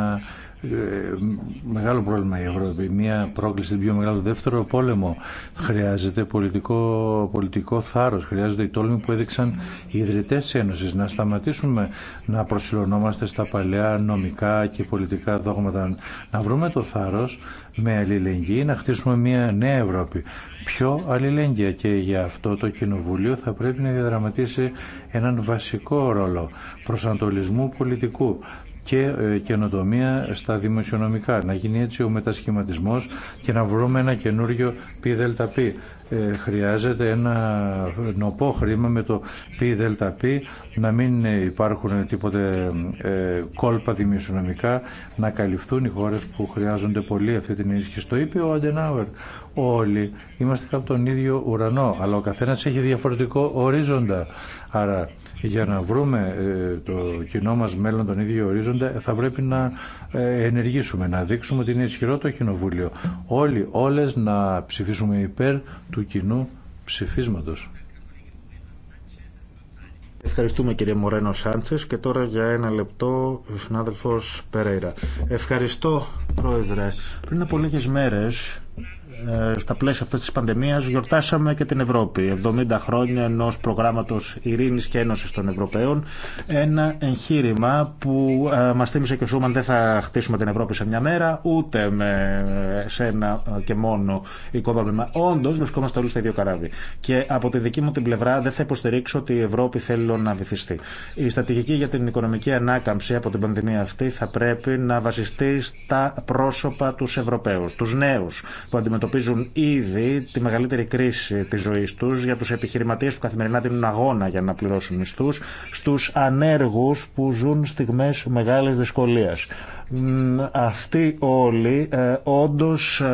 ε, μεγάλο πρόβλημα η Ευρώπη. Μία πρόκληση, πιο μεγάλο δεύτερο πόλεμο. Χρειάζεται πολιτικό, πολιτικό θάρρο. Χρειάζεται η τόλμη που έδειξαν οι ιδρυτέ Ένωση. Να σταματήσουμε να προσιλωνόμαστε στα παλαιά νομικά και πολιτικά δόγματα. Να βρούμε το θάρρο με αλληλεγγύη να χτίσουμε μια νέα Ευρώπη. Πιο αλληλέγγυα και για αυτό το Κοινοβούλιο θα πρέπει να διαδραματίσει έναν βασικό ρόλο προσανατολισμού πολιτικού και ε, καινοτομία στα δημοσιονομικά. Να γίνει έτσι ο μετασχηματισμός και να βρούμε ένα καινούριο ΠΔΠ. Ε, χρειάζεται ένα νοπό χρήμα με το ΠΔΠ, να μην υπάρχουν τίποτε ε, κόλπα δημοσιονομικά, να καλυφθούν οι χώρες που χρειάζονται πολύ αυτή την ενίσχυση. Το είπε ο Αντενάουερ. Όλοι είμαστε κάπου τον ίδιο ουρανό, αλλά ο καθένας έχει διαφορετικό ορίζοντα. Άρα για να βρούμε ε, το κοινό μας μέλλον τον ίδιο ορίζοντα θα πρέπει να ε, ενεργήσουμε, να δείξουμε ότι είναι ισχυρό το κοινοβούλιο. Όλοι, όλες να ψηφίσουμε υπέρ του κοινού ψηφίσματος. Ευχαριστούμε κύριε Μορένο Σάντσες και τώρα για ένα λεπτό ο συνάδελφος Περέιρα. Ευχαριστώ πρόεδρε. Πριν από λίγες μέρες ε, στα πλαίσια αυτής της πανδημίας γιορτάσαμε και την Ευρώπη. 70 χρόνια ενός προγράμματος ειρήνης και ένωσης των Ευρωπαίων. Ένα εγχείρημα που ε, μας θύμισε και ο Σούμαν δεν θα χτίσουμε την Ευρώπη σε μια μέρα, ούτε με, σε ένα ε, και μόνο οικοδόμημα. Όντως βρισκόμαστε όλοι στα ίδιο καράβι. Και από τη δική μου την πλευρά δεν θα υποστηρίξω ότι η Ευρώπη θέλει να βυθιστεί. Η στρατηγική για την οικονομική ανάκαμψη από την πανδημία αυτή θα πρέπει να βασιστεί στα πρόσωπα τους Ευρωπαίους, τους νέους που αντιμετωπίζουν αντιμετωπίζουν ήδη τη μεγαλύτερη κρίση τη ζωή του, για του επιχειρηματίε που καθημερινά δίνουν αγώνα για να πληρώσουν μισθού, στου ανέργου που ζουν στιγμέ μεγάλη δυσκολία αυτοί όλοι ε, όντω ε,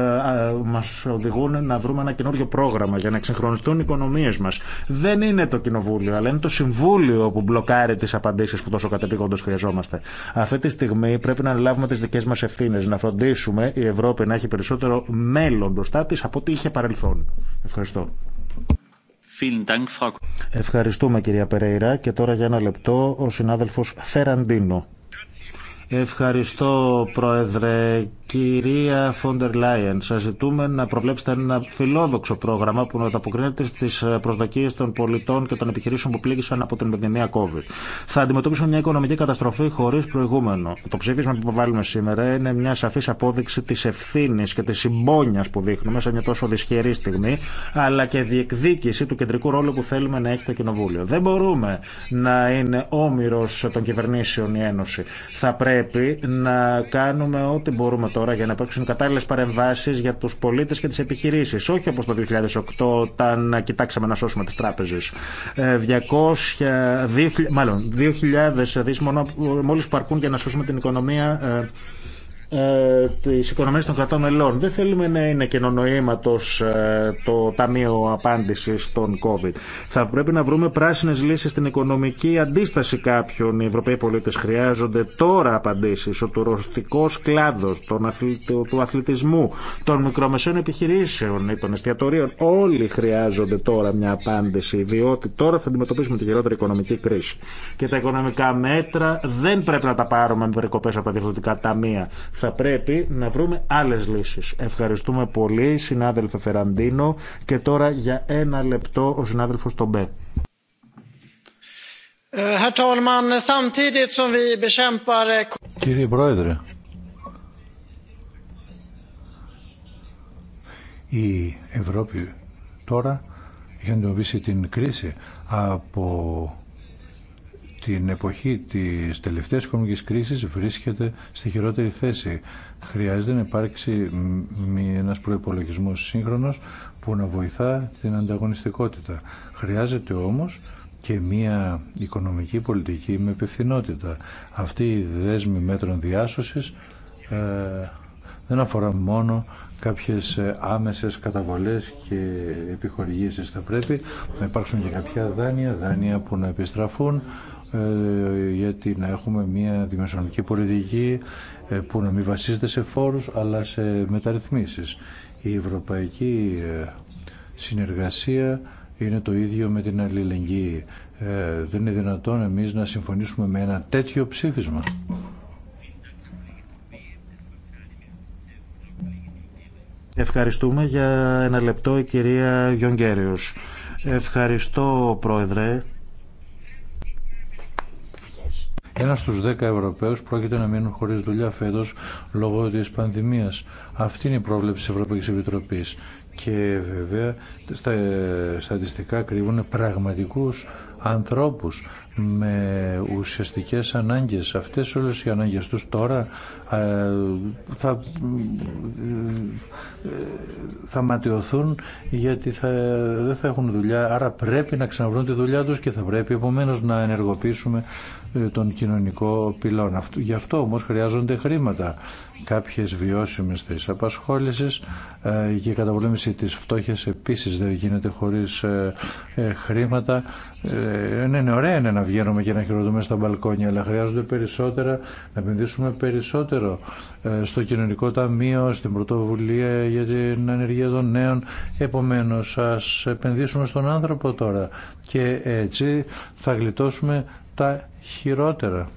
μα οδηγούν να βρούμε ένα καινούριο πρόγραμμα για να εξυγχρονιστούν οι οικονομίε μα. Δεν είναι το Κοινοβούλιο, αλλά είναι το Συμβούλιο που μπλοκάρει τι απαντήσει που τόσο κατεπηγόντω χρειαζόμαστε. Αυτή τη στιγμή πρέπει να λάβουμε τι δικέ μα ευθύνε, να φροντίσουμε η Ευρώπη να έχει περισσότερο μέλλον μπροστά τη από ό,τι είχε παρελθόν. Ευχαριστώ. Ευχαριστούμε κυρία Περέιρα και τώρα για ένα λεπτό ο συνάδελφος Φεραντίνο. Ευχαριστώ, Πρόεδρε, Κυρία Φόντερ Λάιεν, σα ζητούμε να προβλέψετε ένα φιλόδοξο πρόγραμμα που να ανταποκρίνεται στι ε, προσδοκίε των πολιτών και των επιχειρήσεων που πλήγησαν από την πανδημία COVID. Θα αντιμετωπίσουμε μια οικονομική καταστροφή χωρί προηγούμενο. Το ψήφισμα που βάλουμε σήμερα είναι μια σαφή απόδειξη τη ευθύνη και τη συμπόνια που δείχνουμε σε μια τόσο δυσχερή στιγμή, αλλά και διεκδίκηση του κεντρικού ρόλου που θέλουμε να έχει το Κοινοβούλιο. Δεν μπορούμε να είναι όμοιρο των κυβερνήσεων η Ένωση. Θα πρέπει να κάνουμε ό,τι μπορούμε τώρα για να υπάρξουν κατάλληλε παρεμβάσει για του πολίτε και τι επιχειρήσει. Όχι όπω το 2008 όταν κοιτάξαμε να σώσουμε τι τράπεζε. 200, μάλλον 2.000 δι μόλι παρκούν για να σώσουμε την οικονομία ε, ε, τις οικονομίες των κρατών μελών. Δεν θέλουμε να είναι καινονοήματο ε, το Ταμείο απάντηση στον COVID. Θα πρέπει να βρούμε πράσινε λύσει στην οικονομική αντίσταση κάποιων. Οι Ευρωπαίοι πολίτε χρειάζονται τώρα απαντήσει Ο τουριστικός κλάδο, του αθλητισμού, των μικρομεσαίων επιχειρήσεων ή των εστιατορίων. Όλοι χρειάζονται τώρα μια απάντηση, διότι τώρα θα αντιμετωπίσουμε τη χειρότερη οικονομική κρίση. Και τα οικονομικά μέτρα δεν πρέπει να τα πάρουμε με περικοπέ από τα διευθυντικά ταμεία θα πρέπει να βρούμε άλλες λύσεις. Ευχαριστούμε πολύ, συνάδελφε Φεραντίνο. Και τώρα για ένα λεπτό ο συνάδελφος Τομπέ. Ε, Κύριε Πρόεδρε, η Ευρώπη τώρα για να αντιμετωπίσει την κρίση από την εποχή της τελευταίας οικονομικής κρίσης βρίσκεται στη χειρότερη θέση. Χρειάζεται να υπάρξει ένας προϋπολογισμός σύγχρονος που να βοηθά την ανταγωνιστικότητα. Χρειάζεται όμως και μια οικονομική πολιτική με υπευθυνότητα. Αυτή η δέσμη μέτρων διάσωσης ε, δεν αφορά μόνο κάποιες ε, άμεσες καταβολές και επιχορηγήσεις θα πρέπει να υπάρξουν και κάποια δάνεια, δάνεια που να επιστραφούν ε, γιατί να έχουμε μια δημοσιονομική πολιτική ε, που να μην βασίζεται σε φόρους αλλά σε μεταρρυθμίσεις. Η ευρωπαϊκή ε, συνεργασία είναι το ίδιο με την αλληλεγγύη. Δεν είναι δυνατόν εμείς να συμφωνήσουμε με ένα τέτοιο ψήφισμα. Ευχαριστούμε για ένα λεπτό η κυρία Γιονγκέριος. Ευχαριστώ πρόεδρε. Ένα στου δέκα Ευρωπαίου πρόκειται να μείνουν χωρίς δουλειά φέτος λόγω της πανδημίας. Αυτή είναι η πρόβλεψη τη Ευρωπαϊκή Επιτροπή. Και βέβαια ε, στατιστικά κρύβουν πραγματικούς ανθρώπους με ουσιαστικές ανάγκες. Αυτές όλες οι ανάγκες τους τώρα ε, θα, ε, θα γιατί θα, δεν θα έχουν δουλειά. Άρα πρέπει να ξαναβρούν τη δουλειά τους και θα πρέπει επομένως να ενεργοποιήσουμε ε, τον κοινωνικό πυλόν. Γι' αυτό όμως χρειάζονται χρήματα κάποιες βιώσιμες της απασχόλησης ε, και η καταπολέμηση της φτώχειας επίσης δεν γίνεται χωρίς ε, ε, χρήματα. Ναι, είναι ωραία είναι να βγαίνουμε και να χειροδούμε στα μπαλκόνια, αλλά χρειάζονται περισσότερα, να επενδύσουμε περισσότερο στο κοινωνικό ταμείο, στην πρωτοβουλία για την ανεργία των νέων. Επομένως, ας επενδύσουμε στον άνθρωπο τώρα και έτσι θα γλιτώσουμε τα χειρότερα.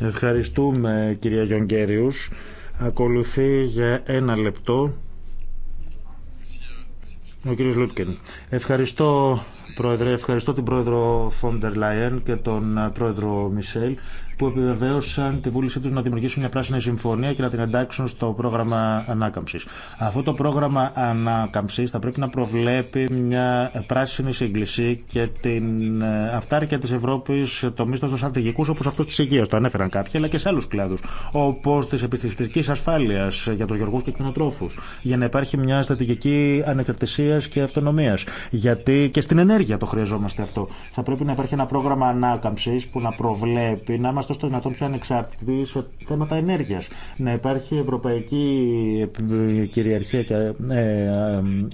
Ευχαριστούμε κυρία Γιονγκέριους. Ακολουθεί για ένα λεπτό ο κύριος Λούτκεν. Ευχαριστώ Πρόεδρε, ευχαριστώ την Πρόεδρο Φόντερ Λάιεν και τον Πρόεδρο Μισελ που επιβεβαίωσαν τη βούλησή του να δημιουργήσουν μια πράσινη συμφωνία και να την εντάξουν στο πρόγραμμα ανάκαμψη. Αυτό το πρόγραμμα ανάκαμψη θα πρέπει να προβλέπει μια πράσινη σύγκληση και την ε, αυτάρκεια τη Ευρώπη τομεί τόσο στρατηγικού όπω αυτό τη υγεία. Το ανέφεραν κάποιοι, αλλά και σε άλλου κλάδου. Όπω τη επιστημιστική ασφάλεια για του γεωργού και κτηνοτρόφου. Για να υπάρχει μια στρατηγική ανεξαρτησία και αυτονομία. Γιατί και στην ενέργεια το χρειαζόμαστε αυτό. Θα πρέπει να υπάρχει ένα πρόγραμμα ανάκαμψη που να προβλέπει να είμαστε στο το δυνατόν πιο ανεξάρτητη σε θέματα ενέργεια. Να υπάρχει ευρωπαϊκή ε, κυριαρχία και ε,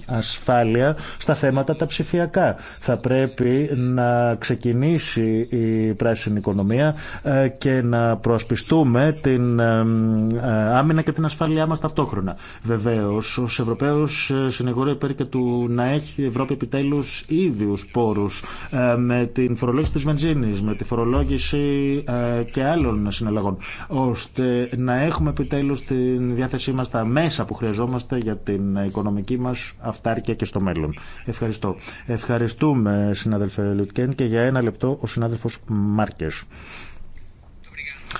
ασφάλεια στα θέματα τα ψηφιακά. Θα πρέπει να ξεκινήσει η πράσινη οικονομία ε, και να προασπιστούμε την άμυνα και την ασφάλειά μα ταυτόχρονα. Βεβαίω, ω Ευρωπαίο συνηγορεί υπέρ και του να έχει η Ευρώπη επιτέλου ίδιου πόρου με την φορολόγηση τη βενζίνη, με τη φορολόγηση και άλλων συναλλαγών, ώστε να έχουμε επιτέλους τη διάθεσή μας τα μέσα που χρειαζόμαστε για την οικονομική μας αυτάρκεια και στο μέλλον. Ευχαριστώ. Ευχαριστούμε συνάδελφε Λουτκέν και για ένα λεπτό ο συνάδελφος Μάρκες.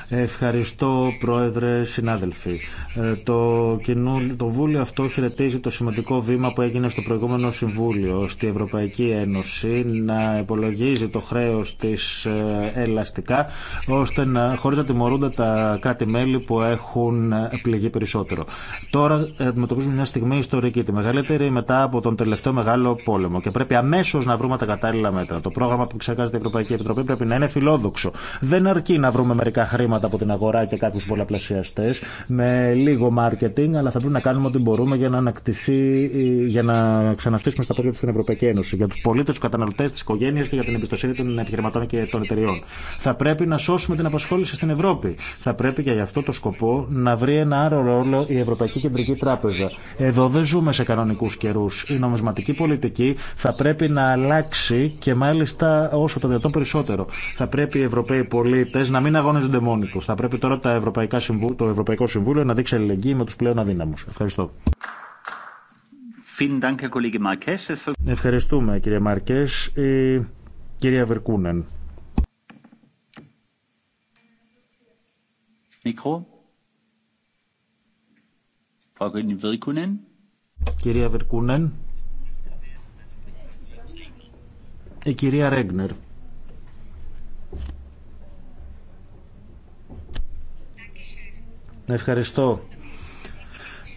Ευχαριστώ, Πρόεδρε, συνάδελφοι. Ε, το, Βούλιο αυτό χαιρετίζει το σημαντικό βήμα που έγινε στο προηγούμενο Συμβούλιο, στη Ευρωπαϊκή Ένωση να υπολογίζει το χρέο τη ε, ελαστικά, ώστε να, χωρίς να τιμωρούνται τα κράτη-μέλη που έχουν ε, πληγεί περισσότερο. Τώρα αντιμετωπίζουμε μια στιγμή ιστορική, τη μεγαλύτερη μετά από τον τελευταίο μεγάλο πόλεμο και πρέπει αμέσω να βρούμε τα κατάλληλα μέτρα. Το πρόγραμμα που ξεκάζεται η Ευρωπαϊκή Επιτροπή πρέπει να είναι φιλόδοξο. Δεν αρκεί να βρούμε μερικά χρήματα από την αγορά και κάποιου πολλαπλασιαστέ, με λίγο marketing, αλλά θα πρέπει να κάνουμε ό,τι μπορούμε για να ανακτηθεί, για να ξαναστήσουμε στα πόδια στην Ευρωπαϊκή Ένωση. Για του πολίτε, του καταναλωτέ, τι οικογένειε και για την εμπιστοσύνη των επιχειρηματών και των εταιριών. Θα πρέπει να σώσουμε την απασχόληση στην Ευρώπη. Θα πρέπει και γι' αυτό το σκοπό να βρει ένα άλλο ρόλο η Ευρωπαϊκή Κεντρική Τράπεζα. Εδώ δεν ζούμε σε κανονικού καιρού. Η νομισματική πολιτική θα πρέπει να αλλάξει και μάλιστα όσο το δυνατόν περισσότερο. Θα πρέπει οι Ευρωπαίοι πολίτε να μην αγωνίζονται θα πρέπει τώρα τα Ευρωπαϊκά Συμβου... το Ευρωπαϊκό Συμβούλιο να δείξει αλληλεγγύη με του πλέον αδύναμου. Ευχαριστώ. Ευχαριστούμε κύριε Μαρκέ. κυρία Βερκούνεν. Κυρία Βερκούνεν. Η κυρία Ρέγνερ. Ευχαριστώ.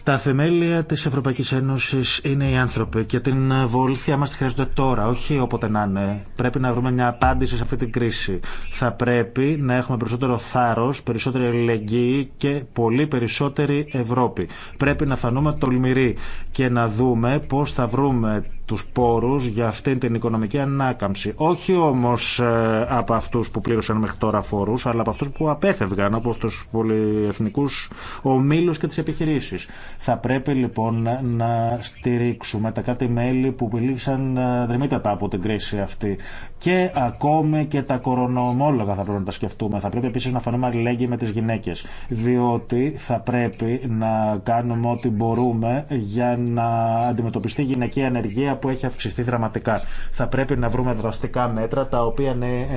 Τα θεμέλια τη Ευρωπαϊκή Ένωση είναι οι άνθρωποι και την βοήθεια μα τη χρειάζονται τώρα, όχι όποτε να είναι. Πρέπει να βρούμε μια απάντηση σε αυτή την κρίση. Θα πρέπει να έχουμε περισσότερο θάρρο, περισσότερη ελεγγύη και πολύ περισσότερη Ευρώπη. Πρέπει να φανούμε τολμηροί και να δούμε πώ θα βρούμε τους πόρους για αυτήν την οικονομική ανάκαμψη. Όχι όμως ε, από αυτούς που πλήρωσαν μέχρι τώρα φόρους, αλλά από αυτούς που απέφευγαν, όπως τους πολυεθνικούς ομίλους και τις επιχειρήσεις. Θα πρέπει λοιπόν να στηρίξουμε τα κάτι μέλη που πηλήξαν ε, δρυμύτατα από την κρίση αυτή και ακόμη και τα κορονομόλογα θα πρέπει να τα σκεφτούμε. Θα πρέπει επίση να φανούμε αλληλέγγυοι με τι γυναίκε. Διότι θα πρέπει να κάνουμε ό,τι μπορούμε για να αντιμετωπιστεί η γυναική ανεργία που έχει αυξηθεί δραματικά. Θα πρέπει να βρούμε δραστικά μέτρα τα οποία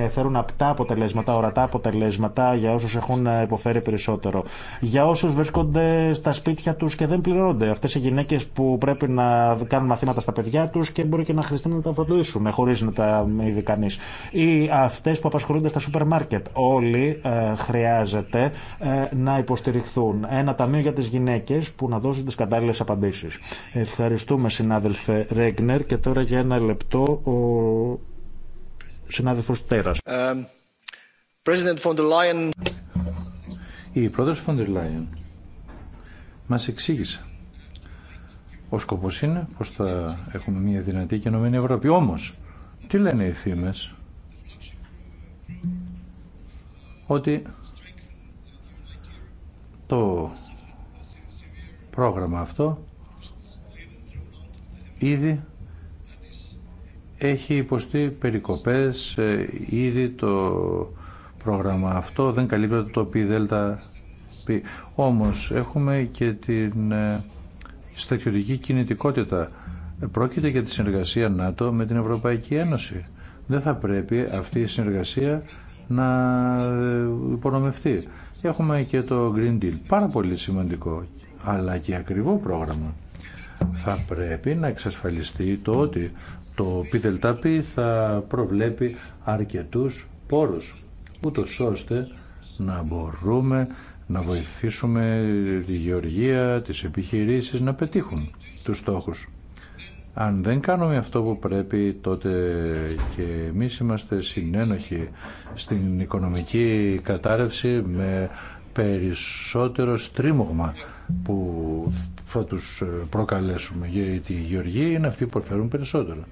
φέρουν απτά αποτελέσματα, ορατά αποτελέσματα για όσου έχουν υποφέρει περισσότερο. Για όσου βρίσκονται στα σπίτια του και δεν πληρώνονται. Αυτέ οι γυναίκε που πρέπει να κάνουν μαθήματα στα παιδιά του και μπορεί και να χρειαστεί να τα φροντίσουμε χωρί να τα ειδικά κανεί. Ή αυτέ που απασχολούνται στα σούπερ μάρκετ. Όλοι ε, χρειάζεται ε, να υποστηριχθούν. Ένα ταμείο για τι γυναίκε που να δώσουν τι κατάλληλε απαντήσει. Ευχαριστούμε, συνάδελφε Ρέγνερ. Και τώρα για ένα λεπτό ο συνάδελφο Τέρα. Um, Η πρόεδρος Φοντερ Λάιον μας εξήγησε ο σκοπός είναι πως θα έχουμε μια δυνατή και ενωμένη Ευρώπη. Όμως, τι λένε οι φήμες. Ότι το πρόγραμμα αυτό ήδη έχει υποστεί περικοπές, ε, ήδη το πρόγραμμα αυτό δεν καλύπτει το πι δέλτα πι. Όμως έχουμε και την ε, στρατιωτική κινητικότητα πρόκειται για τη συνεργασία ΝΑΤΟ με την Ευρωπαϊκή Ένωση. Δεν θα πρέπει αυτή η συνεργασία να υπονομευτεί. Έχουμε και το Green Deal, πάρα πολύ σημαντικό, αλλά και ακριβό πρόγραμμα. Θα πρέπει να εξασφαλιστεί το ότι το ΠΔΠ θα προβλέπει αρκετούς πόρους, ούτω ώστε να μπορούμε να βοηθήσουμε τη γεωργία, τις επιχειρήσεις να πετύχουν τους στόχους. Αν δεν κάνουμε αυτό που πρέπει, τότε και εμείς είμαστε συνένοχοι στην οικονομική κατάρρευση με περισσότερο στρίμωγμα που θα τους προκαλέσουμε, γιατί οι γεωργοί είναι αυτοί που φέρουν περισσότερο.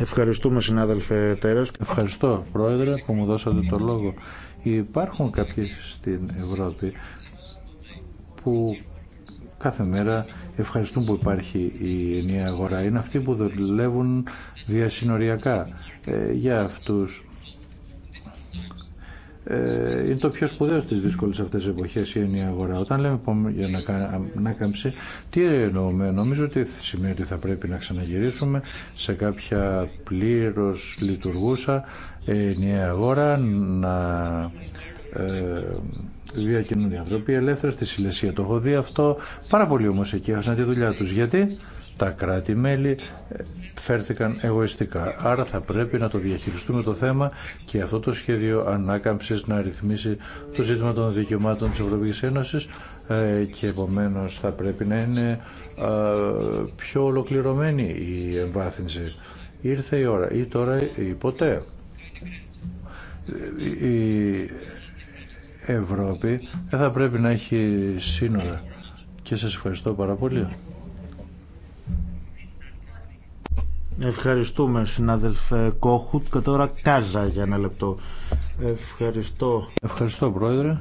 Ευχαριστούμε συνάδελφε Τέρας. Ευχαριστώ πρόεδρε που μου δώσατε το λόγο. Υπάρχουν κάποιοι στην Ευρώπη που κάθε μέρα ευχαριστούν που υπάρχει η ενιαία αγορά. Είναι αυτοί που δουλεύουν διασυνοριακά. Ε, για αυτούς ε, είναι το πιο σπουδαίο στις δύσκολες αυτές τις εποχές η ενιαία αγορά. Όταν λέμε για να, κάμψει, τι εννοούμε. Νομίζω ότι σημαίνει ότι θα πρέπει να ξαναγυρίσουμε σε κάποια πλήρως λειτουργούσα ενιαία αγορά, να Βία ε, οι Ανθρωπή ελεύθερα στη Σιλεσία. Το έχω δει αυτό. Πάρα πολύ όμω εκεί έχασαν τη δουλειά του. Γιατί τα κράτη-μέλη ε, φέρθηκαν εγωιστικά. Άρα θα πρέπει να το διαχειριστούμε το θέμα και αυτό το σχέδιο ανάκαμψη να ρυθμίσει το ζήτημα των δικαιωμάτων τη Ευρωπαϊκή Ένωση ε, και επομένω θα πρέπει να είναι πιο ολοκληρωμένη η εμβάθυνση. Ήρθε η ώρα ή τώρα ή ποτέ. η τωρα η ποτε Ευρώπη δεν θα πρέπει να έχει σύνορα. Και σας ευχαριστώ πάρα πολύ. Ευχαριστούμε συνάδελφε Κόχουτ και τώρα Κάζα για ένα λεπτό. Ευχαριστώ. Ευχαριστώ πρόεδρε.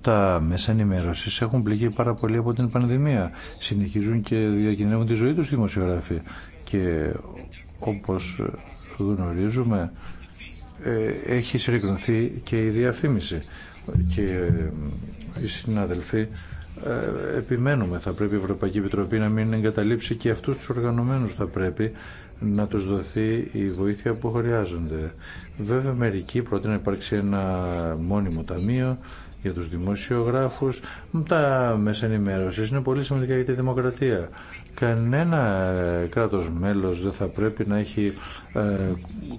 Τα μέσα ενημέρωση έχουν πληγεί πάρα πολύ από την πανδημία. Συνεχίζουν και διακινδυνεύουν τη ζωή του δημοσιογράφοι. Και όπως που γνωρίζουμε ε, έχει συρρυκνωθεί και η διαφήμιση και ε, οι συναδελφοί ε, επιμένουμε θα πρέπει η Ευρωπαϊκή Επιτροπή να μην εγκαταλείψει και αυτούς τους οργανωμένους θα πρέπει να τους δοθεί η βοήθεια που χρειάζονται. Βέβαια μερικοί προτείνουν να υπάρξει ένα μόνιμο ταμείο για τους δημοσιογράφους. Τα μέσα ενημέρωση είναι πολύ σημαντικά για τη δημοκρατία κανένα κράτος μέλος δεν θα πρέπει να έχει ε,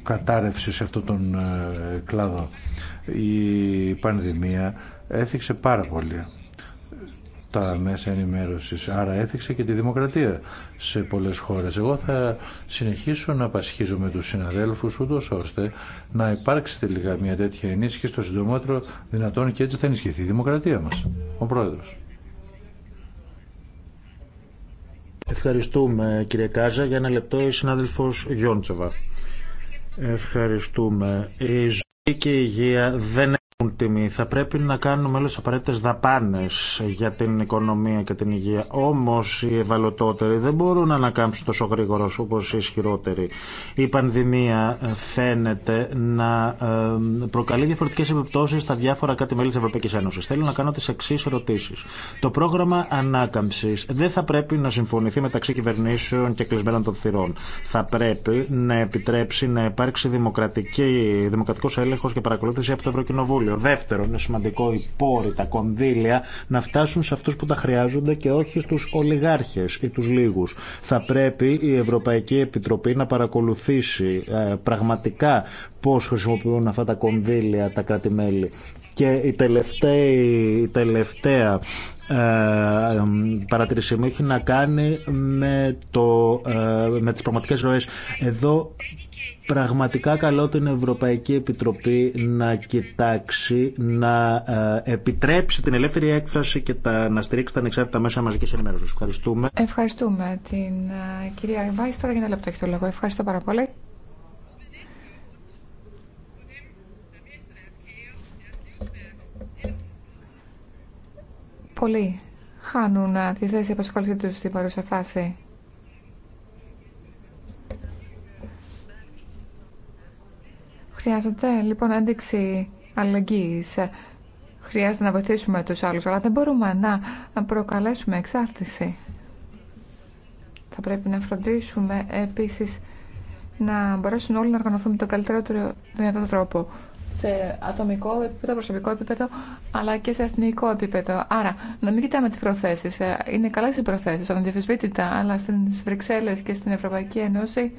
κατάρρευση σε αυτόν τον ε, κλάδο. Η πανδημία έθιξε πάρα πολύ τα μέσα ενημέρωσης, άρα έθιξε και τη δημοκρατία σε πολλές χώρες. Εγώ θα συνεχίσω να πασχίζω με τους συναδέλφους ούτως ώστε να υπάρξει τελικά μια τέτοια ενίσχυση στο συντομότερο δυνατόν και έτσι θα ενισχυθεί η δημοκρατία μας. Ο Πρόεδρος. Ευχαριστούμε κύριε Κάζα. Για ένα λεπτό η συνάδελφος Γιόντσεβα. Ευχαριστούμε. Η ζωή και η υγεία δεν τιμή. Θα πρέπει να κάνουμε όλε τι απαραίτητε δαπάνε για την οικονομία και την υγεία. Όμω οι ευαλωτότεροι δεν μπορούν να ανακάμψουν τόσο γρήγορα όπω οι ισχυρότεροι. Η πανδημία φαίνεται να ε, προκαλεί διαφορετικέ επιπτώσει στα διάφορα κάτι μέλη τη Ευρωπαϊκή Ένωση. Θέλω να κάνω τι εξή ερωτήσει. Το πρόγραμμα ανάκαμψη δεν θα πρέπει να συμφωνηθεί μεταξύ κυβερνήσεων και κλεισμένων των θυρών. Θα πρέπει να επιτρέψει να υπάρξει δημοκρατικό έλεγχο και παρακολούθηση από το Ευρωκοινοβούλιο. Δεύτερον, είναι σημαντικό οι πόροι, τα κονδύλια να φτάσουν σε αυτού που τα χρειάζονται και όχι στου ολιγάρχε ή του λίγου. Θα πρέπει η Ευρωπαϊκή Επιτροπή να παρακολουθήσει ε, πραγματικά πώ χρησιμοποιούν αυτά τα κονδύλια τα κράτη-μέλη. Και η τελευταία, ε, παρατηρήση μου έχει να κάνει με, το, ε, με τις πραγματικές ροές. Εδώ πραγματικά καλό την Ευρωπαϊκή Επιτροπή να κοιτάξει, να ε, επιτρέψει την ελεύθερη έκφραση και τα, να στηρίξει τα ανεξάρτητα μέσα μαζική ενημέρωση. Ευχαριστούμε. Ευχαριστούμε την ε, κυρία Βάη. Τώρα για ένα λεπτό έχει το λόγο. Ευχαριστώ πάρα πολύ. Πολλοί χάνουν ε, τη θέση απασχόλησή του στην παρούσα φάση. Χρειάζεται λοιπόν ένδειξη αλληλεγγύης. Χρειάζεται να βοηθήσουμε τους άλλους, αλλά δεν μπορούμε να προκαλέσουμε εξάρτηση. Θα πρέπει να φροντίσουμε επίσης να μπορέσουν όλοι να οργανωθούν με τον καλύτερο δυνατό τρόπο σε ατομικό επίπεδο, προσωπικό επίπεδο, αλλά και σε εθνικό επίπεδο. Άρα, να μην κοιτάμε τι προθέσει. Ε, είναι καλέ οι προθέσει, αναδιαφεσβήτητα, αλλά στι Βρυξέλλε και στην Ευρωπαϊκή Ένωση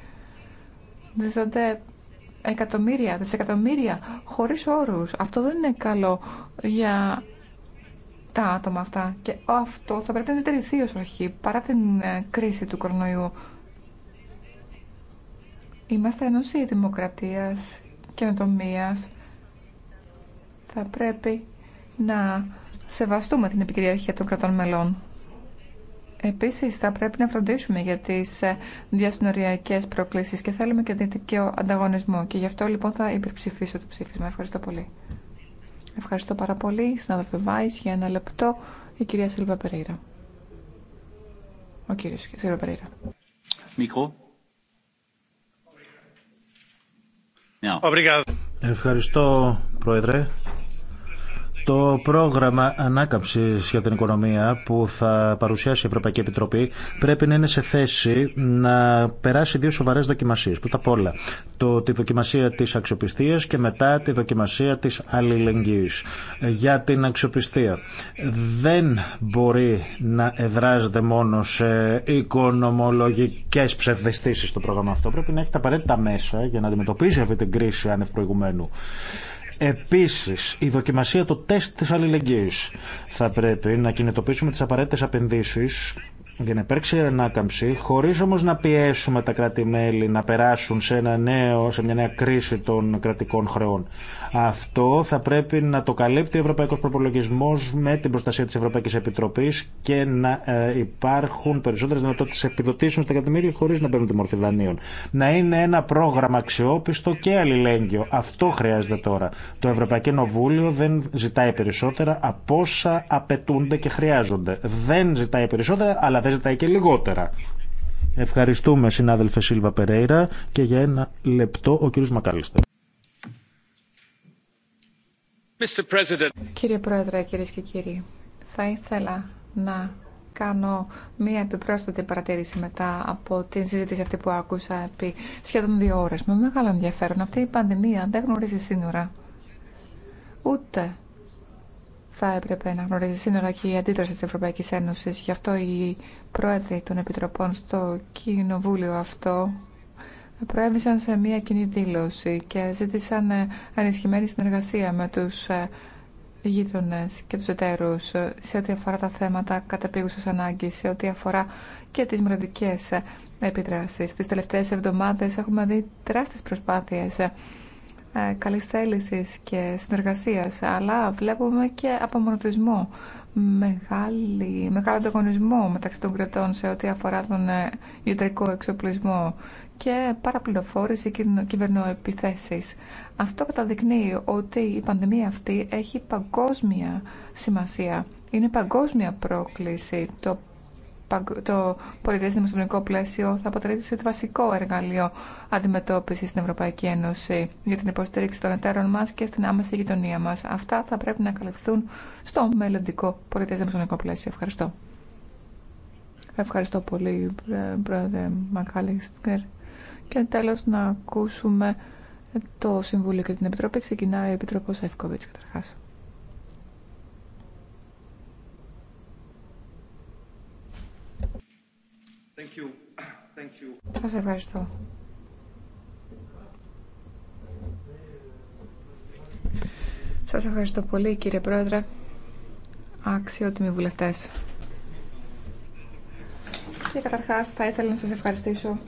δίζονται εκατομμύρια, δισεκατομμύρια, χωρίς όρους. Αυτό δεν είναι καλό για τα άτομα αυτά. Και αυτό θα πρέπει να διτερηθεί ως αρχή, παρά την ε, κρίση του κορονοϊού. Είμαστε ενωσία δημοκρατίας, καινοτομίας. Θα πρέπει να σεβαστούμε την επικυριαρχία των κρατών μελών. Επίσης θα πρέπει να φροντίσουμε για τις ε, διασυνοριακές προκλήσεις και θέλουμε και δυτικό ανταγωνισμό και γι' αυτό λοιπόν θα υπερψηφίσω το ψήφισμα. Ευχαριστώ πολύ. Ευχαριστώ πάρα πολύ. Συνάδελφε Βάης για ένα λεπτό η κυρία Σίλβα Περίρα. Ο κύριος Σίλβα Περίρα. Μικρό. Ευχαριστώ, Πρόεδρε. Το πρόγραμμα ανάκαμψη για την οικονομία που θα παρουσιάσει η Ευρωπαϊκή Επιτροπή πρέπει να είναι σε θέση να περάσει δύο σοβαρέ δοκιμασίε. Πρώτα απ' όλα, το, τη δοκιμασία τη αξιοπιστία και μετά τη δοκιμασία τη αλληλεγγύη. Για την αξιοπιστία. Δεν μπορεί να εδράζεται μόνο σε οικονομολογικέ ψευδεστήσει το πρόγραμμα αυτό. Πρέπει να έχει τα απαραίτητα μέσα για να αντιμετωπίσει αυτή την κρίση ανευπροηγουμένου. Επίσης, η δοκιμασία του τεστ τη αλληλεγγύη Θα πρέπει να κινητοποιήσουμε τις απαραίτητες απενδύσει για να υπάρξει ανάκαμψη, χωρίς όμως να πιέσουμε τα κράτη-μέλη να περάσουν σε, ένα νέο, σε μια νέα κρίση των κρατικών χρεών. Αυτό θα πρέπει να το καλύπτει ο Ευρωπαϊκός Προπολογισμός με την προστασία της Ευρωπαϊκής Επιτροπής και να ε, υπάρχουν περισσότερες δυνατότητες επιδοτήσεων στα κρατη χωρίς να παίρνουν τη μορφή δανείων. Να είναι ένα πρόγραμμα αξιόπιστο και αλληλέγγυο. Αυτό χρειάζεται τώρα. Το Ευρωπαϊκό Κοινοβούλιο δεν ζητάει περισσότερα από όσα απαιτούνται και χρειάζονται. Δεν ζητάει περισσότερα, αλλά δεν ζητάει και λιγότερα. Ευχαριστούμε συνάδελφε Σίλβα Περέιρα και για ένα λεπτό ο κύριος Μακάλιστερ. Κύριε Πρόεδρε, κυρίε και κύριοι, θα ήθελα να κάνω μία επιπρόσθετη παρατήρηση μετά από την συζήτηση αυτή που άκουσα επί σχεδόν δύο ώρες. Με μεγάλο ενδιαφέρον αυτή η πανδημία δεν γνωρίζει σύνορα. Ούτε θα έπρεπε να γνωρίζει σύνορα και η αντίδραση της Ευρωπαϊκής Ένωση Γι' αυτό πρόεδροι των Επιτροπών στο κοινοβούλιο αυτό προέβησαν σε μια κοινή δήλωση και ζήτησαν ε, ενισχυμένη συνεργασία με τους ε, γείτονε και τους εταίρους σε ό,τι αφορά τα θέματα καταπήγουσας ανάγκης, σε ό,τι αφορά και τις μοναδικές ε, επιδράσεις. Τις τελευταίες εβδομάδες έχουμε δει τεράστιες προσπάθειες καλής θέλησης και συνεργασίας, αλλά βλέπουμε και απομονωτισμό μεγάλη, μεγάλο ανταγωνισμό μεταξύ των κρατών σε ό,τι αφορά τον ε, ιατρικό εξοπλισμό και παραπληροφόρηση και κυβερνοεπιθέσεις. Αυτό καταδεικνύει ότι η πανδημία αυτή έχει παγκόσμια σημασία. Είναι παγκόσμια πρόκληση. Το το πολιτές δημοσιονομικό πλαίσιο θα αποτελεί το βασικό εργαλείο αντιμετώπιση στην Ευρωπαϊκή Ένωση για την υποστήριξη των εταίρων μα και στην άμεση γειτονία μα. Αυτά θα πρέπει να καλυφθούν στο μελλοντικό πολιτές δημοσιονομικό πλαίσιο. Ευχαριστώ. Ευχαριστώ πολύ, πρόεδρε Μακάλιστερ. Και τέλος να ακούσουμε το Συμβούλιο και την Επιτροπή. Ξεκινάει ο Επιτροπός Εύκοβιτς καταρχάς. Σας ευχαριστώ. Σας ευχαριστώ πολύ κύριε Πρόεδρε, αξιότιμοι βουλευτές. Και καταρχάς θα ήθελα να σας ευχαριστήσω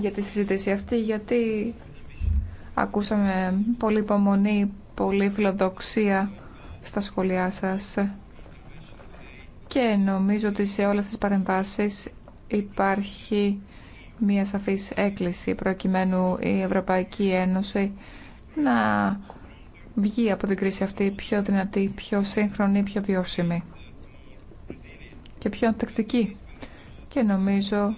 για τη συζήτηση αυτή, γιατί ακούσαμε πολύ υπομονή, πολύ φιλοδοξία στα σχολεία σας. Και νομίζω ότι σε όλες τις παρεμβάσεις υπάρχει μια σαφής έκκληση προκειμένου η Ευρωπαϊκή Ένωση να βγει από την κρίση αυτή πιο δυνατή, πιο σύγχρονη, πιο βιώσιμη και πιο αντακτική. Και νομίζω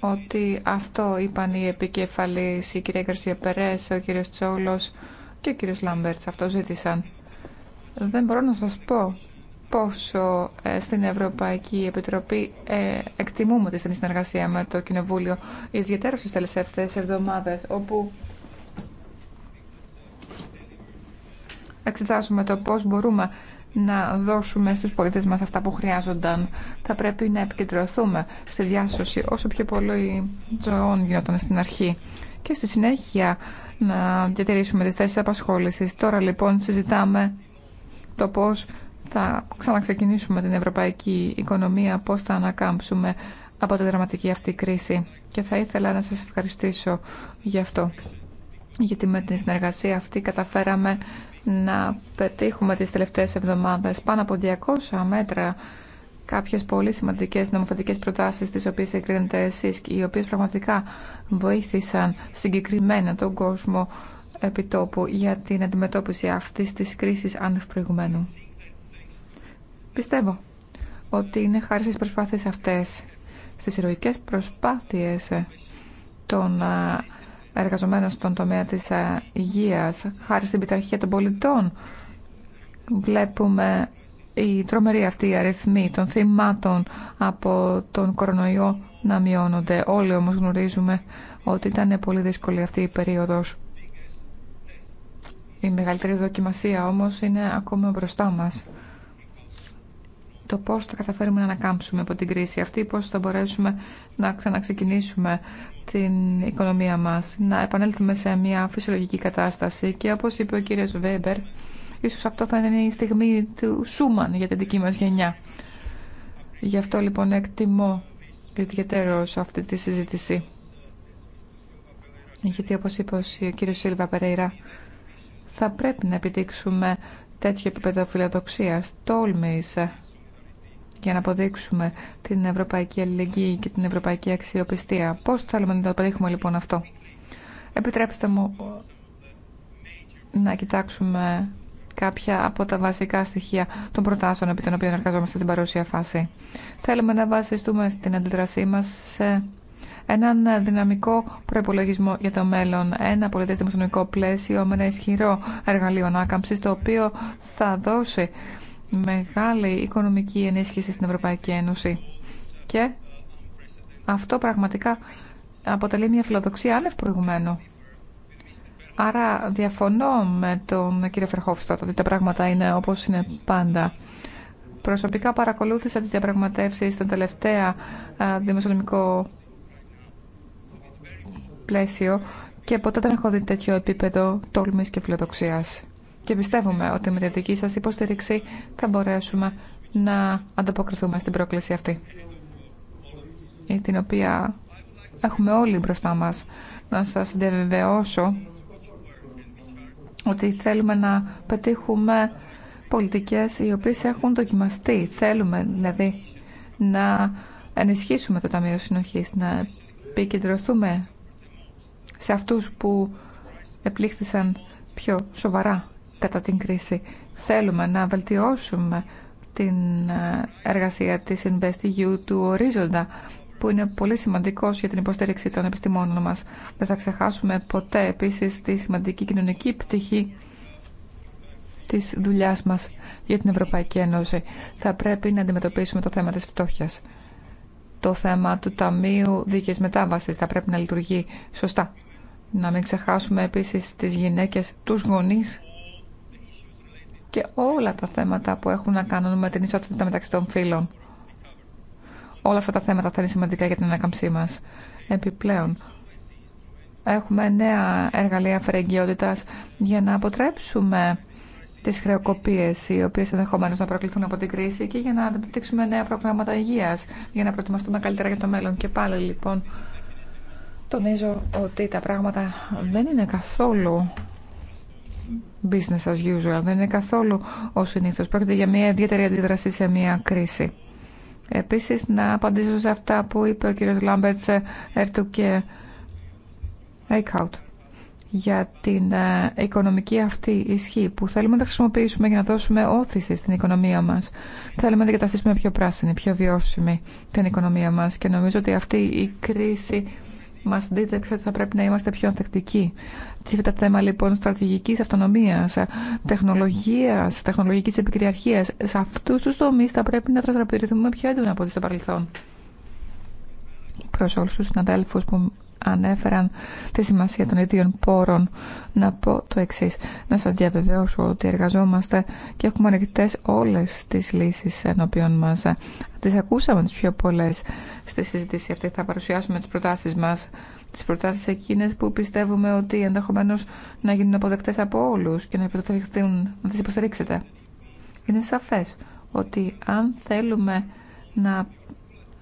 ότι αυτό είπαν οι επικεφαλής, η κυρία Γκαρσία Περές, ο κύριος Τσόλος και ο κύριος Λάμπερτς. Αυτό ζήτησαν. Δεν μπορώ να σας πω πόσο ε, στην Ευρωπαϊκή Επιτροπή ε, εκτιμούμε τη συνεργασία με το Κοινοβούλιο, ιδιαίτερα στις τελευταίες εβδομάδες, όπου εξετάσουμε το πώς μπορούμε να δώσουμε στους πολίτες μας αυτά που χρειάζονταν. Θα πρέπει να επικεντρωθούμε στη διάσωση όσο πιο πολύ ζωών γινόταν στην αρχή και στη συνέχεια να διατηρήσουμε τις θέσεις απασχόλησης. Τώρα λοιπόν συζητάμε το πώς θα ξαναξεκινήσουμε την ευρωπαϊκή οικονομία, πώς θα ανακάμψουμε από τη δραματική αυτή κρίση. Και θα ήθελα να σας ευχαριστήσω γι' αυτό. Γιατί με την συνεργασία αυτή καταφέραμε να πετύχουμε τις τελευταίες εβδομάδες πάνω από 200 μέτρα κάποιες πολύ σημαντικές νομοθετικές προτάσεις τις οποίες εκκρίνετε εσείς και οι οποίες πραγματικά βοήθησαν συγκεκριμένα τον κόσμο επιτόπου για την αντιμετώπιση αυτής της κρίσης ανευπροηγουμένου. Πιστεύω ότι είναι χάρη στις προσπάθειες αυτές, στις ηρωικές προσπάθειες των εργαζομένων στον τομέα της υγείας, χάρη στην πειθαρχία των πολιτών, βλέπουμε η τρομερή αυτή η αριθμή των θυμάτων από τον κορονοϊό να μειώνονται. Όλοι όμως γνωρίζουμε ότι ήταν πολύ δύσκολη αυτή η περίοδος. Η μεγαλύτερη δοκιμασία όμως είναι ακόμα μπροστά μας το πώς θα καταφέρουμε να ανακάμψουμε από την κρίση αυτή, πώς θα μπορέσουμε να ξαναξεκινήσουμε την οικονομία μας, να επανέλθουμε σε μια φυσιολογική κατάσταση και όπως είπε ο κύριος Βέμπερ, ίσως αυτό θα είναι η στιγμή του Σούμαν για την δική μας γενιά. Γι' αυτό λοιπόν εκτιμώ σε αυτή τη συζήτηση. Γιατί όπως είπε ο κύριος Σίλβα Περέιρα, θα πρέπει να επιτύξουμε τέτοιο επίπεδο φιλοδοξία, τόλμης, για να αποδείξουμε την ευρωπαϊκή αλληλεγγύη και την ευρωπαϊκή αξιοπιστία. Πώς θέλουμε να το πετύχουμε λοιπόν αυτό. Επιτρέψτε μου να κοιτάξουμε κάποια από τα βασικά στοιχεία των προτάσεων επί των οποίων εργαζόμαστε στην παρούσια φάση. Θέλουμε να βασιστούμε στην αντιδρασή μας σε έναν δυναμικό προπολογισμό για το μέλλον, ένα πολιτές δημοσιονομικό πλαίσιο με ένα ισχυρό εργαλείο ανάκαμψη, το οποίο θα δώσει μεγάλη οικονομική ενίσχυση στην Ευρωπαϊκή Ένωση. Και αυτό πραγματικά αποτελεί μια φιλοδοξία άνευ Άρα διαφωνώ με τον κύριο Φερχόφστατ ότι τα πράγματα είναι όπως είναι πάντα. Προσωπικά παρακολούθησα τις διαπραγματεύσεις στον τελευταία δημοσιονομικό πλαίσιο και ποτέ δεν έχω δει τέτοιο επίπεδο τόλμης και φιλοδοξίας. Και πιστεύουμε ότι με τη δική σας υποστήριξη θα μπορέσουμε να ανταποκριθούμε στην πρόκληση αυτή, την οποία έχουμε όλοι μπροστά μας. Να σας διαβεβαιώσω ότι θέλουμε να πετύχουμε πολιτικές οι οποίες έχουν δοκιμαστεί. Θέλουμε δηλαδή να ενισχύσουμε το Ταμείο Συνοχής, να επικεντρωθούμε σε αυτούς που επλήχθησαν πιο σοβαρά κατά την κρίση. Θέλουμε να βελτιώσουμε την ε, εργασία της InvestEU του ορίζοντα που είναι πολύ σημαντικός για την υποστήριξη των επιστημόνων μας. Δεν θα ξεχάσουμε ποτέ επίσης τη σημαντική κοινωνική πτυχή της δουλειάς μας για την Ευρωπαϊκή Ένωση. Θα πρέπει να αντιμετωπίσουμε το θέμα της φτώχειας. Το θέμα του Ταμείου Δίκαιης Μετάβασης θα πρέπει να λειτουργεί σωστά. Να μην ξεχάσουμε επίσης τις γυναίκες, τους γονείς και όλα τα θέματα που έχουν να κάνουν με την ισότητα μεταξύ των φύλων. Όλα αυτά τα θέματα θα είναι σημαντικά για την ανάκαμψή μας. Επιπλέον, έχουμε νέα εργαλεία φερεγγιότητας για να αποτρέψουμε τις χρεοκοπίες οι οποίες ενδεχομένως να προκληθούν από την κρίση και για να αναπτύξουμε νέα προγράμματα υγείας για να προετοιμαστούμε καλύτερα για το μέλλον. Και πάλι λοιπόν τονίζω ότι τα πράγματα δεν είναι καθόλου business as usual. Δεν είναι καθόλου ο συνήθως. Πρόκειται για μια ιδιαίτερη αντίδραση σε μια κρίση. Επίσης, να απαντήσω σε αυτά που είπε ο κύριος Λάμπερτς, ε, Ερτου και Eichhout για την ε, οικονομική αυτή ισχύ που θέλουμε να χρησιμοποιήσουμε για να δώσουμε όθηση στην οικονομία μας. Θέλουμε να την καταστήσουμε πιο πράσινη, πιο βιώσιμη την οικονομία μας και νομίζω ότι αυτή η κρίση μας δίδαξε ότι θα πρέπει να είμαστε πιο ανθεκτικοί. Τι τα θέμα λοιπόν στρατηγικής αυτονομίας, τεχνολογίας, τεχνολογική επικυριαρχία. Σε αυτού τους τομείς θα πρέπει να δραστηριοποιηθούμε πιο έντονα από ό,τι στο παρελθόν. Προ όλου του συναδέλφου που ανέφεραν τη σημασία των ίδιων πόρων, να πω το εξή. Να σα διαβεβαιώσω ότι εργαζόμαστε και έχουμε ανοιχτέ όλες τις λύσεις ενώπιον μα τι ακούσαμε τι πιο πολλέ στη συζήτηση αυτή. Θα παρουσιάσουμε τι προτάσει μα, τι προτάσει εκείνε που πιστεύουμε ότι ενδεχομένω να γίνουν αποδεκτέ από όλου και να υποστηριχθούν, να τις υποστηρίξετε. Είναι σαφέ ότι αν θέλουμε να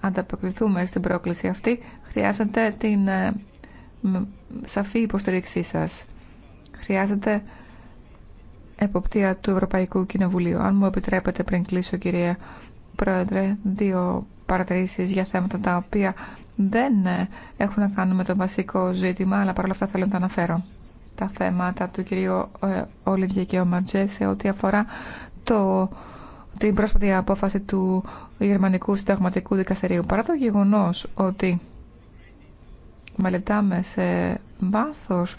ανταποκριθούμε στην πρόκληση αυτή, Χρειάζεται την ε, σαφή υποστήριξή σας. Χρειάζεται εποπτεία του Ευρωπαϊκού Κοινοβουλίου. Αν μου επιτρέπετε πριν κλείσω, κυρία Πρόεδρε, δύο παρατηρήσεις για θέματα τα οποία δεν ε, έχουν να κάνουν με το βασικό ζήτημα, αλλά παρόλα αυτά θέλω να τα αναφέρω. Τα θέματα του κυρίου ε, Όλιβιε και ο Μαρτζέ σε ό,τι αφορά το, την πρόσφατη απόφαση του Γερμανικού Συνταγματικού Δικαστηρίου. Παρά το γεγονός ότι μελετάμε σε βάθος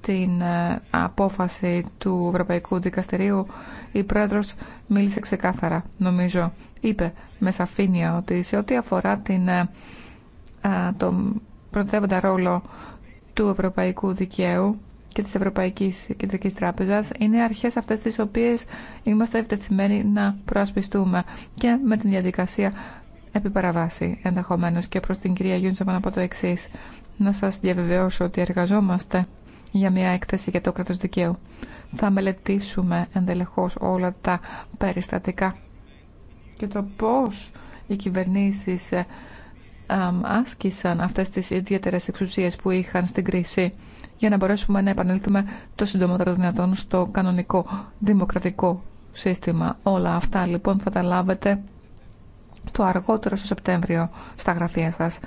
την ε, απόφαση του Ευρωπαϊκού Δικαστηρίου, η πρόεδρος μίλησε ξεκάθαρα, νομίζω. Είπε με σαφήνεια ότι σε ό,τι αφορά την, ε, τον πρωτεύοντα ρόλο του Ευρωπαϊκού Δικαίου και της Ευρωπαϊκής Κεντρικής Τράπεζας είναι αρχές αυτές τις οποίες είμαστε ευτεθειμένοι να προασπιστούμε και με την διαδικασία επί παραβάση ενδεχομένως και προς την κυρία Γιούντσεβα να πω το εξή. Να σας διαβεβαιώσω ότι εργαζόμαστε για μια έκθεση για το κράτος δικαίου. Θα μελετήσουμε ενδελεχώς όλα τα περιστατικά και το πώς οι κυβερνήσεις ε, άσκησαν αυτές τις ιδιαίτερες εξουσίες που είχαν στην κρίση για να μπορέσουμε να επανέλθουμε το συντομότερο δυνατόν στο κανονικό δημοκρατικό σύστημα. Όλα αυτά λοιπόν θα τα λάβετε το αργότερο στο Σεπτέμβριο στα γραφεία σας.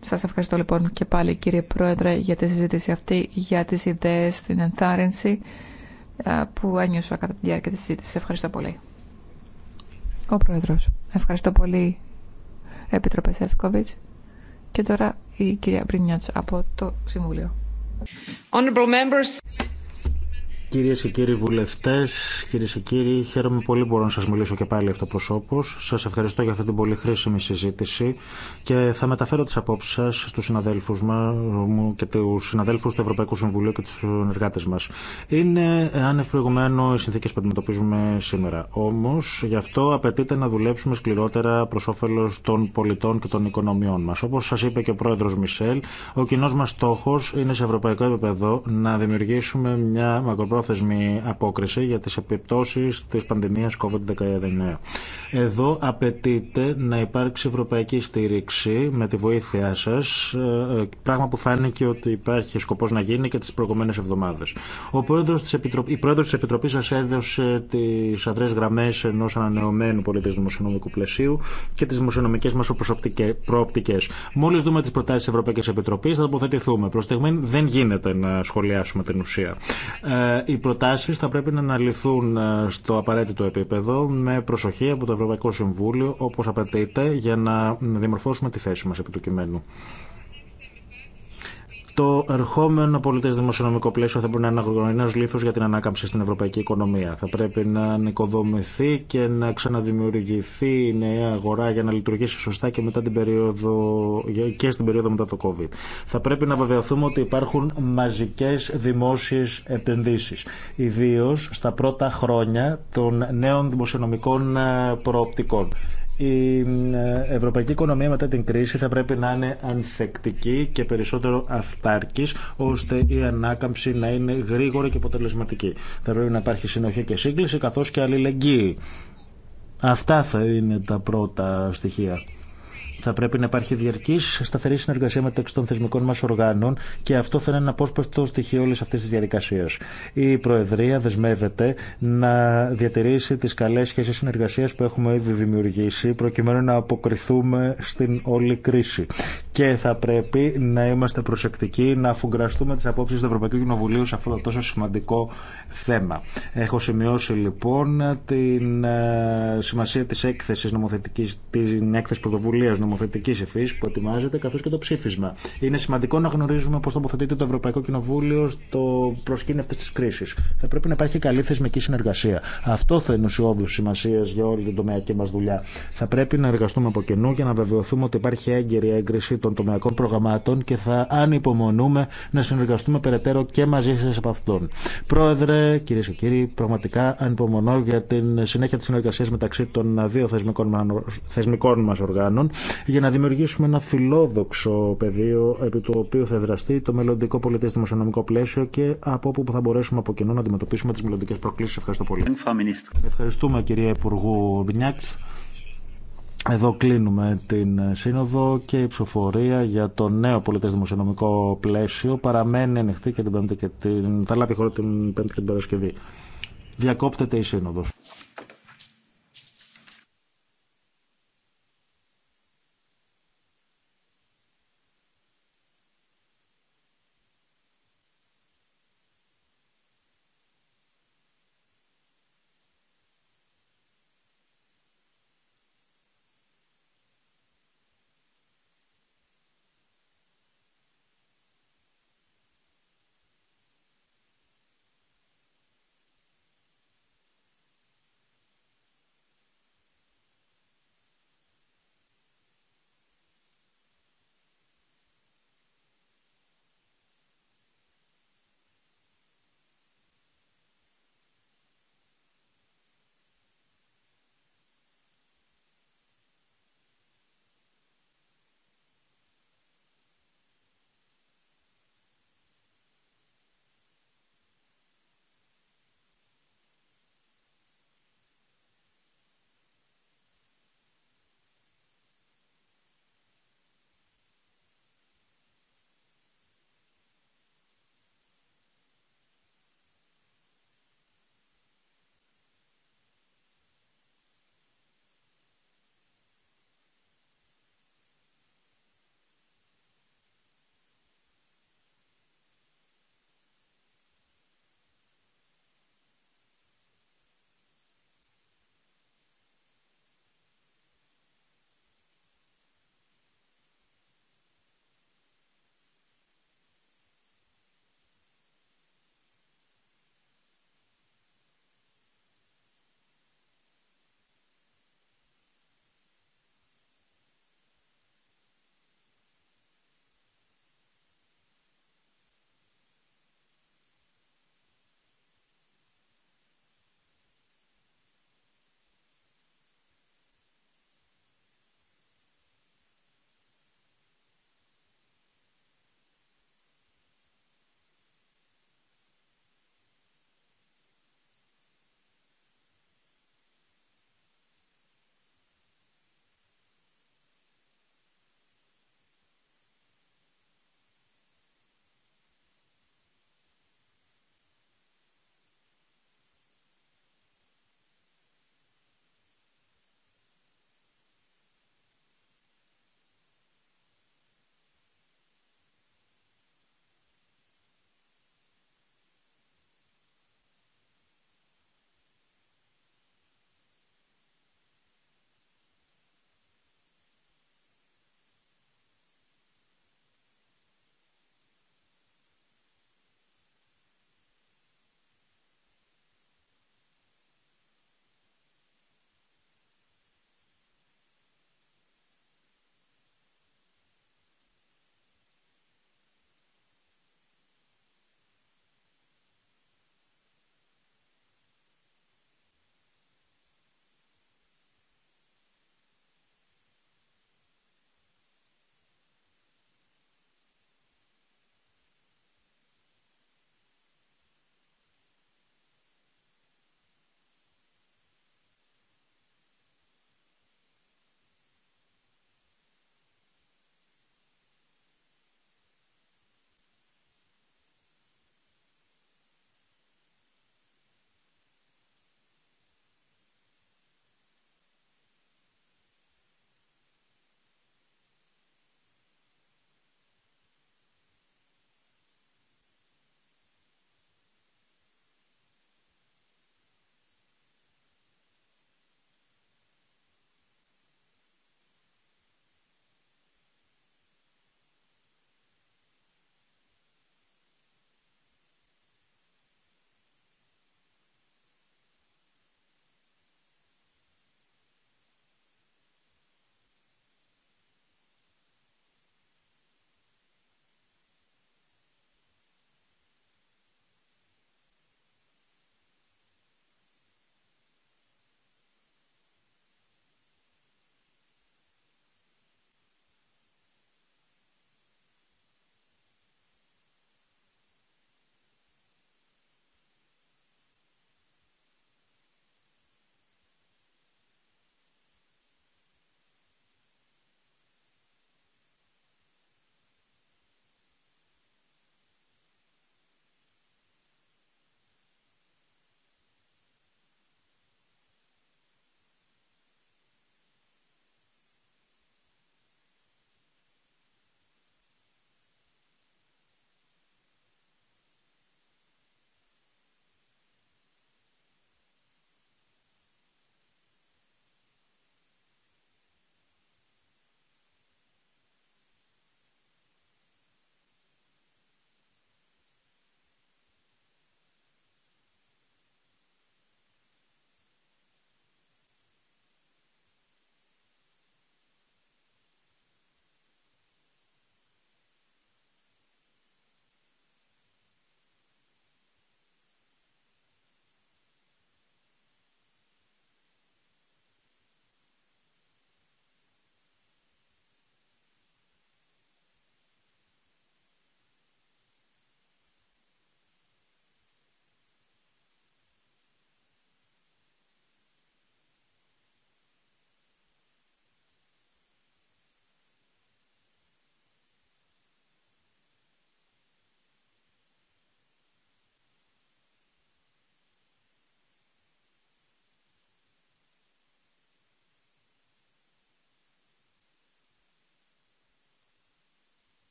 Σας ευχαριστώ λοιπόν και πάλι κύριε Πρόεδρε για τη συζήτηση αυτή, για τις ιδέες, την ενθάρρυνση που ένιωσα κατά τη διάρκεια της συζήτηση. Ευχαριστώ πολύ. Ο Πρόεδρος. Ευχαριστώ πολύ Επίτροπε Σεύκοβιτς. Και τώρα η κυρία Μπρινιάτς από το Συμβούλιο. members. Κυρίες και κύριοι βουλευτές, κύριε και κύριοι, χαίρομαι πολύ που μπορώ να σας μιλήσω και πάλι αυτοπροσώπως. Σας ευχαριστώ για αυτή την πολύ χρήσιμη συζήτηση και θα μεταφέρω τις απόψεις σας στους συναδέλφους μου και του συναδέλφου του Ευρωπαϊκού Συμβουλίου και τους συνεργάτες μας. Είναι άνευ οι συνθήκες που αντιμετωπίζουμε σήμερα. Όμως, γι' αυτό απαιτείται να δουλέψουμε σκληρότερα προς όφελος των πολιτών και των οικονομιών μας. Όπως σας είπε και ο πρόεδρος Μισελ, ο κοινό μας στόχος είναι σε ευρωπαϊκό επίπεδο να δημιουργήσουμε μια μακροπρόθεση πρόθεσμη απόκριση για τις επιπτώσεις της πανδημίας COVID-19. Εδώ απαιτείται να υπάρξει ευρωπαϊκή στήριξη με τη βοήθειά σας, ε, πράγμα που φάνηκε ότι υπάρχει σκοπός να γίνει και τις προηγούμενες εβδομάδες. Ο πρόεδρος της Επιτροπ... Η πρόεδρος της Επιτροπής σας έδωσε τις αδρές γραμμές ενός ανανεωμένου πολιτής δημοσιονομικού πλαισίου και τις δημοσιονομικές μας προοπτικές. Μόλις δούμε τις προτάσεις της Ευρωπαϊκής Επιτροπής θα τοποθετηθούμε. Προς στιγμή δεν γίνεται να σχολιάσουμε την ουσία. Ε, οι προτάσει θα πρέπει να αναλυθούν ε, στο απαραίτητο επίπεδο με προσοχή από το Ευρωπαϊκό Συμβούλιο όπως απαιτείται για να δημορφώσουμε τη θέση μας επί του κειμένου το ερχόμενο πολιτέ δημοσιονομικό πλαίσιο θα μπορεί να είναι ένα νέο λήθο για την ανάκαμψη στην ευρωπαϊκή οικονομία. Θα πρέπει να νοικοδομηθεί και να ξαναδημιουργηθεί η νέα αγορά για να λειτουργήσει σωστά και, μετά την περίοδο, και στην περίοδο μετά το COVID. Θα πρέπει να βεβαιωθούμε ότι υπάρχουν μαζικέ δημόσιε επενδύσει. Ιδίω στα πρώτα χρόνια των νέων δημοσιονομικών ε, προοπτικών η ε, ευρωπαϊκή οικονομία μετά την κρίση θα πρέπει να είναι ανθεκτική και περισσότερο αυτάρκη, ώστε η ανάκαμψη να είναι γρήγορη και αποτελεσματική. Θα πρέπει να υπάρχει συνοχή και σύγκληση καθώ και αλληλεγγύη. Αυτά θα είναι τα πρώτα στοιχεία. Θα πρέπει να υπάρχει διαρκή σταθερή συνεργασία μεταξύ των θεσμικών μα οργάνων και αυτό θα είναι ένα απόσπαστο στοιχείο όλη αυτή τη διαδικασία. Η Προεδρία δεσμεύεται να διατηρήσει τι καλέ σχέσει συνεργασία που έχουμε ήδη δημιουργήσει προκειμένου να αποκριθούμε στην όλη κρίση και θα πρέπει να είμαστε προσεκτικοί να αφουγκραστούμε τις απόψεις του Ευρωπαϊκού Κοινοβουλίου σε αυτό το τόσο σημαντικό θέμα. Έχω σημειώσει λοιπόν την ε, σημασία της έκθεσης νομοθετικής, την έκθεση πρωτοβουλία νομοθετικής υφής που ετοιμάζεται καθώς και το ψήφισμα. Είναι σημαντικό να γνωρίζουμε πώς τοποθετείται το Ευρωπαϊκό Κοινοβούλιο στο προσκήνιο αυτής της κρίσης. Θα πρέπει να υπάρχει καλή θεσμική συνεργασία. Αυτό θα είναι ουσιώδους σημασία για όλη την τομεακή μας δουλειά. Θα πρέπει να εργαστούμε από για να βεβαιωθούμε ότι υπάρχει έγκαιρη έγκριση των τομεακών προγραμμάτων και θα ανυπομονούμε να συνεργαστούμε περαιτέρω και μαζί σα από αυτόν. Πρόεδρε, κυρίε και κύριοι, πραγματικά ανυπομονώ για την συνέχεια τη συνεργασία μεταξύ των δύο θεσμικών μα οργάνων για να δημιουργήσουμε ένα φιλόδοξο πεδίο επί του οποίου θα δραστεί το μελλοντικό πολιτέ δημοσιονομικό πλαίσιο και από όπου θα μπορέσουμε από κοινού να αντιμετωπίσουμε τι μελλοντικέ προκλήσει. Ευχαριστώ πολύ. Ευχαριστούμε κυρία Υπουργού Μπινιάκη. Εδώ κλείνουμε την σύνοδο και η ψηφοφορία για το νέο πολιτές δημοσιονομικό πλαίσιο παραμένει ανοιχτή και την πέμπτη και την... θα λάβει την πέμπτη και την Παρασκευή. Διακόπτεται η σύνοδος.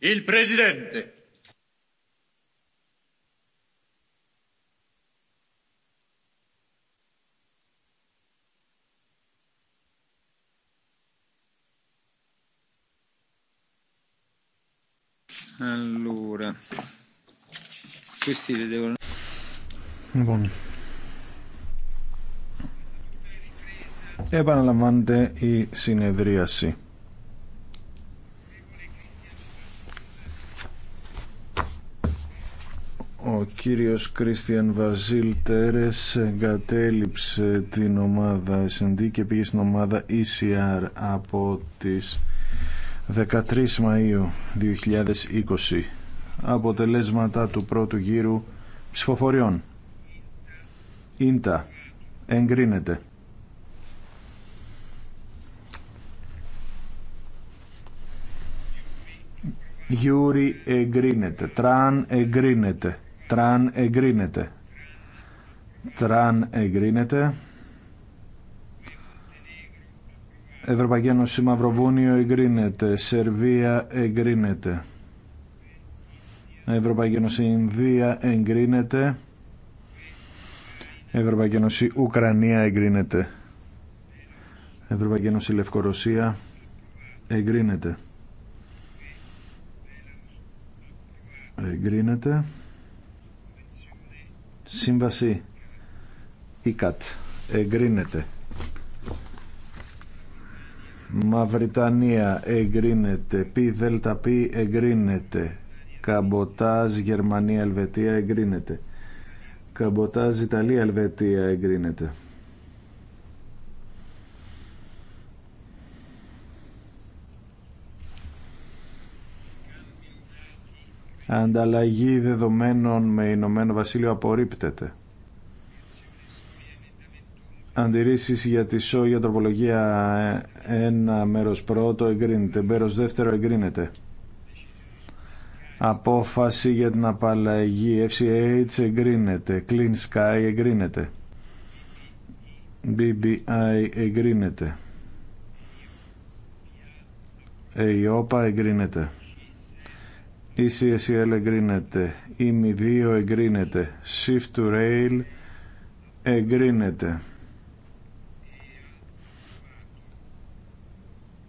Il Presidente. Allora, questi li devono... Λοιπόν, επαναλαμβάνεται η συνεδρίαση. κύριος Κρίστιαν Βαζίλ Τέρες εγκατέλειψε την ομάδα S&D και πήγε στην ομάδα ECR από τις 13 Μαΐου 2020 αποτελέσματα του πρώτου γύρου ψηφοφοριών Ίντα εγκρίνεται Γιούρι εγκρίνεται. Τραν εγκρίνεται. Τραν εγκρίνεται. Τραν εγκρίνεται. Ευρωπαϊκή Ένωση Μαυροβούνιο εγκρίνεται. Σερβία εγκρίνεται. Ευρωπαϊκή Ένωση Ινδία εγκρίνεται. Ευρωπαϊκή Ένωση Ουκρανία εγκρίνεται. Ευρωπαϊκή Ένωση Λευκορωσία εγκρίνεται. Εγκρίνεται. Σύμβαση ΙΚΑΤ εγκρίνεται. Μαυριτανία εγκρίνεται. Πι δελτα Π. εγκρίνεται. Καμποτάζ Γερμανία Ελβετία εγκρίνεται. Καμποτάζ Ιταλία Ελβετία εγκρίνεται. ανταλλαγή δεδομένων με Ηνωμένο Βασίλειο απορρίπτεται. Αντιρρήσεις για τη σόγια τροπολογία ένα μέρος πρώτο εγκρίνεται, μέρος δεύτερο εγκρίνεται. Απόφαση για την απαλλαγή FCH εγκρίνεται, Clean Sky εγκρίνεται, BBI εγκρίνεται, ΕΙΟΠΑ εγκρίνεται. Η CSL e εγκρίνεται. Η μη 2 εγκρίνεται. Shift to rail εγκρίνεται.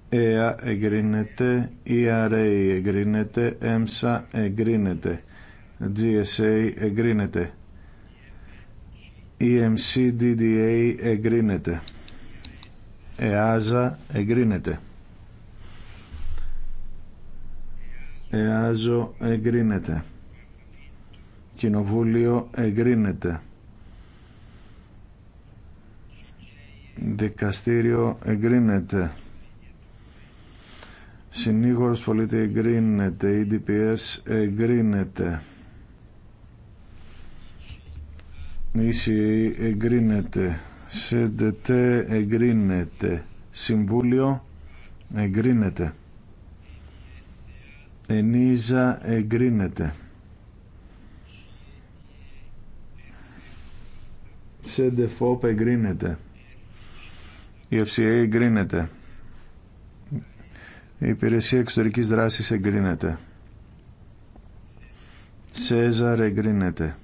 ΕΑ e εγκρίνεται, ERA εγκρίνεται, EMSA εγκρίνεται, GSA εγκρίνεται, EMC DDA εγκρίνεται, ΕΑΖΑ e εγκρίνεται. ΕΑΖΟ εγκρίνεται. Κοινοβούλιο εγκρίνεται. Δικαστήριο εγκρίνεται. Συνήγορος πολίτη εγκρίνεται. Η DPS εγκρίνεται. Η ECA εγκρίνεται. ΣΕΔΕΤΕ εγκρίνεται. Συμβούλιο εγκρίνεται. Ενίζα εγκρίνεται. Σεντεφόπ εγκρίνεται. Η FCA εγκρίνεται. Η Υπηρεσία Εξωτερικής Δράσης εγκρίνεται. Σέζαρ εγκρίνεται.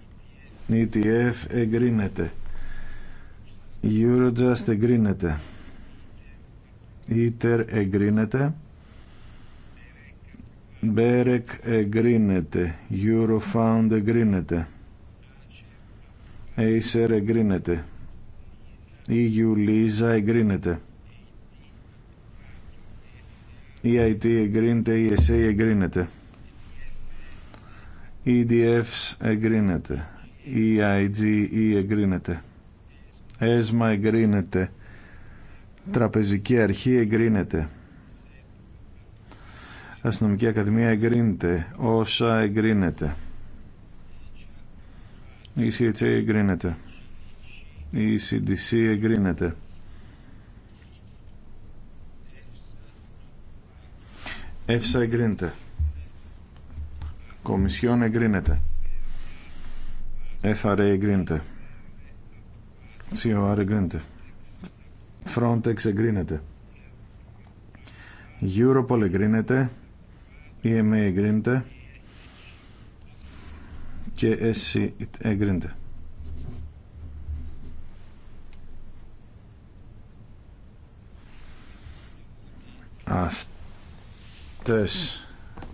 Η ETF εγκρίνεται. Η Eurojust εγκρίνεται. Η ITER εγκρίνεται. Μπέρεκ εγκρίνεται. Eurofound εγκρίνεται. Acer εγκρίνεται. Η Γιουλίζα εγκρίνεται. Η IT εγκρίνεται. Η SA e εγκρίνεται. Η EDFs εγκρίνεται. Η IGE εγκρίνεται. ΕΣΜΑ εγκρίνεται. Τραπεζική αρχή εγκρίνεται. Αστυνομική Ακαδημία εγκρίνεται. Όσα εγκρίνεται. Η CHA εγκρίνεται. Η CDC εγκρίνεται. ΕΦΣΑ εγκρίνεται. Κομισιόν εγκρίνεται. FRA εγκρίνεται. COR εγκρίνεται. Frontex εγκρίνεται. Europol εγκρίνεται. ΕΜΕ εγκρίνεται και SC εγκρίνεται. Αυτές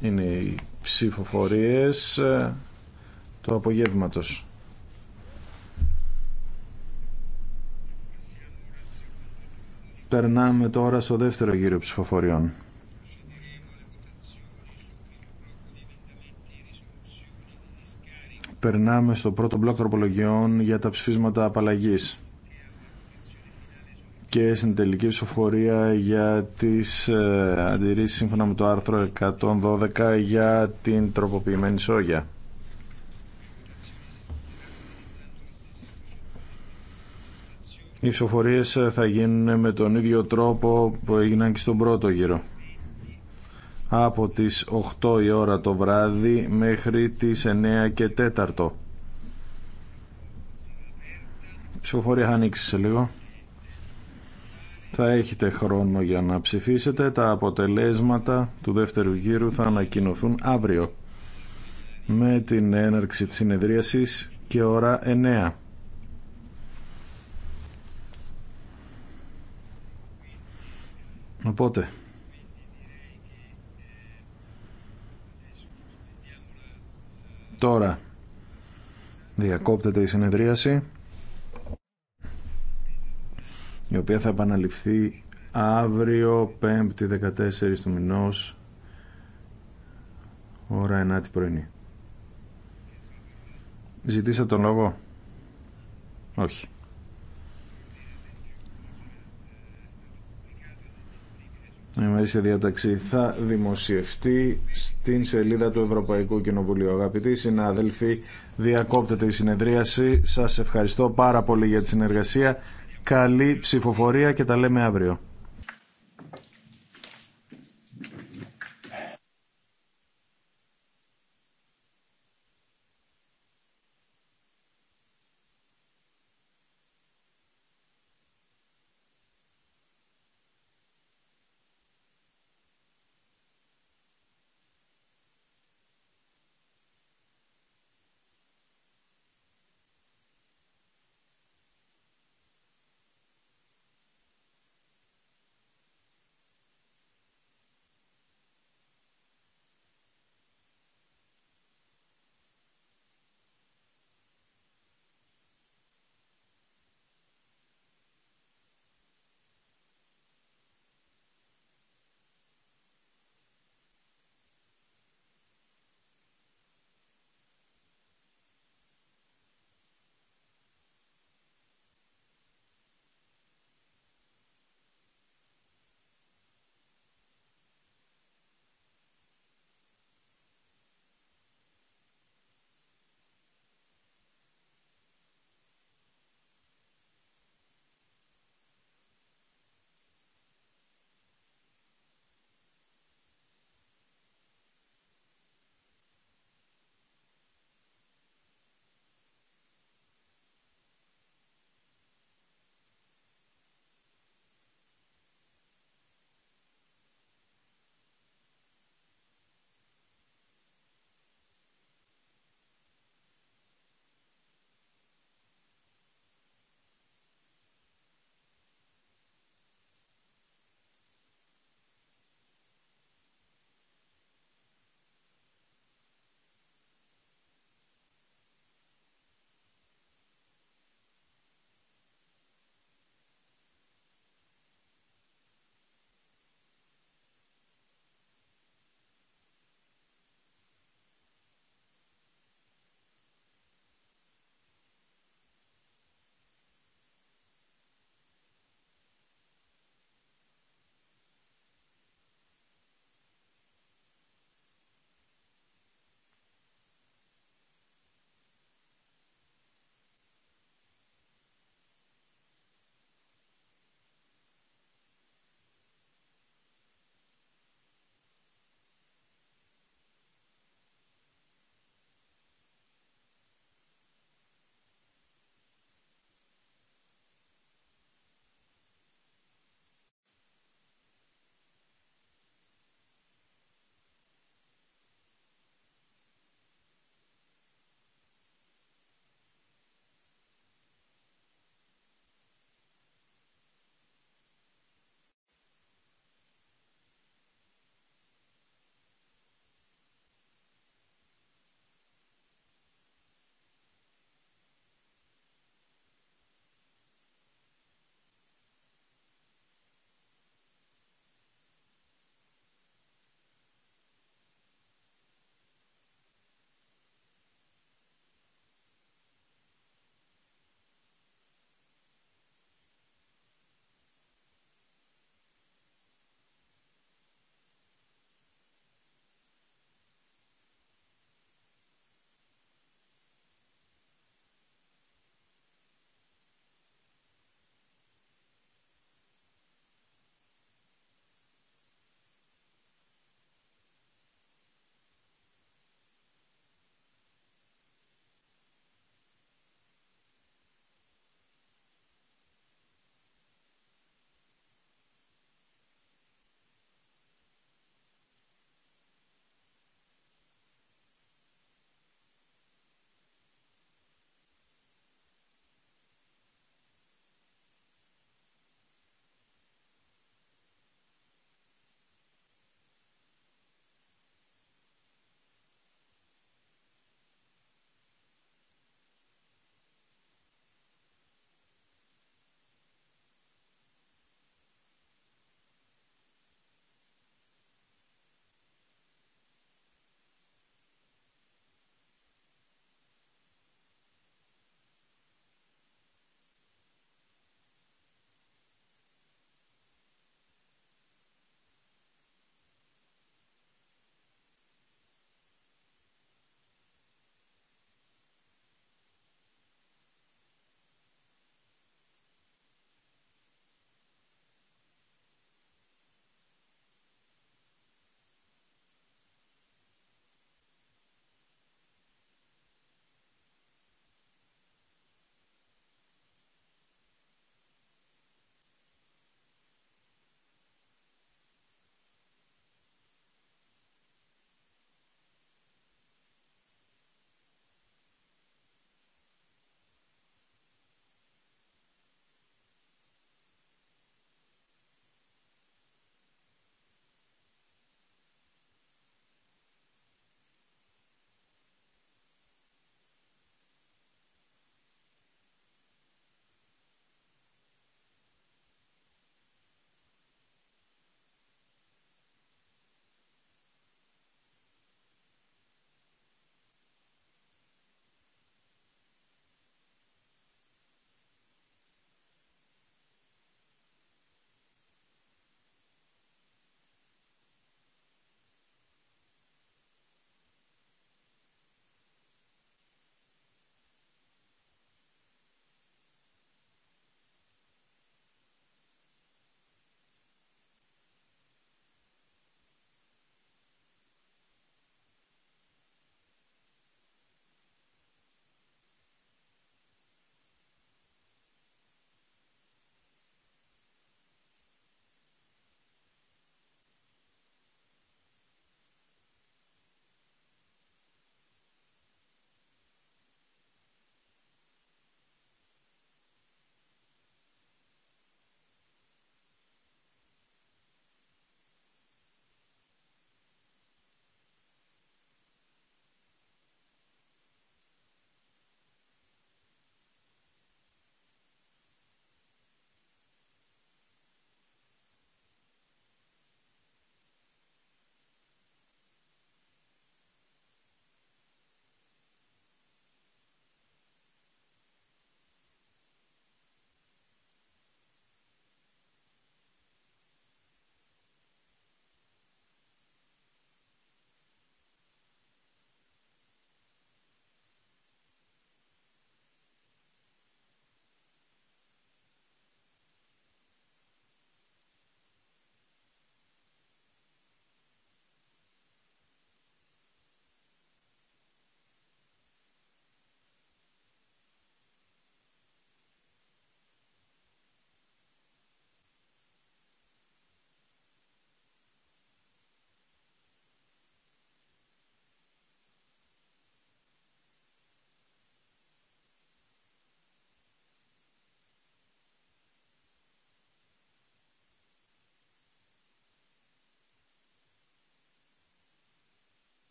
είναι οι ψηφοφορίες του απογεύματος. Περνάμε τώρα στο δεύτερο γύρο ψηφοφοριών. περνάμε στο πρώτο μπλοκ τροπολογιών για τα ψηφίσματα απαλλαγή και στην τελική ψηφοφορία για τις ε, αντιρρήσεις σύμφωνα με το άρθρο 112 για την τροποποιημένη σόγια. Οι ψηφοφορίες θα γίνουν με τον ίδιο τρόπο που έγιναν και στον πρώτο γύρο από τις 8 η ώρα το βράδυ μέχρι τις 9 και 4. Ψηφοφορία ανοίξει σε λίγο. Θα έχετε χρόνο για να ψηφίσετε. Τα αποτελέσματα του δεύτερου γύρου θα ανακοινωθούν αύριο με την έναρξη της συνεδρίασης και ώρα 9. Οπότε, Τώρα διακόπτεται η συνεδρίαση η οποία θα επαναληφθεί αύριο 5η 14 του μηνός ώρα 9 η πρωινή. Ζητήσα τον λόγο. Όχι. σε διάταξη θα δημοσιευτεί στην σελίδα του Ευρωπαϊκού Κοινοβουλίου. Αγαπητοί συνάδελφοι, διακόπτεται η συνεδρίαση. Σας ευχαριστώ πάρα πολύ για τη συνεργασία. Καλή ψηφοφορία και τα λέμε αύριο.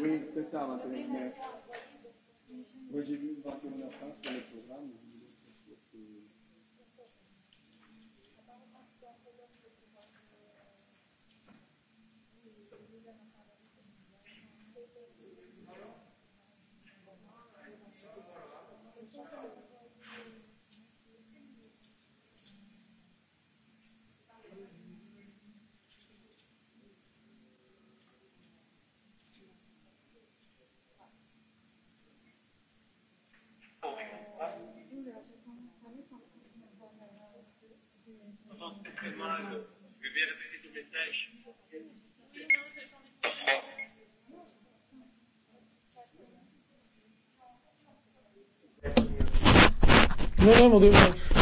Oui, c'est ça, maintenant. Moi, j'ai vu une vingtaine de France dans le programme. Ναι, ναι, ναι, ναι,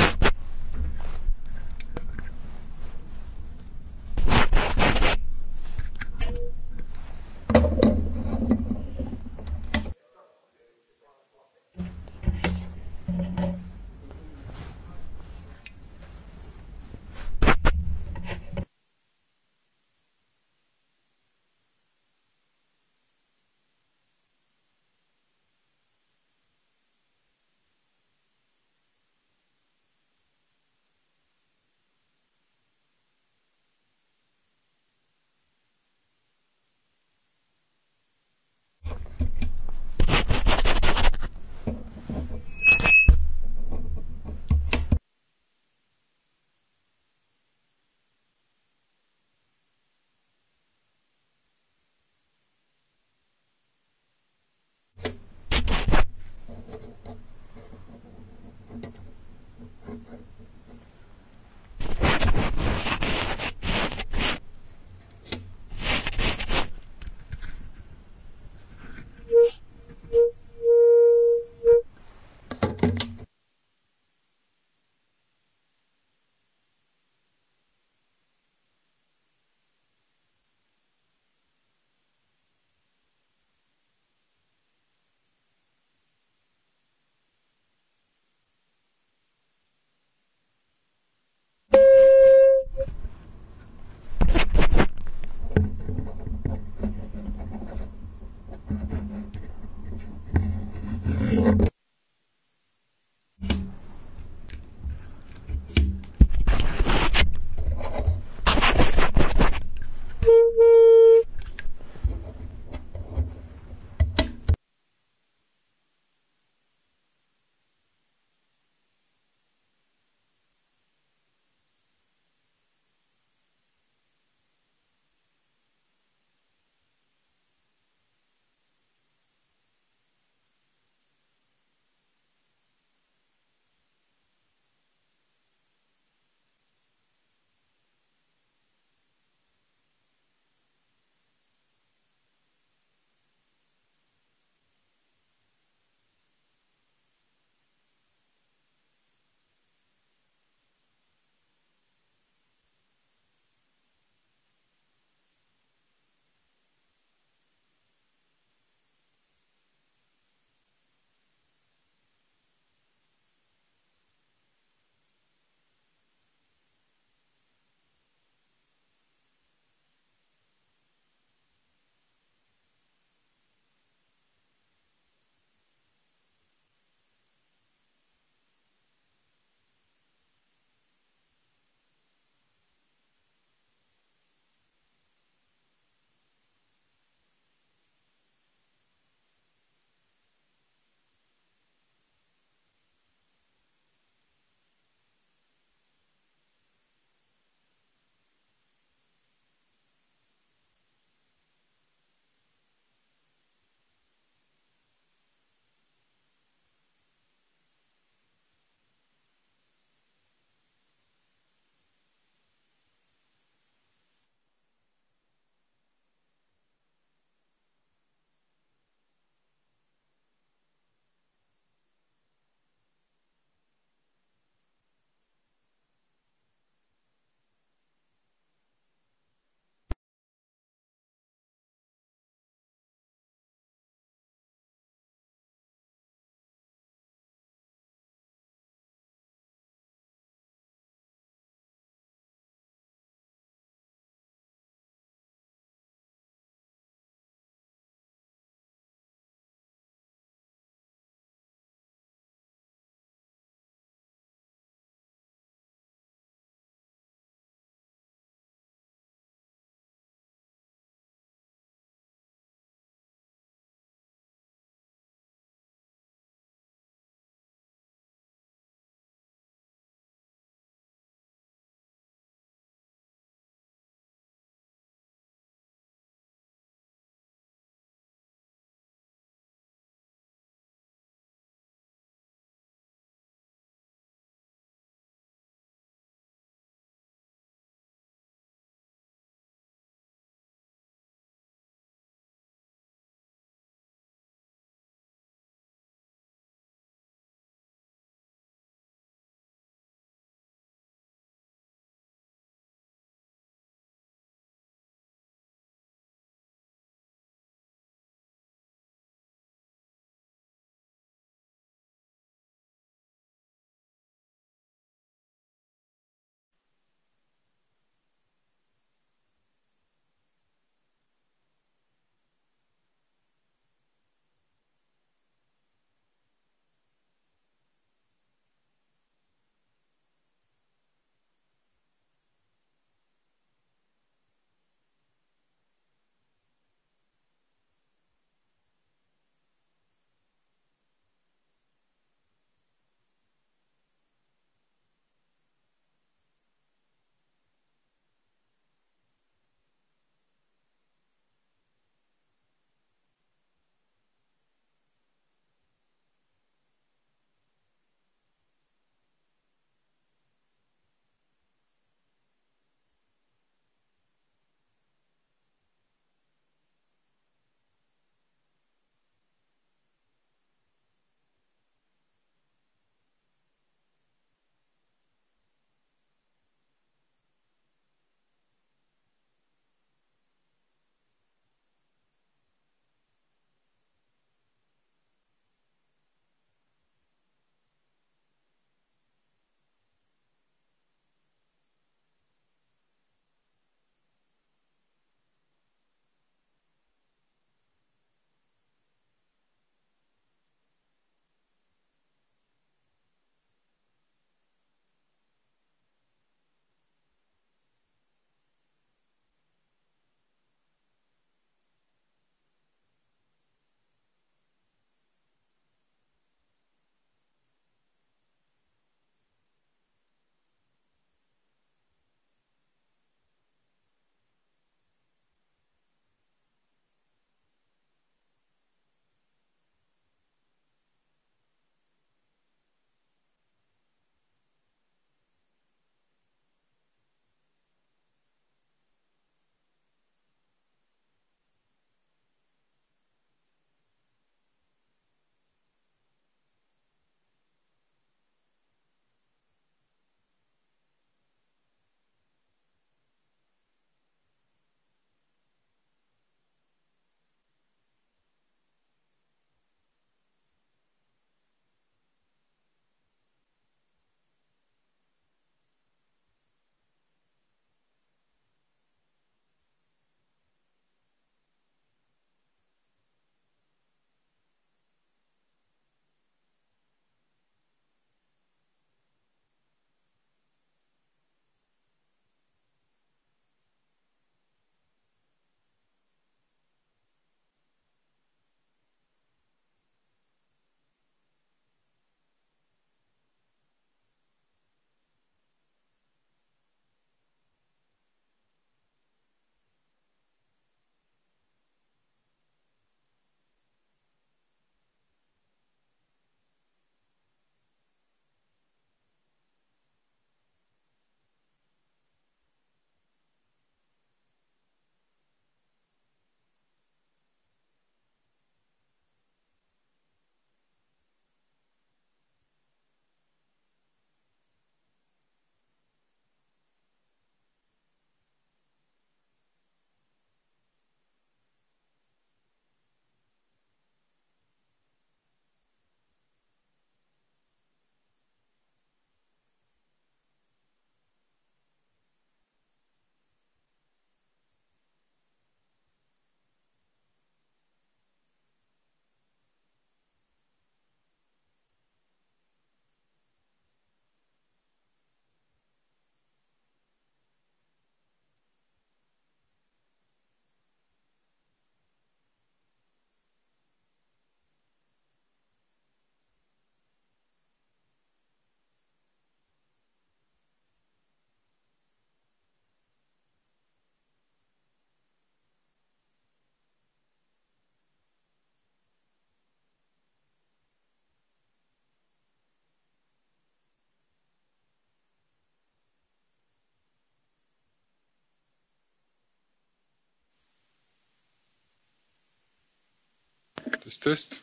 des test.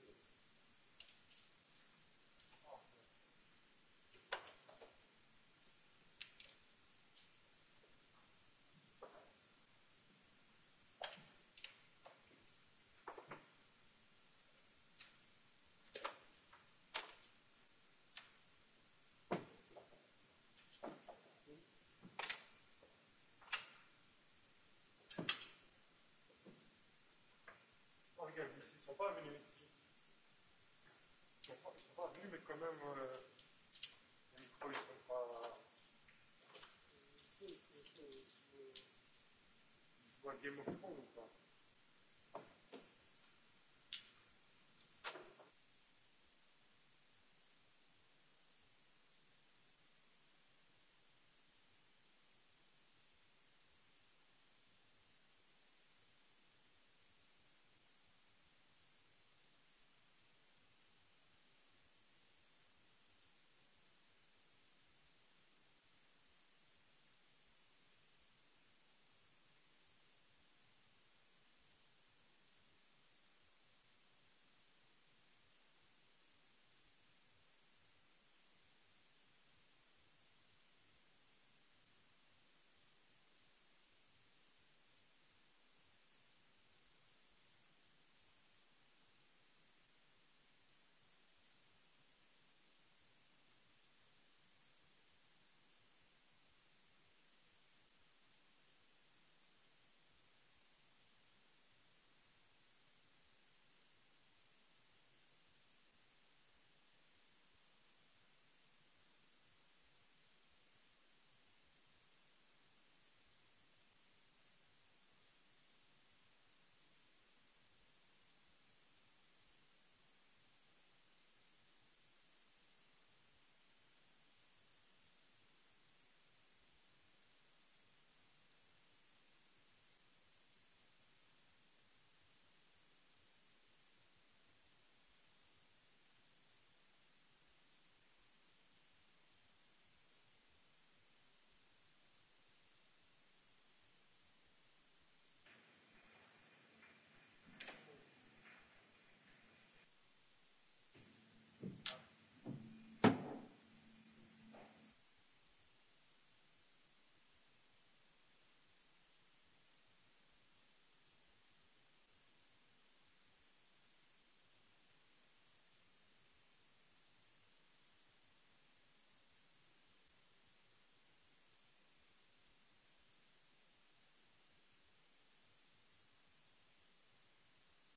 quand même pas Game of Thrones ou pas